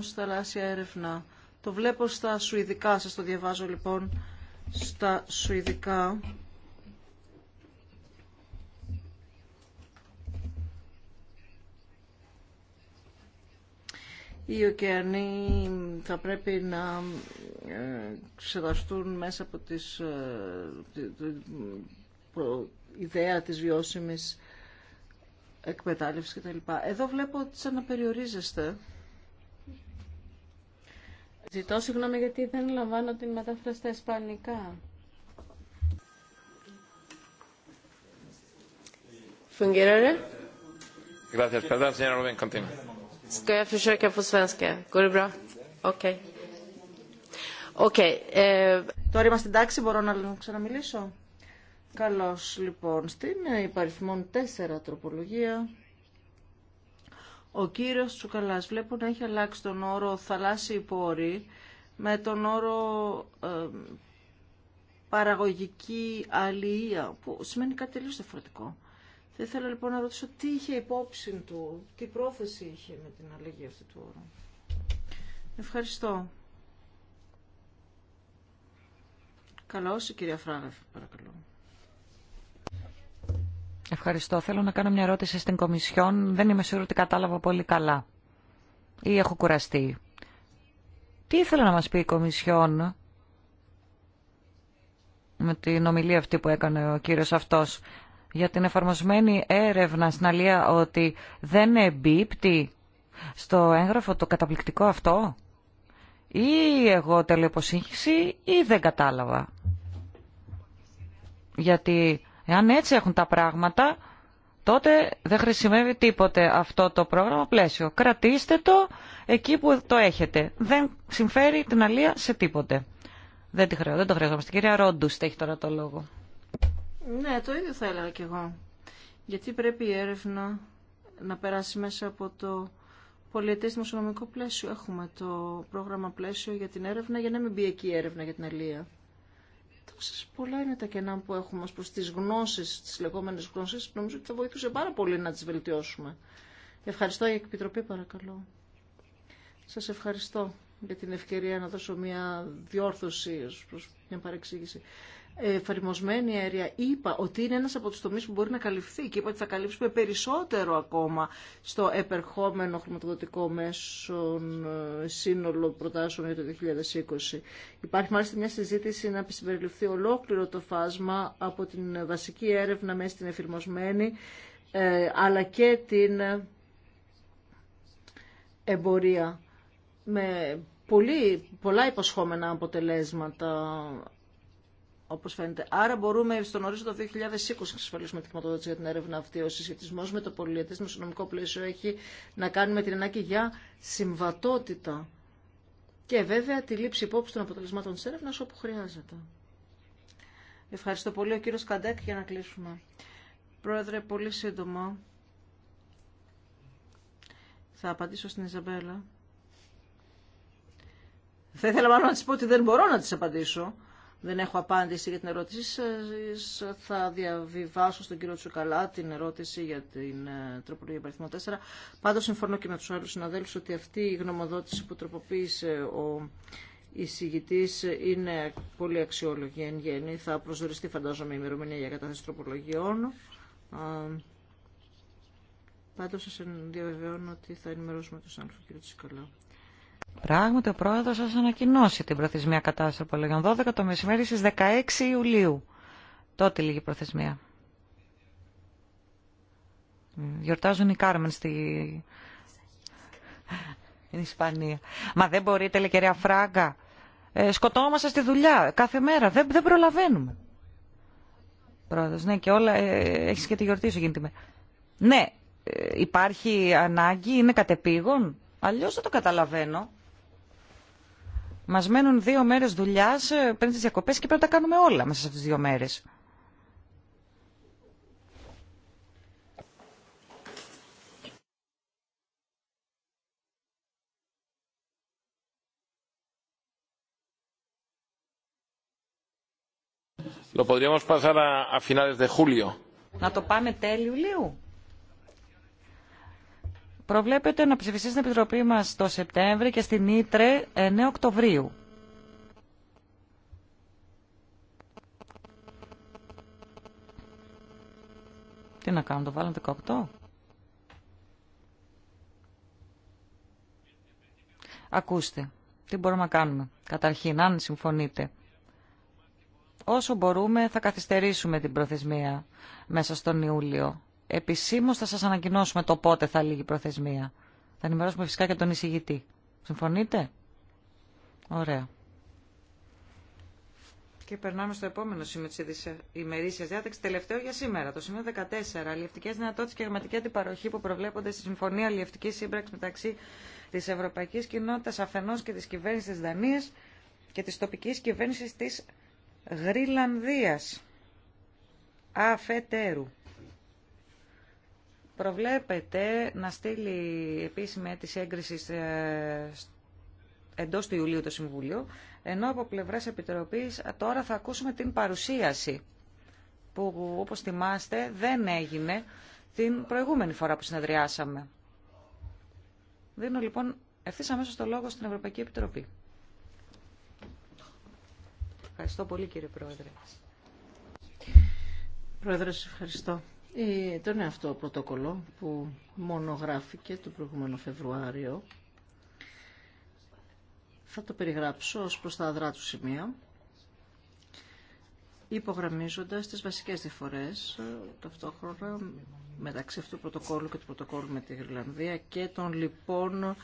στα θαλάσσια έρευνα. Το βλέπω στα σουηδικά, σας το διαβάζω λοιπόν στα σουηδικά. οι ωκεανοί θα πρέπει να ε, ξεδαστούν μέσα από τις, ε, ιδέα της βιώσιμης εκμετάλλευσης κτλ. Εδώ βλέπω ότι σαν να περιορίζεστε. Ζητώ συγγνώμη γιατί δεν λαμβάνω την μετάφραση στα ισπανικά. Ska jag eh, Τώρα είμαστε εντάξει, μπορώ να ξαναμιλήσω. Καλώς, λοιπόν, στην υπαριθμόν 4 τροπολογία. Ο κύριος Τσουκαλάς βλέπω να έχει αλλάξει τον όρο θαλάσσιοι πόροι με τον όρο ε, παραγωγική αλληλεία, που σημαίνει κάτι τελείως διαφορετικό. Θα ήθελα λοιπόν να ρωτήσω τι είχε υπόψη του, τι πρόθεση είχε με την αλληλεγγύη αυτή του όρου. Ευχαριστώ. Καλώς, η κυρία Φράγαφη, παρακαλώ. Ευχαριστώ. Θέλω να κάνω μια ερώτηση στην Κομισιόν. Δεν είμαι σίγουρη ότι κατάλαβα πολύ καλά. Ή έχω κουραστεί. Τι ήθελε να μας πει η Κομισιόν με την ομιλία αυτή που έκανε ο κύριος αυτός για την εφαρμοσμένη έρευνα στην Αλία ότι δεν εμπίπτει στο έγγραφο το καταπληκτικό αυτό ή εγώ υποσύγχυση ή δεν κατάλαβα. Γιατί αν έτσι έχουν τα πράγματα τότε δεν χρησιμεύει τίποτε αυτό το πρόγραμμα πλαίσιο. Κρατήστε το εκεί που το έχετε. Δεν συμφέρει την αλία σε τίποτε. Δεν, τη χρέω, δεν το χρειαζόμαστε. Κυρία Ρόντου, έχει τώρα το λόγο. Ναι, το ίδιο θα έλεγα κι εγώ. Γιατί πρέπει η έρευνα να περάσει μέσα από το πολιτισμο δημοσιονομικό πλαίσιο. Έχουμε το πρόγραμμα πλαίσιο για την έρευνα για να μην μπει εκεί η έρευνα για την αλία. Τόσε πολλά είναι τα κενά που έχουμε ω προς τις γνώσεις, τις λεγόμενες γνώσεις. Νομίζω ότι θα βοηθούσε πάρα πολύ να τι βελτιώσουμε. Ευχαριστώ η επιτροπή παρακαλώ. Σα ευχαριστώ για την ευκαιρία να δώσω μια διόρθωση προ μια παρεξήγηση εφαρμοσμένη αέρια, είπα ότι είναι ένας από τους τομείς που μπορεί να καλυφθεί και είπα ότι θα καλύψουμε περισσότερο ακόμα στο επερχόμενο χρηματοδοτικό μέσο ε, σύνολο προτάσεων για το 2020. Υπάρχει μάλιστα μια συζήτηση να συμπεριληφθεί ολόκληρο το φάσμα από την βασική έρευνα μέσα στην εφαρμοσμένη ε, αλλά και την εμπορία με πολύ, πολλά υποσχόμενα αποτελέσματα Όπω φαίνεται. Άρα μπορούμε στον ορίζοντα 2020 να εξασφαλίσουμε τη χρηματοδότηση για την έρευνα αυτή. Ο συσχετισμό με το πολιετέ μεσονομικό πλαίσιο έχει να κάνει με την ανάγκη για συμβατότητα. Και βέβαια τη λήψη υπόψη των αποτελεσμάτων τη έρευνα όπου χρειάζεται. Ευχαριστώ πολύ. Ο κύριο Καντέκ για να κλείσουμε. Πρόεδρε, πολύ σύντομα. Θα απαντήσω στην Ιζαμπέλα. Θα ήθελα μάλλον να της πω ότι δεν μπορώ να τη απαντήσω δεν έχω απάντηση για την ερώτησή σα, Θα διαβιβάσω στον κύριο Τσουκαλά την ερώτηση για την ε, τροπολογία παριθμό 4. Πάντω συμφωνώ και με του άλλου συναδέλφου ότι αυτή η γνωμοδότηση που τροποποίησε ο εισηγητή είναι πολύ αξιόλογη εν γέννη. Θα προσδοριστεί φαντάζομαι η ημερομηνία για κατάθεση τροπολογιών. Πάντω, σα διαβεβαιώνω ότι θα ενημερώσουμε τον άλλου κύριο Τσουκαλά. Πράγματι, ο πρόεδρο σα ανακοινώσει την προθεσμία κατάσταση απολογιών 12 το μεσημέρι στι 16 Ιουλίου. Τότε λίγη προθεσμία. Γιορτάζουν οι Κάρμεν Στην Ισπανία. Μα δεν μπορείτε, λέει κυρία Φράγκα. Ε, σκοτώμαστε στη δουλειά κάθε μέρα. Δεν, δεν προλαβαίνουμε. Πρόεδρος, ναι, και όλα... Ε, έχεις και τη γιορτή σου γίνεται. Ναι, ε, υπάρχει ανάγκη, είναι κατεπήγον. Αλλιώ δεν το καταλαβαίνω. Μας μένουν δύο μέρε δουλειά ε, πριν τι διακοπέ και πρέπει να τα κάνουμε όλα μέσα σε αυτέ τι δύο μέρε. Να το πάμε τέλειου Ιουλίου. Προβλέπετε να ψηφιστεί στην Επιτροπή μας το Σεπτέμβρη και στην Ήτρε 9 ε, Οκτωβρίου. Τι να κάνω, το βάλω 18. Ακούστε, τι μπορούμε να κάνουμε. Καταρχήν, αν συμφωνείτε, όσο μπορούμε θα καθυστερήσουμε την προθεσμία μέσα στον Ιούλιο Επισήμω θα σα ανακοινώσουμε το πότε θα λύγει η προθεσμία. Θα ενημερώσουμε φυσικά και τον εισηγητή. Συμφωνείτε? Ωραία. Και περνάμε στο επόμενο σημείο τη ημερήσια διάταξη, τελευταίο για σήμερα, το σημείο 14. Αλληλευτικέ δυνατότητε και γραμματική αντιπαροχή που προβλέπονται στη Συμφωνία Αλληλευτική Σύμπραξη μεταξύ τη Ευρωπαϊκή Κοινότητα αφενό και τη κυβέρνηση τη Δανία και τη τοπική κυβέρνηση τη Γρυλανδία. Αφετέρου. Προβλέπετε να στείλει επίσημη αίτηση έγκριση ε, εντό του Ιουλίου το Συμβούλιο, ενώ από πλευράς Επιτροπής τώρα θα ακούσουμε την παρουσίαση που όπως θυμάστε δεν έγινε την προηγούμενη φορά που συνεδριάσαμε. Δίνω λοιπόν ευθύς αμέσως το λόγο στην Ευρωπαϊκή Επιτροπή. Ευχαριστώ πολύ κύριε Πρόεδρε. Πρόεδρε, ευχαριστώ. Ε, το είναι αυτό πρωτόκολλο που μονογράφηκε το προηγούμενο Φεβρουάριο θα το περιγράψω ως προς τα αδρά του σημεία υπογραμμίζοντας τις βασικές διαφορές ε, ταυτόχρονα μεταξύ αυτού του πρωτοκόλλου και του πρωτοκόλλου με τη Γρυλανδία και των λοιπόν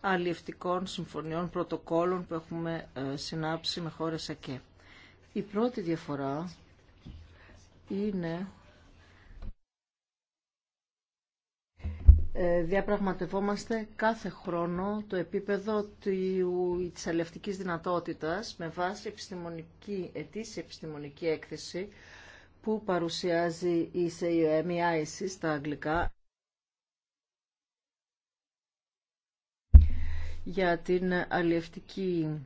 αλλιευτικών συμφωνιών πρωτοκόλλων που έχουμε ε, συνάψει με χώρες ΑΚΕ. Η πρώτη διαφορά είναι Ε, διαπραγματευόμαστε κάθε χρόνο το επίπεδο της αλληλευτικής δυνατότητας με βάση επιστημονική, ετήσια επιστημονική έκθεση που παρουσιάζει η CIOM, e τα e στα αγγλικά, για την αλληλευτική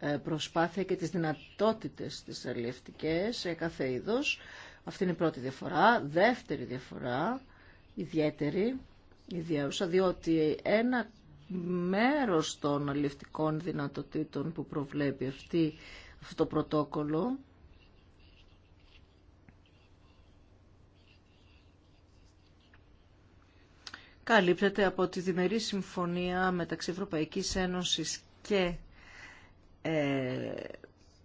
ε, προσπάθεια και τις δυνατότητες της αλληλευτικές σε κάθε είδος. Αυτή είναι η πρώτη διαφορά. Δεύτερη διαφορά, ιδιαίτερη, η διότι ένα μέρος των αλληλευτικών δυνατοτήτων που προβλέπει αυτή, αυτό το πρωτόκολλο καλύπτεται από τη διμερή συμφωνία μεταξύ Ευρωπαϊκής Ένωσης και ε,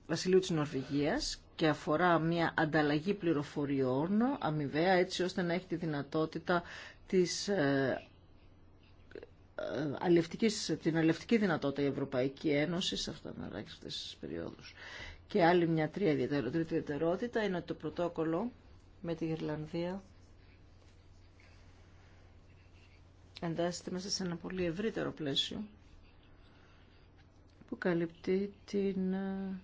Βασιλείου της Νορβηγίας και αφορά μια ανταλλαγή πληροφοριών αμοιβαία έτσι ώστε να έχει τη δυνατότητα της ε, ε, την αλληλευτική δυνατότητα η Ευρωπαϊκή Ένωση σε αυτά τα αυτές τις περιόδους. Και άλλη μια τρίτη ιδιαιτερότητα είναι το πρωτόκολλο με τη Γερλανδία εντάσσεται μέσα σε ένα πολύ ευρύτερο πλαίσιο που καλύπτει την, ε,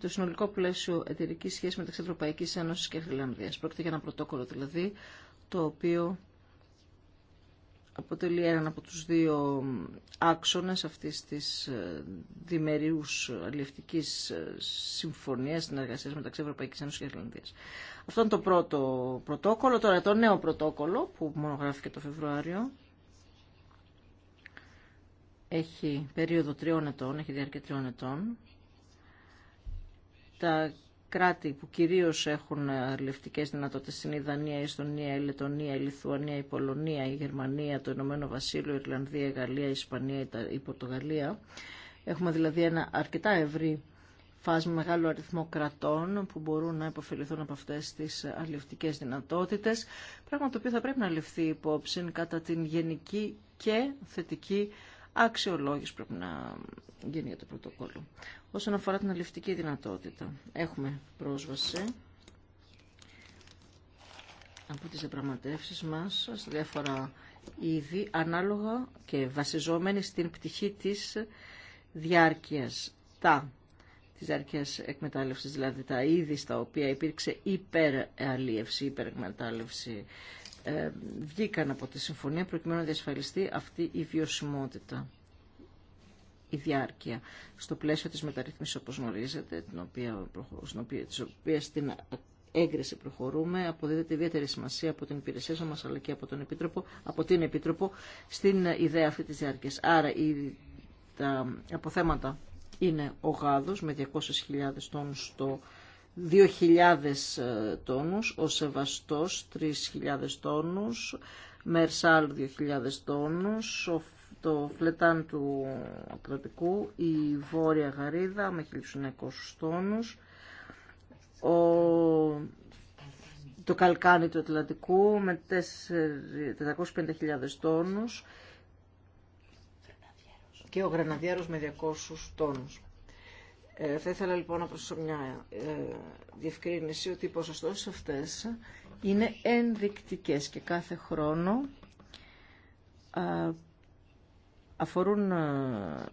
το συνολικό πλαίσιο εταιρική σχέση μεταξύ Ευρωπαϊκή Ένωση και Γερμανία. Πρόκειται για ένα πρωτόκολλο δηλαδή το οποίο αποτελεί έναν από τους δύο άξονες αυτής της ε, διμεριούς αλληλευτικής ε, συμφωνίας συνεργασίας μεταξύ Ευρωπαϊκής Ένωσης και Ιρλανδίας. Αυτό είναι το πρώτο πρωτόκολλο. Τώρα το νέο πρωτόκολλο που μονογράφηκε το Φεβρουάριο έχει περίοδο τριών ετών, έχει διάρκεια τριών ετών. Τα κράτη που κυρίως έχουν ε, αλληλευτικές δυνατότητες είναι η Δανία, η Εστονία, η Λετωνία, η Λιθουανία, η Πολωνία, η Γερμανία, το Ηνωμένο Βασίλειο, η Ιρλανδία, η Γαλλία, η Ισπανία, η Πορτογαλία. Έχουμε δηλαδή ένα αρκετά ευρύ φάσμα μεγάλο αριθμό κρατών που μπορούν να υποφεληθούν από αυτές τις ε, αλληλευτικές δυνατότητες, πράγμα το οποίο θα πρέπει να ληφθεί υπόψη κατά την γενική και θετική αξιολόγηση πρέπει να γίνει για το πρωτοκόλλο. Όσον αφορά την αλληλευτική δυνατότητα, έχουμε πρόσβαση από τις διαπραγματεύσει μας σε διάφορα είδη ανάλογα και βασιζόμενη στην πτυχή της διάρκειας. Τα της διάρκειας εκμετάλλευσης, δηλαδή τα είδη στα οποία υπήρξε υπεραλίευση, υπερεκμετάλλευση, ε, βγήκαν από τη συμφωνία προκειμένου να διασφαλιστεί αυτή η βιωσιμότητα η διάρκεια στο πλαίσιο της μεταρρύθμισης όπως γνωρίζετε, την οποία, στην οποία, έγκριση προχωρούμε, αποδίδεται ιδιαίτερη σημασία από την υπηρεσία μας αλλά και από, τον Επίτροπο, από την Επίτροπο στην ιδέα αυτή της διάρκειας. Άρα η, τα αποθέματα είναι ο γάδος με 200.000 τόνους στο 2.000 ε, τόνους, ο Σεβαστός 3.000 τόνους, Μερσάλ 2.000 τόνους, ο το φλετάν του Ατλαντικού, η Βόρεια Γαρίδα με 1.900 τόνους, ο... το Καλκάνι του Ατλαντικού με 450.000 τόνους και ο Γραναδιάρος με 200 τόνους. Ε, θα ήθελα λοιπόν να προσθέσω μια ε, διευκρίνηση ότι οι ποσοστώσεις αυτές είναι ενδεικτικές και κάθε χρόνο αφορούν, ε,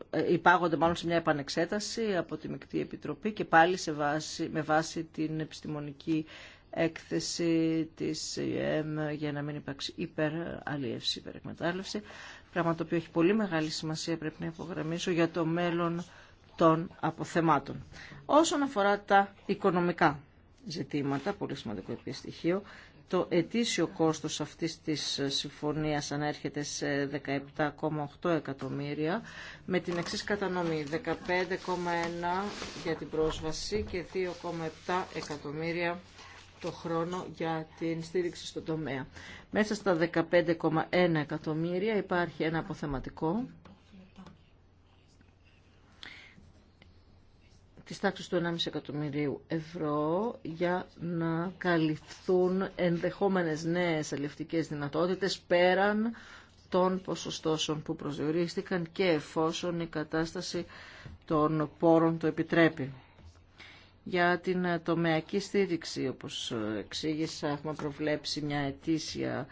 ε, υπάγονται μάλλον σε μια επανεξέταση από τη Μεκτή Επιτροπή και πάλι σε βάση, με βάση την επιστημονική έκθεση της ΕΜ για να μην υπάρξει υπεραλίευση, υπερεκμετάλλευση, πράγμα το οποίο έχει πολύ μεγάλη σημασία πρέπει να υπογραμμίσω για το μέλλον των αποθεμάτων. Όσον αφορά τα οικονομικά ζητήματα, πολύ σημαντικό επίσης το ετήσιο κόστος αυτής της συμφωνίας ανέρχεται σε 17,8 εκατομμύρια με την εξής κατανομή 15,1 για την πρόσβαση και 2,7 εκατομμύρια το χρόνο για την στήριξη στον τομέα. Μέσα στα 15,1 εκατομμύρια υπάρχει ένα αποθεματικό της τάξης του 1,5 εκατομμυρίου ευρώ για να καλυφθούν ενδεχόμενες νέες αλληλευτικές δυνατότητες πέραν των ποσοστώσεων που προσδιορίστηκαν και εφόσον η κατάσταση των πόρων το επιτρέπει. Για την τομεακή στήριξη, όπως εξήγησα, έχουμε προβλέψει μια ετήσια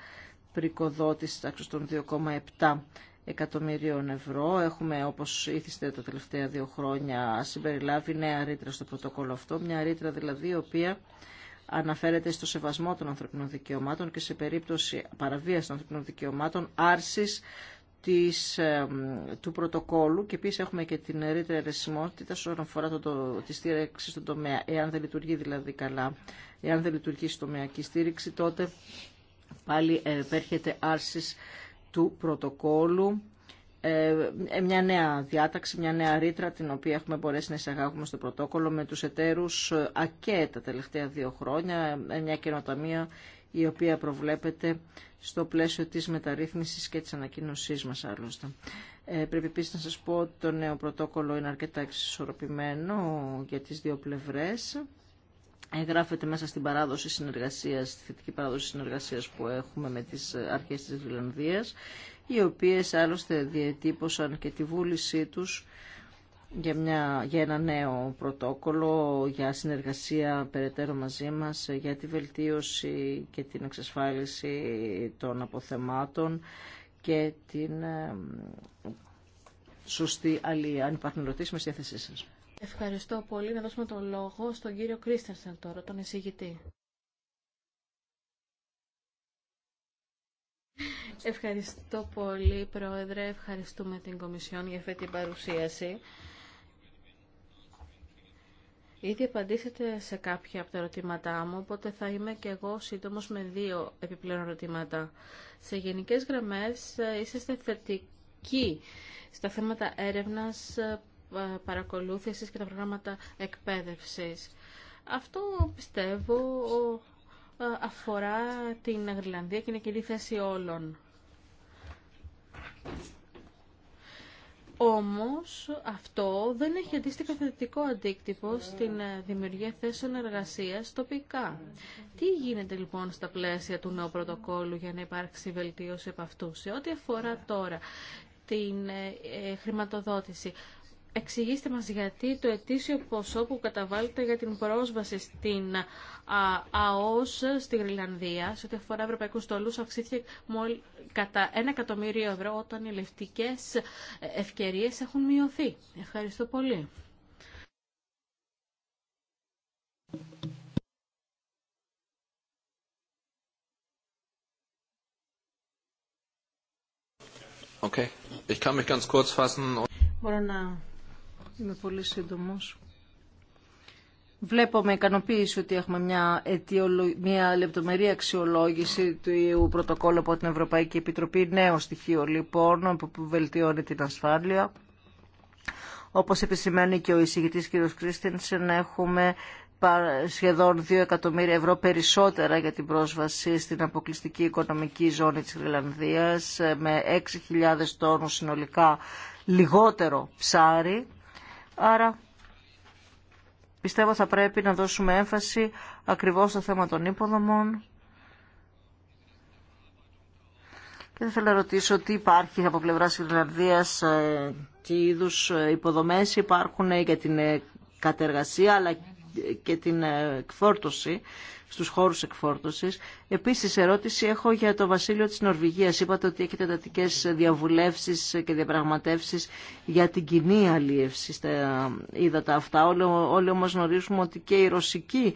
πρικοδότηση τάξης των 2,7 εκατομμυρίων ευρώ. Έχουμε, όπως ήθιστε τα τελευταία δύο χρόνια, συμπεριλάβει νέα ρήτρα στο πρωτοκόλλο αυτό, μια ρήτρα δηλαδή η οποία αναφέρεται στο σεβασμό των ανθρωπινών δικαιωμάτων και σε περίπτωση παραβία των ανθρωπινών δικαιωμάτων, άρσης του πρωτοκόλλου και επίση έχουμε και την ρήτρα ερεσιμότητα όσον αφορά το, το, τη στήριξη στον τομέα. Εάν δεν λειτουργεί δηλαδή καλά, εάν δεν λειτουργεί η στήριξη, τότε πάλι ε, επέρχεται άρση του πρωτοκόλου ε, ε, μια νέα διάταξη, μια νέα ρήτρα την οποία έχουμε μπορέσει να εισαγάγουμε στο πρωτόκολλο με τους εταίρους ε, ΑΚΕ τα τελευταία δύο χρόνια, μια καινοτομία η οποία προβλέπεται στο πλαίσιο της μεταρρύθμισης και της ανακοινώσή μας άλλωστε. Ε, πρέπει επίσης να σας πω ότι το νέο πρωτόκολλο είναι αρκετά εξισορροπημένο για τις δύο πλευρές εγγράφεται μέσα στην παράδοση συνεργασίας, στη θετική παράδοση συνεργασίας που έχουμε με τις αρχές της Βιλανδίας, οι οποίες άλλωστε διατύπωσαν και τη βούλησή τους για, ένα νέο πρωτόκολλο, για συνεργασία περαιτέρω μαζί μας, για τη βελτίωση και την εξασφάλιση των αποθεμάτων και την σωστή αλληλεία. Αν υπάρχουν ερωτήσεις, με στη σας. Ευχαριστώ πολύ. Να δώσουμε τον λόγο στον κύριο Κρίστερσεν τώρα, τον εισηγητή. Ευχαριστώ πολύ, Πρόεδρε. Ευχαριστούμε την Κομισιόν για αυτή την παρουσίαση. Ήδη απαντήσετε σε κάποια από τα ερωτήματά μου, οπότε θα είμαι και εγώ σύντομος με δύο επιπλέον ερωτήματα. Σε γενικές γραμμές ε, είσαστε θετικοί στα θέματα έρευνας ε, παρακολούθησης και τα προγράμματα εκπαίδευσης. Αυτό πιστεύω ε, αφορά την Αγριλανδία και είναι κοινή θέση όλων. Όμως αυτό δεν έχει αντίστοιχα θετικό αντίκτυπο στην ε, δημιουργία θέσεων εργασίας τοπικά. Τι γίνεται λοιπόν στα πλαίσια του νέου πρωτοκόλλου για να υπάρξει βελτίωση από αυτού σε ό,τι αφορά τώρα την χρηματοδότηση. Εξηγήστε μας γιατί το ετήσιο ποσό που καταβάλλεται για την πρόσβαση στην ΑΟΣ στη Γρυλανδία σε ό,τι αφορά ευρωπαϊκούς στόλους αυξήθηκε κατά 1 εκατομμύριο ευρώ όταν οι λευτικές ευκαιρίες έχουν μειωθεί. Ευχαριστώ πολύ. Okay. Ich kann mich ganz kurz fassen. Μπορώ να Είμαι πολύ σύντομο. Βλέπω με ικανοποίηση ότι έχουμε μια, αιτιολο... λεπτομερή αξιολόγηση του πρωτοκόλλου από την Ευρωπαϊκή Επιτροπή. Νέο στοιχείο λοιπόν που βελτιώνει την ασφάλεια. Όπω επισημαίνει και ο εισηγητή κ. Κρίστινσεν έχουμε σχεδόν 2 εκατομμύρια ευρώ περισσότερα για την πρόσβαση στην αποκλειστική οικονομική ζώνη της Γρυλανδίας με 6.000 τόνους συνολικά λιγότερο ψάρι Άρα πιστεύω θα πρέπει να δώσουμε έμφαση ακριβώς στο θέμα των υποδομών. Και δεν θέλω να ρωτήσω τι υπάρχει από πλευράς Φιλανδίας, ε, τι είδους ε, υποδομές υπάρχουν για την ε, κατεργασία αλλά και την εκφόρτωση στους χώρους εκφόρτωσης. Επίσης, ερώτηση έχω για το Βασίλειο της Νορβηγίας. Είπατε ότι έχετε εντατικέ διαβουλεύσεις και διαπραγματεύσεις για την κοινή αλίευση στα ύδατα αυτά. Όλοι, όλοι όμως γνωρίζουμε ότι και η ρωσική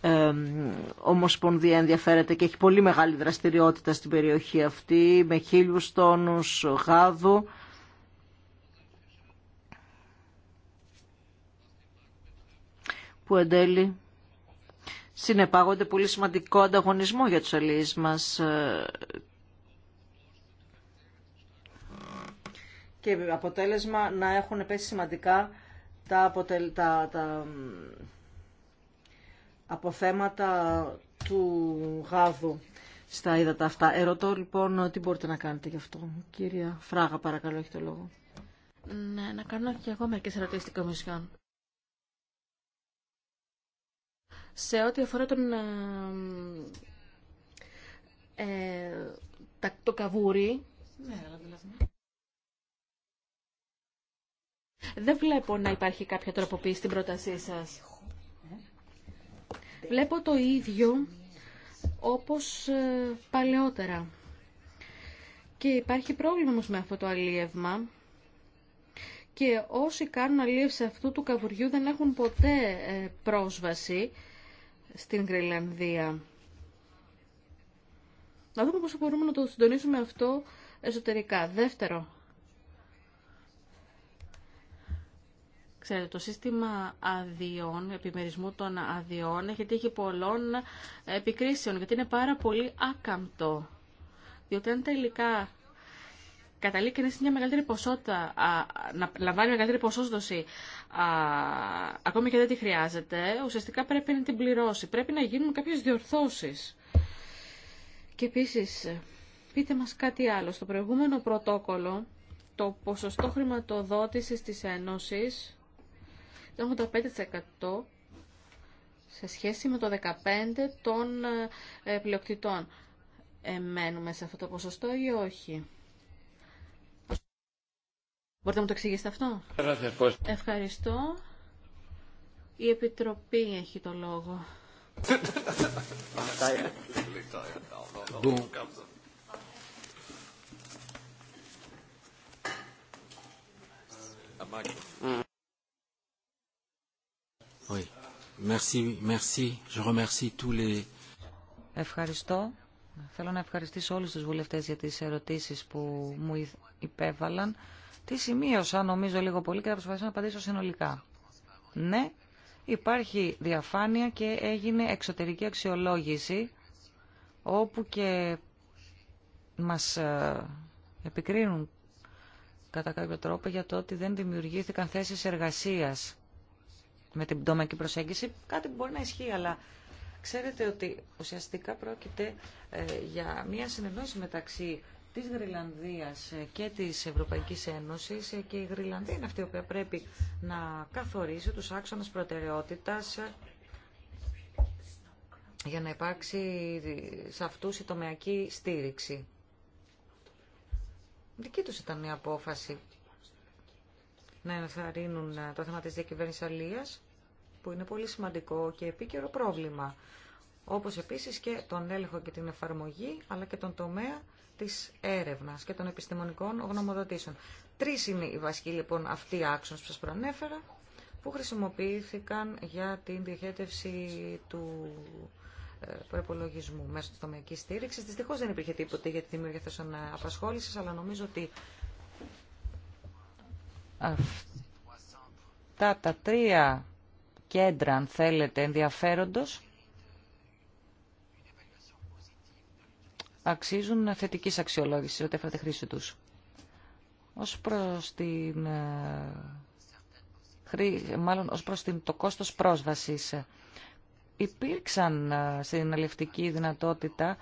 ε, ομοσπονδία ενδιαφέρεται και έχει πολύ μεγάλη δραστηριότητα στην περιοχή αυτή με χίλιους τόνους γάδου. που εν τέλει συνεπάγονται πολύ σημαντικό ανταγωνισμό για τους αλληλείς μας και αποτέλεσμα να έχουν πέσει σημαντικά τα, αποτελ... τα... αποθέματα του γάδου στα ύδατα αυτά. Ερωτώ λοιπόν τι μπορείτε να κάνετε γι' αυτό. Κύρια Φράγα παρακαλώ έχετε το λόγο. Ναι, να κάνω και εγώ μερικές ερωτήσεις στην Κομισιόν. σε ό,τι αφορά τον, ε, ε, το καβούρι. Ναι, ναι. δεν βλέπω να υπάρχει κάποια τροποποίηση στην πρότασή σας. Ε. Βλέπω το ίδιο όπως παλαιότερα. Και υπάρχει πρόβλημα όμως με αυτό το αλίευμα. Και όσοι κάνουν αλίευση αυτού του καβουριού δεν έχουν ποτέ πρόσβαση στην Γρυλανδία. Να δούμε πώς μπορούμε να το συντονίσουμε αυτό εσωτερικά. Δεύτερο, Ξέρετε, το σύστημα αδειών, επιμερισμού των αδειών, έχει τύχει πολλών επικρίσεων, γιατί είναι πάρα πολύ άκαμπτο. Διότι αν τελικά καταλήγει σε μια μεγαλύτερη ποσότητα, να λαμβάνει μεγαλύτερη ποσόστοση ακόμη και δεν τη χρειάζεται, ουσιαστικά πρέπει να την πληρώσει. Πρέπει να γίνουν κάποιες διορθώσεις. Και επίση πείτε μας κάτι άλλο. Στο προηγούμενο πρωτόκολλο, το ποσοστό χρηματοδότησης τη Ένωση ήταν 85% σε σχέση με το 15% των ε, πλειοκτητών. Ε, μένουμε σε αυτό το ποσοστό ή όχι. Μπορείτε να μου το εξηγήσετε αυτό. Ευχαριστώ. Η Επιτροπή έχει το λόγο. Ευχαριστώ. Θέλω να ευχαριστήσω όλους τους βουλευτές για τις ερωτήσεις που μου υπέβαλαν. Τι σημείωσα νομίζω λίγο πολύ και θα προσπαθήσω να απαντήσω συνολικά. Ναι, υπάρχει διαφάνεια και έγινε εξωτερική αξιολόγηση όπου και μας ε, επικρίνουν κατά κάποιο τρόπο για το ότι δεν δημιουργήθηκαν θέσεις εργασίας με την πτώμακη προσέγγιση. Κάτι που μπορεί να ισχύει, αλλά ξέρετε ότι ουσιαστικά πρόκειται ε, για μια συνεννόηση μεταξύ της Γρυλανδίας και της Ευρωπαϊκής Ένωσης και η Γρυλανδία είναι αυτή η οποία πρέπει να καθορίσει τους άξονες προτεραιότητας για να υπάρξει σε αυτούς η τομεακή στήριξη. Δική τους ήταν η απόφαση να ενθαρρύνουν το θέμα της διακυβέρνησης αλίας, που είναι πολύ σημαντικό και επίκαιρο πρόβλημα, όπως επίσης και τον έλεγχο και την εφαρμογή, αλλά και τον τομέα Τη έρευνα και των επιστημονικών γνωμοδοτήσεων. Τρει είναι οι βασικοί λοιπόν αυτοί οι άξονες που σα προανέφερα που χρησιμοποιήθηκαν για την διοχέτευση του ε, προπολογισμού μέσω τη τομεακή στήριξη. Δυστυχώ δεν υπήρχε τίποτα για τη δημιουργία θέσεων ε, απασχόληση, αλλά νομίζω ότι αυτά τα τρία κέντρα, αν θέλετε, ενδιαφέροντος αξίζουν θετική αξιολόγηση ό,τι έφερε τη χρήση του. Ω προ την. Ε, μάλλον ως προς το κόστος πρόσβασης ε, υπήρξαν ε, στην αλληλευτική δυνατότητα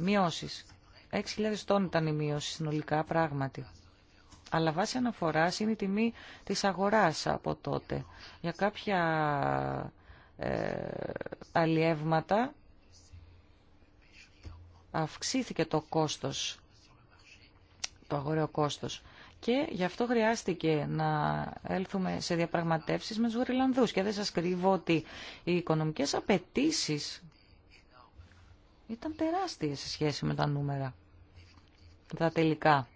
μειώσεις. 6.000 τόν ήταν η μείωση συνολικά πράγματι. Αλλά βάσει αναφοράς είναι η τιμή της αγοράς από τότε. Για κάποια ε, αλλιεύματα αυξήθηκε το κόστος, το αγοραίο κόστος. Και γι' αυτό χρειάστηκε να έλθουμε σε διαπραγματεύσεις με τους Γρυλανδούς. Και δεν σας κρύβω ότι οι οικονομικές απαιτήσει ήταν τεράστιες σε σχέση με τα νούμερα. Τα τελικά,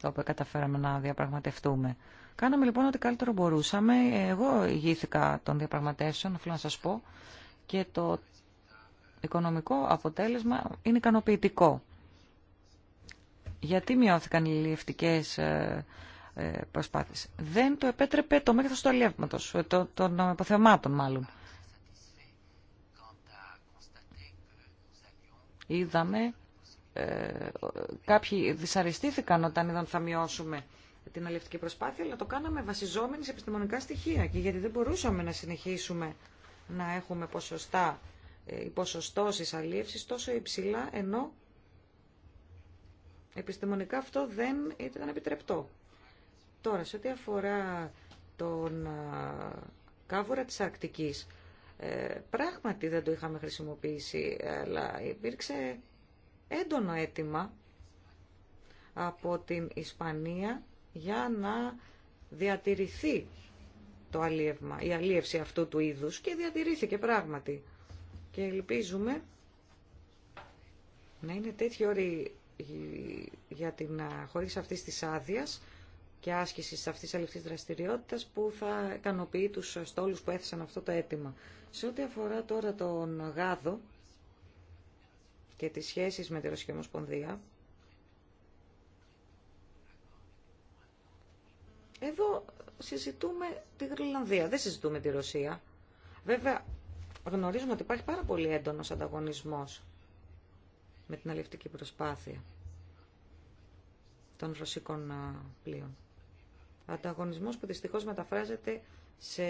τα οποία καταφέραμε να διαπραγματευτούμε. Κάναμε λοιπόν ό,τι καλύτερο μπορούσαμε. Εγώ ηγήθηκα των διαπραγματεύσεων, θέλω να σας πω. Και το οικονομικό αποτέλεσμα είναι ικανοποιητικό. Γιατί μειώθηκαν οι λιευτικές ε, ε, προσπάθειες. Δεν το επέτρεπε το μέγεθος του αλλιεύματος, ε, των αποθεωμάτων. μάλλον. Είδαμε, κάποιοι δυσαρεστήθηκαν όταν είδαν θα μειώσουμε την αλληλευτική προσπάθεια, αλλά το κάναμε βασιζόμενοι σε επιστημονικά στοιχεία και γιατί δεν μπορούσαμε να συνεχίσουμε να έχουμε ποσοστά οι ποσοστώσεις αλίευσης τόσο υψηλά, ενώ επιστημονικά αυτό δεν ήταν επιτρεπτό. Τώρα, σε ό,τι αφορά τον κάβουρα της Ακτικής, ε, πράγματι δεν το είχαμε χρησιμοποιήσει, αλλά υπήρξε έντονο αίτημα από την Ισπανία για να διατηρηθεί το αλίευμα, η αλίευση αυτού του είδους και διατηρήθηκε πράγματι και ελπίζουμε να είναι τέτοιοι όροι για την χωρίς αυτής της άδεια και άσκηση αυτής της αληφτής δραστηριότητας που θα ικανοποιεί τους στόλους που έθεσαν αυτό το αίτημα. Σε ό,τι αφορά τώρα τον γάδο και τις σχέσεις με τη Ρωσική Ομοσπονδία, εδώ συζητούμε τη Γρυλανδία, δεν συζητούμε τη Ρωσία. Βέβαια, γνωρίζουμε ότι υπάρχει πάρα πολύ έντονος ανταγωνισμός με την αλληλευτική προσπάθεια των ρωσικών πλοίων. Ανταγωνισμός που δυστυχώς μεταφράζεται σε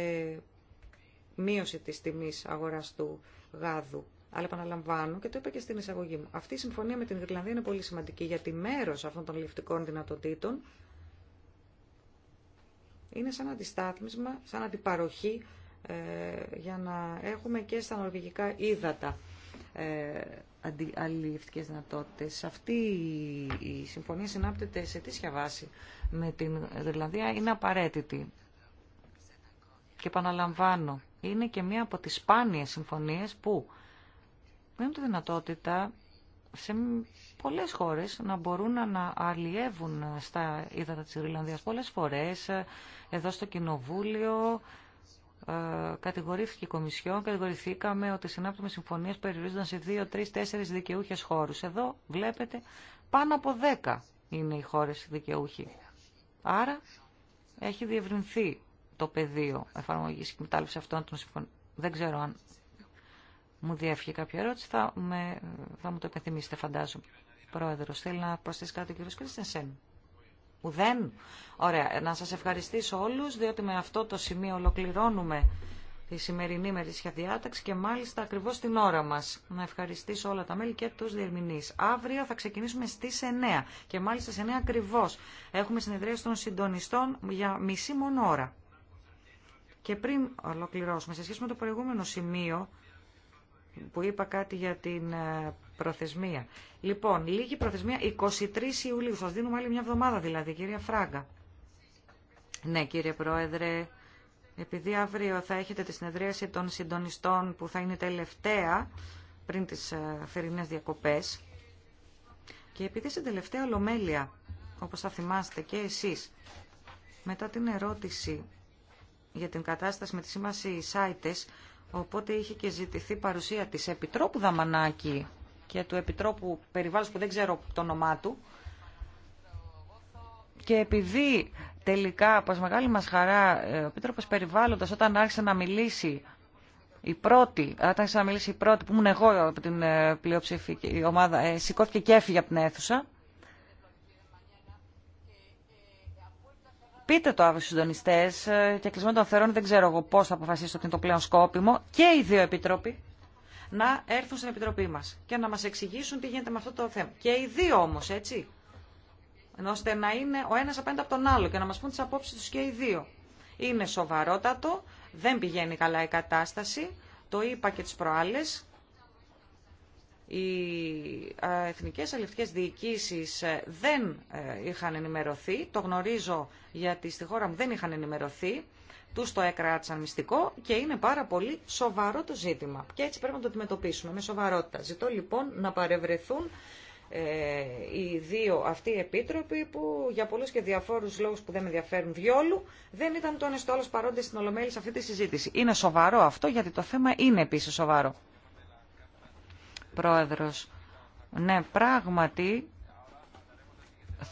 μείωση της τιμής αγοράς του γάδου. Αλλά επαναλαμβάνω και το είπα και στην εισαγωγή μου. Αυτή η συμφωνία με την Ιρλανδία είναι πολύ σημαντική γιατί μέρος αυτών των λεφτικών δυνατοτήτων είναι σαν αντιστάθμισμα, σαν αντιπαροχή ε, για να έχουμε και στα νορβηγικά ύδατα ε, αλληλευτικέ δυνατότητε. Αυτή η συμφωνία συνάπτεται σε τέτοια βάση με την Ιρλανδία είναι απαραίτητη. Και επαναλαμβάνω, είναι και μία από τις σπάνιες συμφωνίες που με τη δυνατότητα σε πολλές χώρες να μπορούν να αλλιεύουν στα ύδατα της Ιρλανδίας πολλές φορές ε, εδώ στο Κοινοβούλιο κατηγορήθηκε η Κομισιόν, κατηγορηθήκαμε ότι συνάπτουμε συμφωνίε περιορίζονταν σε 2, 3, 4 δικαιούχε χώρου. Εδώ βλέπετε πάνω από 10 είναι οι χώρε δικαιούχοι. Άρα έχει διευρυνθεί το πεδίο εφαρμογή και εκμετάλλευση αυτών των συμφωνιών. Δεν ξέρω αν μου διέφυγε κάποια ερώτηση. Θα, θα μου το επιθυμήσετε φαντάζομαι. Πρόεδρο, θέλει να προσθέσει κάτι ο κ. Κρίστενσεν. Ουδέν. Ωραία. Να σας ευχαριστήσω όλους, διότι με αυτό το σημείο ολοκληρώνουμε τη σημερινή μερίσια διάταξη και μάλιστα ακριβώς την ώρα μας. Να ευχαριστήσω όλα τα μέλη και τους διερμηνείς. Αύριο θα ξεκινήσουμε στις 9 και μάλιστα σε 9 ακριβώς. Έχουμε συνεδρία των συντονιστών για μισή μόνο ώρα. Και πριν ολοκληρώσουμε, σε σχέση με το προηγούμενο σημείο που είπα κάτι για την ε, προθεσμία. Λοιπόν, λίγη προθεσμία 23 Ιουλίου. Σας δίνουμε άλλη μια εβδομάδα δηλαδή, κυρία Φράγκα. Ναι, κύριε Πρόεδρε, επειδή αύριο θα έχετε τη συνεδρίαση των συντονιστών που θα είναι τελευταία πριν τις ε, θερινές διακοπές και επειδή στην τελευταία ολομέλεια, όπως θα θυμάστε και εσείς, μετά την ερώτηση για την κατάσταση με τη σήμαση Σάιτες, οπότε είχε και ζητηθεί παρουσία της Επιτρόπου Δαμανάκη και του Επιτρόπου Περιβάλλοντος που δεν ξέρω το όνομά του. Και επειδή τελικά, προς μεγάλη μας χαρά, ε, ο Επίτροπος Περιβάλλοντος όταν άρχισε να μιλήσει η πρώτη, όταν άρχισε να μιλήσει η πρώτη που ήμουν εγώ από την ε, πλειοψηφική ομάδα, ε, σηκώθηκε και έφυγε από την αίθουσα. Πείτε το αύριο στου συντονιστέ και κλεισμένο των θερών δεν ξέρω εγώ πώ θα αποφασίσω ότι είναι το πλέον σκόπιμο και οι δύο επιτρόποι να έρθουν στην Επιτροπή μας και να μας εξηγήσουν τι γίνεται με αυτό το θέμα. Και οι δύο όμως, έτσι, ώστε να είναι ο ένας απέναντι από τον άλλο και να μας πούν τις απόψει τους και οι δύο. Είναι σοβαρότατο, δεν πηγαίνει καλά η κατάσταση, το είπα και τι προάλλε, οι ε, εθνικές αλληλευτικές διοικήσει ε, δεν ε, είχαν ενημερωθεί, το γνωρίζω γιατί στη χώρα μου δεν είχαν ενημερωθεί τους το έκρατσαν μυστικό και είναι πάρα πολύ σοβαρό το ζήτημα. Και έτσι πρέπει να το αντιμετωπίσουμε με σοβαρότητα. Ζητώ λοιπόν να παρευρεθούν ε, οι δύο αυτοί οι επίτροποι που για πολλούς και διαφόρους λόγους που δεν με ενδιαφέρουν διόλου δεν ήταν το εστόλος παρόντες στην Ολομέλη σε αυτή τη συζήτηση. Είναι σοβαρό αυτό γιατί το θέμα είναι επίσης σοβαρό. Πρόεδρος, ναι πράγματι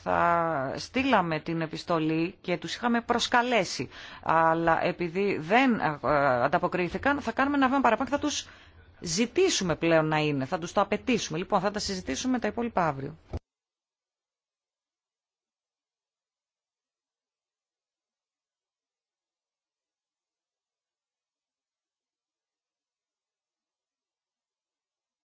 θα στείλαμε την επιστολή και τους είχαμε προσκαλέσει. Αλλά επειδή δεν ε, ανταποκρίθηκαν, θα κάνουμε ένα βήμα παραπάνω και θα τους ζητήσουμε πλέον να είναι, θα τους το απαιτήσουμε. Λοιπόν, θα τα συζητήσουμε τα υπόλοιπα αύριο.